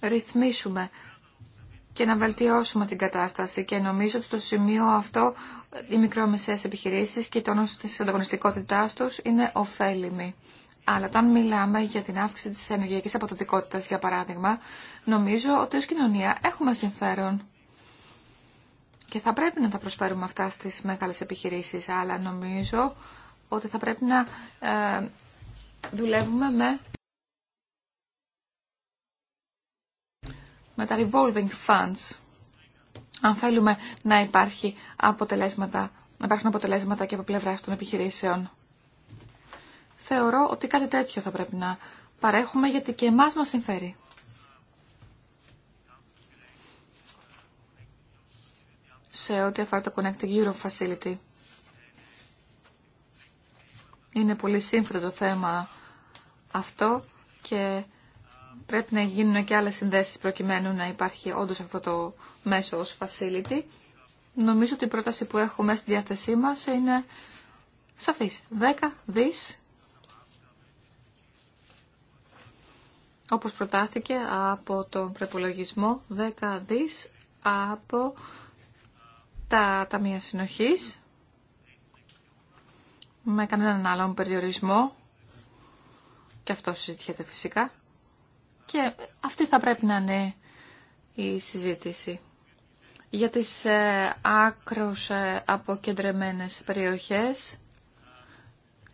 S2: ρυθμίσουμε και να βελτιώσουμε την κατάσταση. Και νομίζω ότι στο σημείο αυτό οι μικρομεσαίες επιχειρήσεις και η τόνωση της ανταγωνιστικότητάς τους είναι ωφέλιμη. Αλλά όταν μιλάμε για την αύξηση της ενεργειακής αποδοτικότητας, για παράδειγμα, νομίζω ότι ως κοινωνία έχουμε συμφέρον και θα πρέπει να τα προσφέρουμε αυτά στις μεγάλες επιχειρήσεις, αλλά νομίζω ότι θα πρέπει να ε, δουλεύουμε με, με τα revolving funds. Αν θέλουμε να, υπάρχει αποτελέσματα, να υπάρχουν αποτελέσματα και από πλευρά των επιχειρήσεων. Θεωρώ ότι κάτι τέτοιο θα πρέπει να παρέχουμε γιατί και εμάς μας συμφέρει. σε ό,τι αφορά το Connecting Europe Facility. Είναι πολύ σύνθετο το θέμα αυτό και πρέπει να γίνουν και άλλες συνδέσεις προκειμένου να υπάρχει όντως αυτό το μέσο ως facility. Νομίζω ότι η πρόταση που έχουμε στη διάθεσή μας είναι σαφής. 10 δις, όπως προτάθηκε από τον προπολογισμό, 10 δις από τα ταμεία συνοχής με κανέναν άλλον περιορισμό και αυτό συζητιέται φυσικά και αυτή θα πρέπει να είναι η συζήτηση για τις ε, ε, αποκεντρεμένες περιοχές.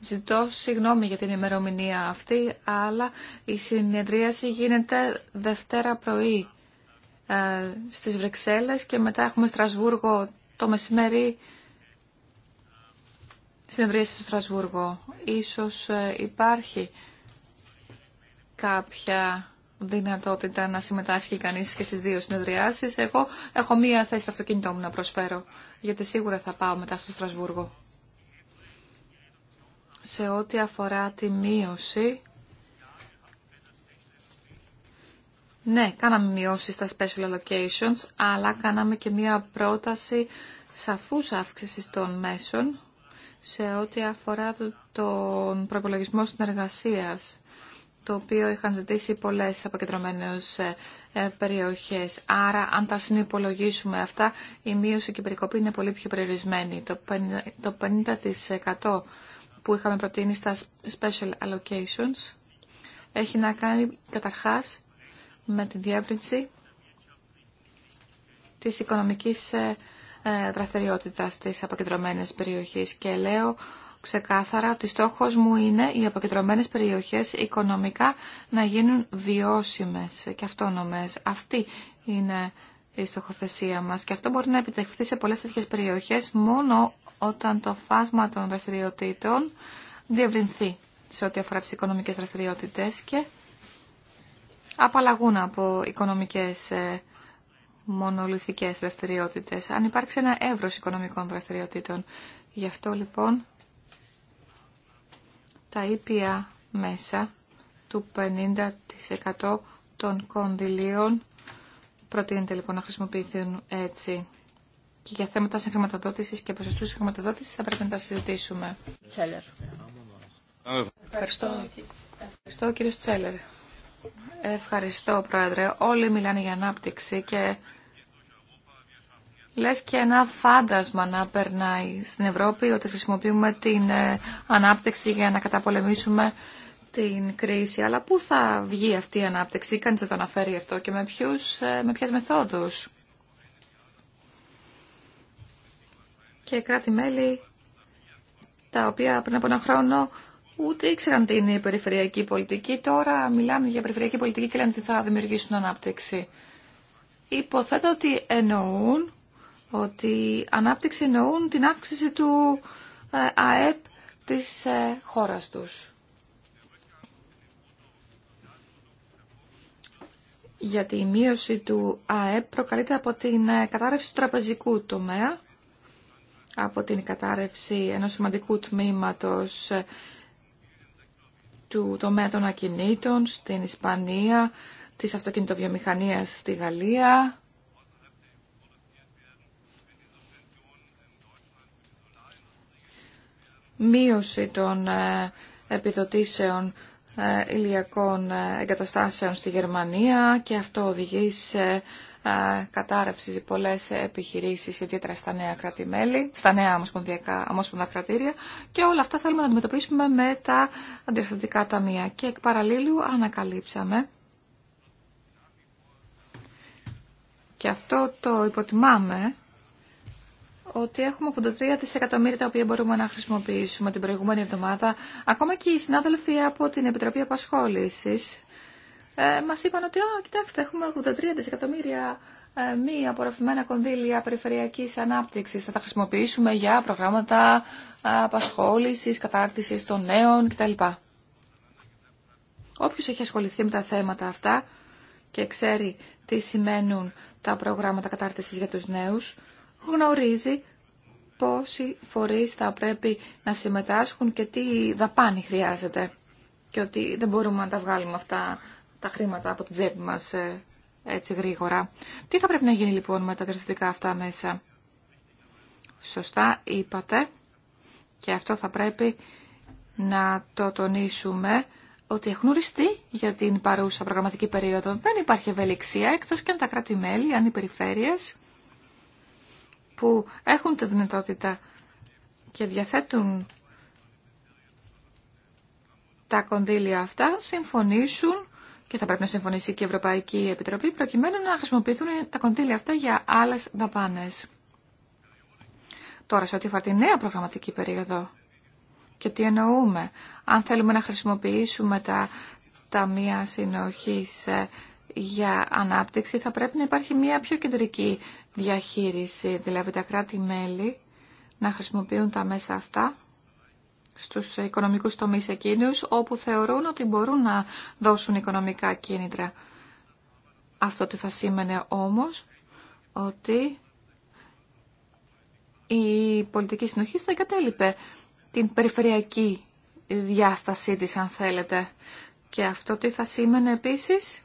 S2: Ζητώ συγγνώμη για την ημερομηνία αυτή, αλλά η συνεδρίαση γίνεται Δευτέρα πρωί ε, στις Βρυξέλλες και μετά έχουμε Στρασβούργο το μεσημέρι συνεδρίαση στο Στρασβούργο. Ίσως ε, υπάρχει κάποια δυνατότητα να συμμετάσχει κανείς και στις δύο συνεδριάσεις. Εγώ έχω μία θέση στο αυτοκίνητό μου να προσφέρω, γιατί σίγουρα θα πάω μετά στο Στρασβούργο. Σε ό,τι αφορά τη μείωση Ναι, κάναμε μειώσει στα special allocations, αλλά κάναμε και μία πρόταση σαφούς αύξηση των μέσων σε ό,τι αφορά τον προπολογισμό συνεργασία, το οποίο είχαν ζητήσει πολλέ αποκεντρωμένε ε, ε, περιοχές. Άρα, αν τα συνυπολογίσουμε αυτά, η μείωση και η περικοπή είναι πολύ πιο περιορισμένη. Το 50% που είχαμε προτείνει στα special allocations έχει να κάνει καταρχάς με τη διεύρυνση της οικονομικής ε, ε, δραστηριότητας της αποκεντρωμένης περιοχής και λέω ξεκάθαρα ότι στόχος μου είναι οι αποκεντρωμένες περιοχές οικονομικά να γίνουν βιώσιμες και αυτόνομες. Αυτή είναι η στοχοθεσία μας και αυτό μπορεί να επιτευχθεί σε πολλές τέτοιες περιοχές μόνο όταν το φάσμα των δραστηριοτήτων διευρυνθεί σε ό,τι αφορά τις οικονομικές δραστηριότητες και απαλλαγούν από οικονομικές ε, μονολυθικές δραστηριότητες, αν υπάρξει ένα εύρος οικονομικών δραστηριοτήτων. Γι' αυτό λοιπόν τα ήπια μέσα του 50% των κονδυλίων προτείνεται λοιπόν να χρησιμοποιηθούν έτσι. Και για θέματα συγχρηματοδότησης και ποσοστούς συγχρηματοδότησης θα πρέπει να τα συζητήσουμε. Ευχαριστώ. Ευχαριστώ κύριο Τσέλερ. Ευχαριστώ, Πρόεδρε. Όλοι μιλάνε για ανάπτυξη και λες και ένα φάντασμα να περνάει στην Ευρώπη ότι χρησιμοποιούμε την ε, ανάπτυξη για να καταπολεμήσουμε την κρίση. Αλλά πού θα βγει αυτή η ανάπτυξη, κανείς δεν το αναφέρει αυτό και με, ποιους, ε, με ποιες μεθόδους. Και κράτη-μέλη τα οποία πριν από ένα χρόνο ούτε ήξεραν τι είναι η περιφερειακή πολιτική. Τώρα μιλάνε για περιφερειακή πολιτική και λένε ότι θα δημιουργήσουν ανάπτυξη. Υποθέτω ότι εννοούν ότι ανάπτυξη εννοούν την αύξηση του ε, ΑΕΠ της ε, χώρας τους. Γιατί η μείωση του ΑΕΠ προκαλείται από την ε, κατάρρευση του τραπεζικού τομέα, από την κατάρρευση ενός σημαντικού τμήματος του τομέα των ακινήτων στην Ισπανία, της αυτοκινητοβιομηχανίας στη Γαλλία. Μείωση των ε, επιδοτήσεων ε, ηλιακών ε, εγκαταστάσεων στη Γερμανία και αυτό οδηγεί σε κατάρρευση πολλέ πολλές επιχειρήσεις, ιδιαίτερα στα νέα στα νέα ομοσπονδιακά κρατήρια και όλα αυτά θέλουμε να αντιμετωπίσουμε με τα αντιστατικά ταμεία. Και εκ παραλίλου ανακαλύψαμε και αυτό το υποτιμάμε ότι έχουμε 83 δισεκατομμύρια τα οποία μπορούμε να χρησιμοποιήσουμε την προηγούμενη εβδομάδα. Ακόμα και οι συνάδελφοι από την Επιτροπή Απασχόλησης ε, μας είπαν ότι, κοιτάξτε, έχουμε 83 δισεκατομμύρια ε, μη απορροφημένα κονδύλια περιφερειακής ανάπτυξης. Θα τα χρησιμοποιήσουμε για προγράμματα ε, απασχόλησης, κατάρτισης των νέων κτλ. Όποιος έχει ασχοληθεί με τα θέματα αυτά και ξέρει τι σημαίνουν τα προγράμματα κατάρτισης για τους νέους, γνωρίζει πόσοι φορείς θα πρέπει να συμμετάσχουν και τι δαπάνη χρειάζεται. Και ότι δεν μπορούμε να τα βγάλουμε αυτά τα χρήματα από την τσέπη μας ε, έτσι γρήγορα. Τι θα πρέπει να γίνει λοιπόν με τα αυτά μέσα. Σωστά είπατε και αυτό θα πρέπει να το τονίσουμε ότι έχουν οριστεί για την παρούσα προγραμματική περίοδο. Δεν υπάρχει ευελιξία εκτός και αν τα κράτη-μέλη, αν οι περιφέρειες που έχουν τη δυνατότητα και διαθέτουν τα κονδύλια αυτά συμφωνήσουν και θα πρέπει να συμφωνήσει και η Ευρωπαϊκή Επιτροπή προκειμένου να χρησιμοποιηθούν τα κονδύλια αυτά για άλλες δαπάνες. Τώρα σε ό,τι αφορά τη νέα προγραμματική περίοδο και τι εννοούμε, αν θέλουμε να χρησιμοποιήσουμε τα ταμεία συνοχή ε, για ανάπτυξη θα πρέπει να υπάρχει μια πιο κεντρική διαχείριση, δηλαδή τα κράτη-μέλη να χρησιμοποιούν τα μέσα αυτά στους οικονομικούς τομείς εκείνους όπου θεωρούν ότι μπορούν να δώσουν οικονομικά κίνητρα. Αυτό τι θα σήμαινε όμως ότι η πολιτική συνοχή θα εγκατέλειπε την περιφερειακή διάστασή της αν θέλετε. Και αυτό τι θα σήμαινε επίσης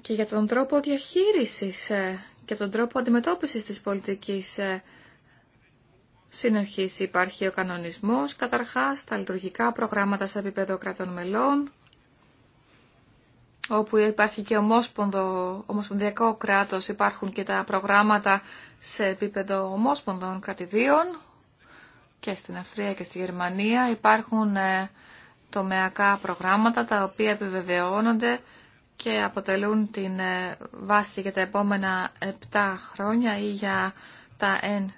S2: και για τον τρόπο διαχείρισης ε, και τον τρόπο αντιμετώπισης της πολιτικής ε, συνοχής υπάρχει ο κανονισμός, καταρχάς τα λειτουργικά προγράμματα σε επίπεδο κρατών μελών, όπου υπάρχει και ομόσπονδο, ομοσπονδιακό κράτος, υπάρχουν και τα προγράμματα σε επίπεδο ομόσπονδων κρατηδίων και στην Αυστρία και στη Γερμανία υπάρχουν ε, τομεακά προγράμματα τα οποία επιβεβαιώνονται και αποτελούν την ε, βάση για τα επόμενα 7 χρόνια ή για τα εν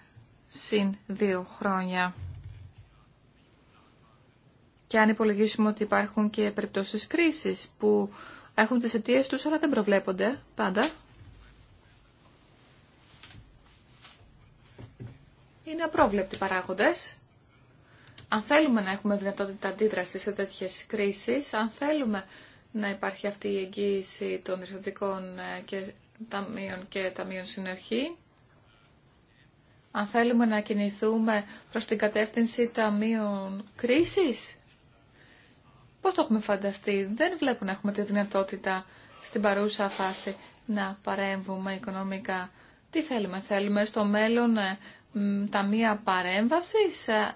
S2: συν δύο χρόνια. Και αν υπολογίσουμε ότι υπάρχουν και περιπτώσεις κρίσης που έχουν τις αιτίες τους αλλά δεν προβλέπονται πάντα. Είναι απρόβλεπτοι παράγοντες. Αν θέλουμε να έχουμε δυνατότητα αντίδραση σε τέτοιες κρίσεις, αν θέλουμε να υπάρχει αυτή η εγγύηση των ρηστατικών ε, και ταμείων και ταμείων συνοχή, αν θέλουμε να κινηθούμε προς την κατεύθυνση ταμείων κρίσης. Πώς το έχουμε φανταστεί, δεν βλέπουν να έχουμε τη δυνατότητα στην παρούσα φάση να παρέμβουμε οικονομικά. Τι θέλουμε, θέλουμε στο μέλλον ε, ταμεία παρέμβασης ε,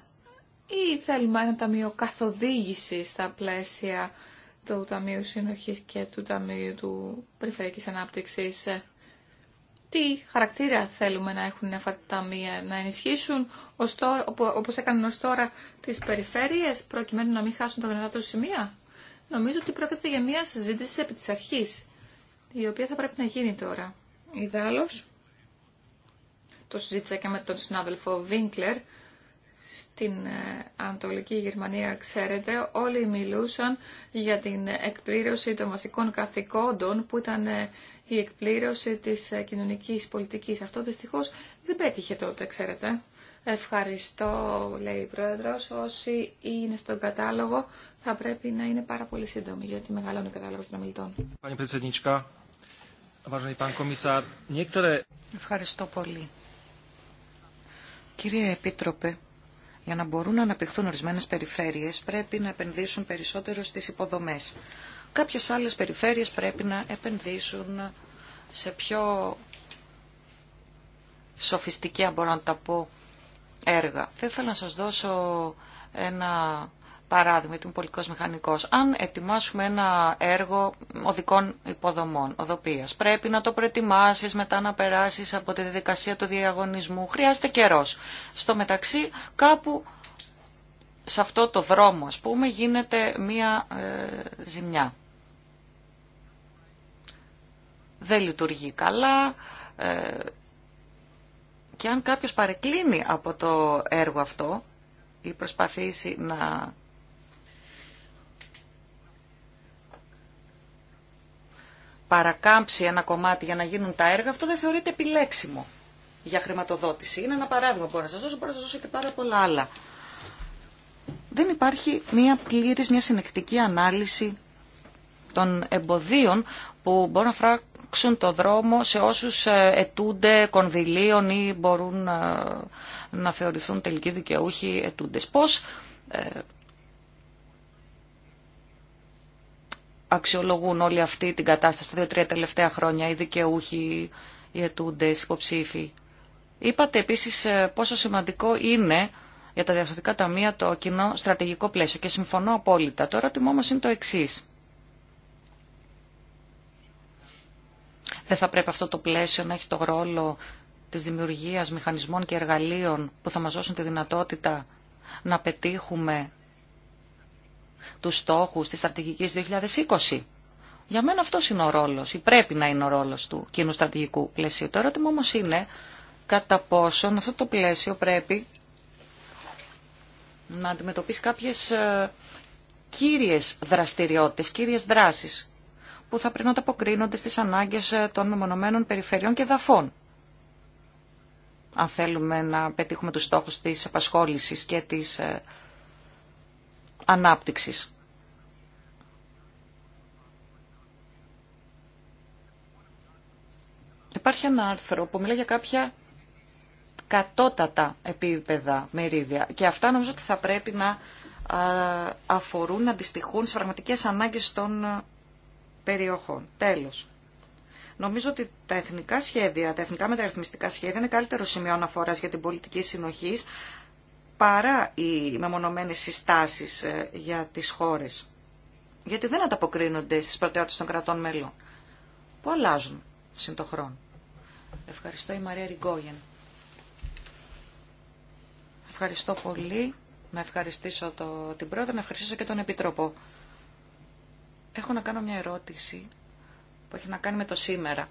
S2: ή θέλουμε ένα ταμείο καθοδήγηση στα πλαίσια του Ταμείου Συνοχής και του Ταμείου του Περιφερειακής Ανάπτυξης. Ε, τι χαρακτήρα θέλουμε να έχουν αυτά τα ταμεία, να ενισχύσουν όπω όπως έκαναν ως τώρα τις περιφέρειες προκειμένου να μην χάσουν τα δυνατά του σημεία. Νομίζω ότι πρόκειται για μια συζήτηση επί της αρχής, η οποία θα πρέπει να γίνει τώρα. Ιδάλλως, το συζήτησα και με τον συνάδελφο Βίνκλερ, στην ε, Ανατολική Γερμανία, ξέρετε, όλοι μιλούσαν για την εκπλήρωση των βασικών καθηκόντων που ήταν ε, η εκπλήρωση της ε, κοινωνικής πολιτικής. Αυτό δυστυχώς δεν πέτυχε τότε, ξέρετε. Ευχαριστώ, λέει η Πρόεδρος. Όσοι είναι στον κατάλογο θα πρέπει να είναι πάρα πολύ σύντομοι, γιατί μεγαλώνει ο κατάλογος των ομιλητών.
S1: Ευχαριστώ πολύ. Κύριε Επίτροπε, για να μπορούν να αναπτυχθούν ορισμένες περιφέρειες πρέπει να επενδύσουν περισσότερο στις υποδομές. Κάποιες άλλες περιφέρειες πρέπει να επενδύσουν σε πιο σοφιστική, αν μπορώ να τα πω, έργα. Δεν θέλω να σας δώσω ένα Παράδειγμα, είμαι πολικός μηχανικός. Αν ετοιμάσουμε ένα έργο οδικών υποδομών, οδοπία, πρέπει να το προετοιμάσεις, μετά να περάσει από τη διαδικασία του διαγωνισμού. Χρειάζεται καιρός. Στο μεταξύ, κάπου σε αυτό το δρόμο, ας πούμε, γίνεται μία ε, ζημιά. Δεν λειτουργεί καλά ε, και αν κάποιος παρεκκλίνει από το έργο αυτό ή προσπαθήσει να παρακάμψει ένα κομμάτι για να γίνουν τα έργα, αυτό δεν θεωρείται επιλέξιμο για χρηματοδότηση. Είναι ένα παράδειγμα που μπορώ να σας δώσω, μπορώ να σα δώσω και πάρα πολλά άλλα. Δεν υπάρχει μια πλήρης, μια συνεκτική ανάλυση των εμποδίων που μπορούν να φράξουν το δρόμο σε όσους ε, ετούνται κονδυλίων ή μπορούν ε, να, θεωρηθούν τελικοί δικαιούχοι ετούντε. Πώς ε, αξιολογούν όλη αυτή την κατάσταση τα δύο-τρία τελευταία χρόνια, οι δικαιούχοι, οι ετούντε, οι υποψήφοι. Είπατε επίσης ε, πόσο σημαντικό είναι για τα διαφορετικά ταμεία το κοινό στρατηγικό πλαίσιο και συμφωνώ απόλυτα. Το ερώτημα όμω είναι το εξή. Δεν θα πρέπει αυτό το πλαίσιο να έχει το ρόλο της δημιουργίας μηχανισμών και εργαλείων που θα μας δώσουν τη δυνατότητα να πετύχουμε τους στόχους της στρατηγικής 2020. Για μένα αυτό είναι ο ρόλος ή πρέπει να είναι ο ρόλος του κοινού στρατηγικού πλαισίου. Το ερώτημα όμως είναι κατά πόσον αυτό το πλαίσιο πρέπει να αντιμετωπίσει κάποιες ε, κύριες δραστηριότητες, κύριες δράσεις που θα πρέπει να αποκρίνονται στις ανάγκες ε, των μεμονωμένων περιφερειών και δαφών. Αν θέλουμε να πετύχουμε τους στόχους της απασχόλησης και της ε, ανάπτυξης. Υπάρχει ένα άρθρο που μιλάει για κάποια κατώτατα επίπεδα μερίδια και αυτά νομίζω ότι θα πρέπει να αφορούν, να αντιστοιχούν στις πραγματικές ανάγκες των περιοχών. Τέλος. Νομίζω ότι τα εθνικά σχέδια, τα εθνικά μεταρρυθμιστικά σχέδια είναι καλύτερο σημείο αναφοράς για την πολιτική συνοχής παρά οι μεμονωμένες συστάσεις ε, για τις χώρες. Γιατί δεν ανταποκρίνονται στις προτεραιότητες των κρατών μελών, που αλλάζουν συν το χρόνο. Ευχαριστώ η Μαρία Ριγκόγεν. Ευχαριστώ πολύ. Να ευχαριστήσω το, την πρόεδρο, να ευχαριστήσω και τον Επιτρόπο. Έχω να κάνω μια ερώτηση που έχει να κάνει με το σήμερα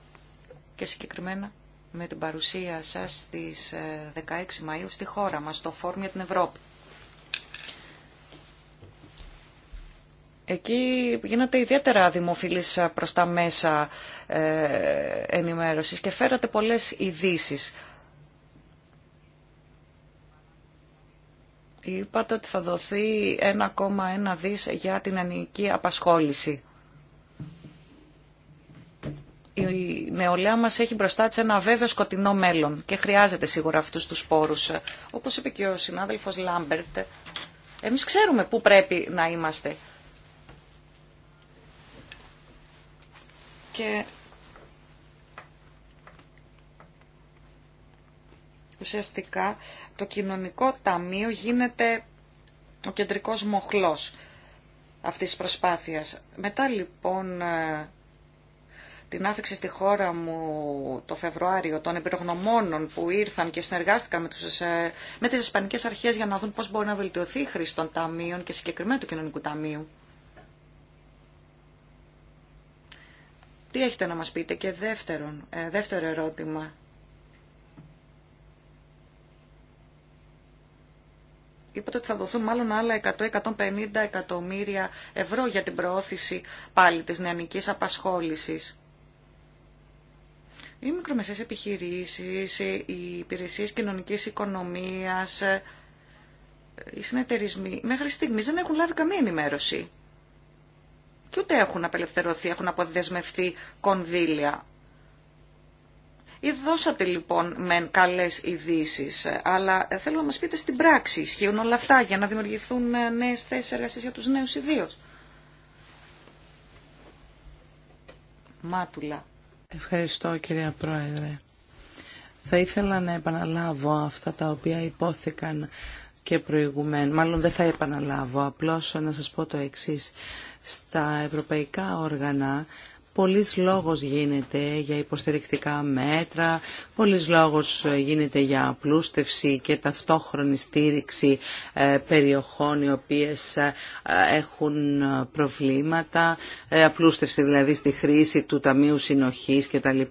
S1: και συγκεκριμένα με την παρουσία σας στις 16 ε, Μαΐου στη χώρα μας, στο Φόρμ για την Ευρώπη. Εκεί γίνατε ιδιαίτερα δημοφιλής ε, προς τα μέσα ε, ενημέρωσης και φέρατε πολλές ειδήσει. Είπατε ότι θα δοθεί 1,1 δις για την ανηλική απασχόληση η νεολαία μας έχει μπροστά της ένα βέβαιο σκοτεινό μέλλον και χρειάζεται σίγουρα αυτούς τους σπόρους. Όπως είπε και ο συνάδελφος Λάμπερτ, εμείς ξέρουμε πού πρέπει να είμαστε. Και ουσιαστικά το κοινωνικό ταμείο γίνεται ο κεντρικός μοχλός αυτής της προσπάθειας. Μετά λοιπόν ε, την άφηξε στη χώρα μου το Φεβρουάριο των εμπειρογνωμόνων που ήρθαν και συνεργάστηκαν με, τους, ε, με τις Ισπανικές Αρχές για να δουν πώς μπορεί να βελτιωθεί η χρήση των ταμείων και συγκεκριμένα του Κοινωνικού Ταμείου. Τι έχετε να μας πείτε και δεύτερον, ε, δεύτερο ερώτημα. Είπατε ότι θα δοθούν μάλλον άλλα 100-150 εκατομμύρια ευρώ για την προώθηση πάλι της νεανικής απασχόλησης. Οι μικρομεσαίες επιχειρήσεις, οι υπηρεσίες κοινωνικής οικονομίας, οι συνεταιρισμοί μέχρι στιγμή δεν έχουν λάβει καμία ενημέρωση. Και ούτε έχουν απελευθερωθεί, έχουν αποδεσμευθεί κονδύλια. Ή δώσατε λοιπόν με καλές ειδήσει, αλλά ε, θέλω να μας πείτε στην πράξη ισχύουν όλα αυτά για να δημιουργηθούν ε, νέες θέσεις εργασίας για τους νέους ιδίω. Μάτουλα.
S3: Ευχαριστώ κυρία Πρόεδρε. Θα ήθελα να επαναλάβω αυτά τα οποία υπόθηκαν και προηγουμένω. Μάλλον δεν θα επαναλάβω, απλώς να σας πω το εξής. Στα ευρωπαϊκά όργανα Πολλής λόγος γίνεται για υποστηρικτικά μέτρα, πολλής λόγος γίνεται για απλούστευση και ταυτόχρονη στήριξη ε, περιοχών οι οποίες ε, έχουν ε, προβλήματα, απλούστευση δηλαδή στη χρήση του Ταμείου Συνοχής κτλ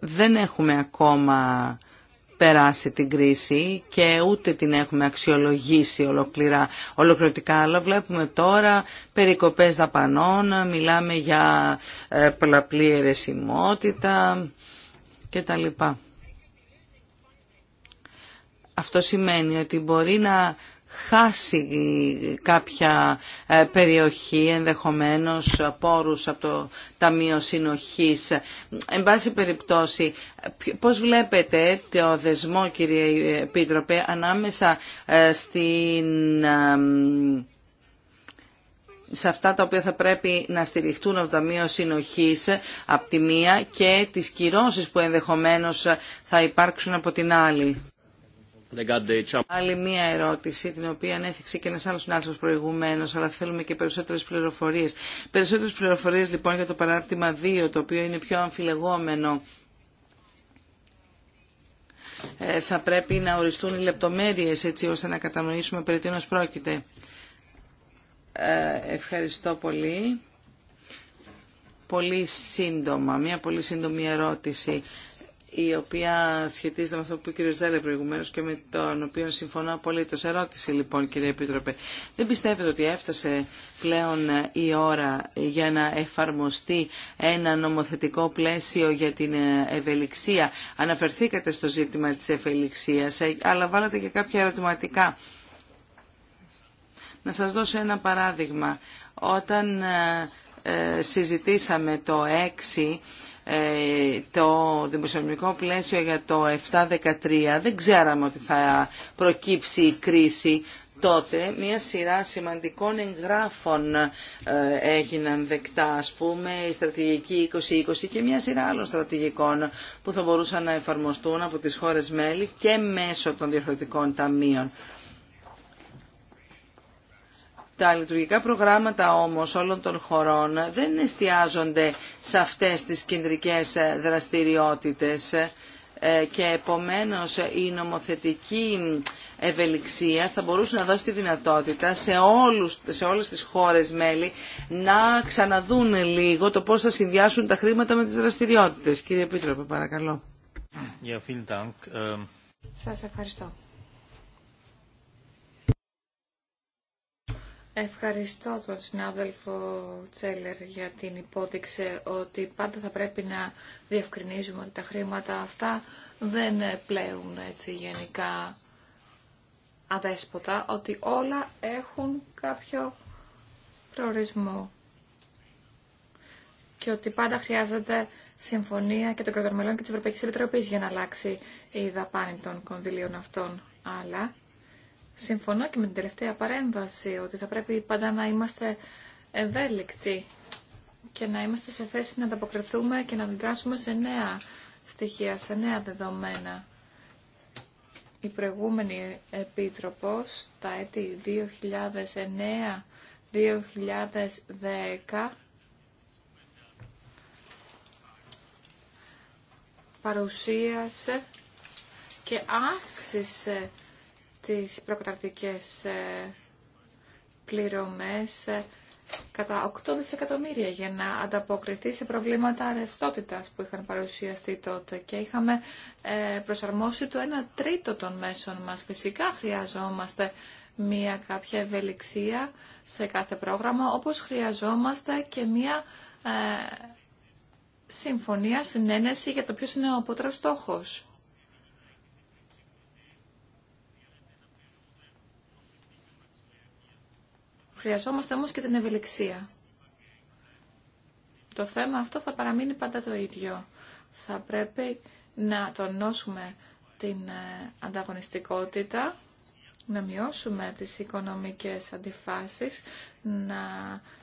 S3: δεν έχουμε ακόμα περάσει την κρίση και ούτε την έχουμε αξιολογήσει ολοκληρά, ολοκληρωτικά, αλλά βλέπουμε τώρα περικοπές δαπανών, μιλάμε για ε, πολλαπλή αιρεσιμότητα κτλ. Αυτό σημαίνει ότι μπορεί να χάσει κάποια ε, περιοχή, ενδεχομένως πόρους από το Ταμείο Συνοχής. Εν πάση περιπτώσει, πώς βλέπετε το δεσμό, κύριε Επίτροπε, ανάμεσα ε, στην σε αυτά τα οποία θα πρέπει να στηριχτούν από το Ταμείο Συνοχής ε, από τη μία και τις κυρώσεις που ενδεχομένως θα υπάρξουν από την άλλη. Άλλη μία ερώτηση, την οποία ανέφηξε και ένα άλλο συνάδελφος προηγουμένω, αλλά θέλουμε και περισσότερες πληροφορίες. Περισσότερες πληροφορίες λοιπόν για το παράρτημα 2, το οποίο είναι πιο αμφιλεγόμενο. Ε, θα πρέπει να οριστούν οι λεπτομέρειες έτσι ώστε να κατανοήσουμε περί τίνο πρόκειται. Ε, ευχαριστώ πολύ. Πολύ σύντομα, μια πολύ σύντομη ερώτηση η οποία σχετίζεται με αυτό που είπε ο κ. Ζέλε προηγουμένως και με τον οποίο συμφωνώ απολύτως. Ερώτηση λοιπόν κύριε Επίτροπε, δεν πιστεύετε ότι έφτασε πλέον η ώρα για να εφαρμοστεί ένα νομοθετικό πλαίσιο για την ευελιξία. Αναφερθήκατε στο ζήτημα της ευελιξίας, ε, αλλά βάλατε και κάποια ερωτηματικά. Να σας δώσω ένα παράδειγμα. Όταν ε, ε, συζητήσαμε το 6 ε, το δημοσιονομικό πλαίσιο για το 7-13 δεν ξέραμε ότι θα προκύψει η κρίση τότε μια σειρά σημαντικών εγγράφων ε, έγιναν δεκτά, ας πούμε, η στρατηγική 2020 και μια σειρά άλλων στρατηγικών που θα μπορούσαν να εφαρμοστούν από τις χώρες μέλη και μέσω των διευθυντικών ταμείων. Τα λειτουργικά προγράμματα όμως όλων των χωρών δεν εστιάζονται σε αυτές τις κεντρικές δραστηριότητες ε, και επομένως η νομοθετική ευελιξία θα μπορούσε να δώσει τη δυνατότητα σε, όλους, σε όλες τις χώρες μέλη να ξαναδούν λίγο το πώς θα συνδυάσουν τα χρήματα με τις δραστηριότητες. Κύριε Επίτροπε, παρακαλώ.
S2: Yeah, ε, Σας ευχαριστώ. Ευχαριστώ τον συνάδελφο Τσέλερ για την υπόδειξη ότι πάντα θα πρέπει να διευκρινίζουμε ότι τα χρήματα αυτά δεν πλέουν έτσι γενικά αδέσποτα, ότι όλα έχουν κάποιο προορισμό και ότι πάντα χρειάζεται συμφωνία και των κρατών μελών και της Ευρωπαϊκής Επιτροπής για να αλλάξει η δαπάνη των κονδυλίων αυτών. Αλλά Συμφωνώ και με την τελευταία παρέμβαση ότι θα πρέπει πάντα να είμαστε ευέλικτοι και να είμαστε σε θέση να ανταποκριθούμε και να αντιδράσουμε σε νέα στοιχεία, σε νέα δεδομένα. Η προηγούμενη Επίτροπος τα έτη 2009-2010 παρουσίασε και άξισε τις προκαταρκτικές ε, πληρωμές ε, κατά 8 δισεκατομμύρια για να ανταποκριθεί σε προβλήματα ρευστότητα που είχαν παρουσιαστεί τότε και είχαμε ε, προσαρμόσει το 1 τρίτο των μέσων μας. Φυσικά χρειαζόμαστε μία κάποια ευελιξία σε κάθε πρόγραμμα, όπως χρειαζόμαστε και μία συμφωνία, συνένεση για το ποιος είναι ο απότερος στόχος. Χρειαζόμαστε όμως και την ευελιξία. Το θέμα αυτό θα παραμείνει πάντα το ίδιο. Θα πρέπει να τονώσουμε την ε, ανταγωνιστικότητα, να μειώσουμε τις οικονομικές αντιφάσεις, να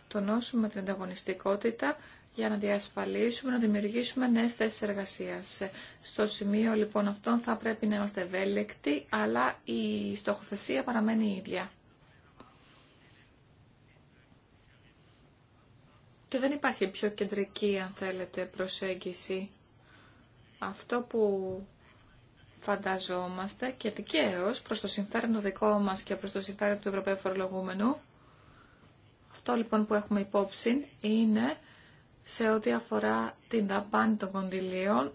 S2: τονώσουμε την ανταγωνιστικότητα για να διασφαλίσουμε, να δημιουργήσουμε νέες θέσεις εργασίας. Στο σημείο λοιπόν αυτών θα πρέπει να είμαστε ευέλικτοι, αλλά η στοχοθεσία παραμένει η ίδια. Και δεν υπάρχει πιο κεντρική, αν θέλετε, προσέγγιση. Αυτό που φανταζόμαστε και δικαίω προς το συμφέρον το δικό μας και προς το συμφέρον του Ευρωπαίου Φορολογούμενου. Αυτό λοιπόν που έχουμε υπόψη είναι σε ό,τι αφορά την δαπάνη των κοντιλίων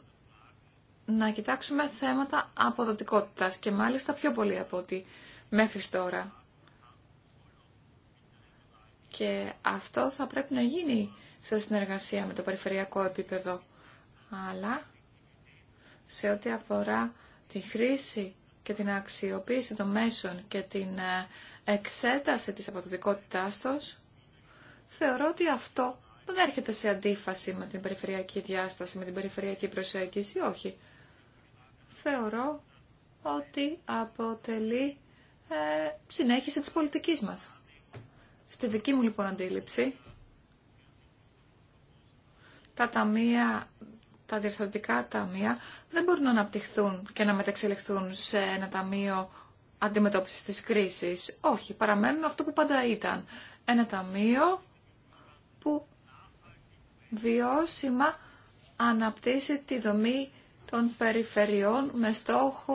S2: να κοιτάξουμε θέματα αποδοτικότητας και μάλιστα πιο πολύ από ό,τι μέχρι τώρα. Και αυτό θα πρέπει να γίνει σε συνεργασία με το περιφερειακό επίπεδο. Αλλά σε ό,τι αφορά τη χρήση και την αξιοποίηση των μέσων και την ε, εξέταση της αποδοτικότητάς τους, θεωρώ ότι αυτό δεν έρχεται σε αντίφαση με την περιφερειακή διάσταση, με την περιφερειακή προσέγγιση, όχι. Θεωρώ ότι αποτελεί ε, συνέχιση της πολιτικής μας. Στη δική μου λοιπόν αντίληψη, τα ταμεία, τα διευθυντικά ταμεία δεν μπορούν να αναπτυχθούν και να μεταξελιχθούν σε ένα ταμείο αντιμετώπισης της κρίσης. Όχι, παραμένουν αυτό που πάντα ήταν. Ένα ταμείο που βιώσιμα αναπτύσσει τη δομή των περιφερειών με στόχο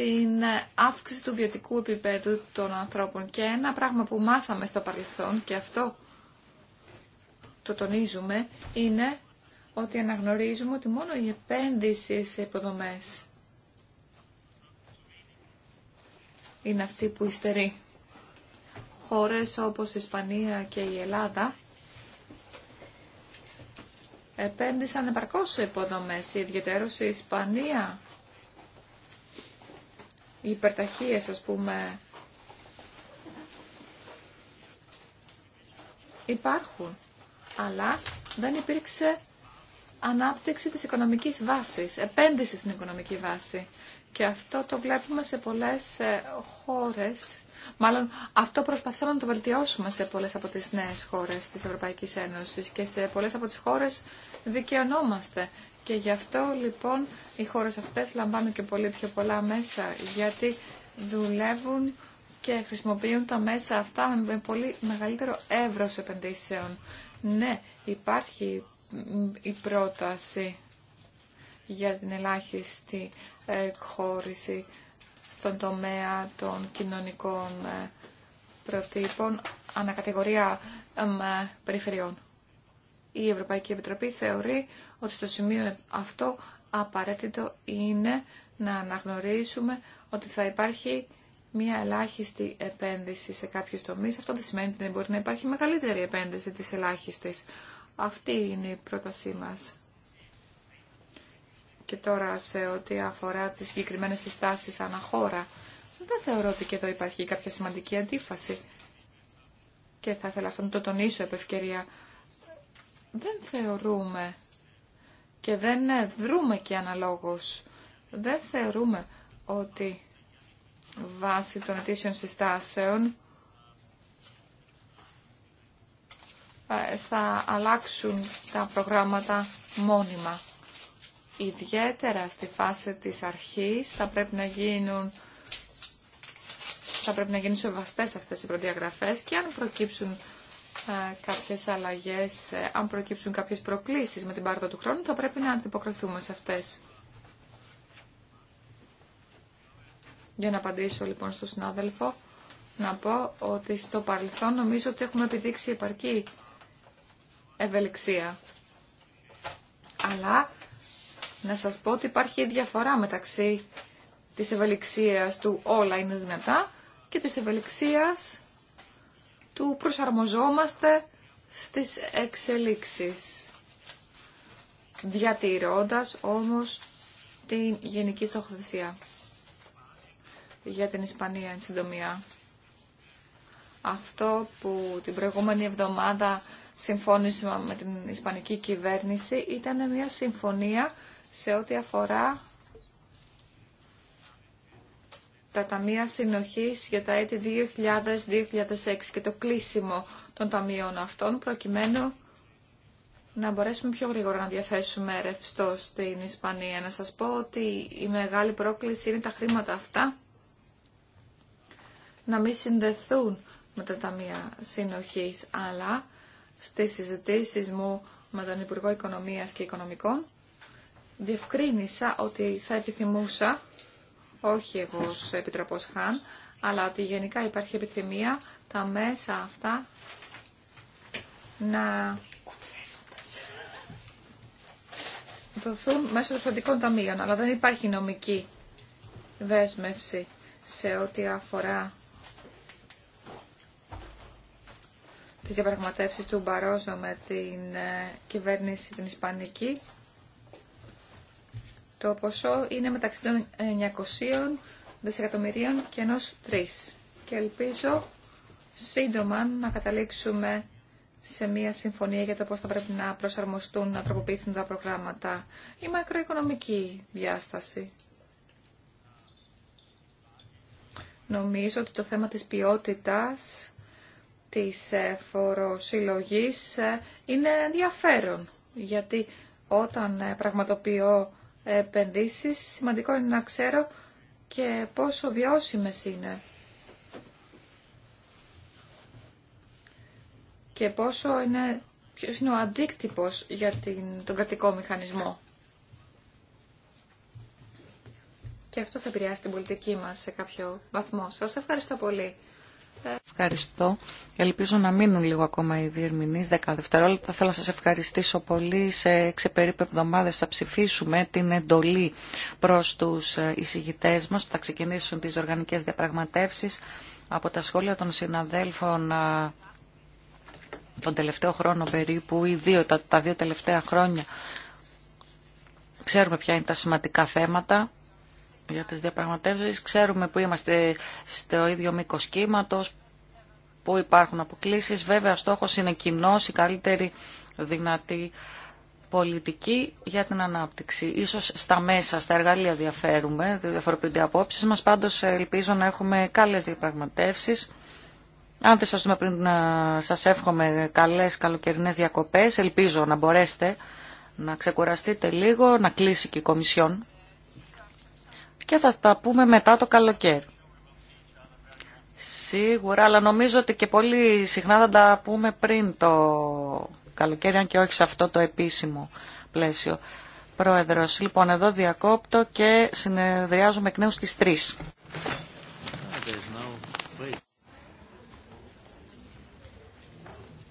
S2: την αύξηση του βιωτικού επίπεδου των ανθρώπων. Και ένα πράγμα που μάθαμε στο παρελθόν, και αυτό το τονίζουμε, είναι ότι αναγνωρίζουμε ότι μόνο η επένδυση σε υποδομές είναι αυτή που υστερεί. Χώρες όπως η Ισπανία και η Ελλάδα επένδυσαν επαρκώς σε υποδομές, ιδιαίτερως η Ισπανία οι υπερταχίες, ας πούμε, υπάρχουν, αλλά δεν υπήρξε ανάπτυξη της οικονομικής βάσης, επένδυση στην οικονομική βάση. Και αυτό το βλέπουμε σε πολλές ε, χώρες, μάλλον αυτό προσπαθήσαμε να το βελτιώσουμε σε πολλές από τις νέες χώρες της Ευρωπαϊκής Ένωσης και σε πολλές από τις χώρες δικαιωνόμαστε και γι' αυτό λοιπόν οι χώρες αυτές λαμβάνουν και πολύ πιο πολλά μέσα γιατί δουλεύουν και χρησιμοποιούν τα μέσα αυτά με πολύ μεγαλύτερο εύρος επενδύσεων. Ναι, υπάρχει η πρόταση για την ελάχιστη χώρηση στον τομέα των κοινωνικών ε, προτύπων ανακατηγορία ε, ε, περιφερειών. Η Ευρωπαϊκή Επιτροπή θεωρεί ότι στο σημείο αυτό απαραίτητο είναι να αναγνωρίσουμε ότι θα υπάρχει μια ελάχιστη επένδυση σε κάποιους τομείς. Αυτό δεν σημαίνει ότι δεν μπορεί να υπάρχει μεγαλύτερη επένδυση της ελάχιστης. Αυτή είναι η πρότασή μας. Και τώρα σε ό,τι αφορά τις συγκεκριμένε συστάσεις αναχώρα, δεν θεωρώ ότι και εδώ υπάρχει κάποια σημαντική αντίφαση. Και θα ήθελα αυτό να το τονίσω επ' ευκαιρία. Δεν θεωρούμε και δεν ε, δρούμε και αναλόγως. Δεν θεωρούμε ότι βάσει των αιτήσεων συστάσεων ε, θα αλλάξουν τα προγράμματα μόνιμα. Ιδιαίτερα στη φάση της αρχής θα πρέπει να γίνουν θα πρέπει να γίνουν σεβαστές αυτές οι προδιαγραφές και αν προκύψουν ε, κάποιες αλλαγές, ε, αν προκύψουν κάποιες προκλήσεις με την πάρτα του χρόνου, θα πρέπει να αντιποκριθούμε σε αυτές. Για να απαντήσω λοιπόν στον συνάδελφο, να πω ότι στο παρελθόν νομίζω ότι έχουμε επιδείξει επαρκή ευελιξία. Αλλά να σας πω ότι υπάρχει διαφορά μεταξύ της ευελιξίας του όλα είναι δυνατά και της ευελιξίας του προσαρμοζόμαστε στις εξελίξεις, διατηρώντας όμως την γενική στοχοθεσία για την Ισπανία εν συντομία. Αυτό που την προηγούμενη εβδομάδα συμφώνησε με την Ισπανική κυβέρνηση ήταν μια συμφωνία σε ό,τι αφορά τα ταμεία συνοχής για τα έτη 2000-2006 και το κλείσιμο των ταμείων αυτών προκειμένου να μπορέσουμε πιο γρήγορα να διαθέσουμε ρευστό στην Ισπανία. Να σας πω ότι η μεγάλη πρόκληση είναι τα χρήματα αυτά να μην συνδεθούν με τα ταμεία συνοχής, αλλά στις συζητήσεις μου με τον Υπουργό Οικονομίας και Οικονομικών διευκρίνησα ότι θα επιθυμούσα όχι εγώ ως Επιτροπός Χαν, αλλά ότι γενικά υπάρχει επιθυμία τα μέσα αυτά να δοθούν μέσω των φροντικών ταμείων, αλλά δεν υπάρχει νομική δέσμευση σε ό,τι αφορά τις διαπραγματεύσεις του Μπαρόζο με την ε, κυβέρνηση την Ισπανική το ποσό είναι μεταξύ των 900 δισεκατομμυρίων και ενός 3. Και ελπίζω σύντομα να καταλήξουμε σε μια συμφωνία για το πώς θα πρέπει να προσαρμοστούν, να τροποποιηθούν τα προγράμματα. Η μακροοικονομική διάσταση. Νομίζω ότι το θέμα της ποιότητας της ε, φοροσυλλογής ε, είναι ενδιαφέρον, γιατί όταν ε, πραγματοποιώ επενδύσεις. Σημαντικό είναι να ξέρω και πόσο βιώσιμες είναι. Και πόσο είναι, ποιος είναι ο αντίκτυπος για την, τον κρατικό μηχανισμό. Και αυτό θα επηρεάσει την πολιτική μας σε κάποιο βαθμό. Σας ευχαριστώ πολύ.
S1: Ευχαριστώ. Ελπίζω να μείνουν λίγο ακόμα οι διερμηνείς, Δέκα δευτερόλεπτα. Θέλω να σας ευχαριστήσω πολύ. Σε ξεπερίπου περίπου εβδομάδες θα ψηφίσουμε την εντολή προς τους ε, εισηγητές μας που θα ξεκινήσουν τις οργανικές διαπραγματεύσεις από τα σχόλια των συναδέλφων ε, τον τελευταίο χρόνο περίπου ή δύο, τα, τα δύο τελευταία χρόνια. Ξέρουμε ποια είναι τα σημαντικά θέματα για τις διαπραγματεύσεις. Ξέρουμε που είμαστε στο ίδιο μήκο κύματο, που υπάρχουν αποκλήσεις. Βέβαια, στόχος είναι κοινό, η καλύτερη δυνατή πολιτική για την ανάπτυξη. Ίσως στα μέσα, στα εργαλεία διαφέρουμε, διαφοροποιούνται απόψεις μας. Πάντως ελπίζω να έχουμε καλές διαπραγματεύσεις. Αν δεν σας δούμε πριν να σας εύχομαι καλές καλοκαιρινές διακοπές, ελπίζω να μπορέσετε να ξεκουραστείτε λίγο, να κλείσει και η Κομισιόν και θα τα πούμε μετά το καλοκαίρι. Σίγουρα, αλλά νομίζω ότι και πολύ συχνά θα τα πούμε πριν το καλοκαίρι, αν και όχι σε αυτό το επίσημο πλαίσιο. Πρόεδρος, λοιπόν, εδώ διακόπτω και συνεδριάζουμε εκ νέου στις 3.